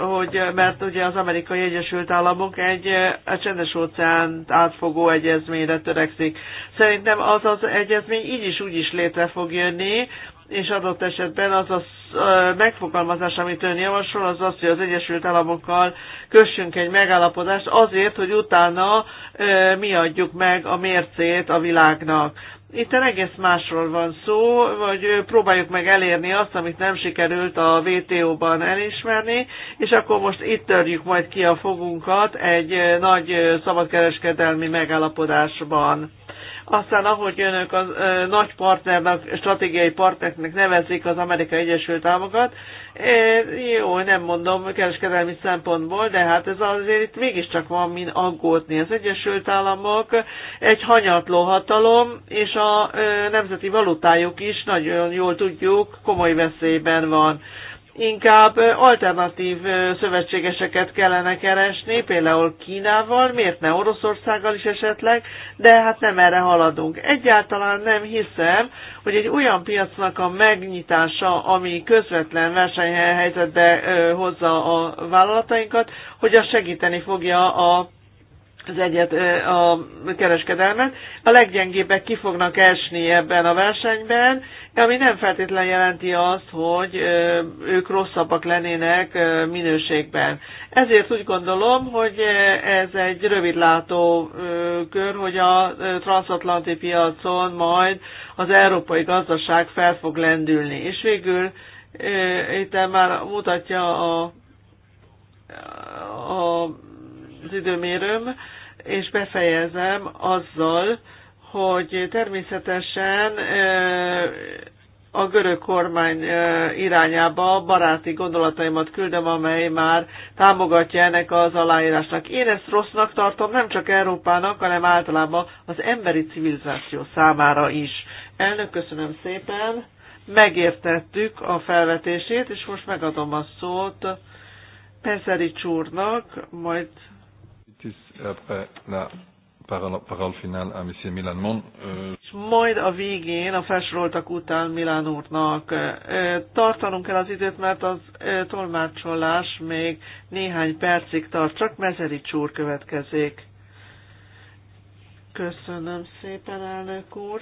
hogy, mert ugye az Amerikai Egyesült Államok egy a eh, csendes óceánt átfogó egyezményre törekszik. Szerintem az az egyezmény így is úgy is létre fog jönni, és adott esetben az a eh, megfogalmazás, amit ön javasol, az az, hogy az Egyesült Államokkal kössünk egy megállapodást azért, hogy utána eh, mi adjuk meg a mércét a világnak. Itt egész másról van szó, vagy próbáljuk meg elérni azt, amit nem sikerült a WTO-ban elismerni, és akkor most itt törjük majd ki a fogunkat egy nagy szabadkereskedelmi megállapodásban. Aztán ahogy önök a nagy partnernek, stratégiai partnernek nevezik az Amerikai Egyesült Államokat, jó, nem mondom kereskedelmi szempontból, de hát ez azért itt mégiscsak van min aggódni. Az Egyesült Államok egy hanyatló hatalom, és a nemzeti valutájuk is nagyon jól tudjuk, komoly veszélyben van inkább alternatív szövetségeseket kellene keresni, például Kínával, miért ne Oroszországgal is esetleg, de hát nem erre haladunk. Egyáltalán nem hiszem, hogy egy olyan piacnak a megnyitása, ami közvetlen versenyhelyzetbe hozza a vállalatainkat, hogy az segíteni fogja a az egyet, a kereskedelmet. A leggyengébbek ki fognak esni ebben a versenyben, ami nem feltétlenül jelenti azt, hogy ők rosszabbak lennének minőségben. Ezért úgy gondolom, hogy ez egy rövidlátó kör, hogy a transatlanti piacon majd az európai gazdaság fel fog lendülni. És végül itt már mutatja a, a az időmérőm, és befejezem azzal, hogy természetesen e, a görög kormány e, irányába baráti gondolataimat küldöm, amely már támogatja ennek az aláírásnak. Én ezt rossznak tartom nem csak Európának, hanem általában az emberi civilizáció számára is. Elnök, köszönöm szépen, megértettük a felvetését, és most megadom a szót Pezeri csúrnak, majd après la parole finale à M. Milan Mon. Euh. És majd a végén, a felsoroltak után Milán úrnak tartanunk kell az időt, mert az tolmácsolás még néhány percig tart, csak Mezeri csúr következik. Köszönöm szépen, elnök úr.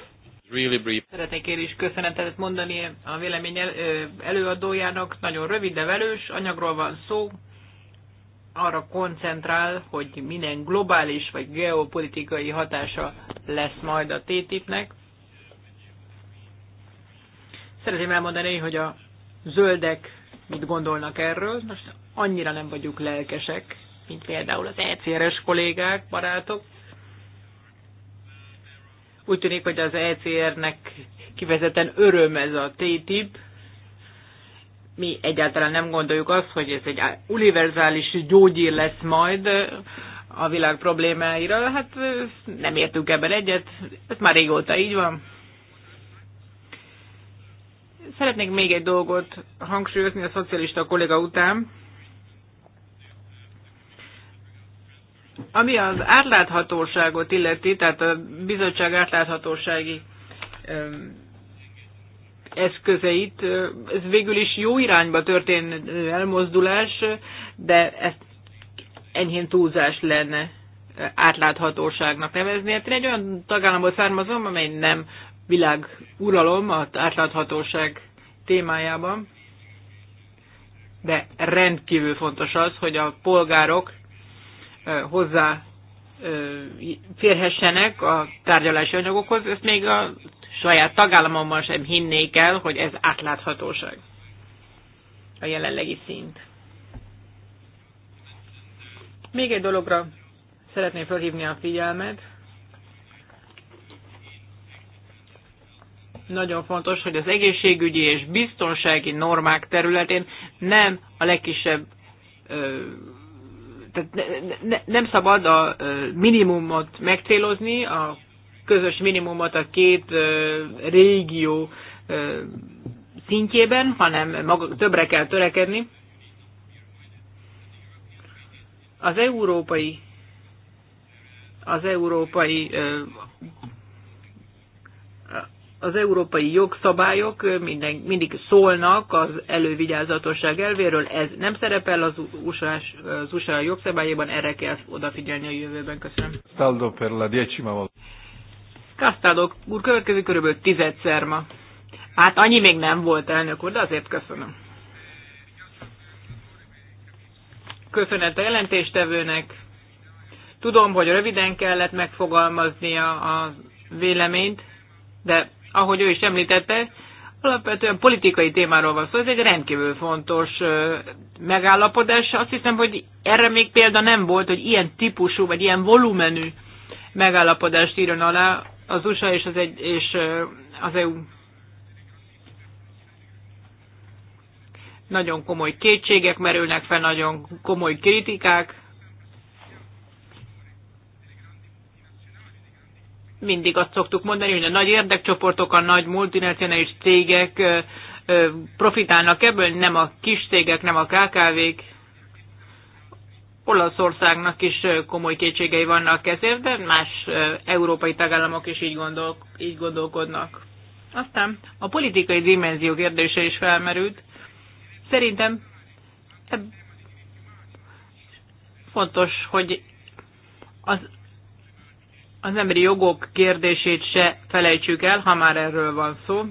Really brief. Szeretnék én is köszönetet mondani a vélemény előadójának. Nagyon rövid, de velős anyagról van szó, arra koncentrál, hogy minden globális vagy geopolitikai hatása lesz majd a TTIP-nek. Szeretném elmondani, hogy a zöldek mit gondolnak erről. Most annyira nem vagyunk lelkesek, mint például az ECR-es kollégák, barátok. Úgy tűnik, hogy az ECR-nek kivezetten öröm ez a TTIP, mi egyáltalán nem gondoljuk azt, hogy ez egy univerzális gyógyír lesz majd a világ problémáira. Hát nem értünk ebben egyet, ez már régóta így van. Szeretnék még egy dolgot hangsúlyozni a szocialista kolléga után. Ami az átláthatóságot illeti, tehát a bizottság átláthatósági eszközeit. Ez végül is jó irányba történő elmozdulás, de ezt enyhén túlzás lenne átláthatóságnak nevezni. Hát én egy olyan tagállamból származom, amely nem világ uralom az átláthatóság témájában, de rendkívül fontos az, hogy a polgárok hozzá férhessenek a tárgyalási anyagokhoz. Ezt még a saját tagállamomban sem hinnék el, hogy ez átláthatóság a jelenlegi szint. Még egy dologra szeretném felhívni a figyelmet. Nagyon fontos, hogy az egészségügyi és biztonsági normák területén nem a legkisebb, tehát ne, ne, nem szabad a minimumot megcélozni, a közös minimumot a két régió szintjében, hanem maga, többre kell törekedni. Az európai az európai az európai jogszabályok minden, mindig szólnak az elővigyázatosság elvéről, ez nem szerepel az USA, az USA jogszabályában, erre kell odafigyelni a jövőben. Köszönöm. Kasztádok, úr következik körülbelül tizedszer ma. Hát annyi még nem volt elnök úr, de azért köszönöm. Köszönet a jelentéstevőnek. Tudom, hogy röviden kellett megfogalmaznia a véleményt, de ahogy ő is említette, alapvetően politikai témáról van szó, ez egy rendkívül fontos megállapodás. Azt hiszem, hogy erre még példa nem volt, hogy ilyen típusú, vagy ilyen volumenű megállapodást írjon alá az USA és az, egy, és az EU nagyon komoly kétségek merülnek fel, nagyon komoly kritikák. Mindig azt szoktuk mondani, hogy a nagy érdekcsoportok, a nagy multinacionális cégek profitálnak ebből, nem a kis cégek, nem a KKV-k. Olaszországnak is komoly kétségei vannak ezért, de más európai tagállamok is így, gondol, így gondolkodnak. Aztán a politikai dimenzió kérdése is felmerült. Szerintem fontos, hogy az, az emberi jogok kérdését se felejtsük el, ha már erről van szó.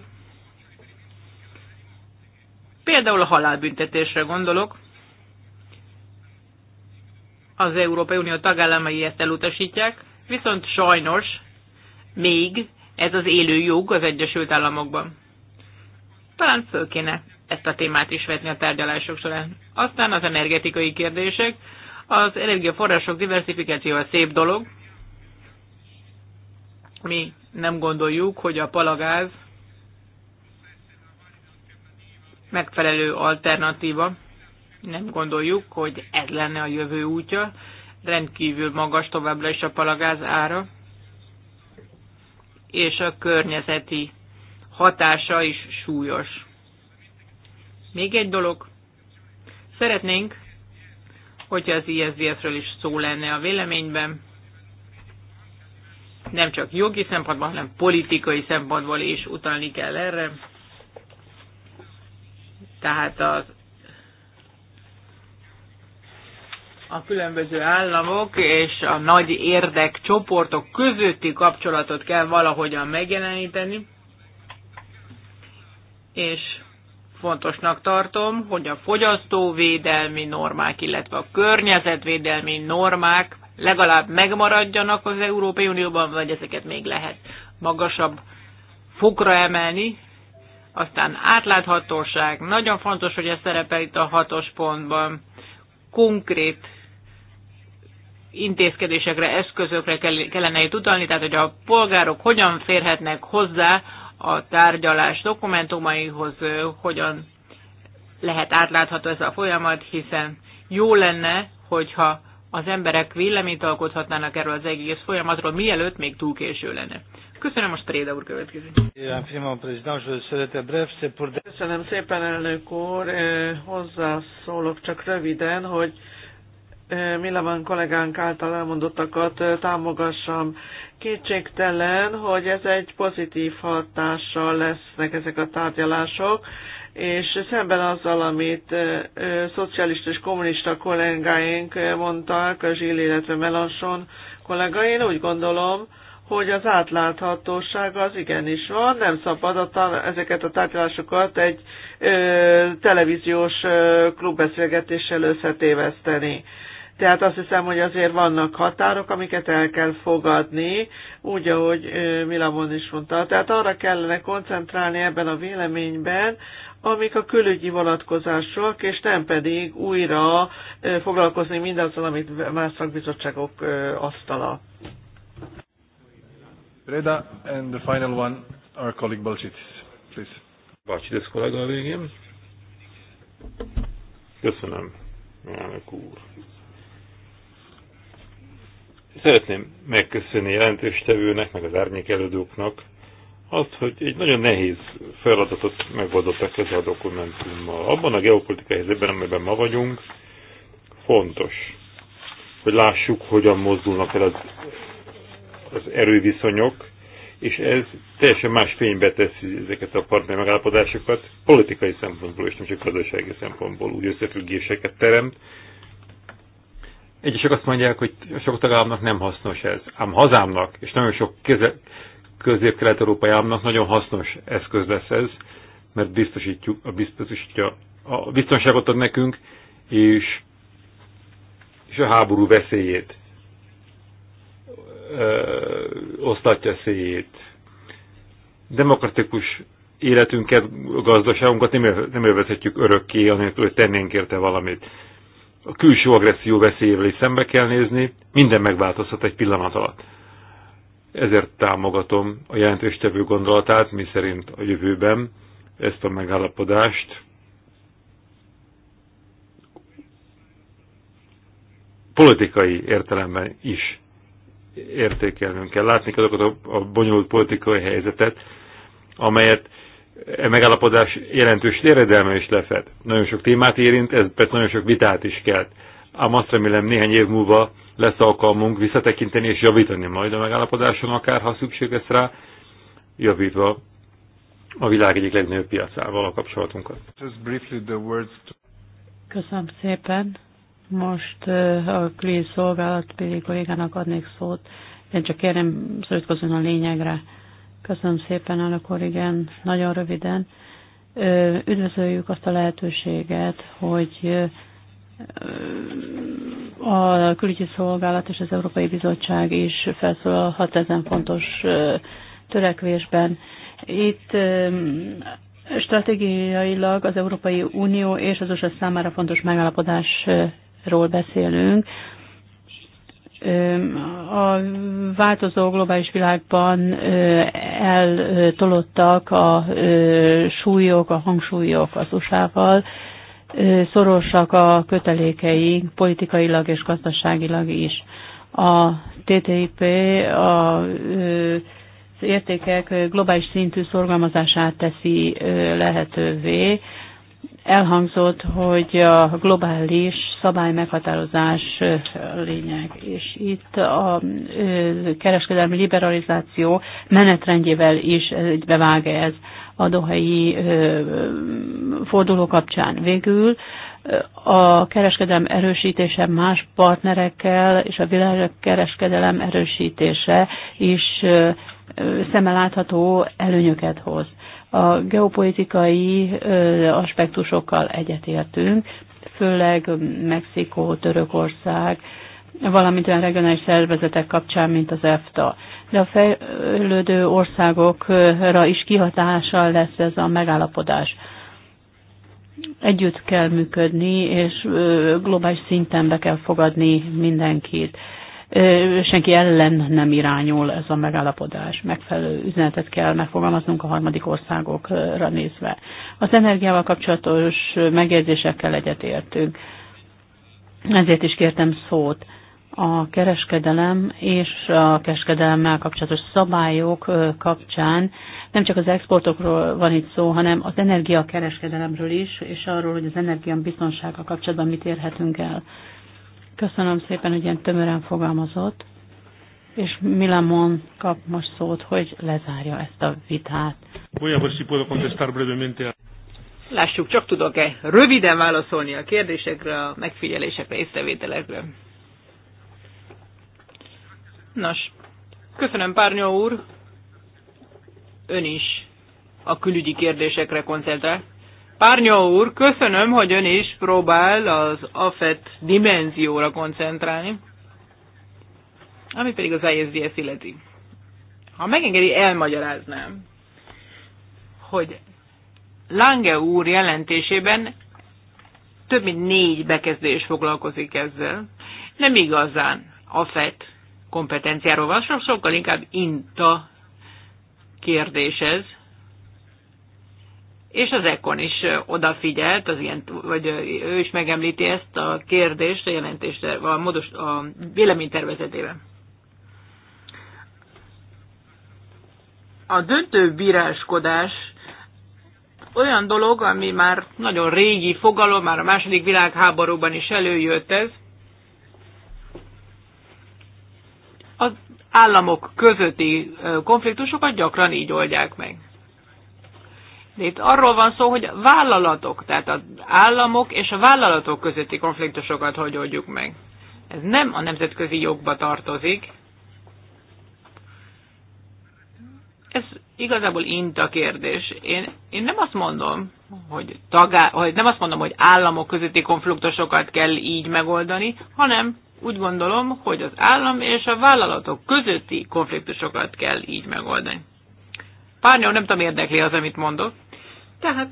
Például a halálbüntetésre gondolok az Európai Unió tagállamai ezt elutasítják, viszont sajnos még ez az élő jog az Egyesült Államokban. Talán föl kéne ezt a témát is vetni a tárgyalások során. Aztán az energetikai kérdések. Az energiaforrások diversifikáció a szép dolog. Mi nem gondoljuk, hogy a palagáz megfelelő alternatíva nem gondoljuk, hogy ez lenne a jövő útja. Rendkívül magas továbbra is a palagáz ára, és a környezeti hatása is súlyos. Még egy dolog. Szeretnénk, hogyha az ISDS-ről is szó lenne a véleményben, nem csak jogi szempontból, hanem politikai szempontból is utalni kell erre. Tehát az a különböző államok és a nagy csoportok közötti kapcsolatot kell valahogyan megjeleníteni, és fontosnak tartom, hogy a fogyasztóvédelmi normák, illetve a környezetvédelmi normák legalább megmaradjanak az Európai Unióban, vagy ezeket még lehet magasabb fokra emelni. Aztán átláthatóság, nagyon fontos, hogy ez szerepel itt a hatos pontban, konkrét intézkedésekre, eszközökre kellene itt utalni, tehát hogy a polgárok hogyan férhetnek hozzá a tárgyalás dokumentumaihoz, hogyan lehet átlátható ez a folyamat, hiszen jó lenne, hogyha az emberek véleményt alkothatnának erről az egész folyamatról, mielőtt még túl késő lenne. Köszönöm, most Préda úr következik. Köszönöm szépen, elnök úr. Hozzászólok csak röviden, hogy Milaban kollégánk által elmondottakat támogassam. Kétségtelen, hogy ez egy pozitív hatással lesznek ezek a tárgyalások, és szemben azzal, amit szocialista és kommunista kollégáink mondtak, a Zsill, illetve Melanson kollega, én úgy gondolom, hogy az átláthatóság az igenis van, nem szabad a ezeket a tárgyalásokat egy ö, televíziós ö, klubbeszélgetéssel összetéveszteni. Tehát azt hiszem, hogy azért vannak határok, amiket el kell fogadni, úgy, ahogy Milamon is mondta. Tehát arra kellene koncentrálni ebben a véleményben, amik a külügyi vonatkozások, és nem pedig újra foglalkozni mindazzal, amit más szakbizottságok asztala. Reda, and the final one, our colleague Balcsitis, please. Balcsitis kollega a végén. Köszönöm, elnök úr. Szeretném megköszönni jelentéstevőnek, meg az árnyék előadóknak azt, hogy egy nagyon nehéz feladatot megoldottak ezzel a dokumentummal. Abban a geopolitikai helyzetben, amiben ma vagyunk, fontos, hogy lássuk, hogyan mozdulnak el az, az erőviszonyok, és ez teljesen más fénybe teszi ezeket a partner megállapodásokat, politikai szempontból és nem csak gazdasági szempontból új összefüggéseket teremt, Egyesek azt mondják, hogy sok tagállamnak nem hasznos ez. Ám hazámnak, és nagyon sok közép-kelet-európai államnak nagyon hasznos eszköz lesz ez, mert biztosítjuk, a, biztosítja, a biztonságot ad nekünk, és, és a háború veszélyét ö, osztatja széjét. Demokratikus életünket, gazdaságunkat nem, nem élvezhetjük örökké, anélkül, hogy tennénk érte valamit a külső agresszió veszélyével is szembe kell nézni, minden megváltozhat egy pillanat alatt. Ezért támogatom a jelentéstevő gondolatát, mi szerint a jövőben ezt a megállapodást politikai értelemben is értékelnünk kell. Látni kell azokat a, a bonyolult politikai helyzetet, amelyet E megállapodás jelentős éredelme is lefed. Nagyon sok témát érint, ez persze nagyon sok vitát is kelt. Ám azt remélem néhány év múlva lesz alkalmunk visszatekinteni és javítani majd a megállapodáson akár, ha szükség lesz rá, javítva a világ egyik legnagyobb piacával a kapcsolatunkat. Köszönöm szépen. Most eh, a klín szolgálat kollégának adnék szót. Én csak kérem, szorítkozzon a lényegre. Köszönöm szépen, elnök úr, igen, nagyon röviden. Üdvözöljük azt a lehetőséget, hogy a külügyi szolgálat és az Európai Bizottság is felszólalhat ezen fontos törekvésben. Itt stratégiailag az Európai Unió és az USA számára fontos megállapodásról beszélünk, a változó globális világban eltolottak a súlyok, a hangsúlyok az USA-val, szorosak a kötelékei politikailag és gazdaságilag is. A TTIP a az értékek globális szintű szorgalmazását teszi lehetővé, elhangzott, hogy a globális szabály meghatározás lényeg, és itt a kereskedelmi liberalizáció menetrendjével is egybevág ez a dohai forduló kapcsán. Végül a kereskedelem erősítése más partnerekkel és a világkereskedelem erősítése is szeme látható előnyöket hoz. A geopolitikai aspektusokkal egyetértünk, főleg Mexikó, Törökország, valamint olyan regionális szervezetek kapcsán, mint az EFTA. De a fejlődő országokra is kihatással lesz ez a megállapodás. Együtt kell működni, és globális szinten be kell fogadni mindenkit senki ellen nem irányul ez a megállapodás. Megfelelő üzenetet kell megfogalmaznunk a harmadik országokra nézve. Az energiával kapcsolatos megjegyzésekkel egyetértünk. Ezért is kértem szót. A kereskedelem és a kereskedelemmel kapcsolatos szabályok kapcsán nem csak az exportokról van itt szó, hanem az energiakereskedelemről is, és arról, hogy az energiabiztonsággal kapcsolatban mit érhetünk el. Köszönöm szépen, hogy ilyen tömören fogalmazott, és Milamon kap most szót, hogy lezárja ezt a vitát. Lássuk, csak tudok-e röviden válaszolni a kérdésekre, a megfigyelésekre, észrevételekre. Nos, köszönöm Párnyó úr, ön is a külügyi kérdésekre koncentrál. Párnyó úr, köszönöm, hogy ön is próbál az AFET dimenzióra koncentrálni, ami pedig az ISDS illeti. Ha megengedi, elmagyaráznám, hogy Lange úr jelentésében több mint négy bekezdés foglalkozik ezzel. Nem igazán AFET kompetenciáról van, sokkal inkább INTA kérdés ez és az Ekon is odafigyelt, az ilyen, vagy ő is megemlíti ezt a kérdést a jelentésre, a, modos, a véleménytervezetében. A döntő bíráskodás olyan dolog, ami már nagyon régi fogalom, már a második világháborúban is előjött ez. Az államok közötti konfliktusokat gyakran így oldják meg. De itt arról van szó, hogy vállalatok, tehát az államok és a vállalatok közötti konfliktusokat hogy oldjuk meg. Ez nem a nemzetközi jogba tartozik. Ez igazából a kérdés. Én, én nem azt mondom, hogy tagá, hogy nem azt mondom, hogy államok közötti konfliktusokat kell így megoldani, hanem úgy gondolom, hogy az állam és a vállalatok közötti konfliktusokat kell így megoldani. Párnyó, nem tudom, érdekli az, amit mondok. Tehát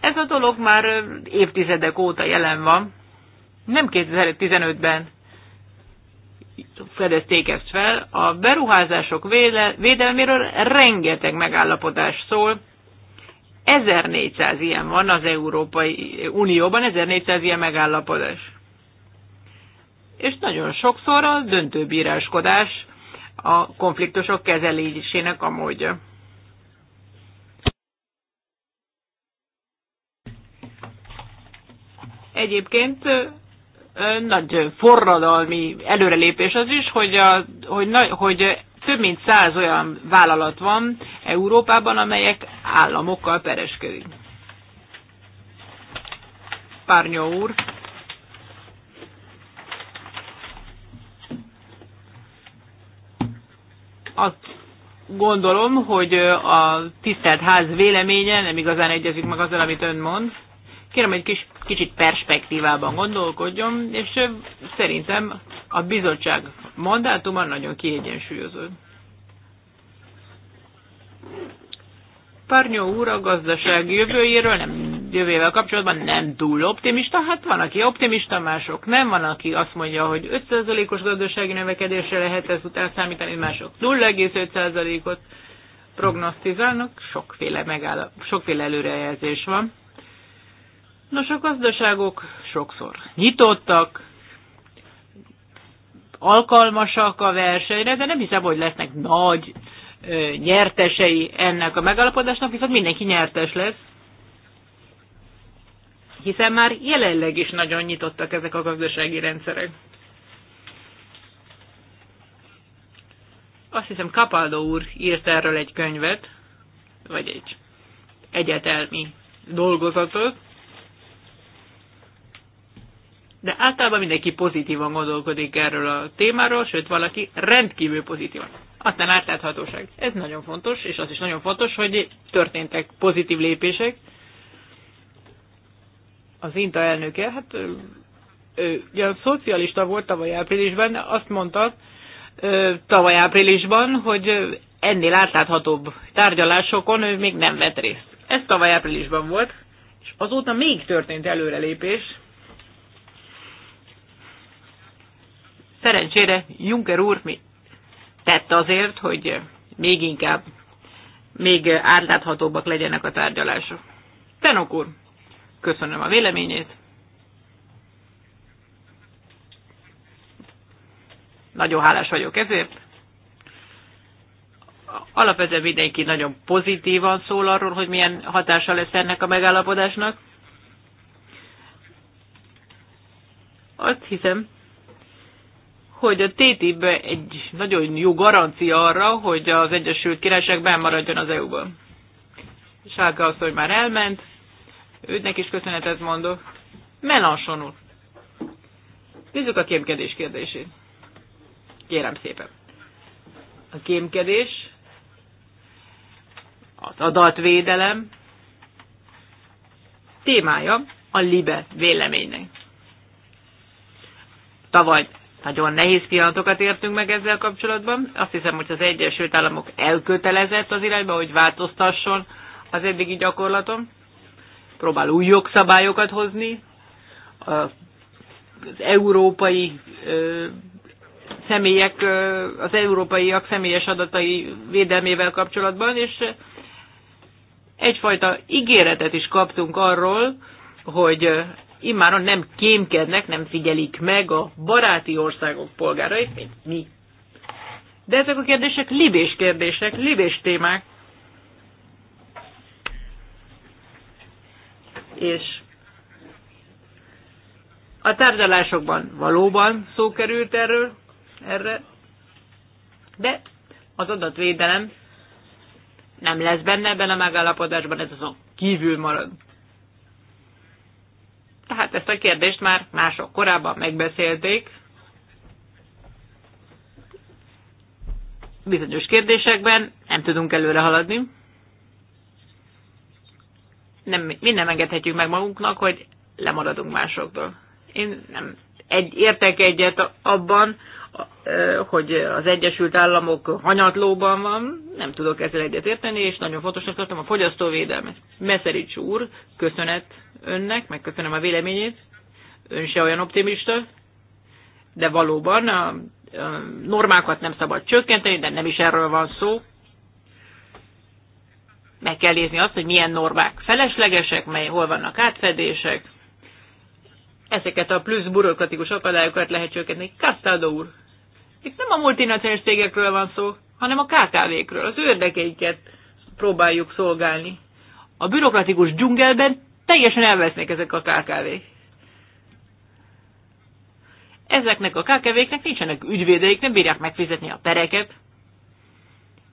ez a dolog már évtizedek óta jelen van. Nem 2015-ben fedezték ezt fel. A beruházások védelméről rengeteg megállapodás szól. 1400 ilyen van az Európai Unióban, 1400 ilyen megállapodás. És nagyon sokszor a döntőbíráskodás a konfliktusok kezelésének a módja. Egyébként nagy forradalmi előrelépés az is, hogy, a, hogy, na, hogy több mint száz olyan vállalat van Európában, amelyek államokkal pereskedik. Párnyó úr. Azt gondolom, hogy a tisztelt ház véleménye nem igazán egyezik meg azzal, amit ön mond. Kérem, egy kis kicsit perspektívában gondolkodjon, és szerintem a bizottság mandátuma nagyon kiegyensúlyozott. Párnyó úr a gazdaság jövőjéről, nem jövővel kapcsolatban nem túl optimista, hát van, aki optimista, mások nem, van, aki azt mondja, hogy 5%-os gazdasági növekedésre lehet ezután számítani, mások 0,5%-ot prognosztizálnak, sokféle, megáll, sokféle előrejelzés van. Nos, a gazdaságok sokszor nyitottak, alkalmasak a versenyre, de nem hiszem, hogy lesznek nagy nyertesei ennek a megállapodásnak, viszont mindenki nyertes lesz, hiszen már jelenleg is nagyon nyitottak ezek a gazdasági rendszerek. Azt hiszem Kapaldó úr írt erről egy könyvet, vagy egy egyetelmi dolgozatot de általában mindenki pozitívan gondolkodik erről a témáról, sőt valaki rendkívül pozitívan. Aztán átláthatóság. Ez nagyon fontos, és az is nagyon fontos, hogy történtek pozitív lépések. Az INTA elnöke, hát ő, ugye a szocialista volt tavaly áprilisban, azt mondta tavaly áprilisban, hogy ennél átláthatóbb tárgyalásokon ő még nem vett részt. Ez tavaly áprilisban volt, és azóta még történt előrelépés, Szerencsére Juncker úr mi tett azért, hogy még inkább, még átláthatóbbak legyenek a tárgyalások. Tenok úr, köszönöm a véleményét. Nagyon hálás vagyok ezért. Alapvetően mindenki nagyon pozitívan szól arról, hogy milyen hatása lesz ennek a megállapodásnak. Azt hiszem, hogy a TTIP egy nagyon jó garancia arra, hogy az Egyesült Királyság maradjon az EU-ban. Sárga az, hogy már elment, őnek is köszönetet mondok. Melanson úr. Nézzük a kémkedés kérdését. Kérem szépen. A kémkedés, az adatvédelem témája a LIBE véleménynek. Tavaly nagyon nehéz pillanatokat értünk meg ezzel kapcsolatban. Azt hiszem, hogy az Egyesült Államok elkötelezett az irányba, hogy változtasson az eddigi gyakorlaton. Próbál új jogszabályokat hozni. Az európai személyek, az európaiak személyes adatai védelmével kapcsolatban, és egyfajta ígéretet is kaptunk arról, hogy immáron nem kémkednek, nem figyelik meg a baráti országok polgárait, mint mi. De ezek a kérdések libés kérdések, libés témák. És a tárgyalásokban valóban szó került erről, erre, de az adatvédelem nem lesz benne ebben a megállapodásban, ez azon kívül marad. Tehát ezt a kérdést már mások korábban megbeszélték. Bizonyos kérdésekben nem tudunk előre haladni. Nem, mi nem engedhetjük meg magunknak, hogy lemaradunk másoktól. Én nem egy, értek egyet abban, hogy az Egyesült Államok hanyatlóban van, nem tudok ezzel egyet érteni, és nagyon fontosnak tartom a fogyasztóvédelmet. Meszerics úr, köszönet önnek, megköszönöm a véleményét, ön se olyan optimista, de valóban a normákat nem szabad csökkenteni, de nem is erről van szó. Meg kell nézni azt, hogy milyen normák feleslegesek, mely, hol vannak átfedések. Ezeket a plusz burokratikus akadályokat lehet csökkenteni. Castaldo úr, itt nem a multinacionalis cégekről van szó, hanem a KKV-kről, az ő érdekeiket próbáljuk szolgálni. A bürokratikus dzsungelben teljesen elvesznek ezek a KKV-k. Ezeknek a kkv nincsenek ügyvédeik, nem bírják megfizetni a pereket.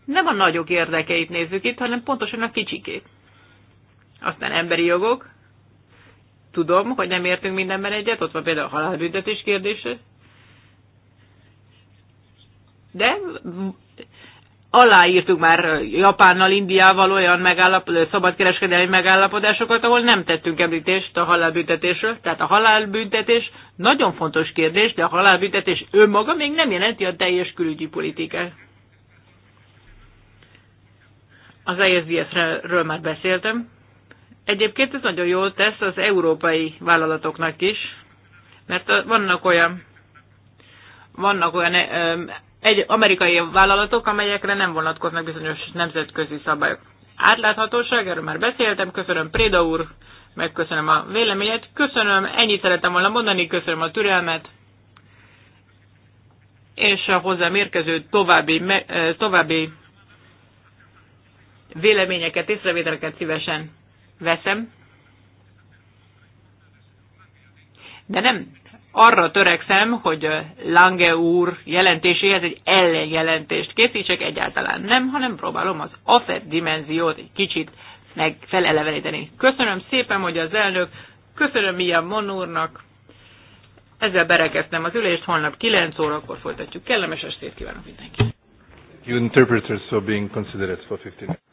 Nem a nagyok érdekeit nézzük itt, hanem pontosan a kicsikét. Aztán emberi jogok. Tudom, hogy nem értünk mindenben egyet, ott van például a halálbüntetés kérdése. De aláírtuk már Japánnal, Indiával olyan megállap, szabadkereskedelmi megállapodásokat, ahol nem tettünk említést a halálbüntetésről. Tehát a halálbüntetés nagyon fontos kérdés, de a halálbüntetés önmaga még nem jelenti a teljes külügyi politikát. Az ISDS-ről már beszéltem. Egyébként ez nagyon jól tesz az európai vállalatoknak is, mert vannak olyan vannak olyan egy amerikai vállalatok, amelyekre nem vonatkoznak bizonyos nemzetközi szabályok. Átláthatóság, erről már beszéltem, köszönöm Préda úr, megköszönöm a véleményet, köszönöm, ennyit szerettem volna mondani, köszönöm a türelmet, és a hozzám érkező további, további véleményeket, észrevételeket szívesen veszem. De nem arra törekszem, hogy Lange úr jelentéséhez egy ellenjelentést készítsek, egyáltalán nem, hanem próbálom az AFED dimenziót egy kicsit meg feleleveníteni. Köszönöm szépen, hogy az elnök, köszönöm ilyen Mon úrnak, ezzel berekeztem az ülést, holnap 9 órakor folytatjuk. Kellemes estét kívánok mindenkinek. You interpreters for being considerate for 15 minutes.